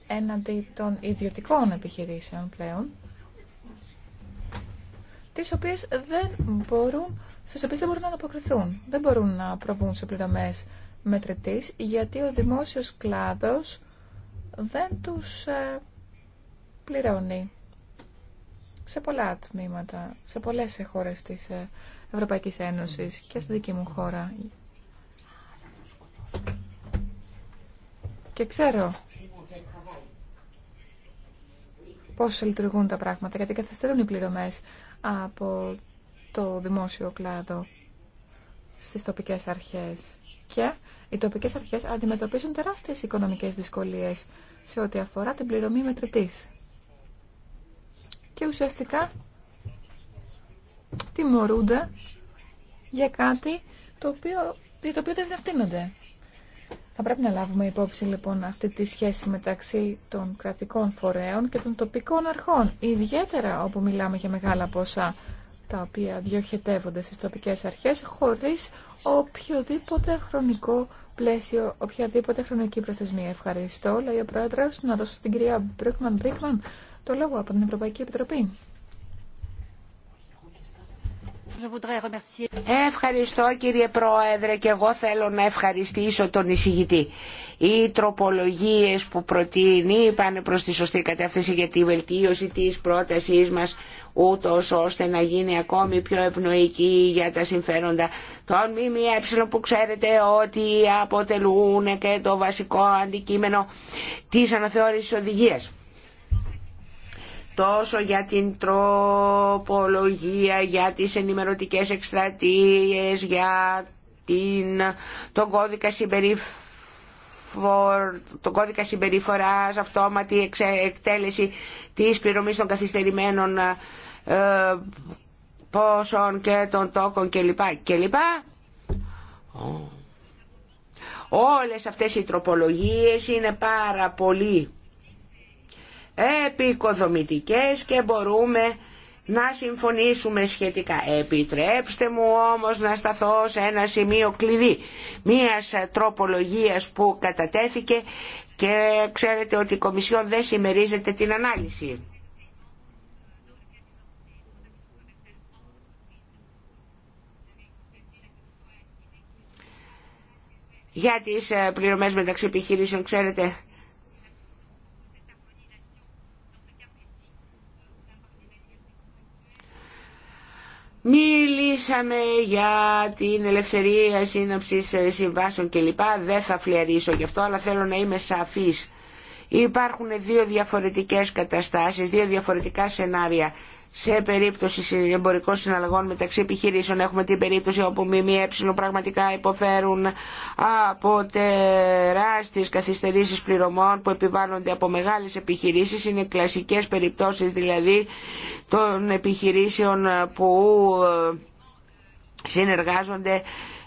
Speaker 2: έναντι των ιδιωτικών επιχειρήσεων πλέον τις οποίες δεν μπορούν, στις οποίες δεν μπορούν να ανταποκριθούν. Δεν μπορούν να προβούν σε πληρωμές μετρητής, γιατί ο δημόσιος κλάδος δεν τους ε, πληρώνει σε πολλά τμήματα, σε πολλές χώρες της ε, Ευρωπαϊκής Ένωσης και στη δική μου χώρα. Και ξέρω πώς λειτουργούν τα πράγματα, γιατί καθυστερούν οι πληρωμές από το δημόσιο κλάδο στις τοπικές αρχές. Και οι τοπικές αρχές αντιμετωπίζουν τεράστιες οικονομικές δυσκολίες σε ό,τι αφορά την πληρωμή μετρητής. Και ουσιαστικά τιμωρούνται για κάτι το οποίο, για το οποίο δεν ευθύνονται. Θα πρέπει να λάβουμε υπόψη λοιπόν αυτή τη σχέση μεταξύ των κρατικών φορέων και των τοπικών αρχών, ιδιαίτερα όπου μιλάμε για μεγάλα ποσά τα οποία διοχετεύονται στις τοπικές αρχές χωρίς οποιοδήποτε χρονικό πλαίσιο, οποιαδήποτε χρονική προθεσμία. Ευχαριστώ, λέει ο Πρόεδρος, να δώσω στην κυρία Μπρίκμαν Μπρίκμαν το λόγο από την Ευρωπαϊκή Επιτροπή.
Speaker 5: Ευχαριστώ κύριε Πρόεδρε και εγώ θέλω να ευχαριστήσω τον εισηγητή. Οι τροπολογίες που προτείνει πάνε προς τη σωστή κατεύθυνση για τη βελτίωση της πρότασής μας ούτως ώστε να γίνει ακόμη πιο ευνοϊκή για τα συμφέροντα των ΜΜΕ που ξέρετε ότι αποτελούν και το βασικό αντικείμενο της αναθεώρησης οδηγίας τόσο για την τροπολογία, για τις ενημερωτικές εκστρατείες, για την, τον κώδικα συμπεριφοράς τον κώδικα αυτόματη εκτέλεση της πληρωμής των καθυστερημένων ε, πόσων και των τόκων κλπ. κλπ. Oh. Όλες αυτές οι τροπολογίες είναι πάρα πολύ επικοδομητικές και μπορούμε να συμφωνήσουμε σχετικά. Επιτρέψτε μου όμως να σταθώ σε ένα σημείο κλειδί μίας τροπολογίας που κατατέθηκε και ξέρετε ότι η Κομισιόν δεν συμμερίζεται την ανάλυση. Για τις ε, πληρωμές μεταξύ επιχειρήσεων, ξέρετε, Μίλησαμε για την ελευθερία σύνοψη ε, συμβάσεων κλπ. Δεν θα φλερίσω γι' αυτό, αλλά θέλω να είμαι σαφής. Υπάρχουν δύο διαφορετικές καταστάσεις, δύο διαφορετικά σενάρια σε περίπτωση εμπορικών συναλλαγών μεταξύ επιχειρήσεων έχουμε την περίπτωση όπου ΜΜΕ πραγματικά υποφέρουν από τεράστιες καθυστερήσεις πληρωμών που επιβάλλονται από μεγάλες επιχειρήσεις. Είναι κλασικές περιπτώσεις δηλαδή των επιχειρήσεων που ε, συνεργάζονται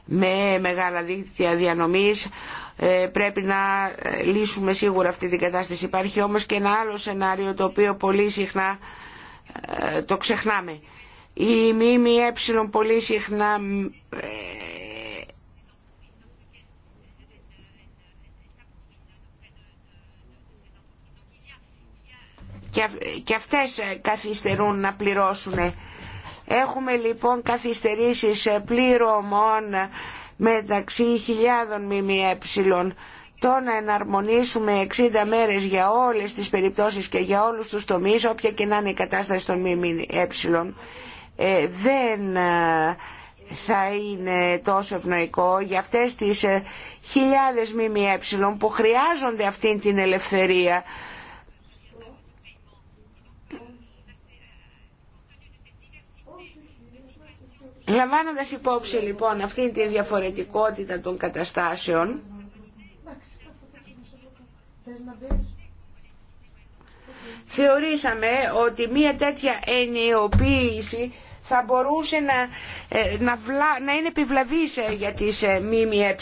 Speaker 5: με μεγάλα δίκτυα διανομής ε, πρέπει να ε, λύσουμε σίγουρα αυτή την κατάσταση. Υπάρχει όμως και ένα άλλο σενάριο το οποίο πολύ συχνά ε, το ξεχνάμε. Οι ΜΜΕ πολύ συχνά ε, και αυτές ε, καθυστερούν να πληρώσουν. Έχουμε λοιπόν καθυστερήσεις πληρωμών μεταξύ χιλιάδων ΜΜΕ το να εναρμονίσουμε 60 μέρες για όλες τις περιπτώσεις και για όλους τους τομείς, όποια και να είναι η κατάσταση των ΜΜΕ, ε, δεν ε, θα είναι τόσο ευνοϊκό για αυτές τις ε, χιλιάδες ΜΜΕ που χρειάζονται αυτήν την ελευθερία. Λαμβάνοντας υπόψη λοιπόν αυτήν τη διαφορετικότητα των καταστάσεων, Θεωρήσαμε ότι μία τέτοια ενιοποίηση θα μπορούσε να, ε, να, βλα, να είναι επιβλαβής ε, για τις ε, ΜΜΕ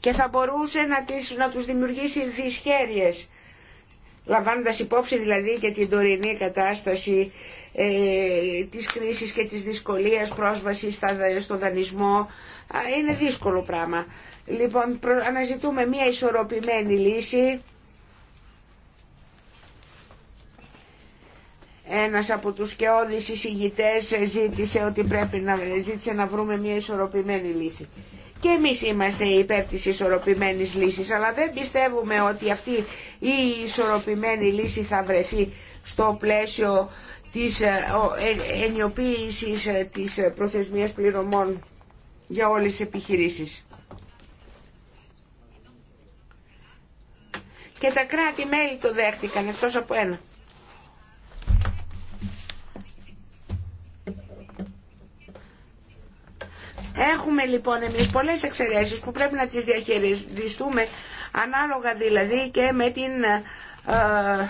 Speaker 5: και θα μπορούσε να, τις, να τους δημιουργήσει δυσχέρειες λαμβάνοντας υπόψη δηλαδή και την τωρινή κατάσταση ε, της κρίσης και της δυσκολίας πρόσβασης στα, στο δανεισμό είναι δύσκολο πράγμα Λοιπόν, αναζητούμε μια ισορροπημένη λύση. Ένας από τους σκεώδεις εισηγητές ζήτησε ότι πρέπει να, ζήτησε να βρούμε μια ισορροπημένη λύση. Και εμείς είμαστε υπέρ της ισορροπημένης λύσης, αλλά δεν πιστεύουμε ότι αυτή η ισορροπημένη λύση θα βρεθεί στο πλαίσιο της ε, ε, ενιοποίησης ε, της προθεσμίας πληρωμών για όλες τις επιχειρήσεις. και τα κράτη-μέλη το δέχτηκαν εκτός από ένα. Έχουμε λοιπόν εμείς πολλές εξαιρέσεις που πρέπει να τις διαχειριστούμε ανάλογα δηλαδή και με την ε,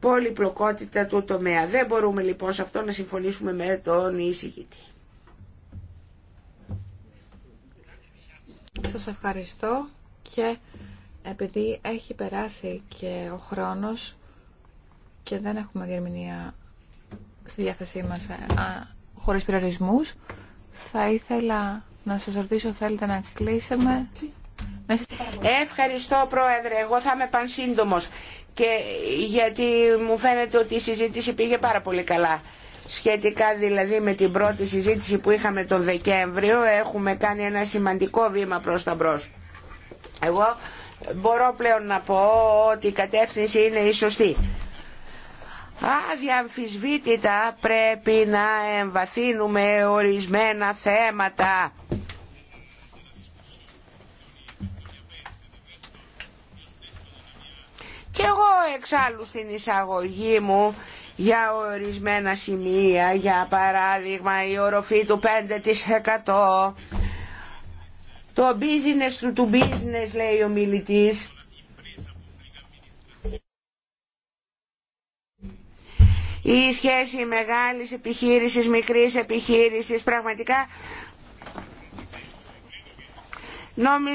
Speaker 5: πολυπλοκότητα του τομέα. Δεν μπορούμε λοιπόν σε αυτό να συμφωνήσουμε με τον
Speaker 2: εισηγητή. Σας ευχαριστώ και επειδή έχει περάσει και ο χρόνος και δεν έχουμε διερμηνία στη διάθεσή μας ε, α, χωρίς περιορισμούς, θα ήθελα να σας ρωτήσω, θέλετε να κλείσουμε.
Speaker 5: Ευχαριστώ Πρόεδρε, εγώ θα είμαι πανσύντομος και γιατί μου φαίνεται ότι η συζήτηση πήγε πάρα πολύ καλά. Σχετικά δηλαδή με την πρώτη συζήτηση που είχαμε τον Δεκέμβριο έχουμε κάνει ένα σημαντικό βήμα προς τα μπρος. Εγώ μπορώ πλέον να πω ότι η κατεύθυνση είναι η σωστή. Αδιαμφισβήτητα πρέπει να εμβαθύνουμε ορισμένα θέματα. Και εγώ εξάλλου στην εισαγωγή μου για ορισμένα σημεία, για παράδειγμα η οροφή του 5% το business του business λέει ο μιλητής. Η σχέση μεγάλης επιχείρησης, μικρής επιχείρησης, πραγματικά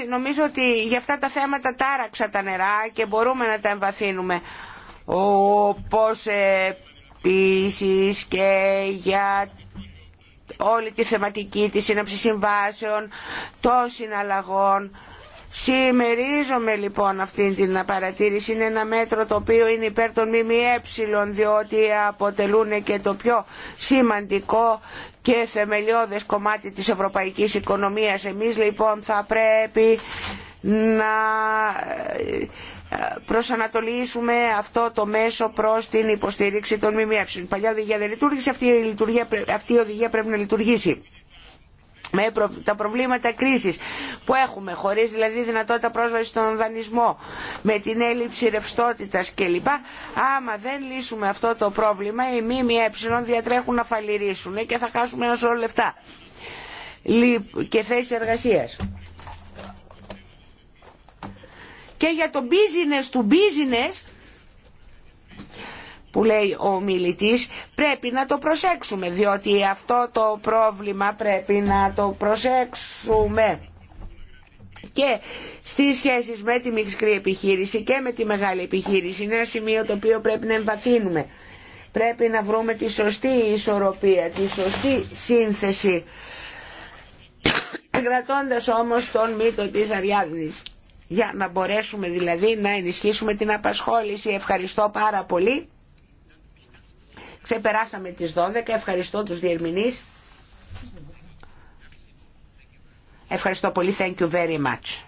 Speaker 5: νομίζω ότι για αυτά τα θέματα τάραξα τα νερά και μπορούμε να τα εμβαθύνουμε. Όπως επίσης και για όλη τη θεματική της σύναψη συμβάσεων, των συναλλαγών. Σημερίζομαι λοιπόν αυτή την παρατήρηση. Είναι ένα μέτρο το οποίο είναι υπέρ των ΜΜΕ διότι αποτελούν και το πιο σημαντικό και θεμελιώδες κομμάτι της ευρωπαϊκής οικονομίας. Εμείς λοιπόν θα πρέπει να προσανατολίσουμε αυτό το μέσο προς την υποστήριξη των ΜΜΕ. Η παλιά οδηγία δεν λειτουργήσε, αυτή η, λειτουργία, οδηγία πρέπει να λειτουργήσει. Με τα προβλήματα κρίσης που έχουμε, χωρίς δηλαδή δυνατότητα πρόσβαση στον δανεισμό, με την έλλειψη ρευστότητας κλπ. Άμα δεν λύσουμε αυτό το πρόβλημα, οι ΜΜΕ διατρέχουν να φαλυρίσουν και θα χάσουμε ένα σωρό λεφτά και θέσεις εργασίας και για το business του business που λέει ο μιλητής πρέπει να το προσέξουμε διότι αυτό το πρόβλημα πρέπει να το προσέξουμε και στις σχέσεις με τη μικρή επιχείρηση και με τη μεγάλη επιχείρηση είναι ένα σημείο το οποίο πρέπει να εμπαθύνουμε. πρέπει να βρούμε τη σωστή ισορροπία, τη σωστή σύνθεση κρατώντας όμως τον μύτο της Αριάδνης για να μπορέσουμε δηλαδή να ενισχύσουμε την απασχόληση. Ευχαριστώ πάρα πολύ. Ξεπεράσαμε τις 12. Ευχαριστώ τους διερμηνείς. Ευχαριστώ πολύ. Thank you very much.